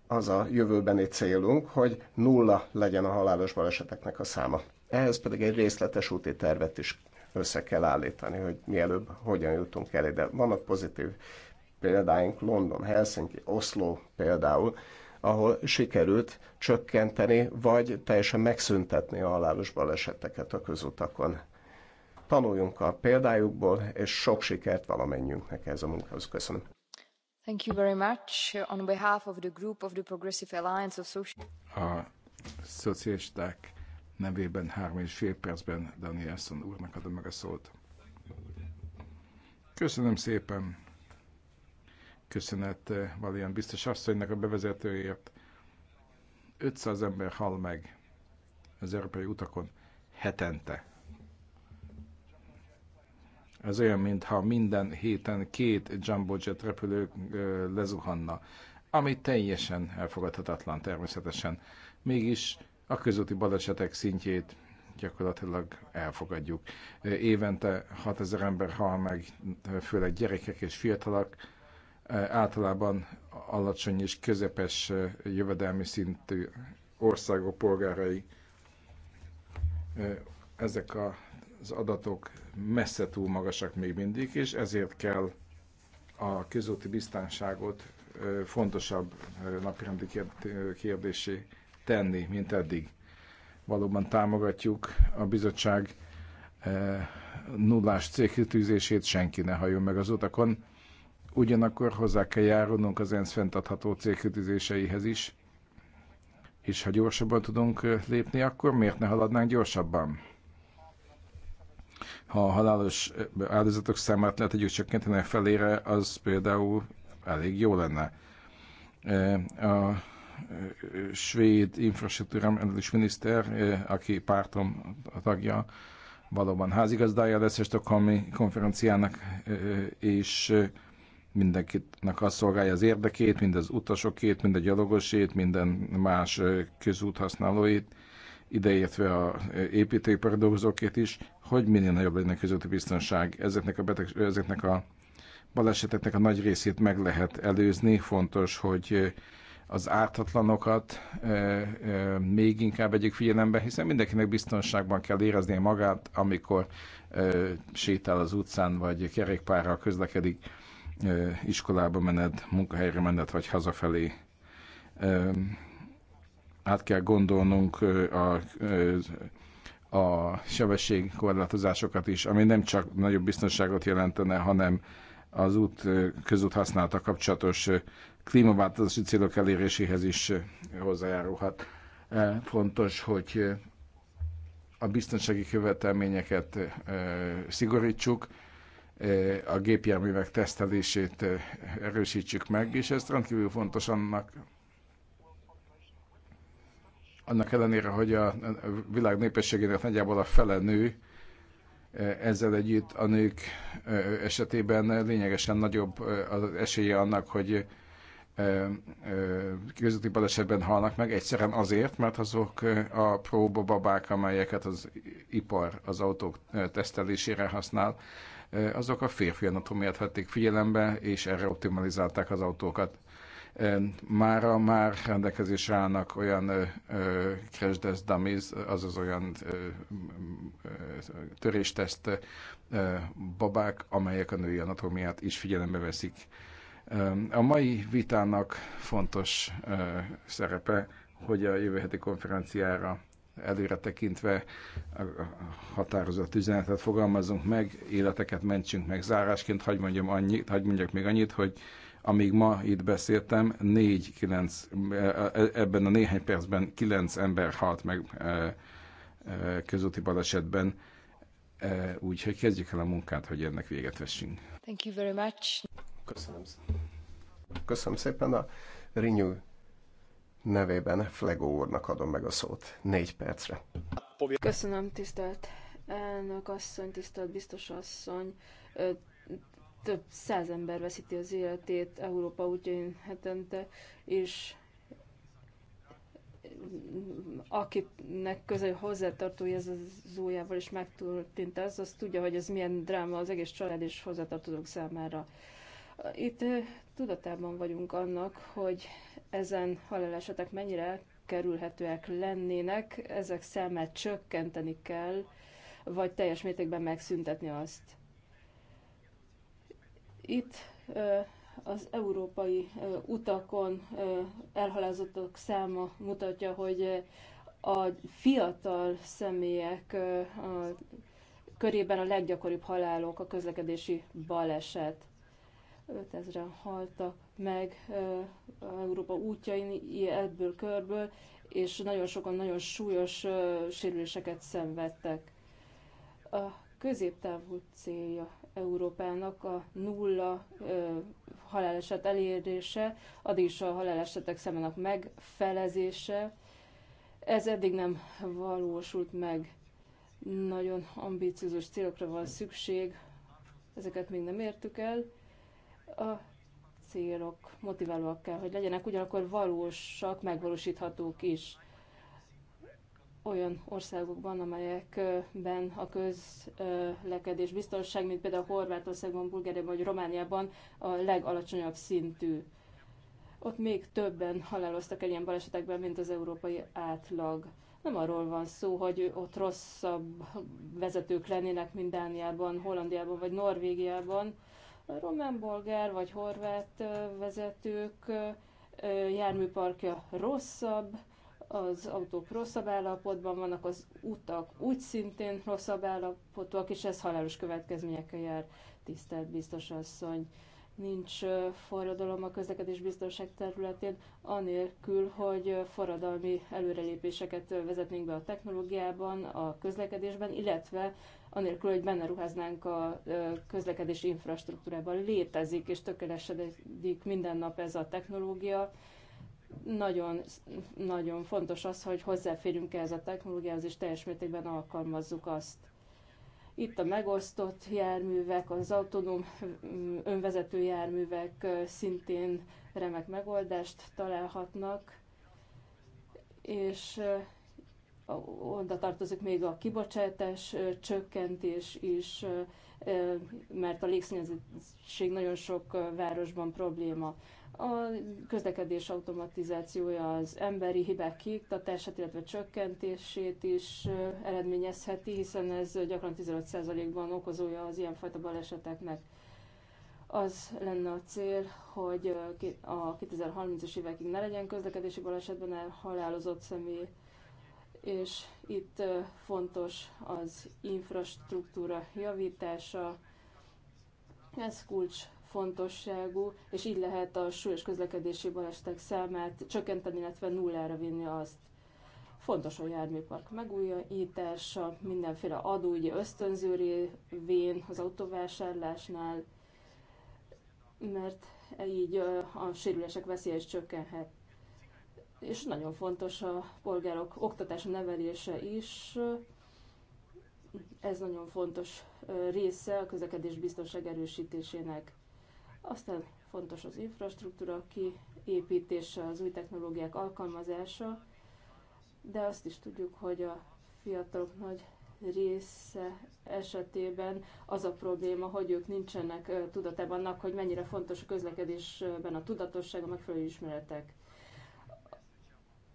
az a jövőbeni célunk, hogy nulla legyen a halálos baleseteknek a száma. Ehhez pedig egy részletes úti tervet is össze kell állítani, hogy mielőbb hogyan jutunk el ide. Vannak pozitív példáink, London, Helsinki, Oslo például, ahol sikerült csökkenteni, vagy teljesen megszüntetni a halálos baleseteket a közutakon. Tanuljunk a példájukból, és sok sikert valamennyünknek ez a munkához. Köszönöm. Thank you very much. On behalf of the group of the Progressive Alliance of Social... A szocialisták nevében három és fél percben Danielson úrnak adom meg a szót. Köszönöm szépen. Köszönet eh, Valian biztos asszonynak a bevezetőért. 500 ember hal meg az európai utakon hetente. Ez olyan, mintha minden héten két jumbo jet repülő lezuhanna, ami teljesen elfogadhatatlan természetesen. Mégis a közúti balesetek szintjét gyakorlatilag elfogadjuk. Évente 6000 ember hal meg, főleg gyerekek és fiatalak, általában alacsony és közepes jövedelmi szintű országok polgárai. Ezek a az adatok messze túl magasak még mindig, és ezért kell a közúti biztonságot fontosabb napirendi kérdésé tenni, mint eddig. Valóban támogatjuk a bizottság nullás célkitűzését, senki ne hajjon meg az utakon. Ugyanakkor hozzá kell járulnunk az ENSZ fenntartható célkitűzéseihez is, és ha gyorsabban tudunk lépni, akkor miért ne haladnánk gyorsabban? Ha a halálos áldozatok számát lehet együtt csökkenteni a felére, az például elég jó lenne. A svéd infrastruktúra miniszter, aki pártom tagja, valóban házigazdája lesz a Stockholmi konferenciának, és mindenkinek azt szolgálja az érdekét, mind az utasokét, mind a gyalogosét, minden más közút használóit, ideértve a építőipar dolgozókét is hogy minél nagyobb legyen a közötti biztonság. Ezeknek a, beteg, ezeknek a baleseteknek a nagy részét meg lehet előzni. Fontos, hogy az ártatlanokat eh, eh, még inkább egyik figyelembe, hiszen mindenkinek biztonságban kell éreznie magát, amikor eh, sétál az utcán, vagy kerékpárral közlekedik, iskolába mened, munkahelyre mened, vagy hazafelé át kell gondolnunk a a sebességkorlátozásokat is, ami nem csak nagyobb biztonságot jelentene, hanem az út közút használata kapcsolatos klímaváltozási célok eléréséhez is hozzájárulhat. E, fontos, hogy a biztonsági követelményeket szigorítsuk, a gépjárművek tesztelését erősítsük meg, és ez rendkívül fontos annak annak ellenére, hogy a világ népességének nagyjából a fele nő, e, ezzel együtt a nők e, esetében lényegesen nagyobb e, az esélye annak, hogy közötti balesetben halnak meg, egyszerűen azért, mert azok a próbababák, amelyeket az ipar az autók tesztelésére használ, azok a férfi anatómiát vették figyelembe, és erre optimalizálták az autókat. Mára már rendelkezésre állnak olyan crash dummies, azaz olyan törésteszt babák, amelyek a női anatómiát is figyelembe veszik. A mai vitának fontos szerepe, hogy a jövő heti konferenciára előre tekintve határozott üzenetet fogalmazunk meg, életeket mentsünk meg. Zárásként hagyd mondjam annyit, hagy mondjak még annyit, hogy amíg ma itt beszéltem, négy, kilenc, e, e, ebben a néhány percben kilenc ember halt meg e, közúti balesetben, úgyhogy kezdjük el a munkát, hogy ennek véget vessünk. Thank you very much. Köszönöm szépen. Köszönöm szépen a Renew nevében Flegó úrnak adom meg a szót négy percre. Köszönöm, tisztelt elnök asszony, tisztelt biztos asszony több száz ember veszíti az életét Európa útjain hetente, és akinek közel hozzátartója ez az ójával is megtörtént ez, az tudja, hogy ez milyen dráma az egész család és hozzátartozók számára. Itt eh, tudatában vagyunk annak, hogy ezen halálesetek mennyire kerülhetőek lennének, ezek számát csökkenteni kell, vagy teljes mértékben megszüntetni azt. Itt az európai utakon elhalázottak száma mutatja, hogy a fiatal személyek a körében a leggyakoribb halálok a közlekedési baleset. 5000-en haltak meg Európa útjain ebből körből, és nagyon sokan nagyon súlyos sérüléseket szenvedtek. A középtávú célja Európának a nulla ö, haláleset elérése, addig is a halálesetek számának megfelezése. Ez eddig nem valósult meg. Nagyon ambíciózus célokra van szükség, ezeket még nem értük el. A célok motiválóak kell, hogy legyenek, ugyanakkor valósak, megvalósíthatók is olyan országokban, amelyekben a közlekedés biztonság, mint például Horvátországban, Bulgáriában vagy Romániában a legalacsonyabb szintű. Ott még többen haláloztak el ilyen balesetekben, mint az európai átlag. Nem arról van szó, hogy ott rosszabb vezetők lennének, mint Dániában, Hollandiában vagy Norvégiában. A román, bolgár vagy horvát vezetők járműparkja rosszabb, az autók rosszabb állapotban vannak, az utak úgy szintén rosszabb állapotúak, és ez halálos következményekkel jár, tisztelt biztos asszony. Nincs forradalom a közlekedés biztonság területén, anélkül, hogy forradalmi előrelépéseket vezetnénk be a technológiában, a közlekedésben, illetve anélkül, hogy benne ruháznánk a közlekedés infrastruktúrában. Létezik és tökéletesedik minden nap ez a technológia, nagyon, nagyon fontos az, hogy hozzáférjünk ehhez a technológiához, és teljes mértékben alkalmazzuk azt. Itt a megosztott járművek, az autonóm önvezető járművek szintén remek megoldást találhatnak, és oda tartozik még a kibocsátás csökkentés is, mert a légszennyezettség nagyon sok városban probléma a közlekedés automatizációja az emberi hibák kiiktatását, illetve csökkentését is eredményezheti, hiszen ez gyakran 15%-ban okozója az ilyenfajta baleseteknek. Az lenne a cél, hogy a 2030-as évekig ne legyen közlekedési balesetben elhalálozott személy, és itt fontos az infrastruktúra javítása, ez kulcs fontosságú, és így lehet a súlyos közlekedési balesetek számát csökkenteni, illetve nullára vinni azt. Fontos a járműpark megújítása, mindenféle adóügyi ösztönző révén az autóvásárlásnál, mert így a sérülések veszélye is csökkenhet. És nagyon fontos a polgárok oktatása, nevelése is, ez nagyon fontos része a közlekedés biztonság erősítésének. Aztán fontos az infrastruktúra kiépítése, az új technológiák alkalmazása, de azt is tudjuk, hogy a fiatalok nagy része esetében az a probléma, hogy ők nincsenek tudatában annak, hogy mennyire fontos a közlekedésben a tudatosság, a megfelelő ismeretek.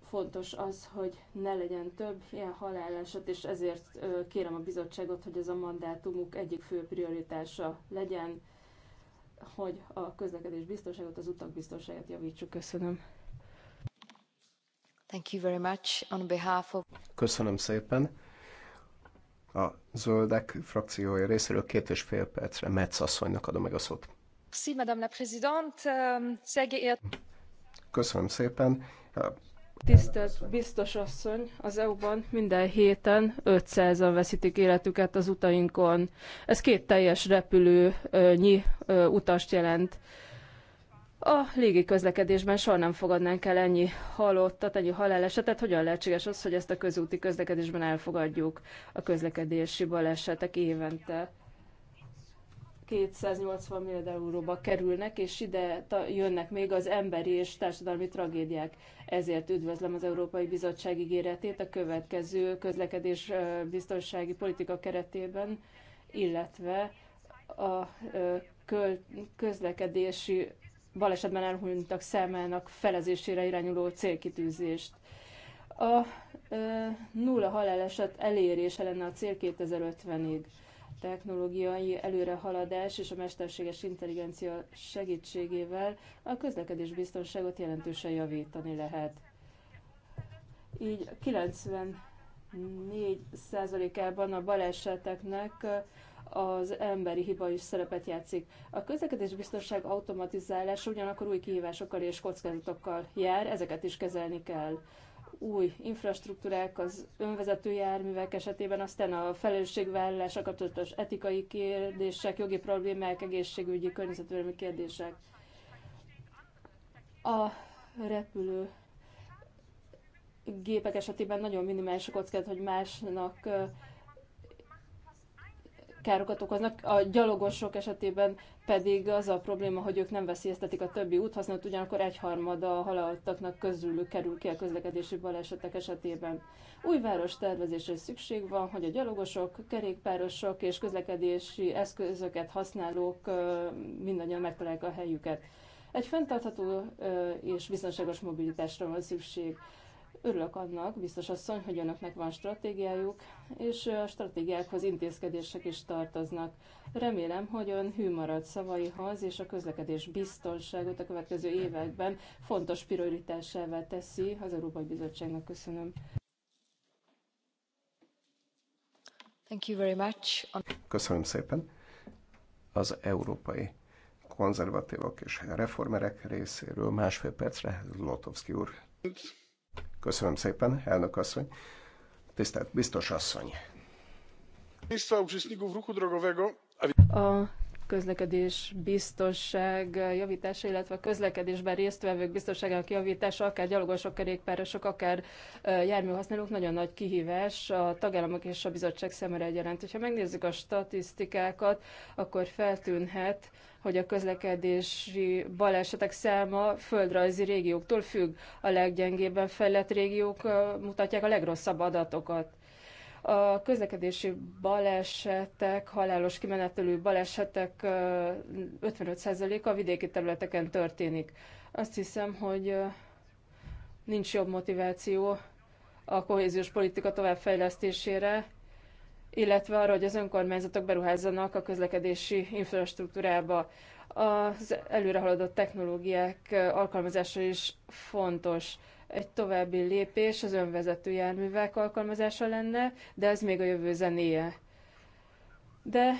Fontos az, hogy ne legyen több ilyen haláleset, és ezért kérem a bizottságot, hogy ez a mandátumuk egyik fő prioritása legyen hogy a közlekedés biztonságot, az utak biztonságát javítsuk. Köszönöm. Thank you very much on behalf of... Köszönöm szépen. A zöldek frakciója részéről két és fél percre Metz asszonynak adom meg a szót. Euh, Köszönöm szépen. Tisztelt biztos asszony, az EU-ban minden héten 500-an veszítik életüket az utainkon. Ez két teljes repülőnyi utast jelent. A légi közlekedésben soha nem fogadnánk el ennyi halottat, ennyi halálesetet. Hogyan lehetséges az, hogy ezt a közúti közlekedésben elfogadjuk a közlekedési balesetek évente? 280 milliárd euróba kerülnek, és ide jönnek még az emberi és társadalmi tragédiák. Ezért üdvözlöm az Európai Bizottság ígéretét a következő közlekedés biztonsági politika keretében, illetve a közlekedési balesetben elhunytak számának felezésére irányuló célkitűzést. A ö, nulla haláleset elérése lenne a cél 2050-ig technológiai előrehaladás és a mesterséges intelligencia segítségével a közlekedés biztonságot jelentősen javítani lehet. Így 94%-ában a baleseteknek az emberi hiba is szerepet játszik. A biztonság automatizálása ugyanakkor új kihívásokkal és kockázatokkal jár, ezeket is kezelni kell új infrastruktúrák az önvezető járművek esetében, aztán a a kapcsolatos etikai kérdések, jogi problémák, egészségügyi, környezetvédelmi kérdések. A repülő gépek esetében nagyon minimális a kockázat, hogy másnak károkat okoznak, a gyalogosok esetében pedig az a probléma, hogy ők nem veszélyeztetik a többi úthasznot, ugyanakkor egyharmada a halottaknak közülük kerül ki a közlekedési balesetek esetében. Új város tervezésre szükség van, hogy a gyalogosok, kerékpárosok és közlekedési eszközöket használók mindannyian megtalálják a helyüket. Egy fenntartható és biztonságos mobilitásra van szükség. Örülök annak, biztos asszony, hogy önöknek van stratégiájuk, és a stratégiákhoz intézkedések is tartoznak. Remélem, hogy ön hű marad szavaihoz, és a közlekedés biztonságot a következő években fontos prioritásává teszi az Európai Bizottságnak. Köszönöm. Thank you very much. Köszönöm szépen. Az európai konzervatívok és reformerek részéről másfél percre Lotovski úr. Köszönöm szépen, elnök asszony. Tisztelt biztos asszony. A közlekedés biztonság javítása, illetve a közlekedésben résztvevők biztonságának javítása, akár gyalogosok, kerékpárosok, akár járműhasználók nagyon nagy kihívás a tagállamok és a bizottság szemére egyaránt. Ha megnézzük a statisztikákat, akkor feltűnhet, hogy a közlekedési balesetek száma földrajzi régióktól függ. A leggyengébben fejlett régiók mutatják a legrosszabb adatokat. A közlekedési balesetek, halálos kimenetelő balesetek 55%-a vidéki területeken történik. Azt hiszem, hogy nincs jobb motiváció a kohéziós politika továbbfejlesztésére, illetve arra, hogy az önkormányzatok beruházzanak a közlekedési infrastruktúrába. Az előrehaladott technológiák alkalmazása is fontos. Egy további lépés az önvezető járművek alkalmazása lenne, de ez még a jövő zenéje. De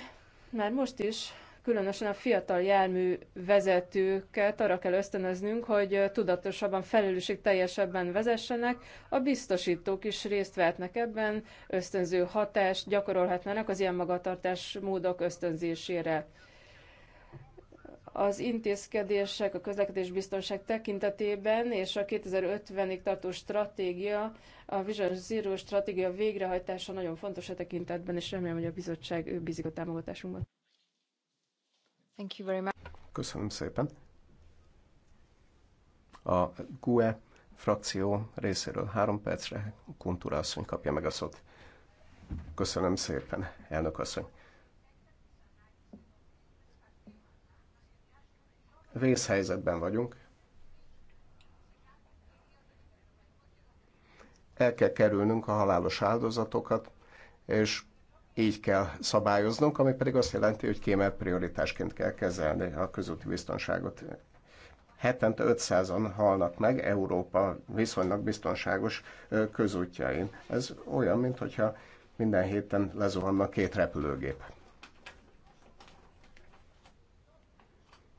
már most is különösen a fiatal jármű vezetőket arra kell ösztönöznünk, hogy tudatosabban, teljesebben vezessenek. A biztosítók is részt vehetnek ebben, ösztönző hatást gyakorolhatnának az ilyen magatartás módok ösztönzésére az intézkedések a közlekedésbiztonság tekintetében és a 2050-ig tartó stratégia, a Vision Zero stratégia végrehajtása nagyon fontos a tekintetben, és remélem, hogy a bizottság ő bízik a támogatásunkban. Thank you very much. Köszönöm szépen. A GUE frakció részéről három percre Kuntúra asszony kapja meg a szót. Köszönöm szépen, elnök asszony. vészhelyzetben vagyunk. El kell kerülnünk a halálos áldozatokat, és így kell szabályoznunk, ami pedig azt jelenti, hogy kémel prioritásként kell kezelni a közúti biztonságot. Hetente 500-an halnak meg Európa viszonylag biztonságos közútjain. Ez olyan, mintha minden héten lezuhanna két repülőgép.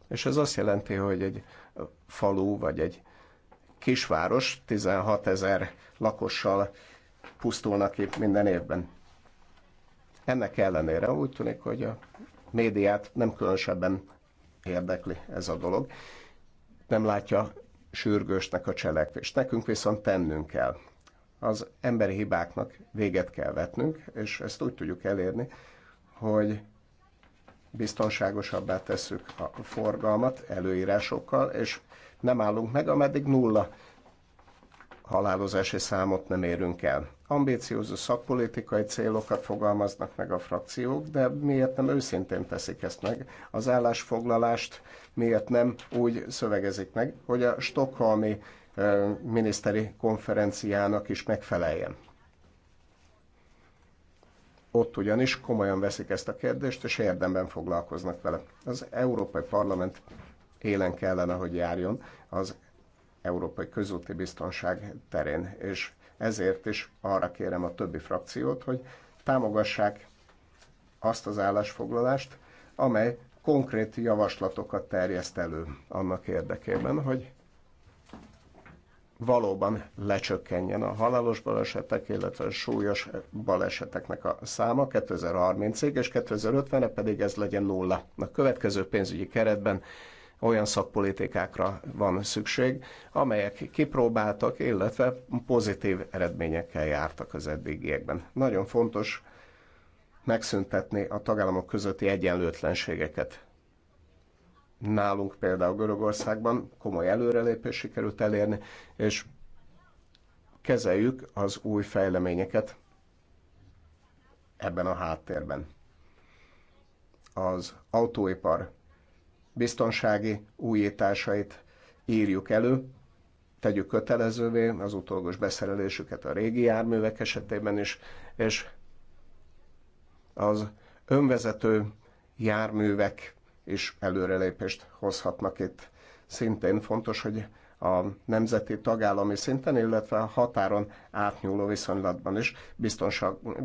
És ez azt jelenti, hogy egy falu vagy egy kisváros 16 ezer lakossal pusztulnak ki minden évben. Ennek ellenére úgy tűnik, hogy a médiát nem különösebben érdekli ez a dolog. Nem látja sürgősnek a cselekvést. Nekünk viszont tennünk kell. Az emberi hibáknak véget kell vetnünk, és ezt úgy tudjuk elérni, hogy biztonságosabbá tesszük a forgalmat előírásokkal, és nem állunk meg, ameddig nulla halálozási számot nem érünk el. Ambíciózus szakpolitikai célokat fogalmaznak meg a frakciók, de miért nem őszintén teszik ezt meg? Az állásfoglalást miért nem úgy szövegezik meg, hogy a stokholmi miniszteri konferenciának is megfeleljen? Ott ugyanis komolyan veszik ezt a kérdést, és érdemben foglalkoznak vele. Az Európai Parlament élen kellene, hogy járjon az európai közúti biztonság terén, és ezért is arra kérem a többi frakciót, hogy támogassák azt az állásfoglalást, amely konkrét javaslatokat terjeszt elő annak érdekében, hogy valóban lecsökkenjen a halálos balesetek, illetve a súlyos baleseteknek a száma 2030-ig, és 2050-re pedig ez legyen nulla. A következő pénzügyi keretben olyan szakpolitikákra van szükség, amelyek kipróbáltak, illetve pozitív eredményekkel jártak az eddigiekben. Nagyon fontos megszüntetni a tagállamok közötti egyenlőtlenségeket Nálunk például Görögországban komoly előrelépés sikerült elérni, és kezeljük az új fejleményeket ebben a háttérben. Az autóipar biztonsági újításait írjuk elő, tegyük kötelezővé az utolgos beszerelésüket a régi járművek esetében is, és az önvezető járművek is előrelépést hozhatnak itt. Szintén fontos, hogy a nemzeti tagállami szinten, illetve a határon átnyúló viszonylatban is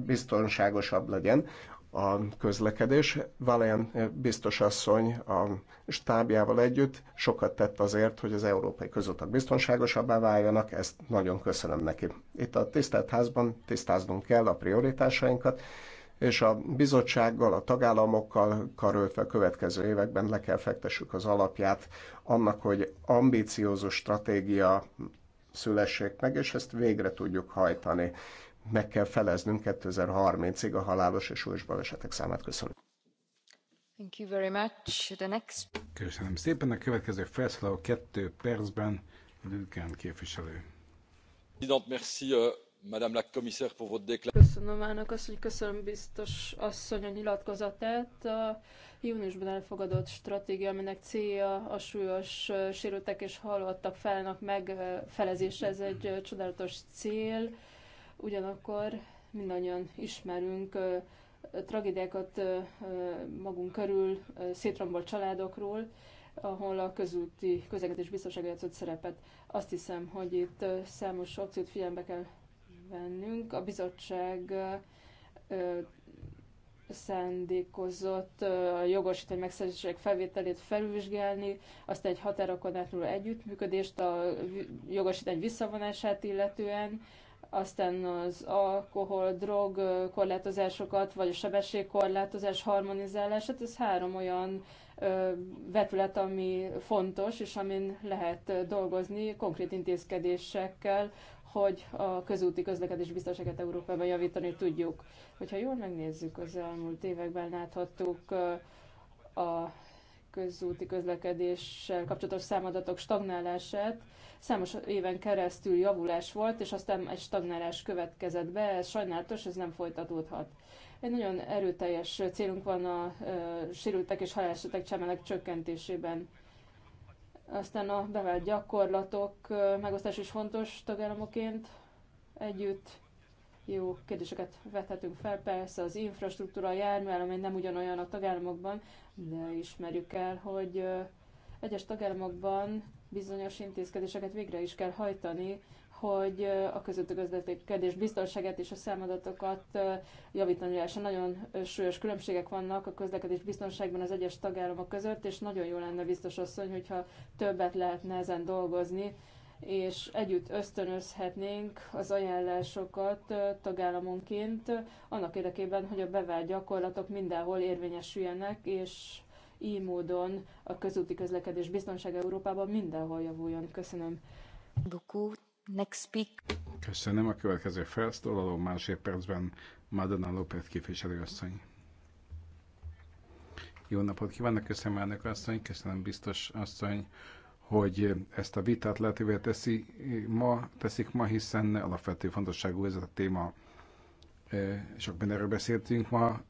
biztonságosabb legyen a közlekedés. Valen biztos asszony a stábjával együtt sokat tett azért, hogy az európai közutak biztonságosabbá váljanak, ezt nagyon köszönöm neki. Itt a tisztelt házban tisztáznunk kell a prioritásainkat, és a bizottsággal, a tagállamokkal karöltve a következő években le kell fektessük az alapját annak, hogy ambíciózus stratégia szülessék meg, és ezt végre tudjuk hajtani. Meg kell feleznünk 2030-ig a halálos és súlyos balesetek számát. Köszönöm. Thank you very much. The next... Köszönöm szépen. A következő felszólaló kettő percben Lügán képviselő. Merci, euh, Madame la commissaire, pour votre déclaration. Köszönöm biztos asszony a nyilatkozatát. A júniusban elfogadott stratégia, aminek célja a súlyos sérültek és halottak felnak megfelezése, ez egy csodálatos cél. Ugyanakkor mindannyian ismerünk tragédiákat magunk körül, szétrombolt családokról, ahol a közúti közlekedés biztonsága játszott szerepet. Azt hiszem, hogy itt számos opciót figyelembe kell bennünk. A bizottság a jogosítani megszerzések felvételét felvizsgálni, aztán egy határokon átnyúló együttműködést, a jogosítani visszavonását illetően, aztán az alkohol, drog korlátozásokat, vagy a sebességkorlátozás harmonizálását, ez három olyan vetület, ami fontos, és amin lehet dolgozni konkrét intézkedésekkel hogy a közúti közlekedés biztonságát Európában javítani tudjuk. Hogyha jól megnézzük, az elmúlt években láthattuk a közúti közlekedéssel kapcsolatos számadatok stagnálását. Számos éven keresztül javulás volt, és aztán egy stagnálás következett be, ez sajnálatos, ez nem folytatódhat. Egy nagyon erőteljes célunk van a e, sérültek és halálesetek csemelek csökkentésében. Aztán a bevált gyakorlatok megosztás is fontos tagállamoként együtt. Jó kérdéseket vethetünk fel, persze az infrastruktúra, a ami nem ugyanolyan a tagállamokban, de ismerjük el, hogy egyes tagállamokban bizonyos intézkedéseket végre is kell hajtani, hogy a közötti közlekedés biztonságát és a számadatokat javítani lehessen. Nagyon súlyos különbségek vannak a közlekedés biztonságban az egyes tagállamok között, és nagyon jó lenne biztos asszony, hogyha többet lehetne ezen dolgozni, és együtt ösztönözhetnénk az ajánlásokat tagállamonként annak érdekében, hogy a bevált gyakorlatok mindenhol érvényesüljenek, és így módon a közúti közlekedés biztonsága Európában mindenhol javuljon. Köszönöm. Beaucoup. Next speak. Köszönöm. A következő felszólaló másik percben Madonna López képviselőasszony. Jó napot kívánok, köszönöm elnök asszony, köszönöm biztos asszony, hogy ezt a vitát lehetővé teszi ma, teszik ma, hiszen alapvető fontosságú ez a téma. Sok mindenről beszéltünk ma,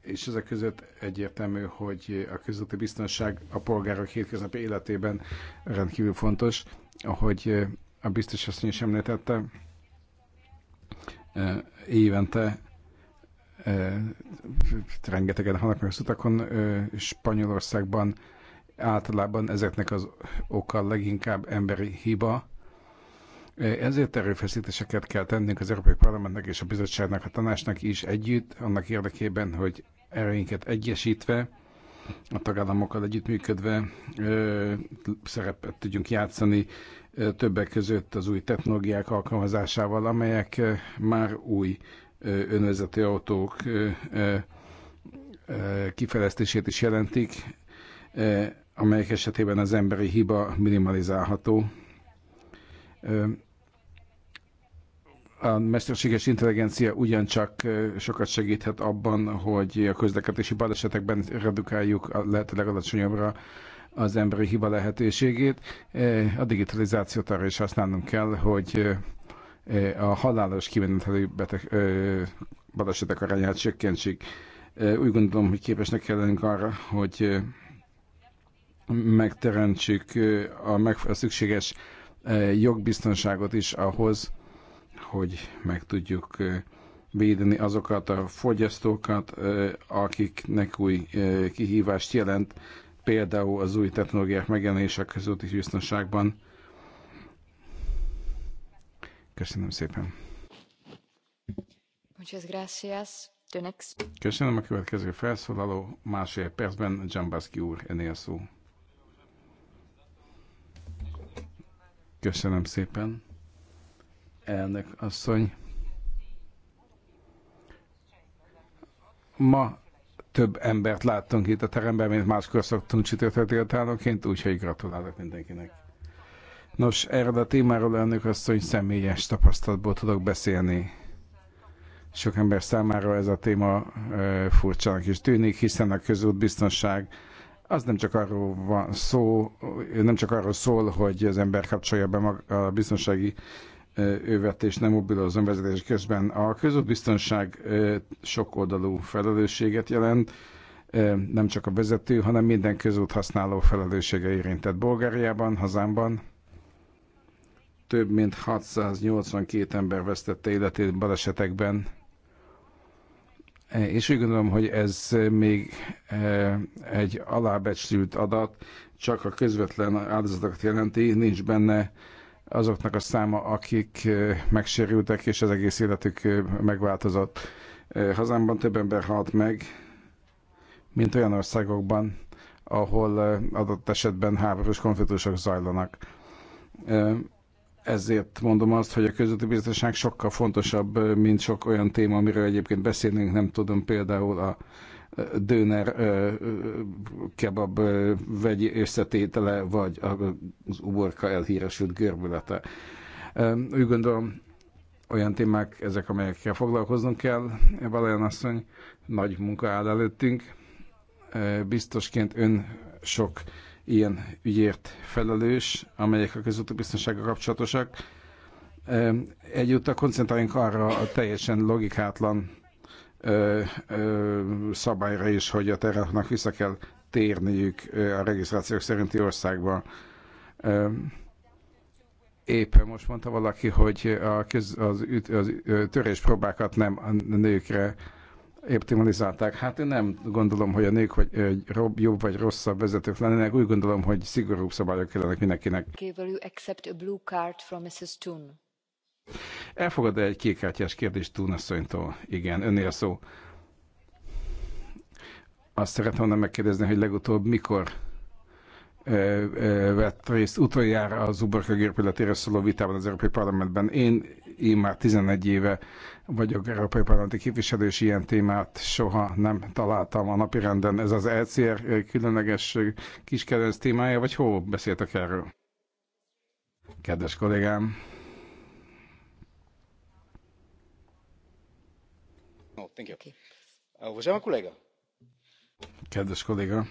és ezek között egyértelmű, hogy a közötti biztonság a polgárok hétköznapi életében rendkívül fontos ahogy a biztos azt is említette, évente rengetegen halnak meg az utakon Spanyolországban, általában ezeknek az oka leginkább emberi hiba. Ezért erőfeszítéseket kell tennünk az Európai Parlamentnek és a Bizottságnak, a Tanácsnak is együtt, annak érdekében, hogy erőinket egyesítve a tagállamokkal együttműködve szerepet tudjunk játszani többek között az új technológiák alkalmazásával, amelyek már új önvezető autók kifejlesztését is jelentik, amelyek esetében az emberi hiba minimalizálható. A mesterséges intelligencia ugyancsak sokat segíthet abban, hogy a közlekedési balesetekben redukáljuk a lehető legalacsonyabbra az emberi hiba lehetőségét. A digitalizációt arra is használnunk kell, hogy a halálos kimenetelő beteg, balesetek arányát csökkentsük. Úgy gondolom, hogy képesnek kell lennünk arra, hogy megteremtsük a, meg, a szükséges jogbiztonságot is ahhoz, hogy meg tudjuk védeni azokat a fogyasztókat, akiknek új kihívást jelent, például az új technológiák megjelenése közötti biztonságban. Köszönöm szépen. Muchas gracias. Köszönöm a következő felszólaló. Másfél percben Dzsambaszki úr, ennél szó. Köszönöm szépen elnök asszony. Ma több embert láttunk itt a teremben, mint máskor szoktunk csütörtök délutánonként, úgyhogy gratulálok mindenkinek. Nos, erről a témáról elnök asszony személyes tapasztalatból tudok beszélni. Sok ember számára ez a téma ö, furcsának is tűnik, hiszen a közút biztonság az nem csak arról van szó, nem csak arról szól, hogy az ember kapcsolja be a biztonsági vett és nem mobilozom vezetés közben. A sok sokoldalú felelősséget jelent, nem csak a vezető, hanem minden közút használó felelőssége érintett Bulgáriában, hazámban. Több mint 682 ember vesztette életét balesetekben, és úgy gondolom, hogy ez még egy alábecsült adat, csak a közvetlen áldozatokat jelenti, nincs benne azoknak a száma, akik megsérültek, és az egész életük megváltozott. Hazámban több ember halt meg, mint olyan országokban, ahol adott esetben háborús konfliktusok zajlanak. Ezért mondom azt, hogy a közötti biztonság sokkal fontosabb, mint sok olyan téma, amiről egyébként beszélünk, nem tudom, például a döner kebab vegyi összetétele, vagy az uborka elhíresült görbülete. Úgy gondolom, olyan témák ezek, amelyekkel foglalkoznunk kell. Valójában asszony, nagy munka áll előttünk. Biztosként ön sok ilyen ügyért felelős, amelyek a közúti biztonsággal kapcsolatosak. Egyúttal koncentráljunk arra a teljesen logikátlan ö, ö, szabályra is, hogy a terápnak vissza kell térniük a regisztrációk szerinti országba. Ö, éppen most mondta valaki, hogy a köz, az, üt, az töréspróbákat nem a nőkre optimalizálták. Hát én nem gondolom, hogy a nők vagy, hogy jobb vagy rosszabb vezetők lennének, úgy gondolom, hogy szigorúbb szabályok kellene mindenkinek. Okay, will you accept a blue card from Mrs. Toon? Elfogad -e egy kékkártyás kérdést Túnasszonytól? Igen, önnél szó. Azt szeretném volna megkérdezni, hogy legutóbb mikor ö, ö, vett részt utoljára az uborka gépületére szóló vitában az Európai Parlamentben. Én, én már 11 éve vagyok Európai Parlamenti képviselő, és ilyen témát soha nem találtam a napirenden. Ez az ECR különleges kiskedvenc témája, vagy hol beszéltek erről? Kedves kollégám! Uh, Kedves kolléga!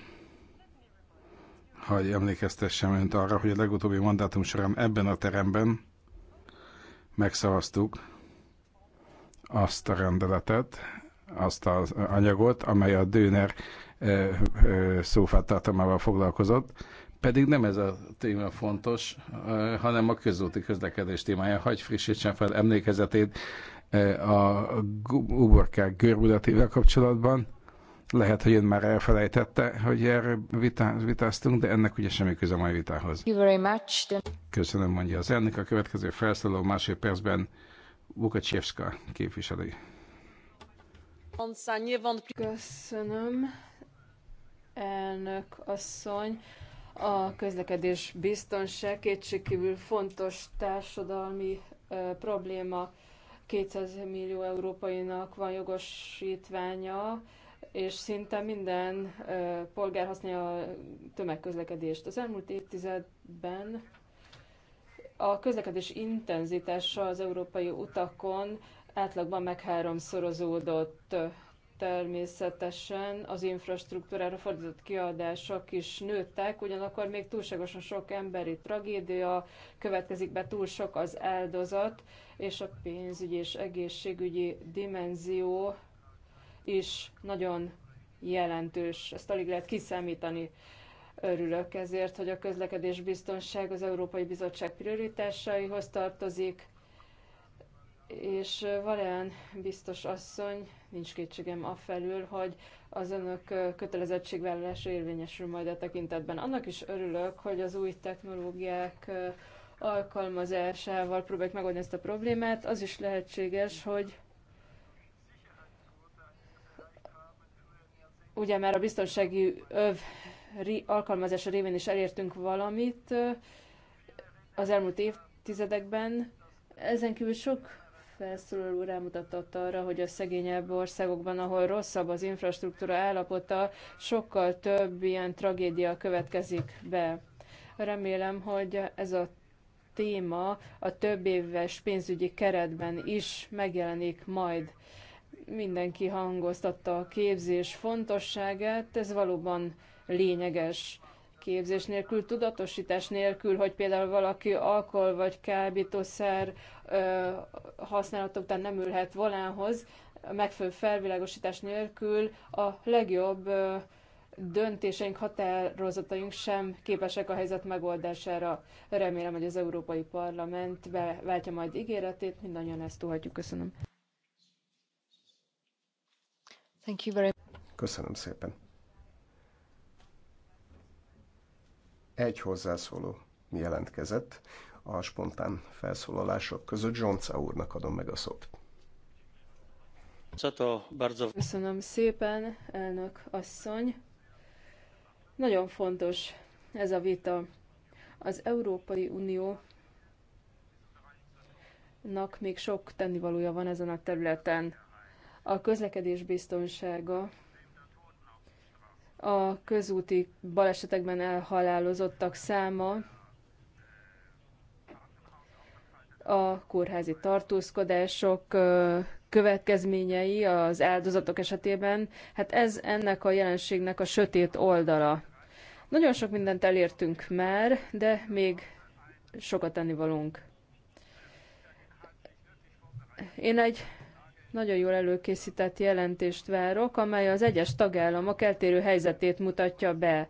Hagy emlékeztessem önt arra, hogy a legutóbbi mandátum során ebben a teremben megszavaztuk azt a rendeletet, azt az anyagot, amely a Döner szófát tartalmával foglalkozott, pedig nem ez a téma fontos, hanem a közúti közlekedés témája. Hagy frissítsen fel emlékezetét a uborkák görbudatével kapcsolatban. Lehet, hogy ön már elfelejtette, hogy erről vitáztunk, de ennek ugye semmi köze a mai vitához. Köszönöm, mondja az elnök. A következő felszólaló másfél percben Vukacsevska képviselő. Köszönöm, elnök asszony. A közlekedés biztonság kétségkívül fontos társadalmi uh, probléma. 200 millió európainak van jogosítványa, és szinte minden polgár használja a tömegközlekedést. Az elmúlt évtizedben a közlekedés intenzitása az európai utakon átlagban meg háromszorozódott természetesen az infrastruktúrára fordított kiadások is nőttek, ugyanakkor még túlságosan sok emberi tragédia, következik be túl sok az áldozat, és a pénzügyi és egészségügyi dimenzió is nagyon jelentős, ezt alig lehet kiszámítani. Örülök ezért, hogy a közlekedés biztonság az Európai Bizottság prioritásaihoz tartozik, és olyan biztos asszony, nincs kétségem afelül, hogy az önök kötelezettségvállalása érvényesül majd a tekintetben. Annak is örülök, hogy az új technológiák alkalmazásával próbáljuk megoldani ezt a problémát. Az is lehetséges, hogy ugye már a biztonsági öv alkalmazása révén is elértünk valamit az elmúlt évtizedekben, ezen kívül sok felszólaló rámutatott arra, hogy a szegényebb országokban, ahol rosszabb az infrastruktúra állapota, sokkal több ilyen tragédia következik be. Remélem, hogy ez a téma a több éves pénzügyi keretben is megjelenik majd. Mindenki hangoztatta a képzés fontosságát, ez valóban lényeges képzés nélkül, tudatosítás nélkül, hogy például valaki alkohol vagy kábítószer ö, használata után nem ülhet volánhoz, megfelelő felvilágosítás nélkül a legjobb ö, döntéseink, határozataink sem képesek a helyzet megoldására. Remélem, hogy az Európai Parlament beváltja majd ígéretét, mindannyian ezt tudhatjuk. Köszönöm. Thank you very Köszönöm szépen. Egy hozzászóló jelentkezett a spontán felszólalások között. Zsonca úrnak adom meg a szót. Köszönöm szépen, elnök asszony. Nagyon fontos ez a vita. Az Európai Unió nak még sok tennivalója van ezen a területen. A közlekedés biztonsága a közúti balesetekben elhalálozottak száma a kórházi tartózkodások következményei az áldozatok esetében, hát ez ennek a jelenségnek a sötét oldala. Nagyon sok mindent elértünk már, de még sokat tennivalunk. Én egy nagyon jól előkészített jelentést várok, amely az egyes tagállamok eltérő helyzetét mutatja be.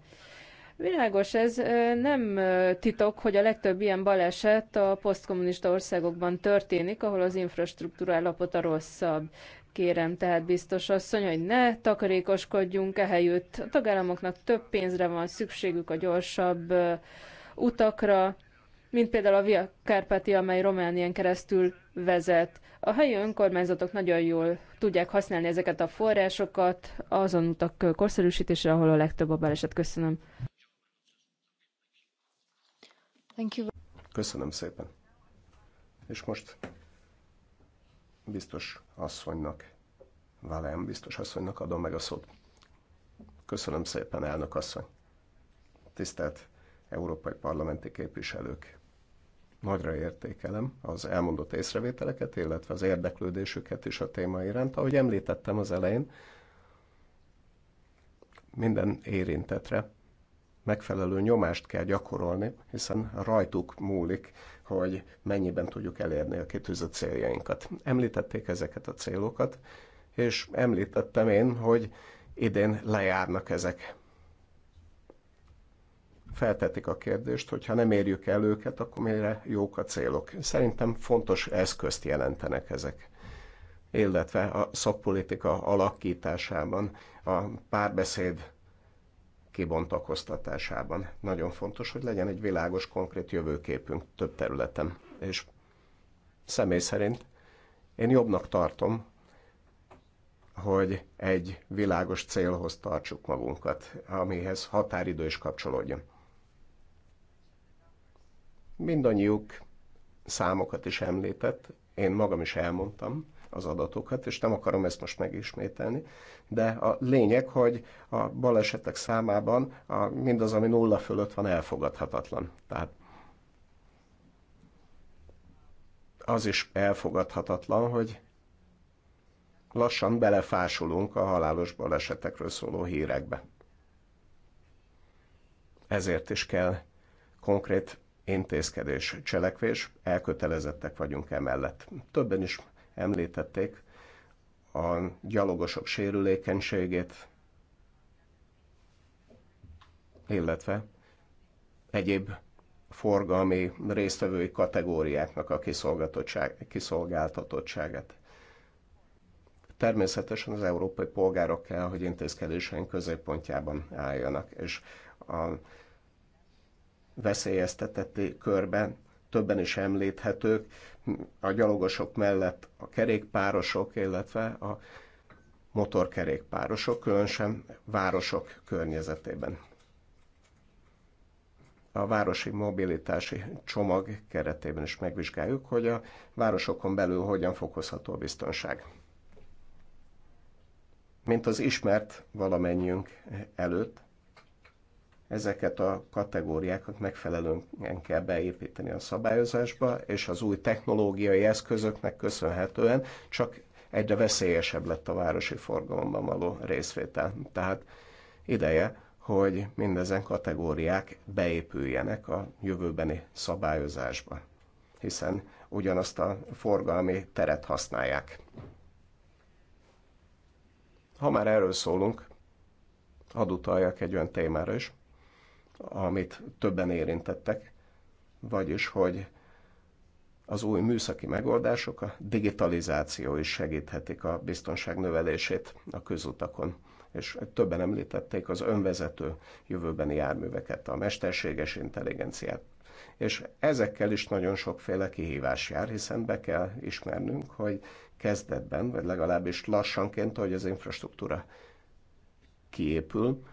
Világos, ez nem titok, hogy a legtöbb ilyen baleset a posztkommunista országokban történik, ahol az infrastruktúra állapota rosszabb. Kérem tehát biztos asszony, hogy ne takarékoskodjunk ehelyütt. A tagállamoknak több pénzre van szükségük a gyorsabb utakra, mint például a Via Carpathia, amely Románián keresztül vezet. A helyi önkormányzatok nagyon jól tudják használni ezeket a forrásokat azon utak korszerűsítésre, ahol a legtöbb a baleset. Köszönöm. Thank you. Köszönöm szépen. És most biztos asszonynak, velem biztos asszonynak adom meg a szót. Köszönöm szépen, elnök asszony. Tisztelt európai parlamenti képviselők, Nagyra értékelem az elmondott észrevételeket, illetve az érdeklődésüket is a téma iránt. Ahogy említettem az elején, minden érintetre megfelelő nyomást kell gyakorolni, hiszen rajtuk múlik, hogy mennyiben tudjuk elérni a kitűzött céljainkat. Említették ezeket a célokat, és említettem én, hogy idén lejárnak ezek feltetik a kérdést, hogy ha nem érjük el őket, akkor mire jók a célok. Szerintem fontos eszközt jelentenek ezek illetve a szakpolitika alakításában, a párbeszéd kibontakoztatásában. Nagyon fontos, hogy legyen egy világos, konkrét jövőképünk több területen. És személy szerint én jobbnak tartom, hogy egy világos célhoz tartsuk magunkat, amihez határidő is kapcsolódjon. Mindannyiuk számokat is említett, én magam is elmondtam az adatokat, és nem akarom ezt most megismételni, de a lényeg, hogy a balesetek számában a, mindaz, ami nulla fölött van, elfogadhatatlan. Tehát az is elfogadhatatlan, hogy lassan belefásulunk a halálos balesetekről szóló hírekbe. Ezért is kell konkrét intézkedés, cselekvés, elkötelezettek vagyunk emellett. Többen is említették a gyalogosok sérülékenységét, illetve egyéb forgalmi résztvevői kategóriáknak a kiszolgáltatottságát. Természetesen az európai polgárok kell, hogy intézkedéseink középpontjában álljanak, és a veszélyeztetetté körben többen is említhetők, a gyalogosok mellett a kerékpárosok, illetve a motorkerékpárosok, különösen városok környezetében. A városi mobilitási csomag keretében is megvizsgáljuk, hogy a városokon belül hogyan fokozható a biztonság. Mint az ismert valamennyiünk előtt, ezeket a kategóriákat megfelelően kell beépíteni a szabályozásba, és az új technológiai eszközöknek köszönhetően csak egyre veszélyesebb lett a városi forgalomban való részvétel. Tehát ideje, hogy mindezen kategóriák beépüljenek a jövőbeni szabályozásba, hiszen ugyanazt a forgalmi teret használják. Ha már erről szólunk, hadd utaljak egy olyan témára is, amit többen érintettek, vagyis hogy az új műszaki megoldások, a digitalizáció is segíthetik a biztonság növelését a közutakon. És többen említették az önvezető jövőbeni járműveket, a mesterséges intelligenciát. És ezekkel is nagyon sokféle kihívás jár, hiszen be kell ismernünk, hogy kezdetben, vagy legalábbis lassanként, hogy az infrastruktúra kiépül,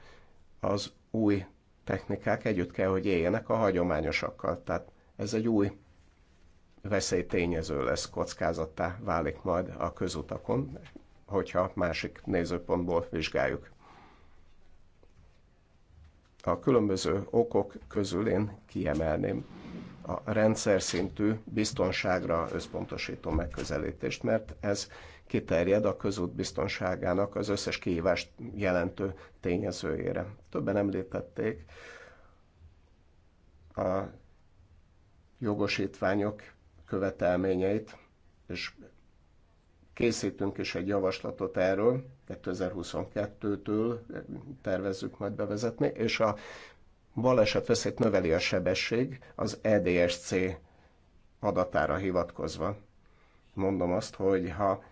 az új technikák együtt kell, hogy éljenek a hagyományosakkal. Tehát ez egy új veszélytényező lesz, kockázattá válik majd a közutakon, hogyha másik nézőpontból vizsgáljuk. A különböző okok közül én kiemelném a rendszer szintű biztonságra összpontosító megközelítést, mert ez kiterjed a közút biztonságának az összes kihívást jelentő tényezőjére. Többen említették a jogosítványok követelményeit, és készítünk is egy javaslatot erről, 2022-től tervezzük majd bevezetni, és a veszélyt növeli a sebesség az EDSC adatára hivatkozva. Mondom azt, hogy ha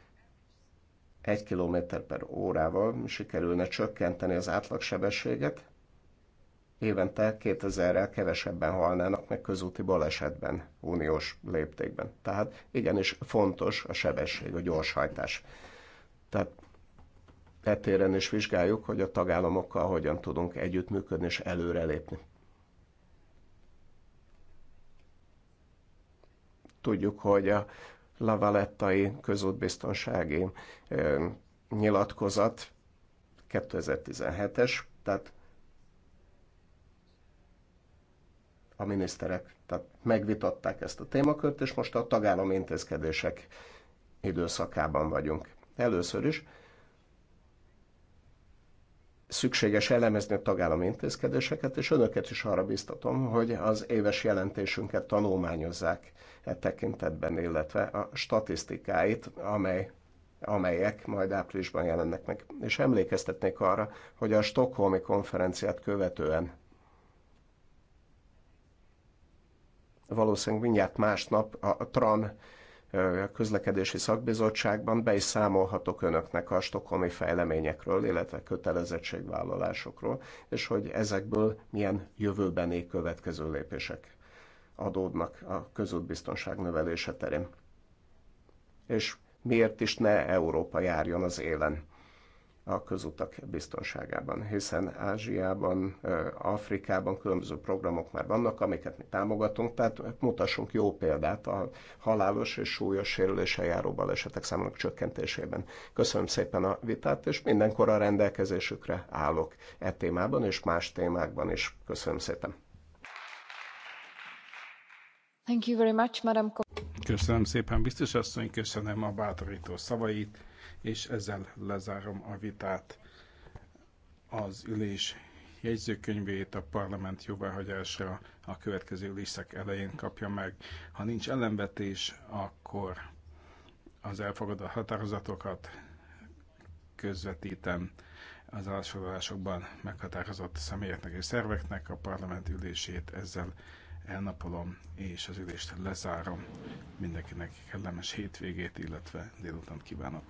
1 km per órával sikerülne csökkenteni az átlagsebességet, évente 2000-rel kevesebben halnának meg közúti balesetben, uniós léptékben. Tehát igenis fontos a sebesség, a gyorshajtás. Tehát etéren is vizsgáljuk, hogy a tagállamokkal hogyan tudunk együttműködni és előrelépni. Tudjuk, hogy a Lavalettai közútbiztonsági nyilatkozat 2017-es, tehát a miniszterek tehát megvitatták ezt a témakört, és most a tagállami intézkedések időszakában vagyunk. Először is szükséges elemezni a tagállami intézkedéseket, és önöket is arra biztatom, hogy az éves jelentésünket tanulmányozzák e tekintetben, illetve a statisztikáit, amely, amelyek majd áprilisban jelennek meg. És emlékeztetnék arra, hogy a Stockholmi konferenciát követően valószínűleg mindjárt másnap a TRAN a közlekedési szakbizottságban be is számolhatok önöknek a stokholmi fejleményekről, illetve kötelezettségvállalásokról, és hogy ezekből milyen jövőbeni következő lépések adódnak a közútbiztonság növelése terén. És miért is ne Európa járjon az élen? a közutak biztonságában, hiszen Ázsiában, Afrikában különböző programok már vannak, amiket mi támogatunk, tehát mutassunk jó példát a halálos és súlyos sérüléssel járó balesetek számának csökkentésében. Köszönöm szépen a vitát, és mindenkor a rendelkezésükre állok e témában és más témákban is. Köszönöm szépen. Thank you very much, Madam. Köszönöm szépen, biztos asszony, köszönöm a bátorító szavait és ezzel lezárom a vitát. Az ülés jegyzőkönyvét a parlament jóváhagyásra a következő ülések elején kapja meg. Ha nincs ellenvetés, akkor az elfogadott határozatokat közvetítem az állásolásokban meghatározott személyeknek és szerveknek a parlament ülését ezzel elnapolom, és az ülést lezárom. Mindenkinek kellemes hétvégét, illetve délután kívánok!